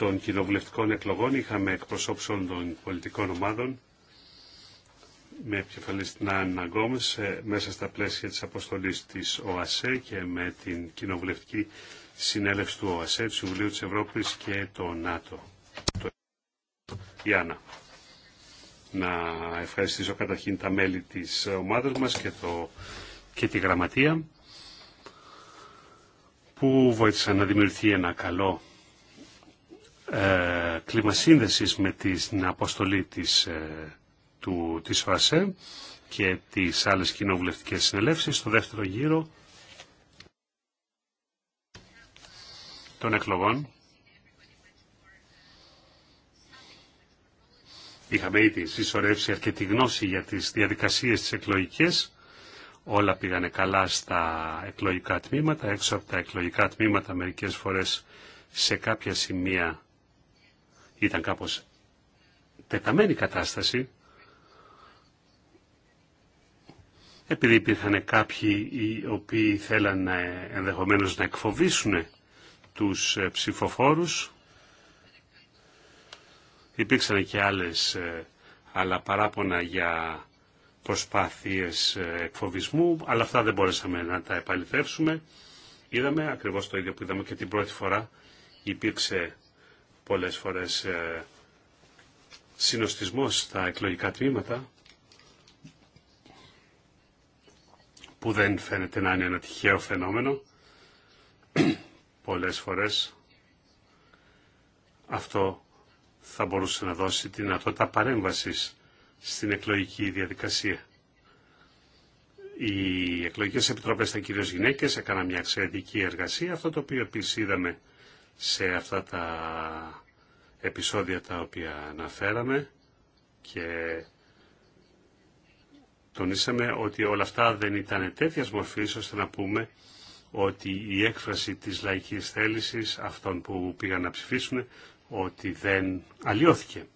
[SPEAKER 1] των κοινοβουλευτικών εκλογών είχαμε εκπροσώπους των πολιτικών ομάδων με επικεφαλής την Άννα Γκόμες ε, μέσα στα πλαίσια της αποστολής της ΟΑΣΕ και με την κοινοβουλευτική συνέλευση του ΟΑΣΕ, του Συμβουλίου της Ευρώπης και το ΝΑΤΟ. Ιάννα, Να ευχαριστήσω καταρχήν τα μέλη της ομάδας μας και, το, και τη γραμματεία που βοήθησαν να δημιουργηθεί ένα καλό ε, κλίμα με την αποστολή της, ε, του, της ΟΑΣΕ και τις άλλες κοινοβουλευτικές συνελεύσεις στο δεύτερο γύρο των εκλογών. Είχαμε ήδη συσσωρεύσει αρκετή γνώση για τις διαδικασίες της εκλογικές. Όλα πήγανε καλά στα εκλογικά τμήματα. Έξω από τα εκλογικά τμήματα μερικές φορές σε κάποια σημεία ήταν κάπως τεταμένη κατάσταση, επειδή υπήρχαν κάποιοι οι οποίοι θέλαν ενδεχομένως να εκφοβήσουν τους ε, ψηφοφόρους. Υπήρξαν και άλλες ε, άλλα παράπονα για προσπάθειες ε, εκφοβισμού, αλλά αυτά δεν μπορέσαμε να τα επαληθεύσουμε. Είδαμε ακριβώς το ίδιο που είδαμε και την πρώτη φορά. Υπήρξε πολλές φορές ε, συνοστισμός στα εκλογικά τμήματα που δεν φαίνεται να είναι ένα τυχαίο φαινόμενο. πολλές φορές αυτό θα μπορούσε να δώσει τη δυνατότητα παρέμβασης στην εκλογική διαδικασία. Οι εκλογικές επιτροπές ήταν κυρίως γυναίκες, έκαναν μια εξαιρετική εργασία. Αυτό το οποίο επίσης σε αυτά τα Επισόδια τα οποία αναφέραμε και τονίσαμε ότι όλα αυτά δεν ήταν τέτοια μορφή ώστε να πούμε ότι η έκφραση της λαϊκής θέλησης αυτών που πήγαν να ψηφίσουν ότι δεν αλλοιώθηκε.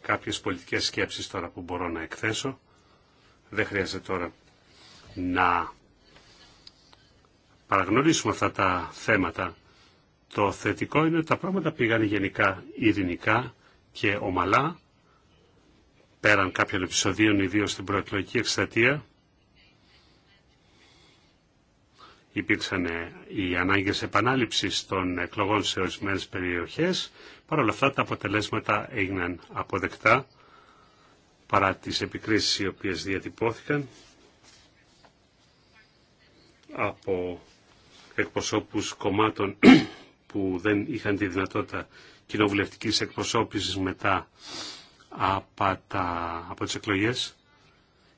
[SPEAKER 1] Κάποιες πολιτικές σκέψεις τώρα που μπορώ να εκθέσω. Δεν χρειάζεται τώρα να παραγνωρίσουμε αυτά τα θέματα το θετικό είναι ότι τα πράγματα πήγαν γενικά ειρηνικά και ομαλά, πέραν κάποιων επεισοδίων, ιδίως στην προεκλογική εκστατεία. Υπήρξαν ε, οι ανάγκες επανάληψης των εκλογών σε ορισμένε περιοχές. Παρ' όλα αυτά τα αποτελέσματα έγιναν αποδεκτά, παρά τις επικρίσεις οι οποίες διατυπώθηκαν από εκπροσώπους κομμάτων που δεν είχαν τη δυνατότητα κοινοβουλευτικής εκπροσώπησης μετά από, τα, από τις εκλογές.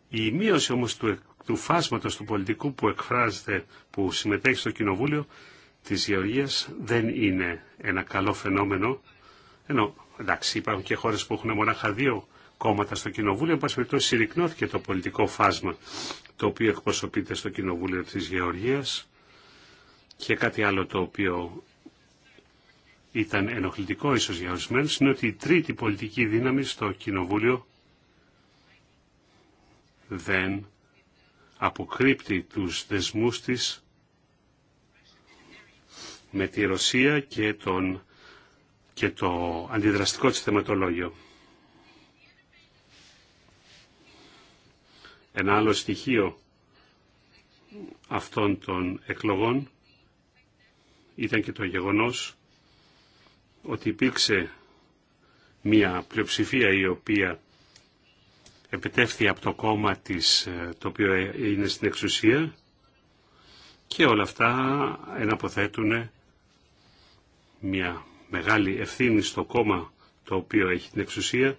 [SPEAKER 1] Η μείωση όμως του, του φάσματος του πολιτικού που εκφράζεται, που συμμετέχει στο Κοινοβούλιο της Γεωργίας δεν είναι ένα καλό φαινόμενο. Ενώ, εντάξει, υπάρχουν και χώρες που έχουν μονάχα δύο κόμματα στο Κοινοβούλιο, εν πάση περιπτώσει συρρυκνώθηκε το πολιτικό φάσμα το οποίο εκπροσωπείται στο Κοινοβούλιο της Γεωργίας και κάτι άλλο το οποίο ήταν ενοχλητικό ίσως για ορισμένους είναι ότι η τρίτη πολιτική δύναμη στο Κοινοβούλιο δεν αποκρύπτει τους δεσμούς της με τη Ρωσία και, τον, και το αντιδραστικό της θεματολόγιο. Ένα άλλο στοιχείο αυτών των εκλογών ήταν και το γεγονός ότι υπήρξε μια πλειοψηφία η οποία επιτεύχθη από το κόμμα της, ε, το οποίο ε, είναι στην εξουσία και όλα αυτά εναποθέτουν μια μεγάλη ευθύνη στο κόμμα το οποίο έχει την εξουσία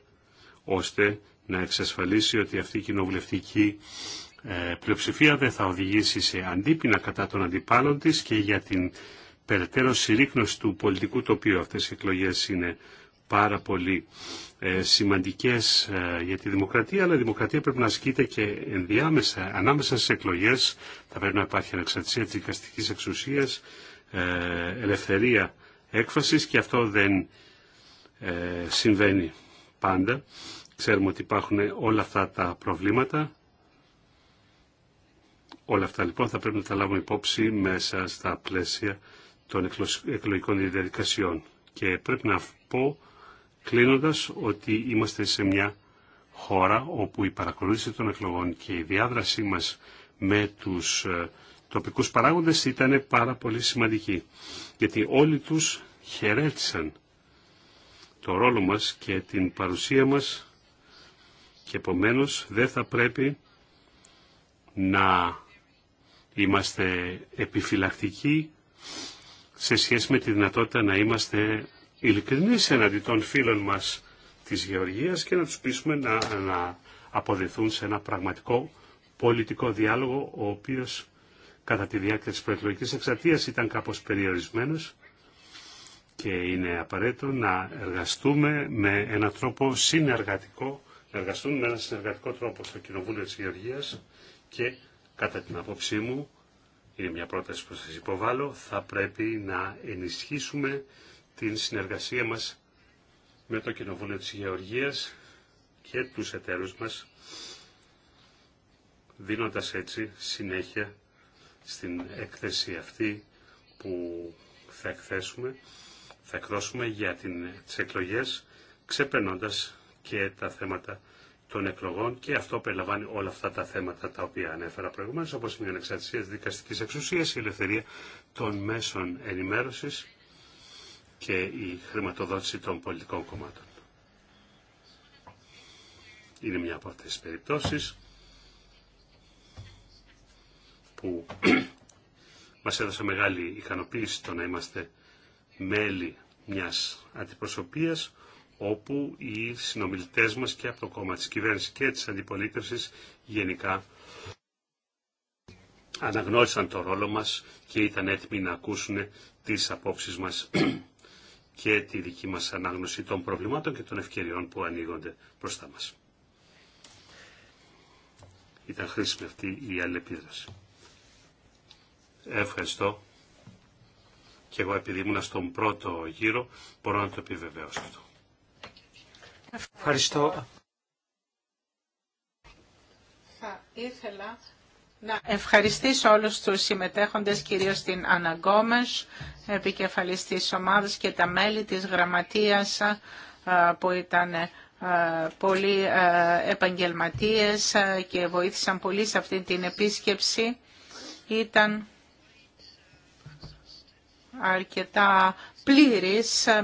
[SPEAKER 1] ώστε να εξασφαλίσει ότι αυτή η κοινοβουλευτική ε, πλειοψηφία δεν θα οδηγήσει σε αντίπεινα κατά των αντιπάλων της και για την περαιτέρω συρρήκνωση του πολιτικού τοπίου. Αυτές οι εκλογές είναι πάρα πολύ ε, σημαντικές ε, για τη δημοκρατία, αλλά η δημοκρατία πρέπει να ασκείται και ενδιάμεσα, ανάμεσα στις εκλογές. Θα πρέπει να υπάρχει ανεξαρτησία της δικαστικής εξουσίας, ε, ελευθερία έκφρασης και αυτό δεν ε, συμβαίνει πάντα. Ξέρουμε ότι υπάρχουν όλα αυτά τα προβλήματα. Όλα αυτά λοιπόν θα πρέπει να τα λάβουμε υπόψη μέσα στα πλαίσια των εκλογικών διαδικασιών. Και πρέπει να πω κλείνοντας ότι είμαστε σε μια χώρα όπου η παρακολούθηση των εκλογών και η διάδρασή μας με τους ε, τοπικούς παράγοντες ήταν πάρα πολύ σημαντική. Γιατί όλοι τους χαιρέτησαν το ρόλο μας και την παρουσία μας και επομένως δεν θα πρέπει να είμαστε επιφυλακτικοί σε σχέση με τη δυνατότητα να είμαστε ειλικρινείς εναντί των φίλων μας της Γεωργίας και να τους πείσουμε να, αποδεθούν σε ένα πραγματικό πολιτικό διάλογο ο οποίος κατά τη διάρκεια της προεκλογικής εξαρτίας ήταν κάπως περιορισμένος και είναι απαραίτητο να εργαστούμε με έναν τρόπο συνεργατικό, να εργαστούμε με έναν συνεργατικό τρόπο στο Κοινοβούλιο της Γεωργίας και κατά την άποψή μου είναι μια πρόταση που σας υποβάλλω, θα πρέπει να ενισχύσουμε την συνεργασία μας με το Κοινοβούλιο της Γεωργίας και τους εταίρους μας, δίνοντας έτσι συνέχεια στην έκθεση αυτή που θα εκθέσουμε, θα εκδώσουμε για την, τις εκλογές, ξεπερνώντας και τα θέματα των εκλογών και αυτό περιλαμβάνει όλα αυτά τα θέματα τα οποία ανέφερα προηγουμένως όπως είναι η ανεξαρτησία της δικαστικής εξουσίας, η ελευθερία των μέσων ενημέρωσης και η χρηματοδότηση των πολιτικών κομμάτων. Είναι μια από αυτές τις περιπτώσεις που μας έδωσε μεγάλη ικανοποίηση το να είμαστε μέλη μιας αντιπροσωπείας όπου οι συνομιλητές μας και από το κόμμα της κυβέρνησης και της αντιπολίτευσης γενικά αναγνώρισαν το ρόλο μας και ήταν έτοιμοι να ακούσουν τις απόψεις μας και τη δική μας ανάγνωση των προβλημάτων και των ευκαιριών που ανοίγονται μπροστά μας. Ήταν χρήσιμη αυτή η αλληλεπίδραση. Ευχαριστώ. Και εγώ επειδή ήμουν στον πρώτο γύρο μπορώ να το επιβεβαιώσω αυτό.
[SPEAKER 2] Ευχαριστώ. Θα ήθελα να ευχαριστήσω όλους τους συμμετέχοντες, κυρίως την Αννα Γκόμες, επικεφαλής της ομάδας και τα μέλη της γραμματείας που ήταν πολύ επαγγελματίες και βοήθησαν πολύ σε αυτή την επίσκεψη. Ήταν αρκετά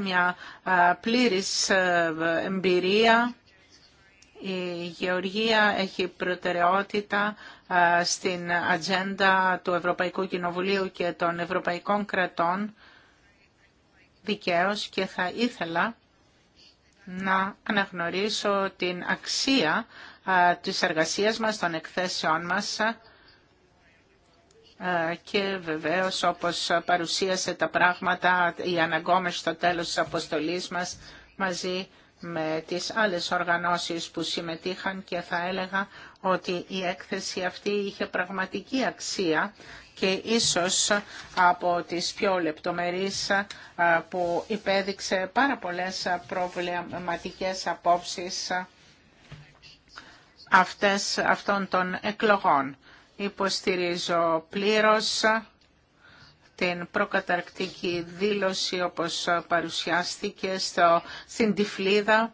[SPEAKER 2] μια πλήρης εμπειρία. Η Γεωργία έχει προτεραιότητα στην ατζέντα του Ευρωπαϊκού Κοινοβουλίου και των Ευρωπαϊκών κρατών δικαίως και θα ήθελα να αναγνωρίσω την αξία της εργασίας μας, των εκθέσεών μας ε, και βεβαίως όπως παρουσίασε τα πράγματα η αναγκόμες στο τέλος της αποστολής μας μαζί με τις άλλες οργανώσεις που συμμετείχαν και θα έλεγα ότι η έκθεση αυτή είχε πραγματική αξία και ίσως από τις πιο λεπτομερείς ε, που υπέδειξε πάρα πολλές προβληματικές απόψεις ε, αυτών των εκλογών. Υποστηρίζω πλήρως την προκαταρκτική δήλωση όπως παρουσιάστηκε στο, στην Τυφλίδα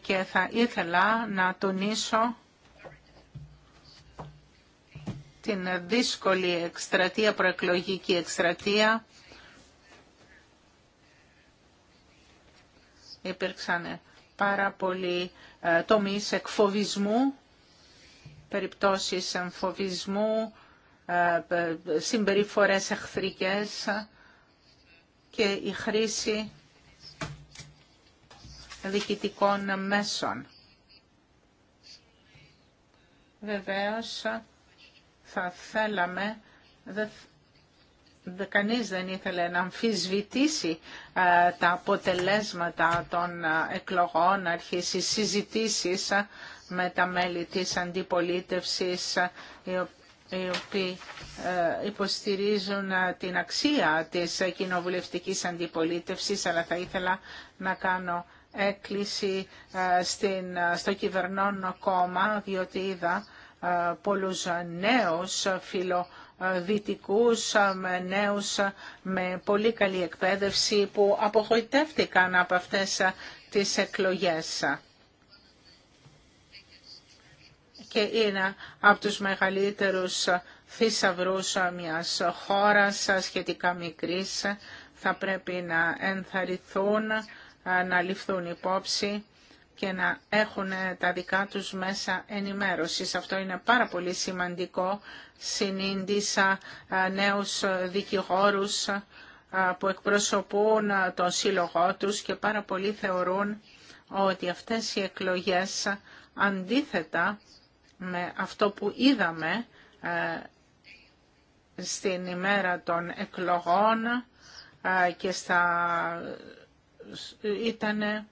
[SPEAKER 2] και θα ήθελα να τονίσω την δύσκολη εκστρατεία, προεκλογική εκστρατεία. Υπήρξαν πάρα πολλοί ε, τομείς εκφοβισμού περιπτώσεις εμφοβισμού, ε, συμπεριφορές εχθρικές και η χρήση διοικητικών μέσων. Βεβαίως θα θέλαμε, δε, κανείς δεν ήθελε να αμφισβητήσει ε, τα αποτελέσματα των ε, εκλογών, αρχίσει συζητήσεις με τα μέλη της αντιπολίτευσης οι οποίοι ε, υποστηρίζουν ε, την αξία της κοινοβουλευτικής αντιπολίτευσης, αλλά θα ήθελα να κάνω έκκληση ε, στην, στο κυβερνών κόμμα, διότι είδα πολλούς νέους φιλοδυτικούς, νέους με πολύ καλή εκπαίδευση που απογοητεύτηκαν από αυτές τις εκλογές και είναι από τους μεγαλύτερους θησαυρού μιας χώρας σχετικά μικρής. Θα πρέπει να ενθαρρυθούν, να ληφθούν υπόψη και να έχουν τα δικά τους μέσα ενημέρωσης. Αυτό είναι πάρα πολύ σημαντικό. Συνήντησα νέους δικηγόρους που εκπροσωπούν τον σύλλογό τους και πάρα πολλοί θεωρούν ότι αυτές οι εκλογές αντίθετα με αυτό που είδαμε ε, στην ημέρα των εκλογών ε, και στα ε, ήταν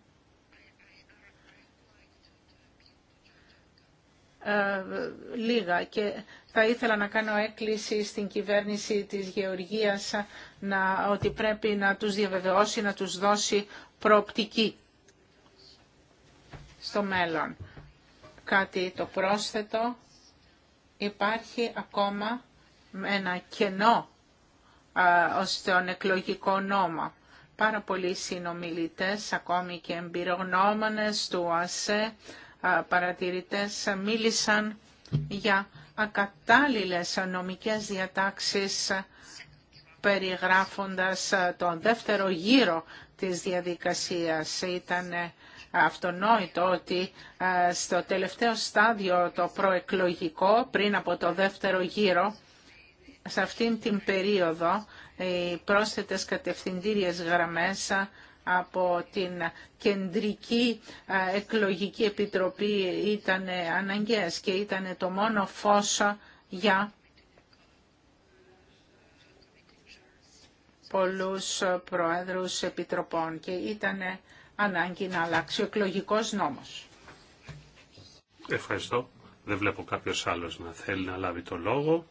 [SPEAKER 2] λίγα και θα ήθελα να κάνω έκκληση στην κυβέρνηση της Γεωργίας να, ότι πρέπει να τους διαβεβαιώσει, να τους δώσει προοπτική στο μέλλον κάτι το πρόσθετο, υπάρχει ακόμα ένα κενό τον εκλογικό νόμο. Πάρα πολλοί συνομιλητές, ακόμη και εμπειρογνώμονες του ΑΣΕ, παρατηρητές, μίλησαν για ακατάλληλες νομικές διατάξεις περιγράφοντας τον δεύτερο γύρο της διαδικασίας. Ήτανε αυτονόητο ότι ε, στο τελευταίο στάδιο το προεκλογικό πριν από το δεύτερο γύρο σε αυτήν την περίοδο οι πρόσθετες κατευθυντήριες γραμμές ε, από την Κεντρική ε, Εκλογική Επιτροπή ήταν αναγκαίες και ήταν το μόνο φως για πολλούς προέδρους επιτροπών και ήταν ανάγκη να αλλάξει ο εκλογικό νόμο.
[SPEAKER 1] Ευχαριστώ. Δεν βλέπω κάποιο άλλο να θέλει να λάβει το λόγο.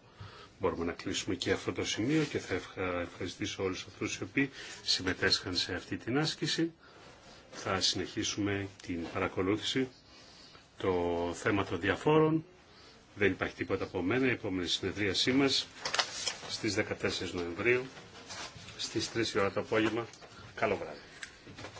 [SPEAKER 1] Μπορούμε να κλείσουμε και αυτό το σημείο και θα ευχαριστήσω όλους αυτούς οι οποίοι συμμετέσχαν σε αυτή την άσκηση. Θα συνεχίσουμε την παρακολούθηση το θέμα των διαφόρων. Δεν υπάρχει τίποτα από μένα. Η επόμενη συνεδρίασή μας στις 14 Νοεμβρίου στις 3 η ώρα το απόγευμα. Καλό βράδυ.